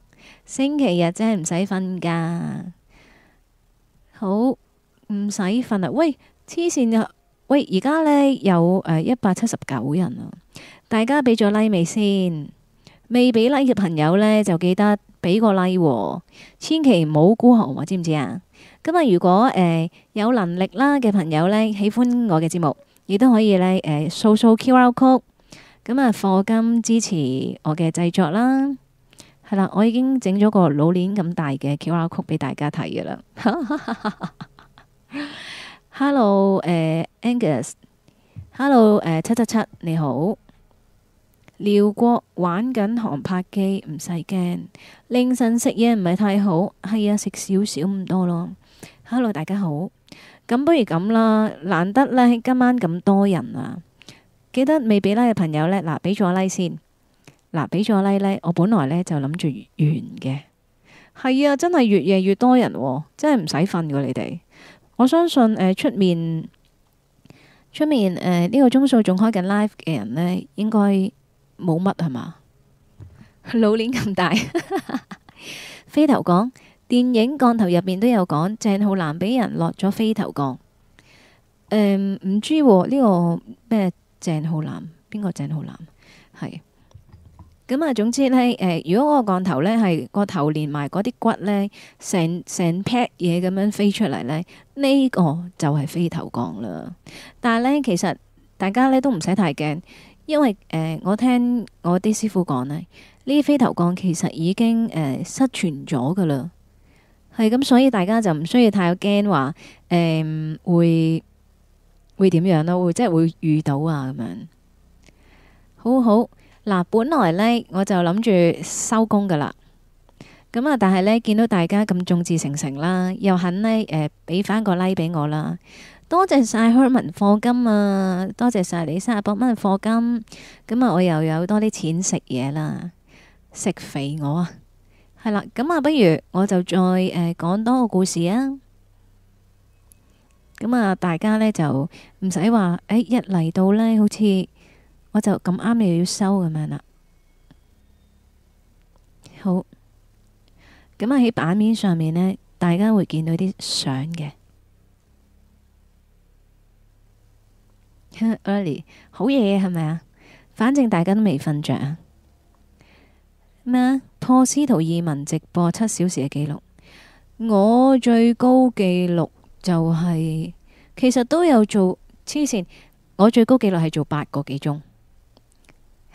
星期日真係唔使瞓噶，好唔使瞓啊！喂，黐線喂，而家呢，有一百七十九人啊，大家俾咗拉未先。未俾 like 嘅朋友呢，就記得俾個禮、like、喎、哦，千祈唔好孤寒喎，知唔知啊？咁啊，如果誒、呃、有能力啦嘅朋友呢，喜歡我嘅節目，亦都可以呢，誒、呃、掃掃 QR Code。咁啊，課金支持我嘅製作啦。係啦，我已經整咗個老年咁大嘅 QR Code 俾大家睇嘅啦。Hello，Angus，Hello， <laughs> 誒、呃 Hello，呃、七七七，你好。聊國玩緊航拍機，唔使驚。凌晨食嘢唔係太好，係啊，食少少咁多咯。Hello，大家好。咁不如咁啦，難得呢今晚咁多人啊！記得未俾 like 嘅朋友呢，嗱俾咗 like 先。嗱俾咗 like 呢。我本來呢就諗住完嘅。係啊，真係越夜越多人喎、哦，真係唔使瞓噶你哋。我相信誒出、呃、面出面誒呢、呃呢個鐘數仲開緊 live 嘅人呢，應該。冇乜係嘛，老年咁大。 <laughs> 飛頭降，電影降頭入邊都有講，鄭浩南俾人落咗飛頭降。唔、嗯、知呢、啊呢個咩鄭浩南，邊個鄭浩南？係咁啊，總之呢，誒、呃、如果個降頭呢係個頭連埋嗰啲骨呢，成成劈嘢咁樣飛出嚟呢，呢、呢個就係飛頭降啦。但係呢，其實大家呢都唔使太驚。因為誒、呃，我聽我啲師傅講呢，呢啲飛頭降其實已經誒、呃、失傳咗噶啦，係咁，所以大家就唔需要太驚話誒會會點樣咯，會,會,會即係會遇到啊咁樣。好好嗱，本來呢我就諗住收工噶啦，咁啊，但係呢，見到大家咁眾志成城啦，又肯咧誒俾翻個 like 俾我啦。多謝晒 Herman 課金啊，多謝晒你三十八蚊課金，咁啊我又有多啲錢食嘢啦,食肥我啊！係啦，咁啊不如我就再誒講、呃、多個故事啊！咁啊大家呢就唔使話一嚟到呢，好似我就咁啱又要收咁樣啦。好，咁啊喺版面上面呢，大家會見到啲相嘅。 <laughs> early 好嘢，係咪啊？反正大家都未瞓着咩？破司徒文進直播七小時嘅記錄。我最高紀錄就係、是、其實都有做黐線，我最高紀錄係做八個幾鐘，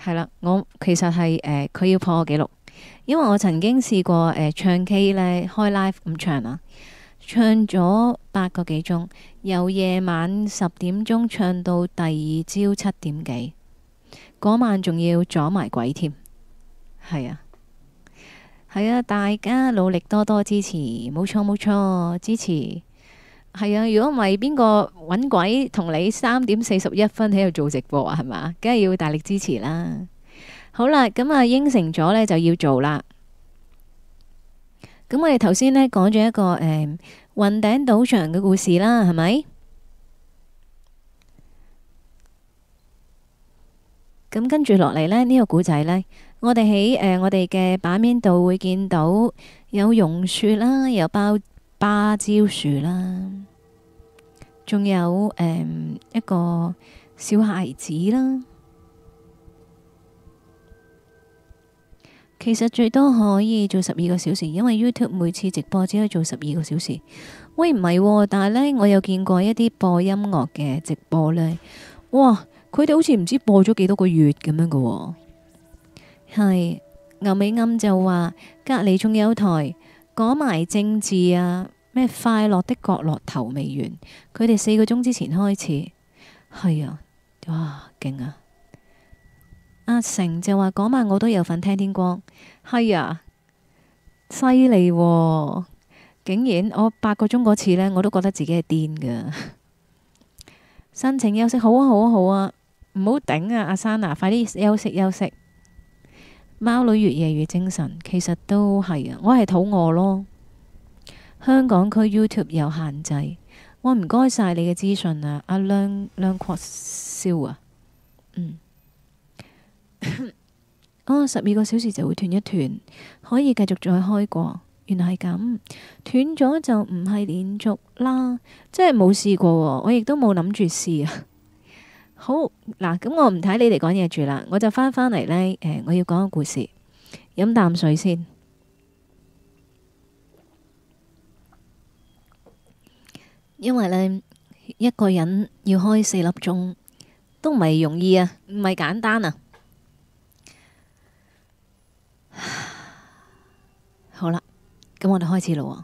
係啦，我其實係誒佢要破我紀錄，因為我曾經試過誒、呃、唱 K 咧開 live 咁長啊。唱咗八個幾鐘，由夜晚十點鐘唱到第二朝七點幾，嗰晚仲要阻埋鬼添，係啊，係啊，大家努力多多支持，冇錯冇錯，支持，係啊，如果唔係邊個搵鬼同你三點四十一分喺度做直播啊，係嘛？梗係要大力支持啦。好啦，咁、嗯、啊應承咗呢，就要做啦。咁我哋頭先呢講咗一個誒雲頂賭場嘅故事啦，係咪？咁跟住落嚟呢，呢、呢個古仔呢，我哋喺誒我哋嘅版面度會見到有榕樹啦，有包芭蕉樹啦，仲有誒、嗯、一個小孩子啦。其實最多可以做十二個小時，因為 YouTube 每次直播只可以做十二個小時。喂唔係喎，但係呢，我有見過一啲播音樂嘅直播呢。哇！佢哋好似唔知道播咗幾多個月咁樣噶喎。係牛尾庵就話，隔籬仲有台講埋政治啊，咩快樂的角落頭未完，佢哋四個鐘之前開始。係啊，哇勁啊！阿成就話嗰晚我都有份聽天光，係啊，犀利喎。竟然我八個鐘嗰次呢，我都覺得自己係癲噶。 <laughs> 申請休息好啊好啊好啊，唔好頂啊阿珊啊，啊啊 ana, 快啲休息休息。貓女越夜越精神，其實都係啊，我係肚餓咯。香港區 YouTube 有限制，我唔該晒你嘅資訊啊，阿亮亮闊笑啊，嗯。 <laughs> 哦，十二個小時就會斷一斷，可以繼續再開過。原來係咁，斷咗就唔係連續啦，即係冇試過，哦，我亦都冇諗住試啊。好嗱，咁我唔睇你哋講嘢住啦，我就翻翻嚟呢，呃。我要講個故事，飲啖水先，因為呢，一個人要開四粒鐘都唔係容易啊，唔係簡單啊。咁我哋開始咯，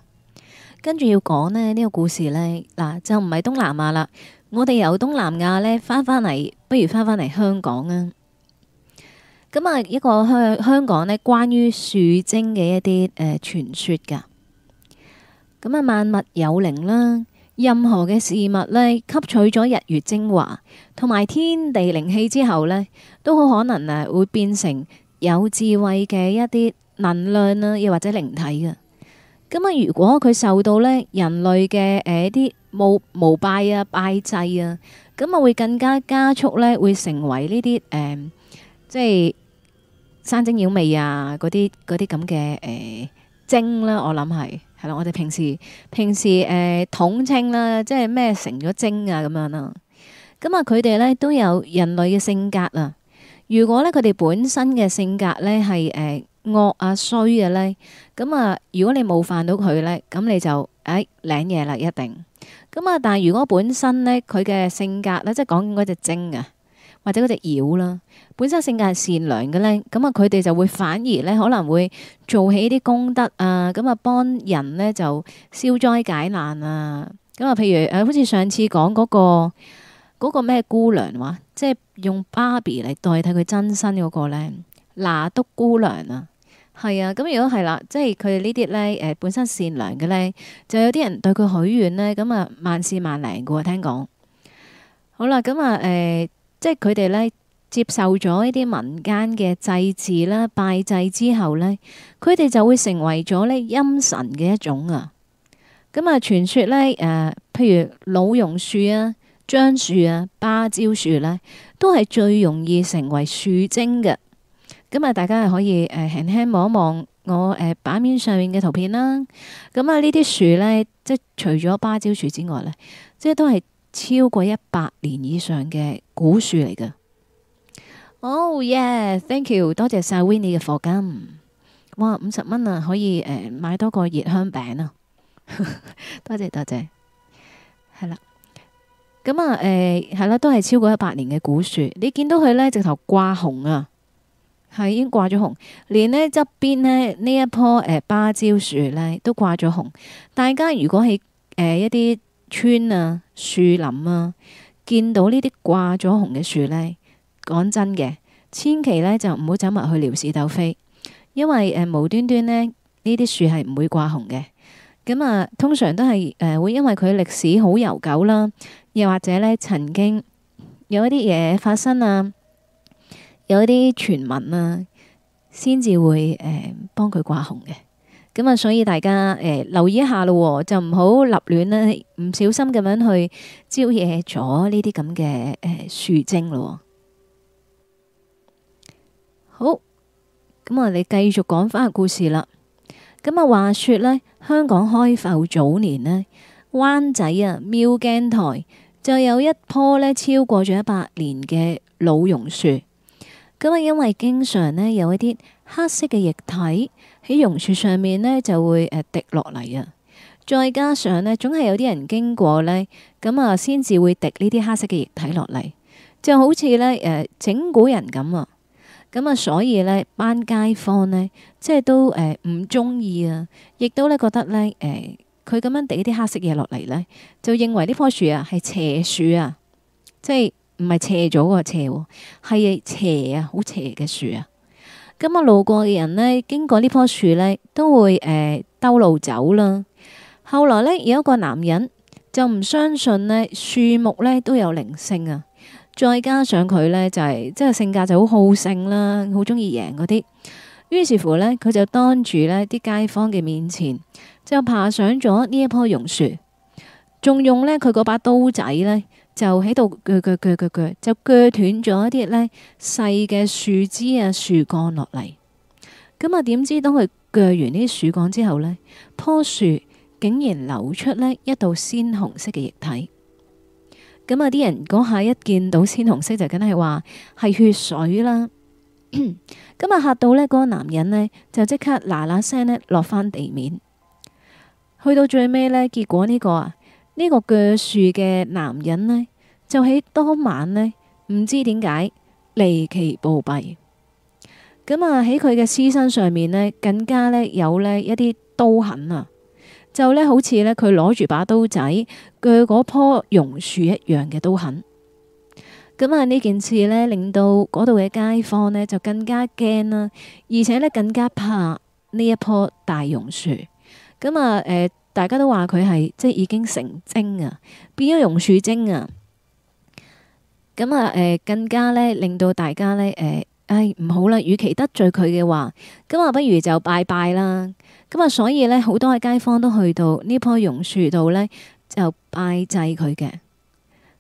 跟住要講呢呢、呢個故事呢，嗱，就唔係東南亞啦。我哋由東南亞呢翻翻嚟，不如翻翻嚟香港啊。咁啊，一個香香港呢關於樹精嘅一啲誒、呃、傳說噶。咁啊，萬物有靈啦，任何嘅事物呢，吸取咗日月精華同埋天地靈氣之後呢，都好可能啊會變成有智慧嘅一啲能量啊，又或者靈體嘅。咁啊！如果佢受到咧人類嘅誒一啲冇膜拜啊拜祭啊，咁啊會更加加速咧，會成為呢啲誒，即係山精妖魅啊嗰啲嗰啲咁嘅誒精啦。我諗係係啦，我哋平時平時誒、呃、統稱啦，即係咩成咗精啊咁樣啦。咁啊，佢哋咧都有人類嘅性格啊。如果咧佢哋本身嘅性格咧係誒。呃惡啊衰嘅呢，咁啊如果你冒犯到佢呢，咁你就哎領嘢啦，一定。咁啊，但係如果本身呢，佢嘅性格呢，即係講緊嗰隻精啊，或者嗰隻妖啦、啊，本身性格係善良嘅呢，咁啊佢哋就會反而呢，可能會做起啲功德啊，咁啊幫人呢，就消災解難啊。咁啊，譬如好似、呃、上次講嗰、嗰個嗰、嗰個咩姑娘話，即係用芭比嚟代替佢真身嗰個呢，拿督姑娘啊。係啊，咁如果係啦，即係佢哋呢啲呢，誒本身善良嘅呢，就有啲人對佢許願呢。咁啊萬事萬靈嘅喎，聽講。好啦，咁啊，誒、呃，即係佢哋呢接受咗呢啲民間嘅祭祀啦、拜祭之後呢，佢哋就會成為咗呢陰神嘅一種啊。咁、嗯、啊，傳說呢，誒、呃，譬如老榕樹啊、樟樹啊、芭蕉樹呢，都係最容易成為樹精嘅。咁啊，大家係可以誒，輕輕望一望我誒版面上面嘅圖片啦。咁啊，呢啲樹咧，即係除咗芭蕉樹之外咧，即係都係超過一百年以上嘅古樹嚟㗎。Oh yeah，thank you，多謝晒 Winnie 嘅課金。哇，五十蚊啊，可以誒買多個熱香餅啊！ <laughs> 多謝多謝，係啦。咁啊，誒係啦，都係超過一百年嘅古樹。你見到佢咧，直頭掛紅啊！係已經掛咗紅，連咧側邊咧呢，呢呢一棵誒、呃、芭蕉樹呢都掛咗紅。大家如果喺誒、呃、一啲村啊樹林啊，見到呢啲掛咗紅嘅樹呢，講真嘅，千祈呢就唔好走埋去撩事鬥非，因為誒、呃、無端端呢，呢啲樹係唔會掛紅嘅。咁啊，通常都係誒、呃、會因為佢歷史好悠久啦，又或者呢曾經有一啲嘢發生啊。有啲傳聞啦，先至會誒幫佢掛紅嘅。咁啊，所以大家誒、欸、留意一下咯，就唔好立亂啦，唔小心咁樣去招惹咗呢啲咁嘅誒樹精咯。好，咁我哋繼續講翻個故事啦。咁啊，話說呢，香港開埠早年呢，灣仔啊，妙鏡台就有一棵呢超過咗一百年嘅老榕樹。咁啊，因為經常呢，有一啲黑色嘅液體喺榕樹上面呢，就會滴落嚟啊，再加上呢，總係有啲人經過呢，咁啊先至會滴呢啲黑色嘅液體落嚟，就好似呢誒整蠱人咁啊，咁啊所以呢，班街坊呢，即係都誒唔中意啊，亦都呢覺得呢，誒佢咁樣滴啲黑色嘢落嚟呢，就認為呢棵樹啊係邪樹啊，即係。唔係斜咗個斜,斜，係斜啊，好斜嘅樹啊！咁啊，路過嘅人呢，經過呢棵樹呢，都會、呃、兜路走啦。後來呢，有一個男人就唔相信呢樹木呢都有靈性啊。再加上佢呢，就係即係性格就好好勝啦，好中意贏嗰啲。於是乎呢，佢就當住呢啲街坊嘅面前，就爬上咗呢一棵榕樹，仲用呢佢嗰把刀仔呢。就喺度鋸鋸鋸鋸鋸，就鋸斷咗一啲呢細嘅樹枝啊樹幹落嚟。咁啊，點知當佢鋸完呢啲樹幹之後呢，樖樹竟然流出呢一道鮮紅色嘅液體。咁啊，啲人嗰下一見到鮮紅色就梗係話係血水啦。咁啊嚇到呢嗰個男人呢，就即刻嗱嗱聲呢落翻地面。去到最尾呢，結果呢個啊。呢個鋸樹嘅男人呢，就喺當晚呢，唔知點解，離奇暴斃。咁啊，喺佢嘅屍身上面呢，更加呢，有呢一啲刀痕啊，就呢，好似呢，佢攞住把刀仔鋸嗰棵榕樹一樣嘅刀痕。咁啊，呢件事呢，令到嗰度嘅街坊呢就更加驚啦，啊，而且呢，更加怕呢一棵大榕樹。咁啊，誒、呃。大家都話佢係即係已經成精啊，變咗榕樹精啊。咁啊，誒、呃、更加咧，令到大家呢，誒、呃，唉、哎、唔好啦，與其得罪佢嘅話，咁啊，不如就拜拜啦。咁啊，所以呢，好多嘅街坊都去到呢棵榕樹度呢，就拜祭佢嘅。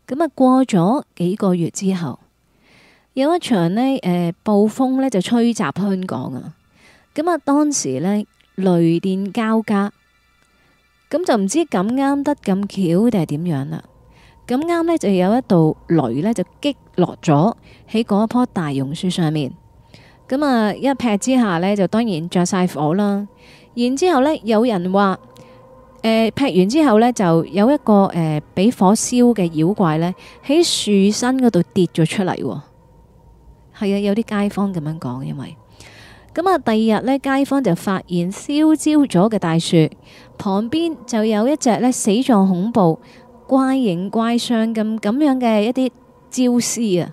咁啊，過咗幾個月之後，有一場呢，誒、呃、暴風呢，就吹襲香港啊。咁啊，當時呢，雷電交加。咁就唔知咁啱得咁巧定係點樣啦？咁啱呢，就有一道雷呢，就擊落咗喺嗰棵大榕樹上面，咁啊，一劈之下呢，就當然着晒火啦。然之後呢，有人話、呃、劈完之後呢，就有一個誒俾、呃、火燒嘅妖怪呢喺樹身嗰度跌咗出嚟、哦，係啊，有啲街坊咁樣講，因為咁啊，第二日呢，街坊就發現燒焦咗嘅大樹。旁邊就有一隻咧死狀恐怖、怪形怪相咁咁樣嘅一啲招屍啊，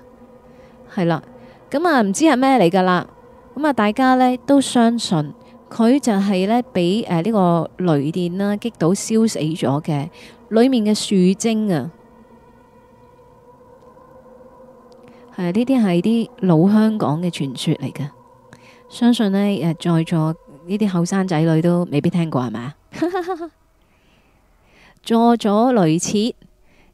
係啦，咁啊唔知係咩嚟噶啦，咁、嗯、啊大家呢都相信佢就係呢俾誒呢個雷電啦擊到燒死咗嘅，裏面嘅樹精啊，係呢啲係啲老香港嘅傳說嚟噶，相信呢，誒、呃、在座呢啲後生仔女都未必聽過係咪？ <laughs> 做咗類似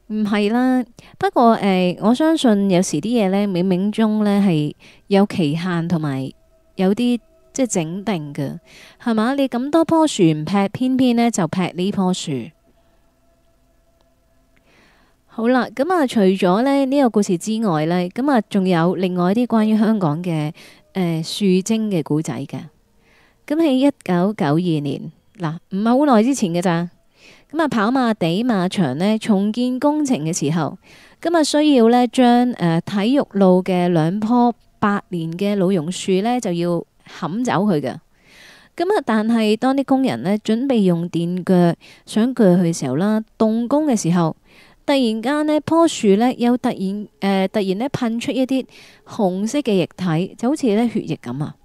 唔係啦，不過誒、欸，我相信有時啲嘢呢，冥冥中呢係有期限有，同埋有啲即係整定嘅，係嘛？你咁多棵樹唔劈，偏偏呢就劈呢棵樹。好啦，咁啊，除咗咧呢、呢個故事之外呢，咁啊，仲有另外啲關於香港嘅誒樹精嘅故仔嘅。咁喺一九九二年。嗱，唔係好耐之前嘅咋，咁啊跑馬地馬場呢重建工程嘅時候，咁啊，需要呢將誒、呃、體育路嘅兩棵百年嘅老榕樹呢就要冚走佢㗎。咁啊但係當啲工人呢準備用電鋸想鋸佢嘅時候啦，動工嘅時候，突然間呢樖樹呢又突然誒、呃、突然呢噴出一啲紅色嘅液體，就好似呢血液咁啊。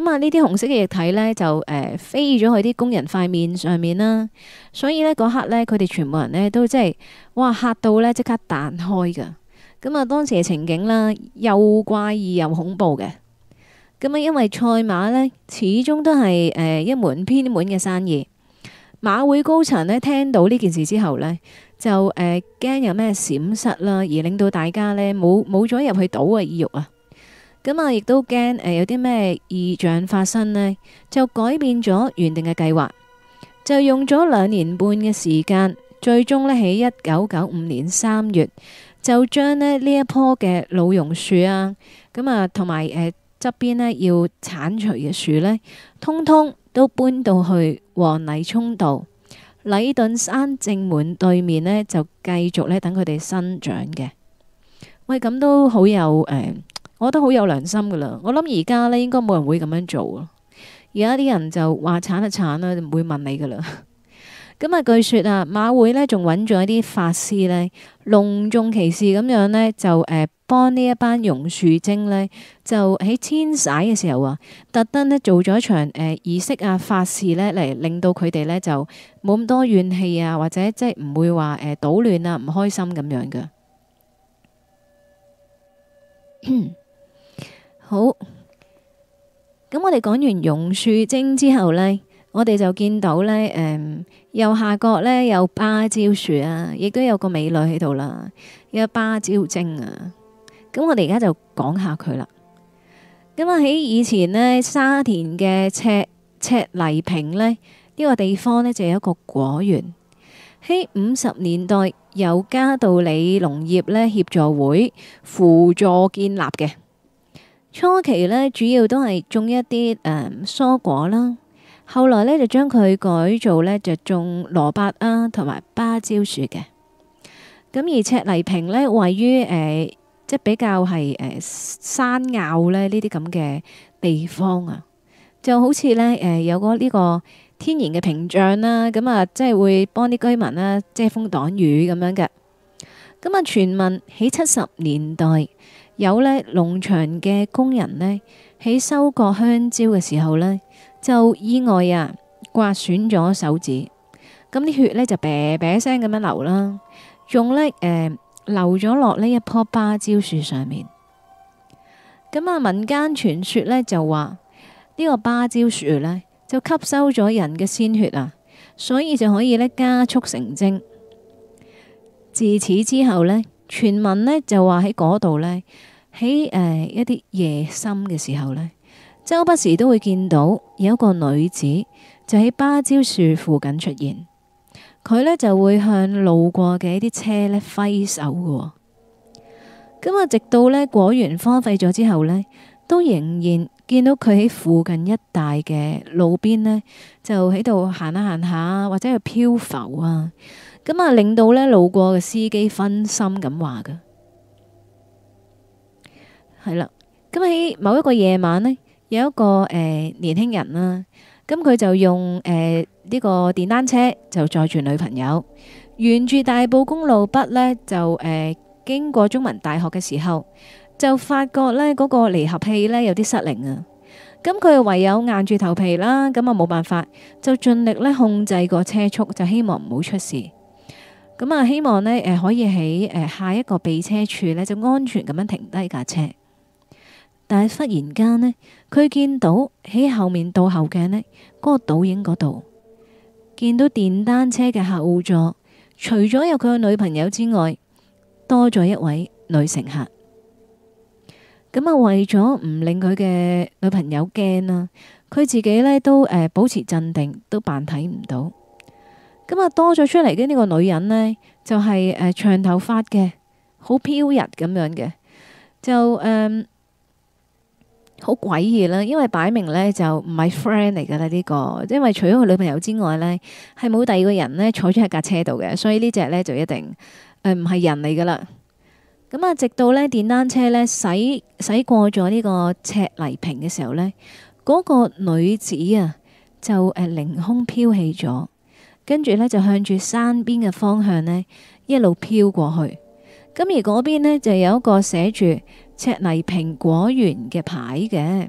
咁啊！呢啲紅色嘅液體呢，就誒、呃、飛咗去啲工人塊面上面啦。所以呢，嗰刻呢，佢哋全部人呢，都即係哇吓到呢，即刻彈開㗎。咁啊，當時嘅情景啦，又怪異又恐怖嘅。咁啊，因為賽馬呢，始終都係誒、呃、一門偏門嘅生意。馬會高層呢，聽到呢件事之後呢，就誒驚、呃、有咩閃失啦，而令到大家呢，冇冇咗入去賭嘅意欲啊。咁啊，亦都驚誒，有啲咩異象發生呢，就改變咗原定嘅計劃，就用咗兩年半嘅時間，最終呢，喺一九九五年三月，就將咧呢一棵嘅老榕樹啊，咁啊同埋誒側邊咧要鏟除嘅樹呢，通通都搬到去黃泥涌道禮頓山正門對面呢，就繼續呢等佢哋生長嘅。喂，咁都好有誒～、呃我覺得好有良心噶啦，我諗而家呢應該冇人會咁樣做慘啊，慘啊！而家啲人就話鏟就鏟啦，唔會問你噶啦。咁 <laughs> 啊，據説啊，馬會呢仲揾咗一啲法師呢，隆重其事咁樣呢，就誒、呃、幫呢一班榕樹精呢，就喺遷徙嘅時候啊，特登呢做咗一場誒、呃、儀式啊，法事呢，嚟令到佢哋呢就冇咁多怨氣啊，或者即係唔會話誒搗亂啊、唔開心咁樣嘅。 <coughs> 好，咁，我哋講完榕樹精之後呢，我哋就見到呢誒、嗯、右下角呢有芭蕉樹啊，亦都有個美女喺度啦，有芭蕉精啊。咁我哋而家就講下佢啦。咁啊，喺以前呢，沙田嘅赤赤泥坪呢，呢、這個呢個地方呢，就有一個果園，喺五十年代由嘉道理農業呢協助會輔助建立嘅。初期呢，主要都係種一啲誒蔬果啦。後來呢，就將佢改造呢，就種蘿蔔啊，同埋芭蕉樹嘅。咁而赤泥坪呢，位於誒、呃，即係比較係誒、呃、山坳呢呢啲咁嘅地方啊，就好似呢，誒、呃、有個呢個天然嘅屏障啦。咁、嗯、啊，即係會幫啲居民啦遮風擋雨咁樣嘅。咁、嗯、啊，傳聞喺七十年代。有呢農場嘅工人呢，喺收割香蕉嘅時候呢，就意外啊刮損咗手指，咁啲血呢就啤啤聲咁樣流啦，用呢誒、呃、流咗落呢一棵芭蕉樹上面。咁啊民間傳說呢，就話呢、這個芭蕉樹呢就吸收咗人嘅鮮血啊，所以就可以呢加速成精。自此之後呢，傳聞呢就話喺嗰度呢。喺誒一啲夜深嘅時候呢，周不時都會見到有一個女子就喺芭蕉樹附近出現，佢呢就會向路過嘅一啲車呢揮手嘅。咁啊，直到呢果園荒廢咗之後呢，都仍然見到佢喺附近一帶嘅路邊呢，就喺度行下行下，或者去漂浮啊。咁啊，令到呢路過嘅司機分心咁話㗎。係啦，咁喺某一個夜晚呢，有一個誒、呃、年輕人啦，咁佢就用誒呢、呃這個電單車就載住女朋友，沿住大埔公路北呢，就誒、呃、經過中文大學嘅時候，就發覺呢嗰個離合器呢有啲失靈啊，咁佢唯有硬住頭皮啦，咁啊冇辦法，就盡力咧控制個車速，就希望唔好出事，咁啊希望呢誒可以喺誒、呃、下一個避車處呢，就安全咁樣停低架車。但係忽然間呢，佢見到喺後面倒後鏡呢嗰、嗰個倒影嗰度見到電單車嘅客座，除咗有佢嘅女朋友之外，多咗一位女乘客。咁啊，為咗唔令佢嘅女朋友驚啦，佢自己呢都誒、呃、保持鎮定，都扮睇唔到。咁啊，多咗出嚟嘅呢個女人呢，就係、是、誒、呃、長頭髮嘅，好飄逸咁樣嘅，就誒。呃好詭異啦，因為擺明咧就唔係 friend 嚟噶啦呢個，因為除咗佢女朋友之外咧，係冇第二個人咧坐咗喺架車度嘅，所以呢隻咧就一定、呃、唔係人嚟噶啦。咁啊，直到咧電單車咧駛駛過咗呢個赤泥坪嘅時候咧，嗰、嗰個女子啊就、呃、凌空飄起咗，跟住咧就向住山邊嘅方向咧一路飄過去。咁而嗰邊呢，就有一個寫住。赤泥蘋果園嘅牌嘅。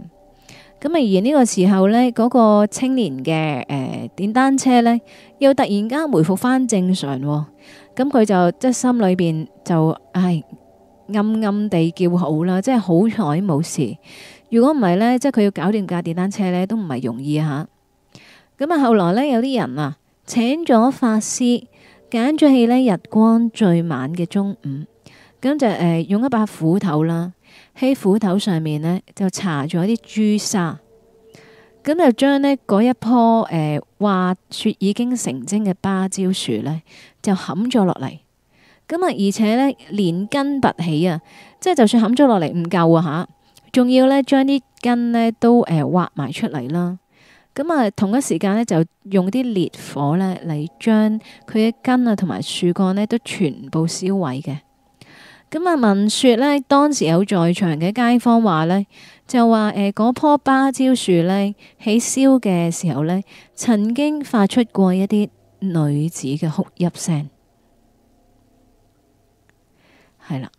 咁而呢個時候呢，嗰、那個青年嘅誒、呃、電單車呢又突然間回復翻正常、哦，咁佢就即係心裏邊就唉、哎、暗暗地叫好啦，即係好彩冇事。如果唔係呢，即係佢要搞掂架電單車呢，都唔係容易吓。咁啊，後來呢有啲人啊，請咗法師揀咗起呢日光最晚嘅中午，咁就誒、呃、用一把斧頭啦。喺斧頭上面呢，就搽咗啲朱砂，咁就將呢嗰一棵誒話説已經成精嘅芭蕉樹呢，就冚咗落嚟。咁啊，而且呢，連根拔起啊，即係就算冚咗落嚟唔夠啊嚇，仲要呢將啲根呢都誒、呃、挖埋出嚟啦。咁啊，同一時間呢，就用啲烈火呢嚟將佢嘅根啊同埋樹幹呢都全部燒毀嘅。咁啊，聞說呢，當時有在場嘅街坊話呢，就話誒，嗰、呃、棵芭蕉樹呢，起燒嘅時候呢，曾經發出過一啲女子嘅哭泣聲。係啦，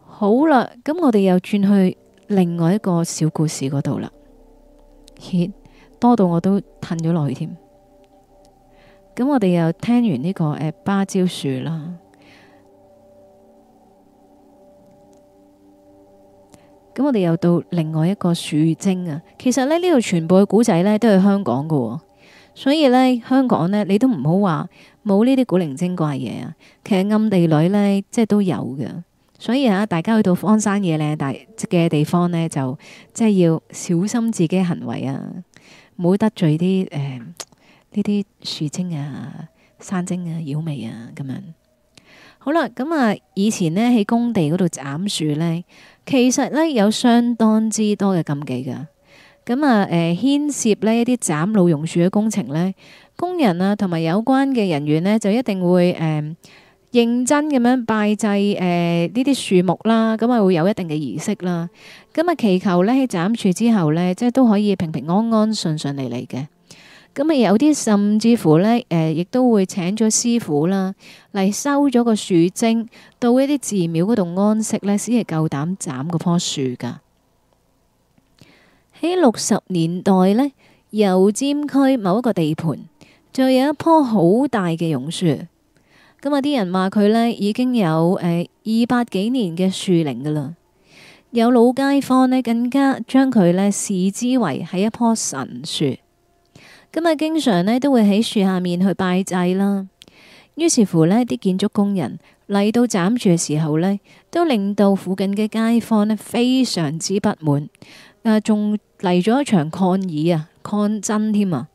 好啦，咁我哋又轉去另外一個小故事嗰度啦 h 多到我都吞咗落去添。咁我哋又聽完呢、呢個誒、呃、芭蕉樹啦。咁我哋又到另外一個樹精啊，其實咧呢度全部嘅古仔咧都係香港噶、哦，所以咧香港咧你都唔好話冇呢啲古靈精怪嘢啊，其實暗地裏咧即係都有嘅，所以啊大家去到荒山野嶺大嘅地方咧就即係要小心自己嘅行為啊，唔好得罪啲誒呢啲樹精啊、山精啊、妖媚啊咁樣。好啦，咁啊，以前呢喺工地嗰度斬樹呢，其實呢有相當之多嘅禁忌㗎。咁啊，誒牽涉呢一啲斬老榕樹嘅工程呢，工人啊同埋有關嘅人員呢，就一定會誒認真咁樣拜祭誒呢啲樹木啦。咁啊會有一定嘅儀式啦。咁啊祈求呢喺斬樹之後呢，即係都可以平平安安、順順利利嘅。咁咪有啲甚至乎呢，誒、呃，亦都會請咗師傅啦，嚟收咗個樹精，到一啲寺廟嗰度安息呢，先係夠膽斬嗰棵樹噶。喺六十年代呢，油尖區某一個地盤就有一棵好大嘅榕樹，咁啊啲人話佢呢已經有誒二百幾年嘅樹齡噶啦，有老街坊呢更加將佢呢視之為係一棵神樹。咁啊，經常咧都會喺樹下面去拜祭啦。於是乎呢啲建築工人嚟到斬樹嘅時候呢，都令到附近嘅街坊咧非常之不滿。啊，仲嚟咗一場抗議啊，抗爭添啊！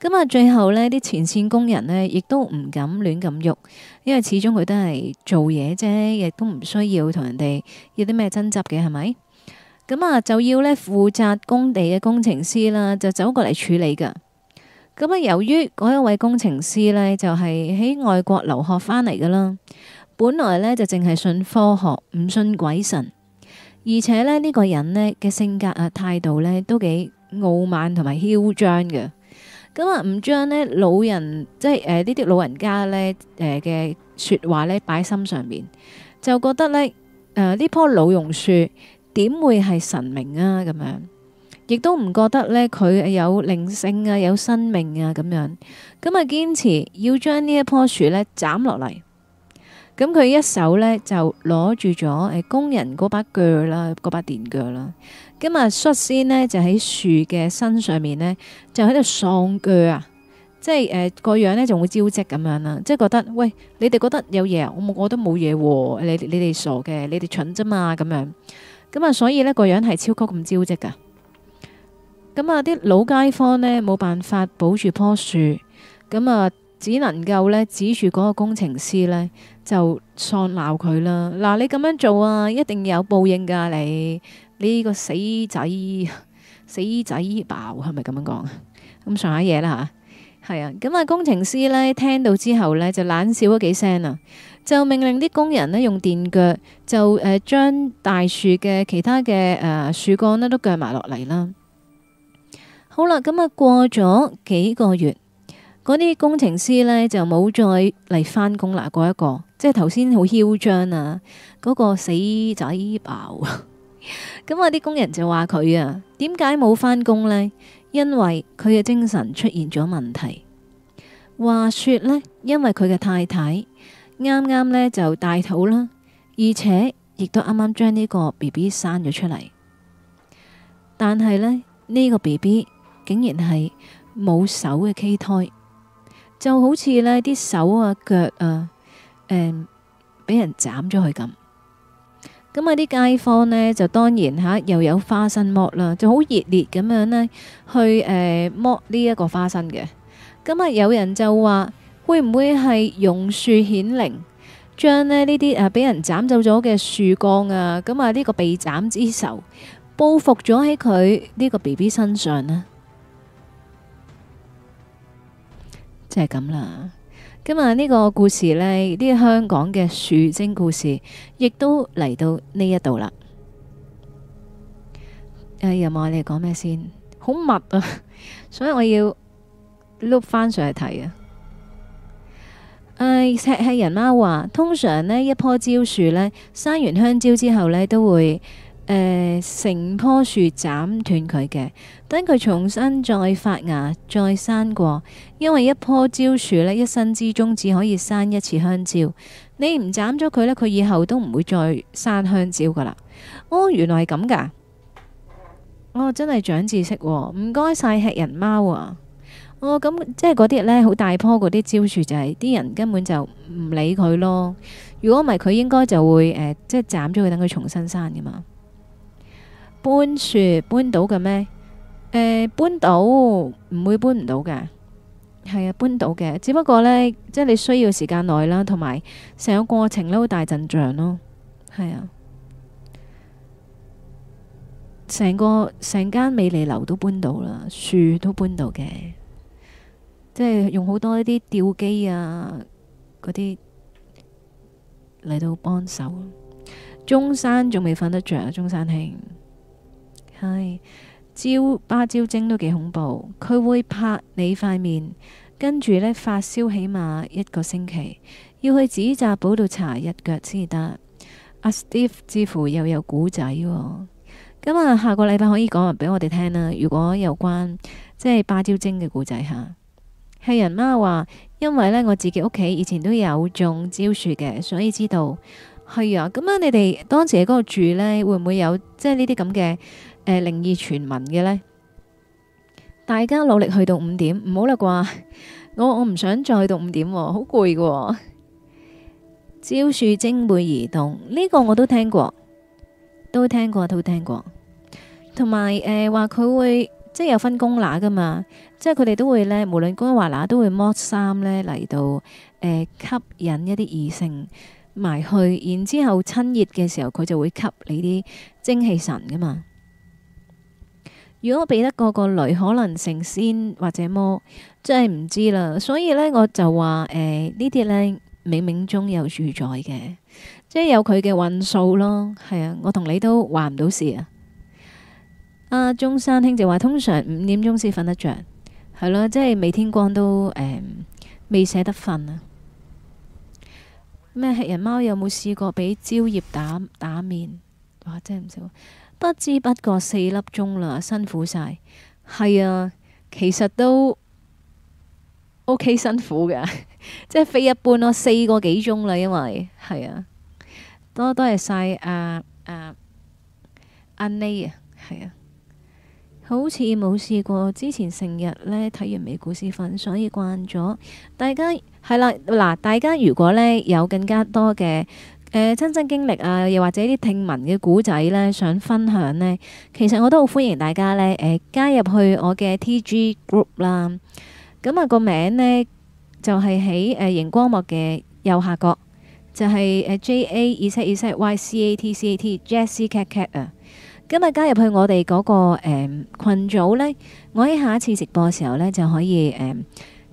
咁啊，最後呢啲前綫工人呢，亦都唔敢亂咁喐，因為始終佢都係做嘢啫，亦都唔需要同人哋有啲咩爭執嘅，係咪？咁啊，就要咧負責工地嘅工程師啦，就走過嚟處理噶。咁啊，由於嗰一位工程師呢，就係喺外國留學翻嚟㗎啦，本來呢，就淨係信科學，唔信鬼神，而且呢，呢個人呢嘅性格啊態度呢，都幾傲慢同埋囂張嘅。咁啊，唔將呢老人即係呢啲老人家呢嘅説話呢，擺心上面，就覺得呢，呢棵老榕樹點會係神明啊咁樣。亦都唔覺得呢佢有靈性啊，有生命啊，咁樣咁啊、嗯，堅持要將呢一棵樹呢斬落嚟。咁、嗯、佢一手呢就攞住咗誒，工人嗰把鋸啦，嗰把電鋸啦。咁、嗯、啊，率先呢就喺樹嘅身上面呢，就喺度喪鋸啊，即係誒個樣呢仲會招積咁樣啦，即係覺得喂，你哋覺得有嘢，我冇覺得冇嘢喎。你你哋傻嘅，你哋蠢啫嘛咁樣咁啊、嗯，所以呢個樣係超級咁招積噶。咁啊！啲老街坊呢，冇辦法保住棵樹，咁啊，只能夠呢指住嗰個工程師呢，就喪鬧佢啦。嗱，你咁樣做啊，一定有報應㗎、啊！你你個死仔死仔爆，係咪咁樣講啊？咁上下嘢啦吓，係啊！咁啊，工程師呢，聽到之後呢，就冷笑咗幾聲啊，就命令啲工人呢，用電鋸就誒、呃、將大樹嘅其他嘅誒、呃、樹幹呢，都鋸埋落嚟啦。好啦，咁啊過咗幾個月，嗰啲工程師呢，就冇再嚟返工啦。嗰一個即係頭先好囂張啊，嗰、嗰個死仔爆啊！咁啊，啲工人就話佢啊，點解冇返工呢？因為佢嘅精神出現咗問題。話說呢，因為佢嘅太太啱啱呢就大肚啦，而且亦都啱啱將呢個 B B 生咗出嚟，但係呢，呢、呢個 B B。竟然係冇手嘅畸胎，就好似呢啲手腳啊、腳、嗯、啊，誒，俾人斬咗佢咁。咁啊，啲街坊呢，就當然吓又有花生剝啦，就好熱烈咁樣呢去誒剝呢一個花生嘅。咁啊，有人就話會唔會係榕樹顯靈，將咧呢啲誒俾人斬走咗嘅樹幹啊？咁啊，呢個被斬之仇報復咗喺佢呢個 BB 身上呢。就係咁啦，今日呢個故事呢，啲、這個、香港嘅樹精故事，亦都嚟到呢一度啦。誒、哎，有冇啊？你哋講咩先？好密啊，所以我要碌翻上去睇啊。誒、哎，石器人媽話，通常呢，一棵蕉樹呢，生完香蕉之後呢，都會。呃、成棵樹斬斷佢嘅，等佢重新再發芽再生過。因為一棵蕉樹呢，一生之中只可以生一次香蕉。你唔斬咗佢呢，佢以後都唔會再生香蕉噶啦。哦，原來係咁噶。哦，真係長知識喎、哦！唔該晒吃人貓啊、哦。哦，咁即係嗰啲呢，好大棵嗰啲蕉樹就係、是、啲人根本就唔理佢咯。如果唔係，佢應該就會、呃、即係斬咗佢，等佢重新生噶嘛。搬樹搬到嘅咩？誒、欸、搬到唔會搬唔到嘅，係啊搬到嘅，只不過呢，即、就、係、是、你需要時間耐啦，同埋成個過程都好大陣仗咯，係啊，成個成間美利樓都搬到啦，樹都搬到嘅，即、就、係、是、用好多呢啲吊機啊嗰啲嚟到幫手。中山仲未瞓得着啊，中山兄。唉，蕉、哎、芭蕉精都幾恐怖，佢會拍你塊面，跟住呢發燒，起碼一個星期，要去指竹寶度查一腳先得。阿、啊、Steve 似乎又有古仔喎，咁、嗯、啊，下個禮拜可以講埋俾我哋聽啦，如果有關即係芭蕉精嘅古仔吓。係人媽話，因為呢我自己屋企以前都有種蕉樹嘅，所以知道係啊。咁啊，你哋當時喺嗰度住呢，會唔會有即係呢啲咁嘅？誒，靈異傳聞嘅呢，大家努力去到五點唔好啦啩。我我唔想再去到五點，哦，好攰㗎。招樹精會移動呢，這個我都聽過，都聽過，都聽過。同埋誒，話、呃、佢會即係有分公乸噶嘛，即係佢哋都會呢，無論公話乸都會剝衫呢嚟到，呃、吸引一啲異性埋去，然之後親熱嘅時候佢就會吸你啲精氣神噶嘛。如果我俾得個個雷，可能成仙或者魔，真係唔知啦。所以呢，我就話誒呢啲呢，冥冥中有主宰嘅，即係有佢嘅運數咯。係啊，我同你都話唔到事啊。阿、啊、中山兄就話，通常五點鐘先瞓得着，係咯、啊，即係未天光都誒、呃、未捨得瞓啊。咩吃人貓有冇試過俾蕉葉打打面？哇，真係唔少。不知不覺四粒鐘啦，辛苦晒。係啊，其實都 OK 辛苦㗎， <laughs> 即係飛一半咯，四個幾鐘啦，因為係啊，多多謝晒阿阿 Annie 啊，係啊，啊，啊，好似冇試過。之前成日咧睇完美故事瞓，所以慣咗。大家係啦，嗱、啊，大家如果咧有更加多嘅。誒，親身經歷啊，又或者啲聽聞嘅古仔咧，想分享呢。其實我都好歡迎大家咧。誒，加入去我嘅 T G group 啦。咁啊，個名呢，就係喺誒熒光幕嘅右下角，就係誒 J A Z Z Y C A T C A T J C C a C 啊。咁啊，加入去我哋嗰個羣組咧，我喺下一次直播嘅時候呢，就可以誒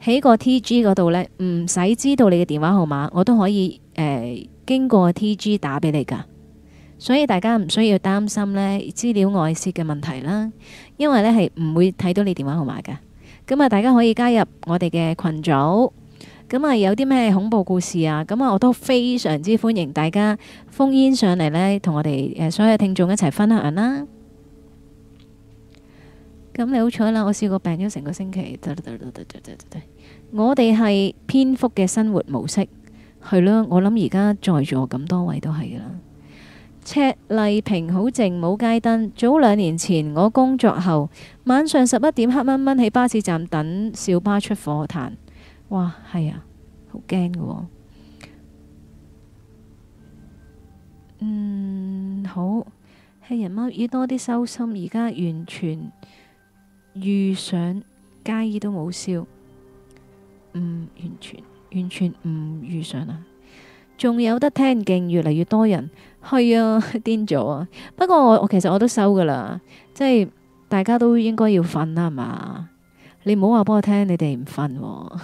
喺個 T G 嗰度呢，唔使知道你嘅電話號碼，我都可以誒。經過 TG 打俾你噶，所以大家唔需要擔心呢資料外泄嘅問題啦，因為呢係唔會睇到你的電話號碼噶。咁啊，大家可以加入我哋嘅群組。咁啊，有啲咩恐怖故事啊？咁啊，我都非常之歡迎大家封煙上嚟呢，同我哋所有聽眾一齊分享啦。咁你好彩啦，我試過病咗成個星期。我哋係蝙蝠嘅生活模式。係囉，我諗而家在座咁多位都係嘅啦。赤麗平好靜，冇街燈。早兩年前我工作後，晚上十一點黑蚊蚊喺巴士站等小巴出火炭。哇，係啊，好驚㗎喎。嗯，好。啲人貓要多啲收心。而家完全遇上街衣都冇燒。嗯，完全。完全唔遇上啦，仲有得聽勁，越嚟越多人，係啊癲咗啊！不過我其實我都收噶啦，即係大家都應該要瞓啦，係嘛？你唔好話幫我聽，你哋唔瞓喎。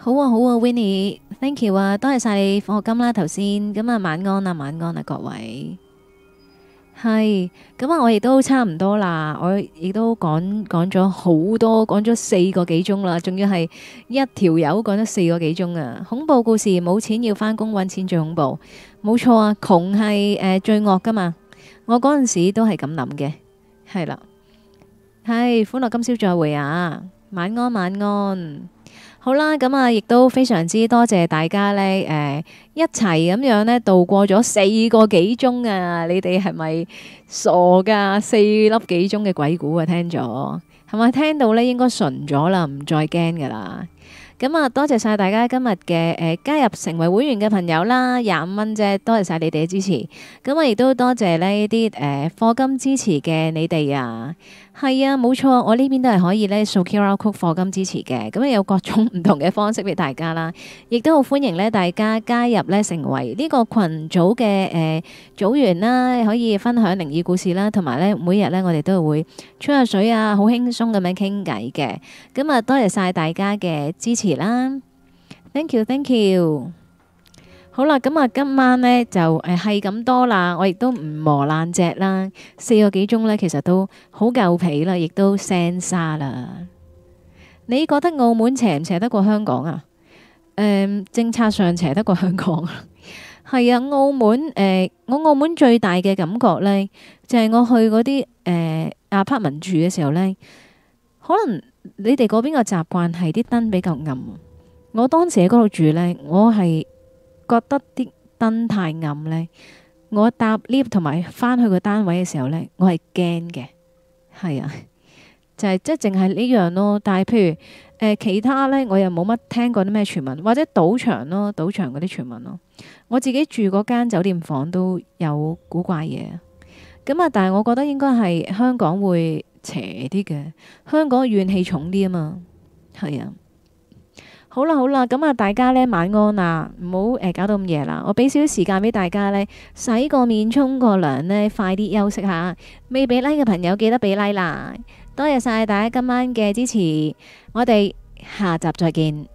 好啊好啊，Winnie，thank you 啊，多謝晒你課金啦，頭先咁啊，晚安啊，晚安啊，各位。係，咁啊，我亦都差唔多啦，我亦都講講咗好多，講咗四個幾鐘啦，仲要係一條友講咗四個幾鐘啊！恐怖故事，冇錢要返工，搵錢最恐怖，冇錯啊，窮係誒最惡㗎嘛，我嗰陣時都係咁諗嘅，係啦，係，歡樂今宵再會啊，晚安，晚安。好啦，咁啊，亦都非常之多謝大家呢。誒、呃，一齊咁樣呢，度過咗四個幾鐘啊！你哋係咪傻噶？四粒幾鐘嘅鬼故啊，聽咗係咪聽到呢？應該純咗啦，唔再驚噶啦。咁、呃、啊，多謝晒大家今日嘅誒加入成為會員嘅朋友啦，廿五蚊啫，多謝晒你哋嘅支持。咁、呃、啊，亦都多謝呢啲誒課金支持嘅你哋啊。係啊，冇錯，我呢邊都係可以咧，掃 QR Code 課金支持嘅。咁有各種唔同嘅方式俾大家啦，亦都好歡迎咧大家加入咧成為呢個群組嘅誒、呃、組員啦，可以分享靈異故事啦，同埋咧每日咧我哋都會吹下水啊，好輕鬆咁樣傾偈嘅。咁啊多謝晒大家嘅支持啦，thank you，thank you。You. 好啦，咁啊，今晚呢就誒係咁多啦。我亦都唔磨爛隻啦，四個幾鐘呢其實都好夠皮啦，亦都聲沙啦。你覺得澳門邪唔邪得過香港啊？誒、嗯，政策上邪得過香港係 <laughs> 啊？澳門誒、呃，我澳門最大嘅感覺呢，就係、是、我去嗰啲誒阿、呃、partment 住嘅時候呢，可能你哋嗰邊嘅習慣係啲燈比較暗。我當時喺嗰度住呢，我係。覺得啲燈太暗呢，我搭 lift 同埋翻去個單位嘅時候呢，我係驚嘅。係啊，就係即係淨係呢樣咯。但係譬如、呃、其他呢，我又冇乜聽過啲咩傳聞，或者賭場咯，賭場嗰啲傳聞咯。我自己住嗰間酒店房都有古怪嘢。咁啊，但係我覺得應該係香港會邪啲嘅，香港怨氣重啲啊嘛，係啊。好啦好啦，咁啊，大家咧晚安啦，唔好誒搞到咁夜啦，我俾少少時間俾大家咧，洗個面沖個涼咧，快啲休息下。未俾 like 嘅朋友記得俾 like 啦，多謝晒大家今晚嘅支持，我哋下集再見。